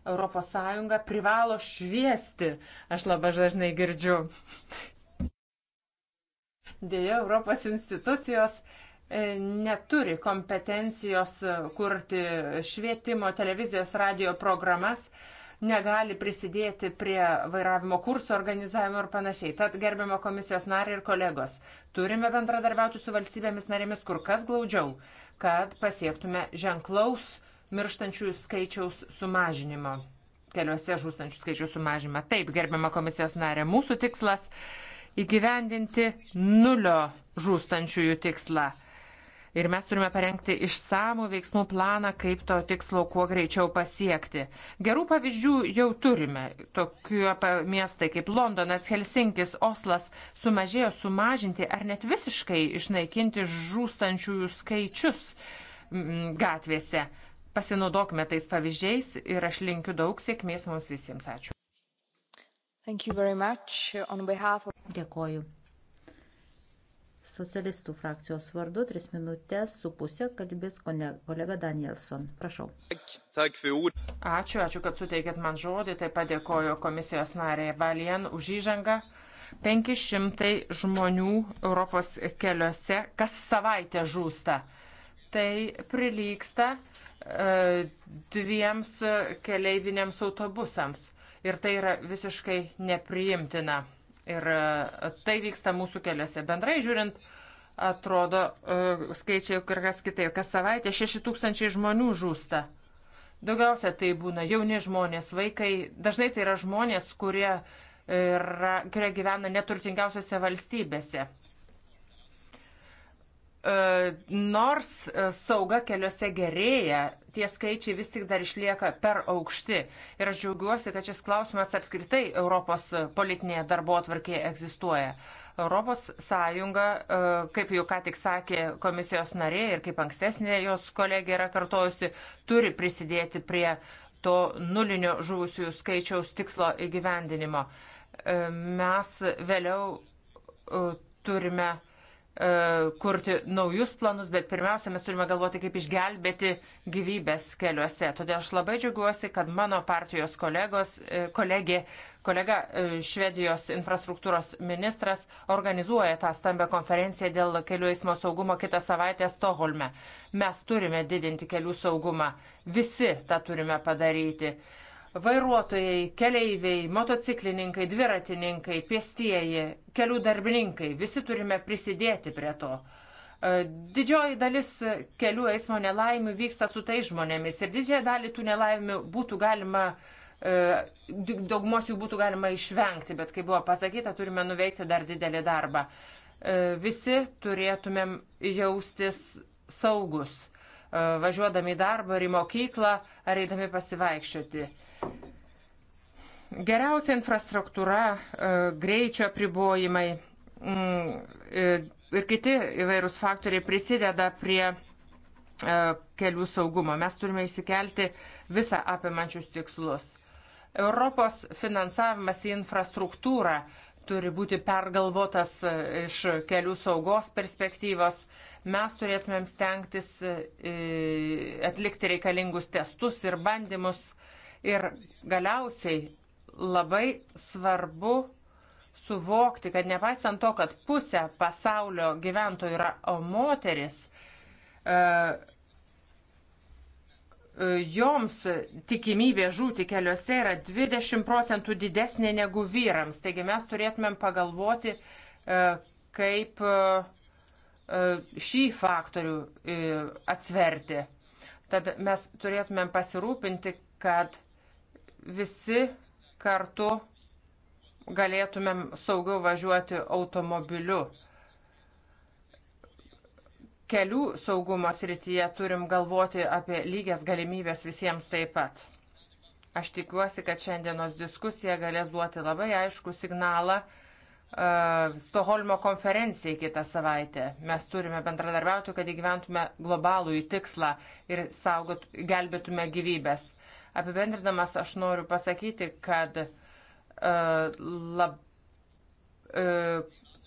[SPEAKER 4] ES privalo šviesti, aš labai dažnai girdžiu. Dėja, Europos institucijos e, neturi kompetencijos e, kurti švietimo, televizijos, radio programas, negali prisidėti prie vairavimo kursų organizavimo ir panašiai. Tad gerbiamo komisijos nariai ir kolegos, turime bendradarbiauti su valstybėmis narėmis kur kas glaudžiau, kad pasiektume ženklaus mirštančių skaičiaus sumažinimo, keliuose žūstančių skaičiaus sumažinimą. Taip, gerbiama komisijos narė, mūsų tikslas įgyvendinti nulio žūstančiųjų tikslą. Ir mes turime parengti išsamų veiksmų planą, kaip to tikslo kuo greičiau pasiekti. Gerų pavyzdžių jau turime. Tokie miestai kaip Londonas, Helsinkis, Oslas sumažėjo sumažinti ar net visiškai išnaikinti žūstančiųjų skaičius gatvėse. Pasinaudokime tais pavyzdžiais ir aš linkiu daug sėkmės mums visiems. Ačiū.
[SPEAKER 6] Of... Dėkoju. Socialistų frakcijos vardu 3 minutės su pusė kalbės kolega Danielson. Prašau.
[SPEAKER 3] Ačiū,
[SPEAKER 6] ačiū, kad suteikėt man žodį. Taip pat dėkoju
[SPEAKER 4] komisijos narėje Valien už įžangą. 500 žmonių Europos keliuose kas savaitę žūsta. Tai prilyksta uh, E, dviems keleiviniams autobusams. Ir tai yra visiškai nepriimtina. Ir e, tai vyksta mūsų keliuose. Bendrai žiūrint, atrodo, e, skaičiai kur kas kitaip. Kas savaitę 6 tūkstančiai žmonių žūsta. Daugiausia tai būna jauni žmonės, vaikai. Dažnai tai yra žmonės, kurie, yra, kurie gyvena neturtingiausiose valstybėse. E, nors e, sauga keliuose gerėja, tie skaičiai vis tik dar išlieka per aukšti. Ir aš džiaugiuosi, kad šis klausimas apskritai Europos politinėje darbo atvarkėje egzistuoja. Europos Sąjunga, e, kaip jau ką tik sakė komisijos narė ir kaip ankstesnė jos kolegė yra kartojusi, turi prisidėti prie to nulinio žuvusiųjų skaičiaus tikslo įgyvendinimo. Mes vėliau turime E, kurti naujus planus, bet pirmiausia, mes turime galvoti, kaip išgelbėti gyvybės keliuose. Todėl aš labai džiaugiuosi, kad mano partijos kolegos, e, kolegė, kolega e, Švedijos infrastruktūros ministras organizuoja tą stambę konferenciją dėl kelių eismo saugumo kitą savaitę Stoholme. Mes turime didinti kelių saugumą. Visi tą turime padaryti. Vairuotojai, keleiviai, motociklininkai, dviratininkai, pėstieji, kelių darbininkai - visi turime prisidėti prie to. E, didžioji dalis kelių eismo nelaimių vyksta su tai žmonėmis ir didžiąją dalį tų nelaimių būtų galima, e, daugumos jų būtų galima išvengti, bet kaip buvo pasakyta, turime nuveikti dar didelį darbą. E, visi turėtumėm jaustis saugus, važiuodami į darbą ar į mokyklą, ar eidami pasivaikščioti. Geriausia infrastruktūra, e, greičio pribojimai mm, e, ir kiti įvairūs faktoriai prisideda prie e, kelių saugumo. Mes turime išsikelti visą apimančius tikslus. Europos finansavimas į infrastruktūrą turi būti pergalvotas iš kelių saugos perspektyvos. Mes turėtumėm stengtis atlikti reikalingus testus ir bandymus. Ir galiausiai labai svarbu suvokti, kad nepaisant to, kad pusė pasaulio gyventojų yra moteris, e, e, joms tikimybė žūti keliuose yra 20 procentų didesnė negu vyrams. Taigi mes turėtumėm pagalvoti, e, kaip šį faktorių atsverti. Tad mes turėtumėm pasirūpinti, kad visi kartu galėtumėm saugiau važiuoti automobiliu. Kelių saugumo srityje turim galvoti apie lygias galimybės visiems taip pat. Aš tikiuosi, kad šiandienos diskusija galės duoti labai aišku signalą uh, Stoholmo konferencijai kitą savaitę. Mes turime bendradarbiauti, kad įgyventume globalų į tikslą ir saugot, gelbėtume gyvybės Apibendrinamas aš noriu pasakyti, kad uh, lab, uh,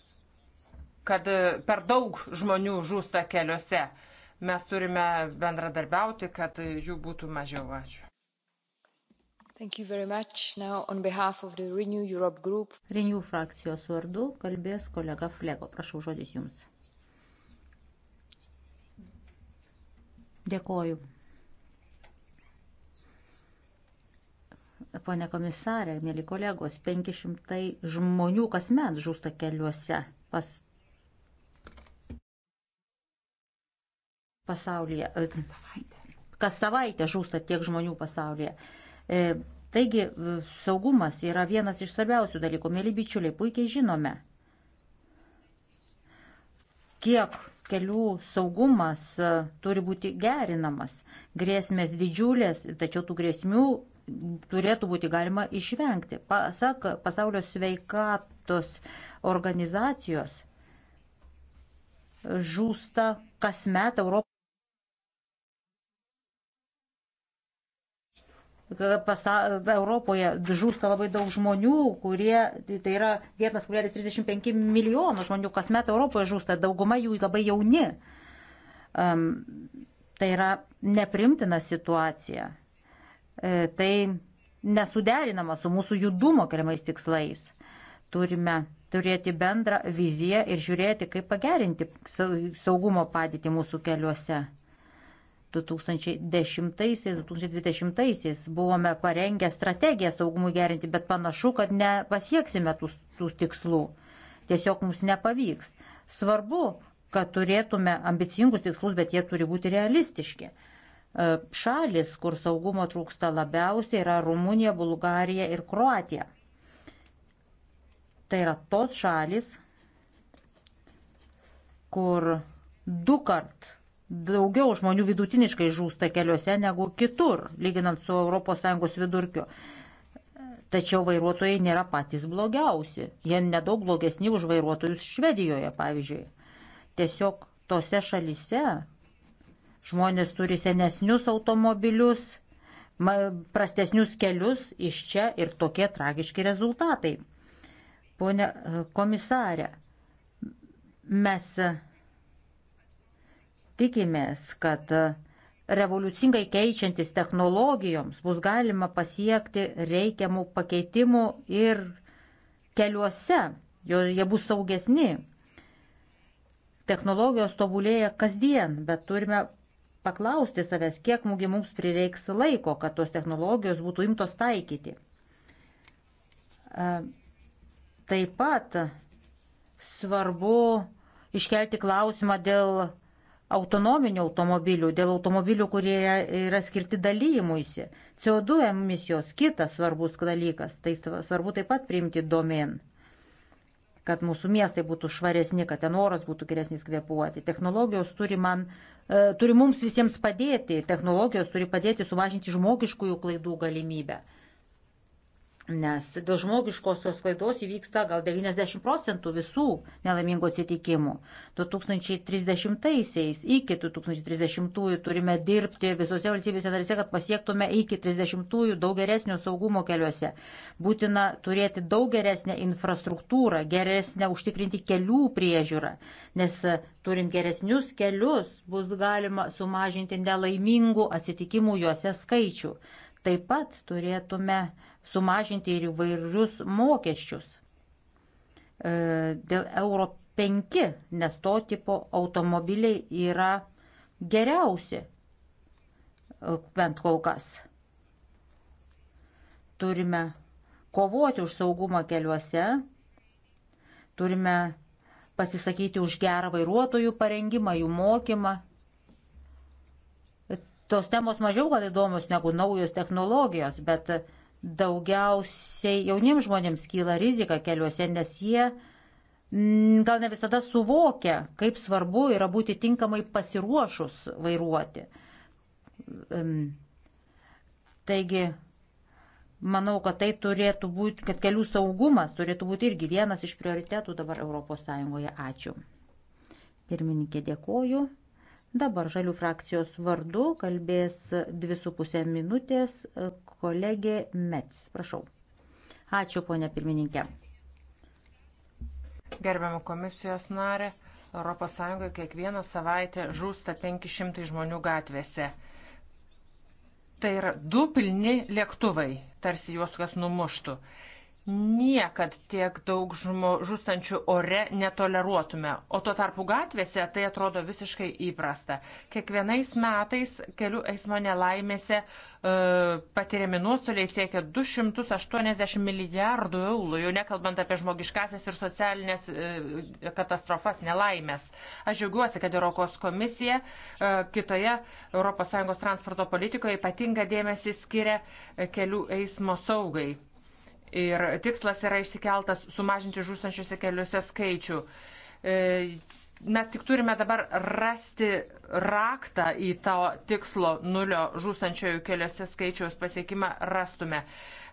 [SPEAKER 4] kad e, per daug žmonių žūsta keliuose. Mes turime bendradarbiauti,
[SPEAKER 6] kad jų būtų mažiau.
[SPEAKER 4] Ačiū.
[SPEAKER 7] Now,
[SPEAKER 6] Renew, Renew frakcijos vardu kalbės kolega Flego. Prašau žodis jums. Dėkoju. Pone komisarė, mėly kolegos, 500 žmonių kasmet žūsta keliuose pas... pasaulyje. Kas savaitę žūsta tiek žmonių pasaulyje. E, taigi, saugumas yra vienas iš svarbiausių dalykų. Mėly bičiuliai, puikiai žinome, kiek kelių saugumas e, turi būti gerinamas. Grėsmės didžiulės, tačiau tų grėsmių turėtų būti galima išvengti. Pasak pasaulio sveikatos organizacijos žūsta kasmet Europos. Pasa, Europoje žūsta labai daug žmonių, kurie, tai yra 1,35 milijono žmonių kasmet Europoje žūsta, dauguma jų labai jauni. Um, tai yra neprimtina situacija. E, tai nesuderinama su mūsų judumo keliamais tikslais. Turime turėti bendrą viziją ir žiūrėti, kaip pagerinti saugumo padėtį mūsų keliuose. 2010-2020 buvome parengę strategiją saugumui gerinti, bet panašu, kad nepasieksime tų, tų tikslų. Tiesiog mums nepavyks. Svarbu, kad turėtume ambicingus tikslus, bet jie turi būti realistiški. E, šalis, kur saugumo trūksta labiausiai, yra Rumunija, Bulgarija ir Kroatija. Tai yra tos šalis, kur du kart daugiau žmonių vidutiniškai žūsta keliuose negu kitur, lyginant su ES vidurkiu. Tačiau vairuotojai nėra patys blogiausi. Jie nedaug blogesni už vairuotojus Švedijoje, pavyzdžiui. Tiesiog tose šalise Žmonės turi senesnius automobilius, prastesnius kelius iš čia ir tokie tragiški rezultatai. Pone e, komisarė, mes e, tikimės, kad e, revoliucingai keičiantis technologijoms bus galima pasiekti reikiamų pakeitimų ir keliuose, jo, jie bus saugesni. Technologijos tobulėja kasdien, bet turime paklausti savęs, kiek mūgi mums prireiks laiko, kad tos technologijos būtų imtos taikyti. E, taip pat svarbu iškelti klausimą dėl autonominių automobilių, dėl automobilių, kurie yra skirti dalymuisi. CO2 emisijos kitas svarbus dalykas, tai svarbu taip pat priimti domen kad mūsų miestai būtų švaresni, kad ten oras būtų geresnis kvepuoti. Technologijos turi man uh, E, turi mums visiems padėti, technologijos turi padėti sumažinti žmogiškųjų klaidų galimybę nes dėl žmogiškosios klaidos įvyksta gal 90 procentų visų nelaimingų atsitikimų. 2030-aisiais iki 2030-ųjų turime dirbti visose valstybėse narise, kad pasiektume iki 30-ųjų daug geresnio saugumo keliuose. Būtina turėti daug geresnę infrastruktūrą, geresnę užtikrinti kelių priežiūrą, nes turint geresnius kelius bus galima sumažinti nelaimingų atsitikimų juose skaičių. Taip pat turėtume uh, sumažinti ir įvairius mokesčius e, dėl euro 5, nes to tipo automobiliai yra geriausi, e, bent kol kas. Turime kovoti už saugumą keliuose, turime pasisakyti už gerą vairuotojų parengimą, jų mokymą. Tos temos mažiau gal įdomios negu naujos technologijos, bet uh, daugiausiai jauniems žmonėms kyla rizika keliuose, nes jie mm, gal ne visada suvokia, kaip svarbu yra būti tinkamai pasiruošus vairuoti. Taigi, manau, kad tai turėtų būti, kad kelių saugumas turėtų būti irgi vienas iš prioritetų dabar ES. Ačiū. Pirmininkė, dėkoju. Dabar žalių frakcijos vardu kalbės 2,5 minutės Kolegė Mets, prašau. Ačiū, ponė pirmininkė.
[SPEAKER 4] Gerbiamų komisijos narė, ES kiekvieną savaitę žūsta 500 žmonių gatvėse. Tai yra du pilni lėktuvai, tarsi juos kas numuštų niekad tiek daug žmo, žūstančių ore netoleruotume, o tuo tarpu gatvėse tai atrodo visiškai įprasta. Kiekvienais metais kelių eismo nelaimėse e, patiriami nuostoliai siekia 280 milijardų eurų, jau nekalbant apie žmogiškasias ir socialinės e, katastrofas nelaimės. Aš džiaugiuosi, kad Europos komisija e, kitoje ES transporto politikoje ypatinga dėmesį skiria e, kelių eismo saugai Ir tikslas yra išsikeltas sumažinti žūstančiuose keliuose skaičių. E, mes tik turime dabar rasti raktą į to tikslo nulio žūstančiojų keliuose skaičiaus pasiekimą rastume.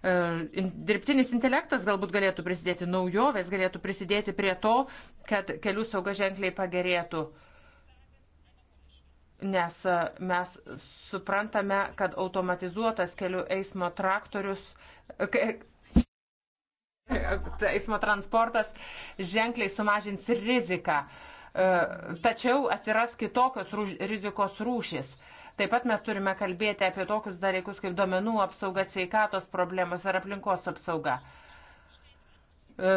[SPEAKER 4] E, dirbtinis intelektas galbūt galėtų prisidėti, naujovės galėtų prisidėti prie to, kad kelių sauga ženkliai pagerėtų nes e, mes suprantame, kad automatizuotas kelių eismo traktorius, eismo transportas ženkliai sumažins riziką. E, tačiau atsiras kitokios rizikos rūšis. Taip pat mes turime kalbėti apie tokius dalykus kaip duomenų apsauga, sveikatos problemos ar aplinkos apsauga. E,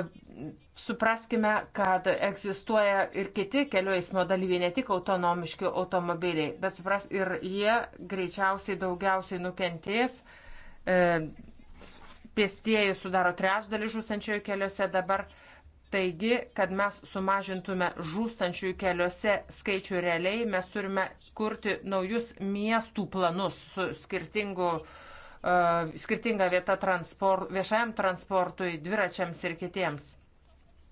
[SPEAKER 4] supraskime, kad egzistuoja ir kiti kelių eismo dalyviai, ne tik autonomiški automobiliai, bet supras ir jie greičiausiai daugiausiai nukentės e, pėstieji sudaro trečdalį žūstančiųjų keliuose dabar. Taigi, kad mes sumažintume žūstančiųjų keliuose skaičių realiai, mes turime kurti naujus miestų planus su skirtingu, uh, e, skirtinga vieta transport, viešajam transportui, dviračiams ir kitiems.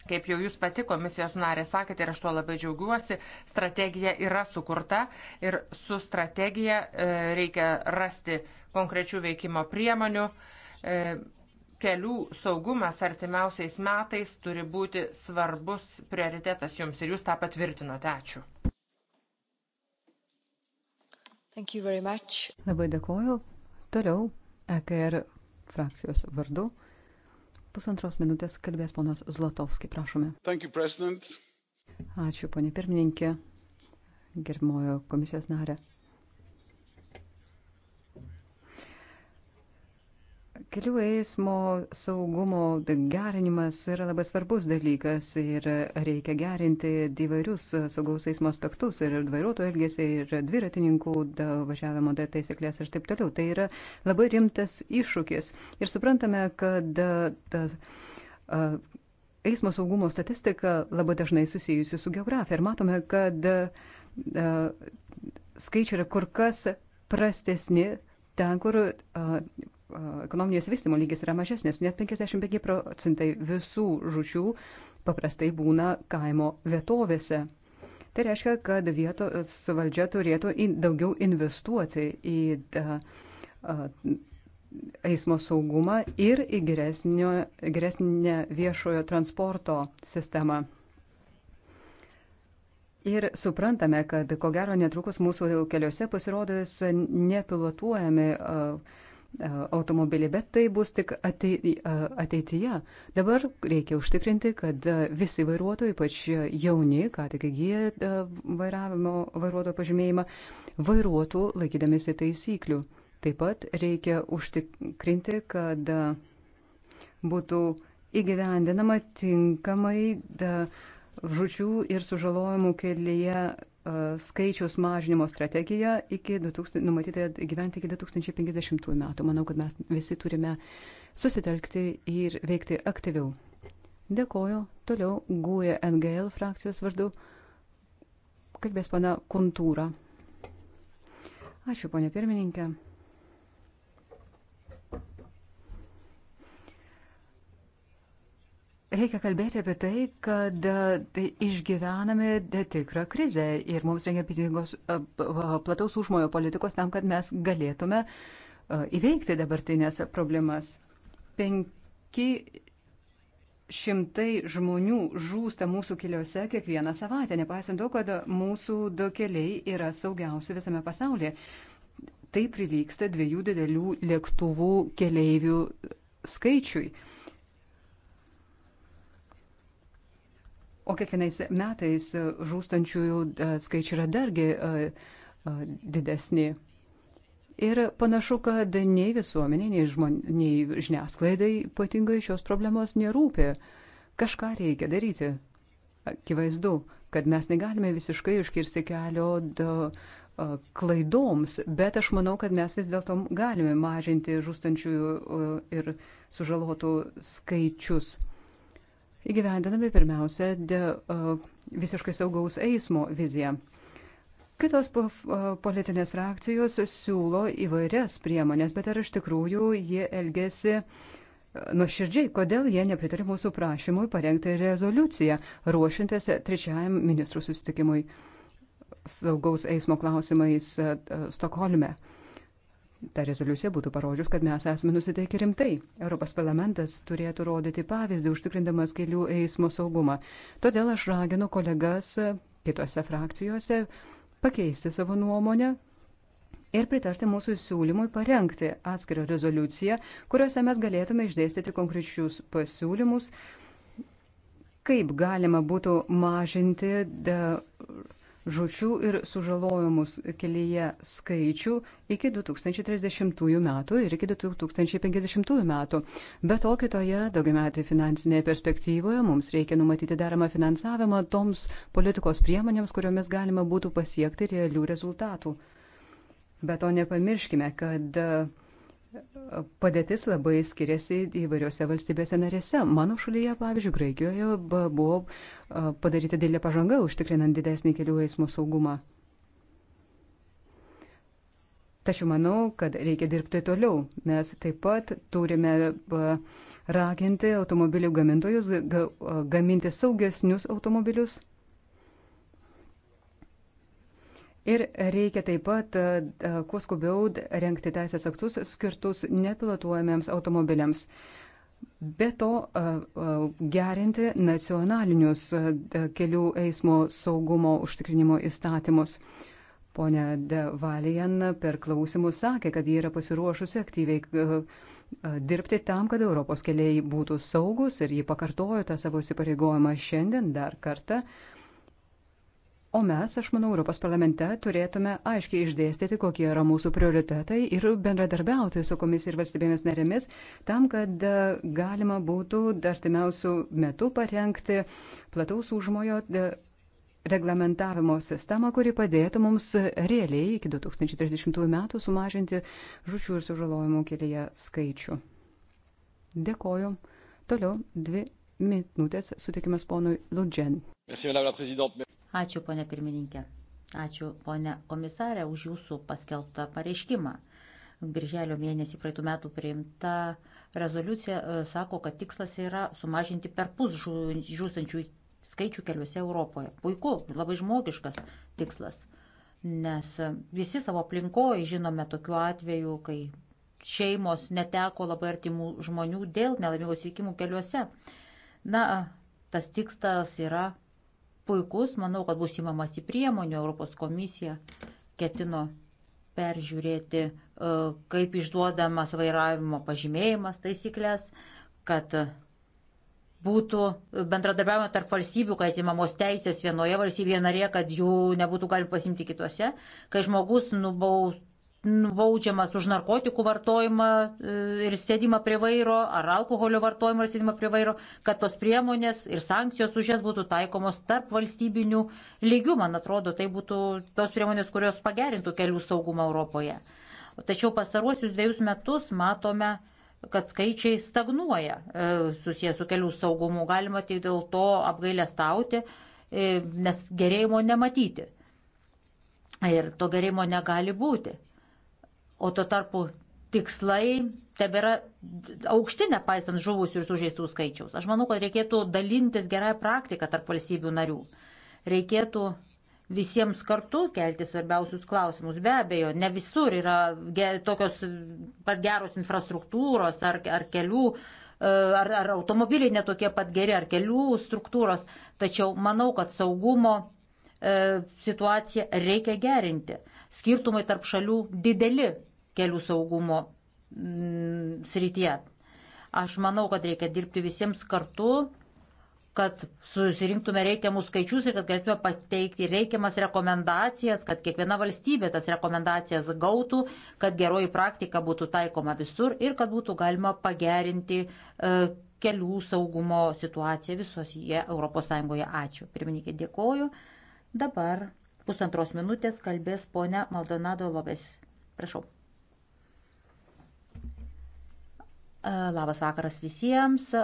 [SPEAKER 4] Kaip jau jūs pati komisijos narė sakėte ir aš tuo labai džiaugiuosi, strategija yra sukurta ir su strategija uh, reikia rasti konkrečių veikimo priemonių. Uh, E, kelių saugumas artimiausiais metais turi būti svarbus prioritetas jums ir jūs tą
[SPEAKER 7] patvirtinote. Ačiū. Labai dėkoju. Toliau EKR frakcijos vardu. Pusantros minutės kalbės ponas Zlatovski, prašome.
[SPEAKER 2] You,
[SPEAKER 7] Ačiū, ponė pirmininkė, germojo komisijos narė. Kelių eismo saugumo gerinimas yra labai svarbus dalykas ir reikia gerinti įvairius saugaus eismo aspektus ir vairuotojų elgesį ir dviratininkų da, važiavimo da, taisyklės ir taip toliau. Tai yra labai rimtas iššūkis. Ir suprantame, kad da, da, eismo saugumo statistika labai dažnai susijusi su geografija. Ir matome, kad da, skaičiai yra kur kas prastesni ten, kur. A, ekonominės vystimo lygis yra mažesnis, net 55 procentai visų žučių paprastai būna kaimo vietovėse. Tai reiškia, kad vietos valdžia turėtų in, daugiau investuoti į da, a, eismo saugumą ir į geresnio, geresnę viešojo transporto sistemą. Ir suprantame, kad ko gero netrukus mūsų keliuose pasirodys nepilotuojami uh, E, automobilį, bet tai bus tik e, ateityje. Dabar reikia užtikrinti, kad e, visi vairuotojai, ypač jauni, ką tik įgyja vairavimo vairuotojo pažymėjimą, vairuotų laikydamėsi taisyklių. Taip pat reikia užtikrinti, kad būtų įgyvendinama tinkamai da, žučių ir sužalojimų kelyje E, skaičiaus mažinimo strategiją iki 2000, numatytą gyventi iki 2050 metų. Manau, kad mes visi turime susitelkti ir veikti aktyviau. Dėkoju. Toliau GUE NGL frakcijos vardu kalbės pana Kontūra. Ačiū, ponė pirmininkė. Reikia kalbėti apie tai, kad e, tai išgyvename tikrą krizę ir mums reikia pinigos e, plataus užmojo politikos tam, kad mes galėtume e, įveikti dabartinės problemas. 500 žmonių žūsta mūsų keliuose kiekvieną savaitę, nepaisant to, kad mūsų keliai yra saugiausi visame pasaulyje. Tai prilyksta dviejų didelių lėktuvų keleivių skaičiui. O kiekvienais metais e, žūstančiųjų e, skaičiai yra dargi e, didesni. Ir panašu, kad nei visuomenė, nei, žmon, nei žiniasklaidai ypatingai šios problemos nerūpi. Kažką reikia daryti. Akivaizdu, kad mes negalime visiškai užkirsti kelio da, klaidoms, bet aš manau, kad mes vis dėlto galime mažinti žūstančių ir sužalotų skaičius įgyvendinami pirmiausia de, visiškai saugaus eismo viziją. Kitos politinės frakcijos siūlo įvairias priemonės, bet ar iš tikrųjų jie elgesi nuoširdžiai, kodėl jie nepritarė mūsų prašymui parengti rezoliuciją ruošintis trečiajam ministrų susitikimui saugaus eismo klausimais Stokholme. Uh, ta rezoliucija būtų parodžius, kad mes esame nusiteikę rimtai. Europos parlamentas turėtų rodyti pavyzdį užtikrindamas kelių eismo saugumą. Todėl aš raginu kolegas kitose frakcijose pakeisti savo nuomonę. Ir pritarti mūsų siūlymui parengti atskirą rezoliuciją, kuriuose mes galėtume išdėstyti konkrečius pasiūlymus, kaip galima būtų mažinti žučių ir sužalojimus kelyje skaičių iki 2030 metų ir iki 2050 metų. Be to, kitoje daugiametėje finansinėje perspektyvoje mums reikia numatyti deramą finansavimą toms politikos priemonėms, kuriomis galima būtų pasiekti realių rezultatų. Be to, nepamirškime, kad uh, padėtis labai skiriasi įvairiose valstybėse narėse. Mano šalyje, pavyzdžiui, Graikijoje buvo padaryta didelė pažanga užtikrinant didesnį kelių eismo saugumą. Tačiau manau, kad reikia dirbti toliau. Mes taip pat turime raginti automobilių gamintojus gaminti saugesnius automobilius Ir reikia taip pat e, e, kuo skubiau renkti teisės aktus skirtus nepilotuojamiems automobiliams. Be to, e, gerinti nacionalinius kelių eismo saugumo užtikrinimo įstatymus. Pone Valijan per klausimus sakė, kad jie yra pasiruošusi aktyviai dirbti tam, kad Europos keliai būtų saugus ir jį pakartojo tą savo įsipareigojimą šiandien dar kartą. Uh, O mes, aš manau, Europos parlamente turėtume aiškiai išdėstyti, kokie yra mūsų prioritetai ir bendradarbiauti su komisija ir valstybėmis narėmis, tam, kad e, galima būtų artimiausių metų parengti plataus užmojo e, reglamentavimo sistemą, kuri padėtų mums realiai iki 2030 metų sumažinti žučių ir sužalojimų kelyje skaičių. Dėkoju. Toliau dvi minutės sutikimas ponui Ludžen. Merci, Ačiū,
[SPEAKER 6] ponė pirmininkė. Ačiū, ponė komisarė, už jūsų paskelbtą pareiškimą. Birželio mėnesį praeitų metų priimta rezoliucija e, sako, kad tikslas yra sumažinti per pus žūstančių skaičių keliuose Europoje. Puiku, labai žmogiškas tikslas, nes e, visi savo aplinkoje žinome tokių atvejų, kai šeimos neteko labai artimų žmonių dėl nelaimingos įvykimų keliuose. Na, tas tikslas yra puikus, manau, kad bus įmamasi priemonių, Europos komisija ketino peržiūrėti, e, kaip išduodamas vairavimo pažymėjimas taisyklės, kad būtų bendradarbiavimo tarp valstybių, kad atimamos teisės vienoje valstybėje narėje, kad jų nebūtų galima pasimti kitose, kai žmogus nubaus, baudžiamas už narkotikų vartojimą e, ir sėdimą prie vairo, ar alkoholio vartojimą ir sėdimą prie vairo, kad tos priemonės ir sankcijos už jas būtų taikomos tarp valstybinių lygių. Man atrodo, tai būtų tos priemonės, kurios pagerintų kelių saugumą Europoje. Tačiau pastaruosius dviejus metus matome, kad skaičiai stagnuoja e, susijęs su kelių saugumu. Galima tik dėl to apgailę stauti, e, nes gerėjimo nematyti. Ir to gerėjimo negali būti o tuo tarpu tikslai tebėra aukšti, nepaisant žuvusių ir sužeistų skaičiaus. Aš manau, kad reikėtų dalintis gerąją praktiką tarp valstybių narių. Reikėtų visiems kartu kelti svarbiausius klausimus. Be abejo, ne visur yra ge, tokios pat geros infrastruktūros ar, ar kelių, e, ar, ar automobiliai netokie pat geri, ar kelių struktūros, tačiau manau, kad saugumo e, situaciją reikia gerinti. Skirtumai tarp šalių dideli kelių saugumo mm, srityje. Aš manau, kad reikia dirbti visiems kartu, kad susirinktume reikiamus skaičius ir kad galėtume pateikti reikiamas rekomendacijas, kad kiekviena valstybė tas rekomendacijas gautų, kad geroji praktika būtų taikoma visur ir kad būtų galima pagerinti e, kelių saugumo situaciją visoje ES. Ačiū. Pirmininkė, dėkoju. Dabar pusantros minutės kalbės ponia Maldonado Lobės. Prašau. E, labas vakaras visiems. E,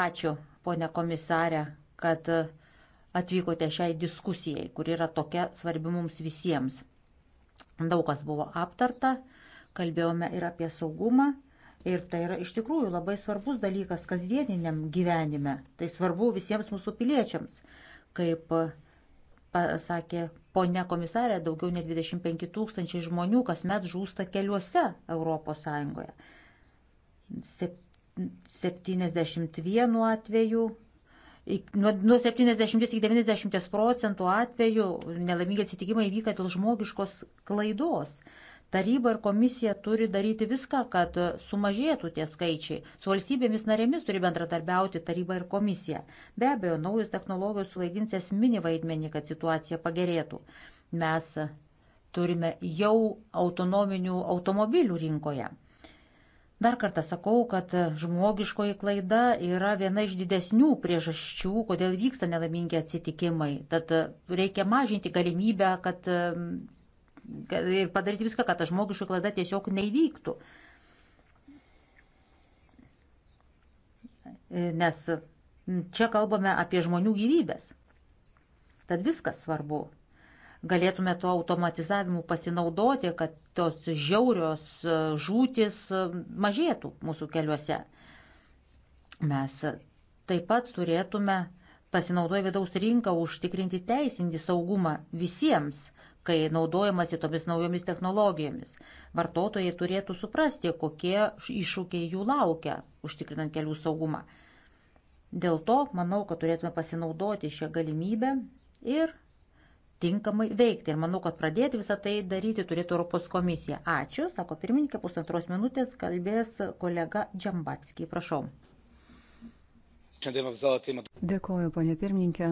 [SPEAKER 6] ačiū, ponė komisarė, kad atvykote šiai diskusijai, kur yra tokia svarbi mums visiems. Daug kas buvo aptarta, kalbėjome ir apie saugumą. Ir tai yra iš tikrųjų labai svarbus dalykas kasdieniniam gyvenime. Tai svarbu visiems mūsų piliečiams. Kaip pasakė e, ponia komisarė, daugiau nei 25 tūkstančiai žmonių kasmet žūsta keliuose ES. 71 atveju Nuo, nuo 70 iki 90 procentų atvejų nelaimingi atsitikimai vyka dėl žmogiškos klaidos. Taryba ir komisija turi daryti viską, kad sumažėtų tie skaičiai. Su valstybėmis narėmis turi bendratarbiauti taryba ir komisija. Be abejo, naujus technologijos suvaidins esminį vaidmenį, kad situacija pagerėtų. Mes turime jau autonominių automobilių rinkoje. Dar kartą sakau, kad žmogiškoji klaida yra viena iš didesnių priežasčių, kodėl vyksta nelaimingi atsitikimai. Tad reikia mažinti galimybę, kad ir padaryti viską, kad ta žmogiškoji klaida tiesiog neįvyktų. Nes čia kalbame apie žmonių gyvybės. Tad viskas svarbu galėtume to automatizavimu pasinaudoti, kad tos žiaurios e, žūtis e, mažėtų mūsų keliuose. Mes taip pat turėtume pasinaudoję vidaus rinką užtikrinti teisinį saugumą visiems, kai naudojamasi tomis naujomis technologijomis. Vartotojai turėtų suprasti, kokie iššūkiai jų laukia, užtikrinant kelių saugumą. Dėl to manau, kad turėtume pasinaudoti šią galimybę ir tinkamai veikti. Ir manau, kad pradėti visą tai daryti turėtų Europos komisija. Ačiū, sako pirmininkė, pusantros minutės kalbės kolega Džambatskiai. Prašau.
[SPEAKER 3] Dėkoju,
[SPEAKER 7] ponė pirmininkė.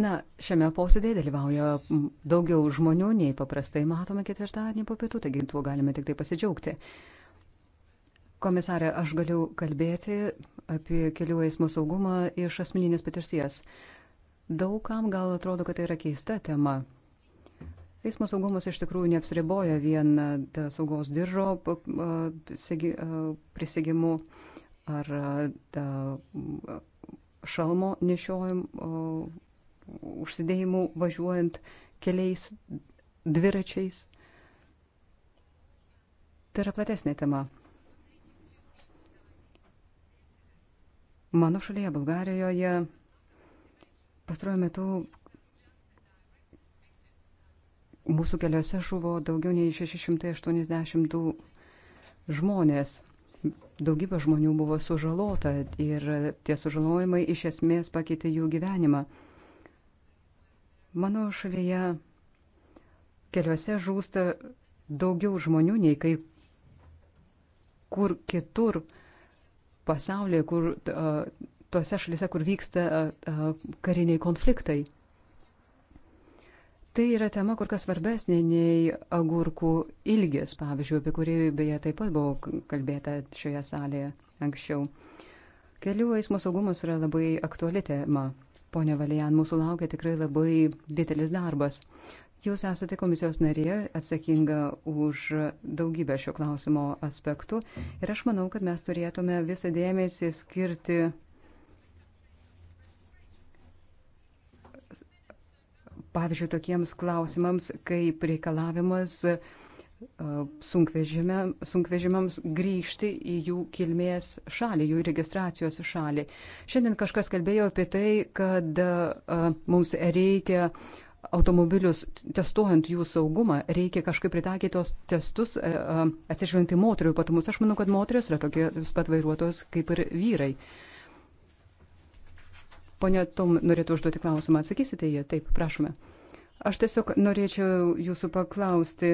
[SPEAKER 7] Na, šiame posėdėje dalyvauja daugiau žmonių nei paprastai matome ketvirtadienį po pietų, taigi tuo galime tik tai pasidžiaugti. Komisarė, aš galiu kalbėti apie kelių eismo saugumą iš asmeninės patirties. Daugam gal atrodo, kad tai yra keista tema. Eismo saugumas iš tikrųjų neapsiriboja vien e, saugos diržo e, e, prisigimu ar šalmo nešiojim užsidėjimu važiuojant keliais dviračiais. Tai yra platesnė tema. Mano šalyje, Bulgarijoje, pastaruoju metu mūsų keliuose žuvo daugiau nei 680 žmonės. Daugybė žmonių buvo sužalota ir tie sužalojimai iš esmės pakeitė jų gyvenimą. Mano šalyje keliuose žūsta daugiau žmonių nei kai kur kitur pasaulyje, kur, tose šalise, kur vyksta kariniai konfliktai. Tai yra tema kur kas svarbesnė nei agurkų ilgis, pavyzdžiui, apie kurį beje taip pat buvo kalbėta šioje salėje anksčiau. Kelių eismo saugumas yra labai aktuali tema. Pone Valijan, mūsų laukia tikrai labai didelis darbas. Jūs esate komisijos narė atsakinga už daugybę šio klausimo aspektų ir aš manau, kad mes turėtume visą dėmesį skirti pavyzdžiui tokiems klausimams, kaip reikalavimas e, sunkvežimiams grįžti į jų kilmės šalį, jų registracijos šalį. Šiandien kažkas kalbėjo apie tai, kad e, mums reikia uh, automobilius, testuojant jų saugumą, reikia kažkaip pritaikyti tos testus, e, e, atsižvelgti moterių ypatumus. Aš manau, kad moteris yra tokie pat vairuotojos kaip ir vyrai. Pone Tom, norėtų užduoti klausimą, atsakysite jį? Taip, prašome. Aš tiesiog norėčiau jūsų paklausti,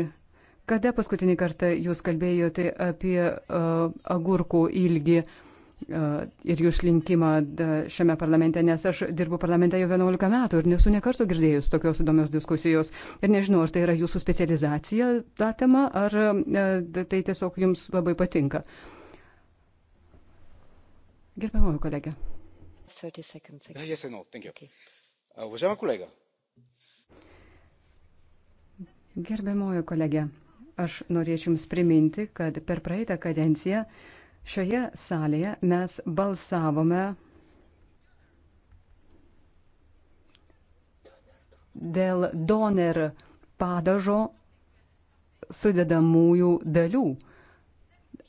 [SPEAKER 7] kada paskutinį kartą jūs kalbėjote apie uh, agurkų ilgį? Uh, E, ir jų išlinkimą e, šiame parlamente, nes aš dirbu parlamente jau 11 metų ir nesu nekarto girdėjus tokios įdomios diskusijos. Ir nežinau, ar tai yra jūsų specializacija tą temą, ar e, tai tiesiog jums labai patinka. Gerbiamoji kolegė. Ah, yes, no, okay. Uh, Уважаема колега. Gerbiamoji kolegė, aš norėčiau Jums priminti, kad per praeitą kadenciją uh, Šioje salėje mes balsavome dėl doner padažo sudedamųjų dalių.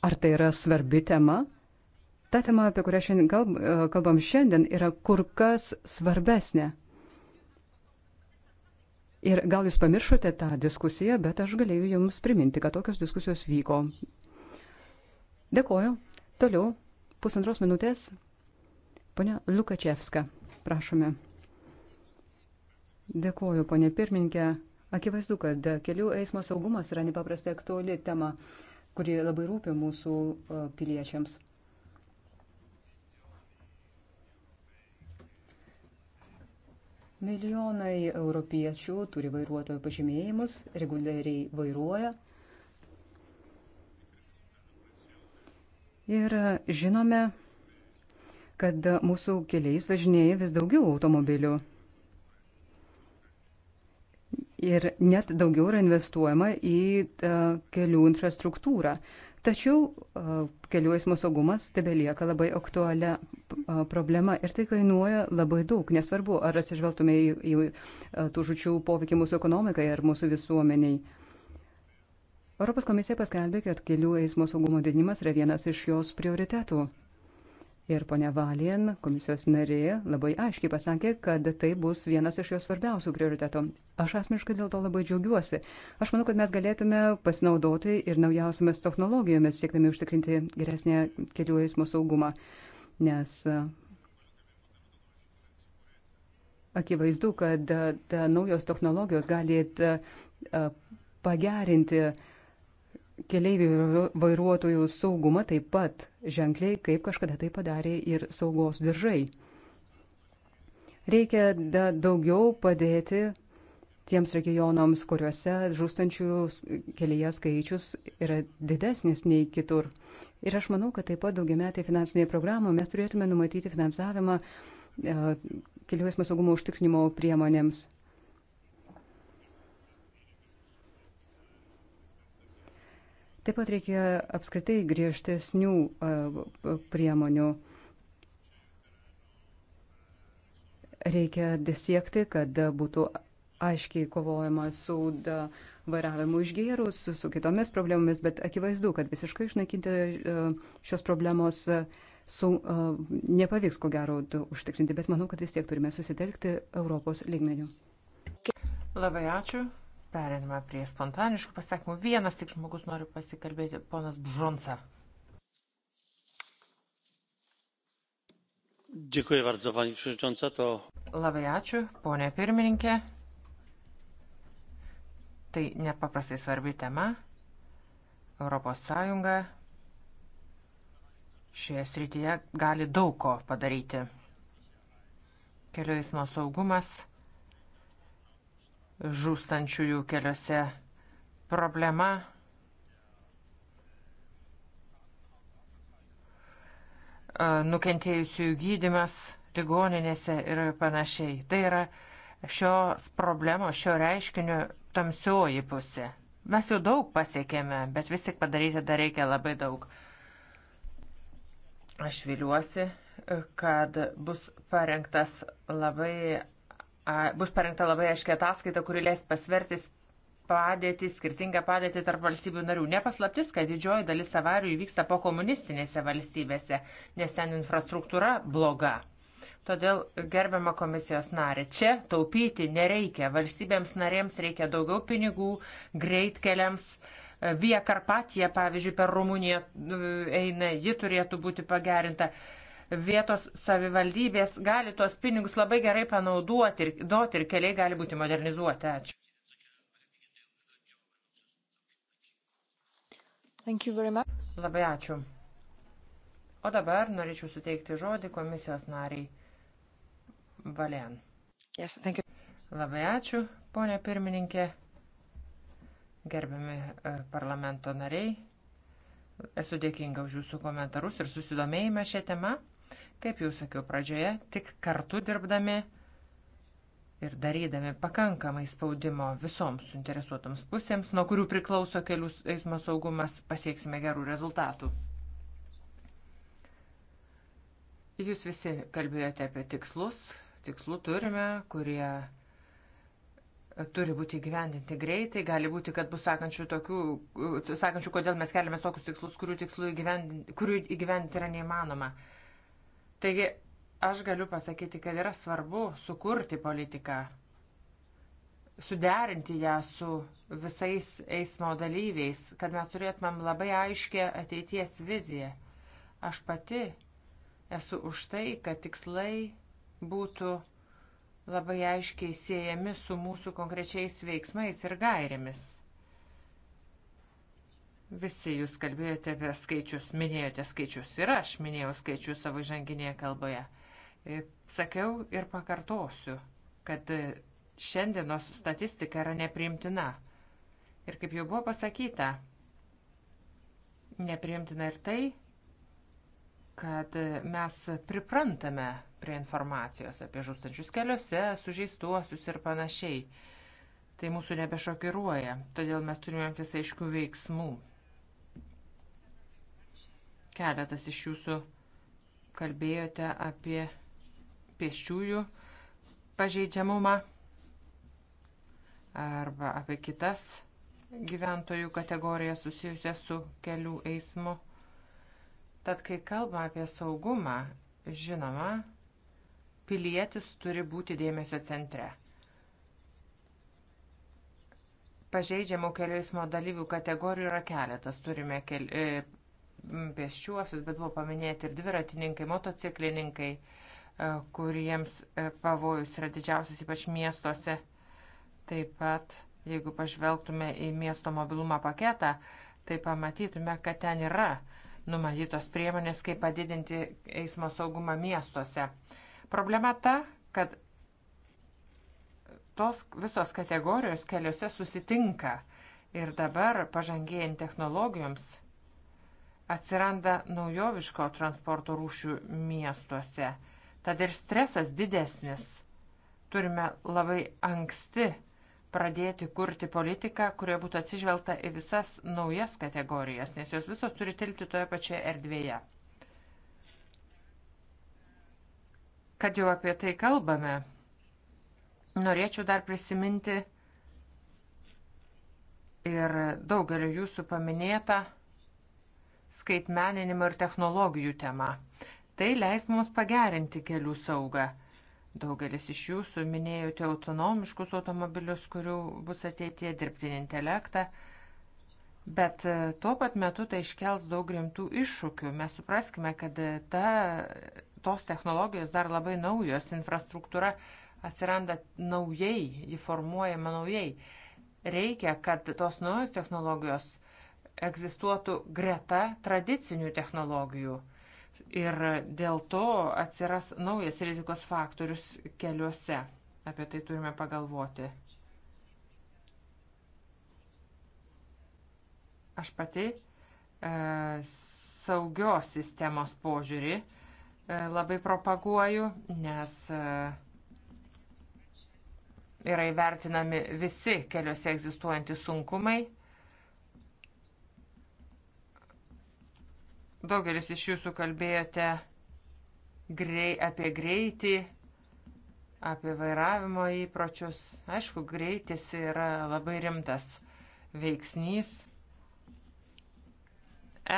[SPEAKER 7] Ar tai yra svarbi tema? Ta tema, apie kurią šiandien kalb, e, kalbam šiandien, yra kur kas svarbesnė. Ir gal jūs pamiršote tą diskusiją, bet aš galėjau jums priminti, kad tokios diskusijos vyko. Dėkoju. Toliau, pusantros minutės, ponia Lukačevska, prašome. Dėkuoju, ponia pirmininkė. Akivaizdu, kad kelių eismo saugumas yra nepaprastai aktuali tema, kuri labai rūpi mūsų e, piliečiams. Milijonai europiečių turi vairuotojo pažymėjimus, reguliariai vairuoja Ir žinome, kad mūsų keliais važinėja vis daugiau automobilių. Ir net daugiau yra investuojama į e, kelių infrastruktūrą. Tačiau e, kelių eismo saugumas tebelieka labai aktualią e, problemą ir tai kainuoja labai daug, nesvarbu, ar atsižvelgtume į, į tų žučių poveikį mūsų ekonomikai ar mūsų visuomeniai. Europos komisija paskelbė, kad kelių eismo saugumo didinimas yra vienas iš jos prioritetų. Ir ponia Valien, komisijos narė, labai aiškiai pasakė, kad tai bus vienas iš jos svarbiausių prioritetų. Aš asmeniškai dėl to labai džiaugiuosi. Aš manau, kad mes galėtume pasinaudoti ir naujausiamis technologijomis, siekdami užtikrinti geresnį kelių eismo saugumą. Nes e, akivaizdu, kad ta, e, ta, naujos technologijos gali ta, e, pagerinti uh, keleivių vairuotojų saugumą taip pat ženkliai, kaip kažkada tai padarė ir saugos diržai. Reikia da daugiau padėti tiems regionams, kuriuose žūstančių kelyje skaičius yra didesnis nei kitur. Ir aš manau, kad taip pat daugiametėje finansinėje programoje mes turėtume numatyti finansavimą e, kelių eismo saugumo užtikrinimo priemonėms Taip pat reikia apskritai griežtesnių priemonių. Reikia siekti, kad būtų aiškiai kovojama su vairavimu išgėrus, su kitomis problemomis, bet akivaizdu, kad visiškai išnaikinti šios problemos su, nepavyks, ko gero, užtikrinti, bet manau, kad vis tiek turime susitelkti Europos lygmenių.
[SPEAKER 4] Labai ačiū. Periname prie spontaniškų pasakymų. Vienas tik žmogus nori pasikalbėti, ponas Bžonsa.
[SPEAKER 2] Dziękuję bardzo, pani przewodnicząca. To...
[SPEAKER 4] Labai ačiū, ponė pirmininkė. Tai nepaprastai svarbi tema. Europos Sąjunga šioje srityje gali daug ko padaryti. Kelių eismo saugumas žūstančiųjų keliuose problema. Nukentėjusiųjų gydimas ligoninėse ir panašiai. Tai yra šios problemos, šio reiškinio tamsioji pusė. Mes jau daug pasiekėme, bet vis tik padaryti dar reikia labai daug. Aš viliuosi, kad bus parengtas labai bus parengta labai aiškia ataskaita, kuri leis pasvertis padėtį, skirtingą padėtį tarp valstybių narių. Nepaslaptis, kad didžioji dalis avarijų įvyksta po komunistinėse valstybėse, nes ten infrastruktūra bloga. Todėl, gerbiama komisijos narė, čia taupyti nereikia. Valstybėms narėms reikia daugiau pinigų, greitkeliams. Via Karpatija, pavyzdžiui, per Rumuniją e, eina, ji turėtų būti pagerinta vietos savivaldybės gali tuos pinigus labai gerai panaudoti ir duoti ir keliai gali būti modernizuoti. Ačiū. Labai ačiū. O dabar norėčiau suteikti žodį komisijos nariai Valen. Yes, Labai ačiū, ponė pirmininkė, gerbiami e, parlamento nariai. Esu dėkinga už jūsų komentarus ir susidomėjimą šią temą. Kaip jau sakiau pradžioje, tik kartu dirbdami ir darydami pakankamai spaudimo visoms suinteresuotoms pusėms, nuo kurių priklauso kelių eismo saugumas, pasieksime gerų rezultatų. Jūs visi kalbėjote apie tikslus. Tikslų turime, kurie turi būti įgyvendinti greitai. Gali būti, kad bus sakančių, tokių, sakančių kodėl mes keliame tokius tikslus, kurių, įgyvendinti, kurių įgyvendinti yra neįmanoma. Uh, Taigi aš galiu pasakyti, kad yra svarbu sukurti politiką, suderinti ją su visais eismo dalyviais, kad mes turėtumėm labai aiškę ateities viziją. Aš pati esu už tai, kad tikslai būtų labai aiškiai siejami su mūsų konkrečiais veiksmais ir gairėmis. Visi jūs kalbėjote apie skaičius, minėjote skaičius ir aš minėjau skaičius savo žanginėje kalboje. E, sakiau ir pakartosiu, kad e, šiandienos statistika yra nepriimtina. Ir kaip jau buvo pasakyta, nepriimtina ir tai, kad e, mes priprantame prie informacijos apie žūstančius keliuose, sužeistuosius ir panašiai. Tai mūsų nebešokiruoja, todėl mes turime imtis aiškių veiksmų. Keletas iš jūsų kalbėjote apie pėsčiųjų pažeidžiamumą arba apie kitas gyventojų kategorijas susijusias su kelių eismu. Tad, kai kalba apie saugumą, žinoma, pilietis turi būti dėmesio centre. Pažeidžiamų kelių eismo dalyvių kategorijų yra keletas. Turime kel, e, pėsčiuosius, bet buvo paminėti ir dviratininkai, motociklininkai, e, kuriems e, pavojus yra didžiausias, ypač miestuose. Taip pat, jeigu pažvelgtume į miesto mobilumą paketą, tai pamatytume, kad ten yra numatytos priemonės, kaip padidinti eismo saugumą miestuose. Problema ta, kad tos visos kategorijos keliuose susitinka ir dabar pažangėjant technologijoms atsiranda naujoviško transporto rūšių miestuose. Tad ir stresas didesnis. Turime labai anksti pradėti kurti politiką, kurioje būtų atsižvelgta į visas naujas kategorijas, nes jos visos turi tilpti toje pačioje erdvėje. Kad jau apie tai kalbame, norėčiau dar prisiminti ir daugelio jūsų paminėtą skaitmeninimo ir technologijų tema. Tai leis mums pagerinti kelių saugą. Daugelis iš jūsų minėjote autonomiškus automobilius, kurių bus ateitie dirbtinį intelektą. Bet e, tuo pat metu tai iškels daug rimtų iššūkių. Mes supraskime, kad e, ta, tos technologijos dar labai naujos, infrastruktūra atsiranda naujai, ji formuojama naujai. Reikia, kad tos naujos technologijos egzistuotų greta tradicinių technologijų. Ir dėl to atsiras naujas rizikos faktorius keliuose. Apie tai turime pagalvoti. Aš pati e, saugios sistemos požiūrį e, labai propaguoju, nes e, yra įvertinami visi keliuose egzistuojantys sunkumai Daugelis iš jūsų kalbėjote grei, apie greitį, apie vairavimo įpročius. Aišku, greitis yra labai rimtas veiksnys.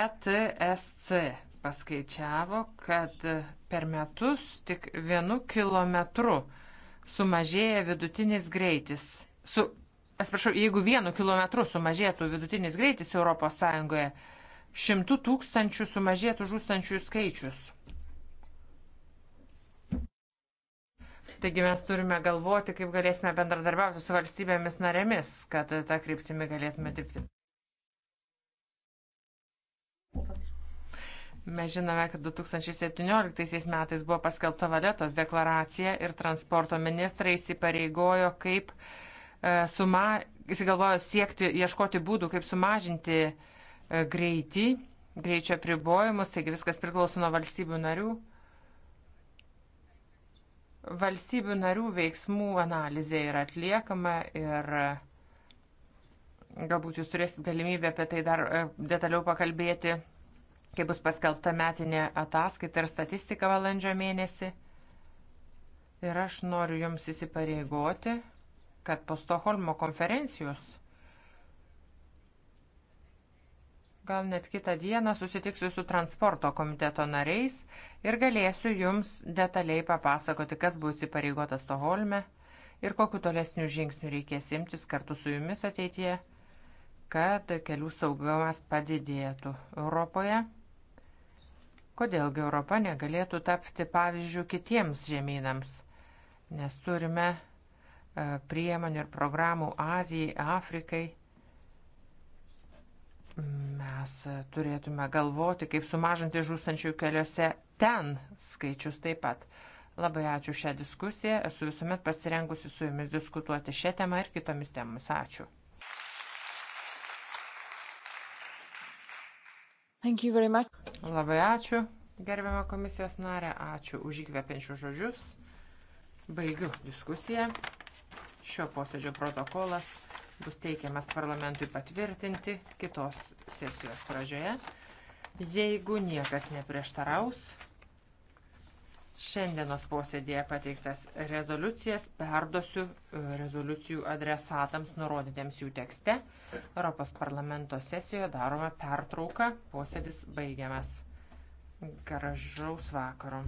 [SPEAKER 4] ETSC paskaičiavo, kad per metus tik vienu kilometru sumažėja vidutinis greitis. Su, atsiprašau, jeigu vienu kilometru sumažėtų vidutinis greitis ES, šimtų tūkstančių sumažėtų žūstančių skaičius. Taigi mes turime galvoti, kaip galėsime bendradarbiauti su valstybėmis narėmis, kad tą kryptimį galėtume dirbti. Mes žinome, kad 2017 metais buvo paskelbta valetos deklaracija ir transporto ministrai įsipareigojo, kaip e, suma, įsigalvojo siekti, ieškoti būdų, kaip sumažinti uh, greitį, greičio pribojimus, taigi viskas priklauso nuo valstybių narių. Valstybių narių veiksmų analizė yra atliekama ir galbūt jūs turėsit galimybę apie tai dar e, detaliau pakalbėti, kai bus paskelbta metinė ataskaita ir statistika valandžio mėnesį. Ir aš noriu jums įsipareigoti, kad po Stoholmo konferencijos gal net kitą dieną susitiksiu su transporto komiteto nariais ir galėsiu jums detaliai papasakoti, kas bus įpareigota Stoholme ir kokiu tolesniu žingsniu reikės imtis kartu su jumis ateityje, kad kelių saugumas padidėtų Europoje. Kodėlgi Europa negalėtų tapti pavyzdžių kitiems žemynams, nes turime e, priemonių ir programų Azijai, Afrikai Mes turėtume galvoti, kaip sumažinti žūstančių keliuose ten skaičius taip pat. Labai ačiū šią diskusiją, esu visuomet pasirengusi su jumis diskutuoti šią temą ir kitomis temomis. Ačiū. Labai ačiū, gerbiamą komisijos narę, ačiū už įkvepiančius žodžius. Baigiu diskusiją. Šio posėdžio protokolas bus teikiamas parlamentui patvirtinti kitos sesijos pradžioje. Jeigu niekas neprieštaraus, šiandienos posėdėje pateiktas rezoliucijas perdosiu e, rezoliucijų adresatams nurodytiems jų tekste. Europos parlamento sesijoje daroma pertrauka, posėdis baigiamas. Gražaus vakaro.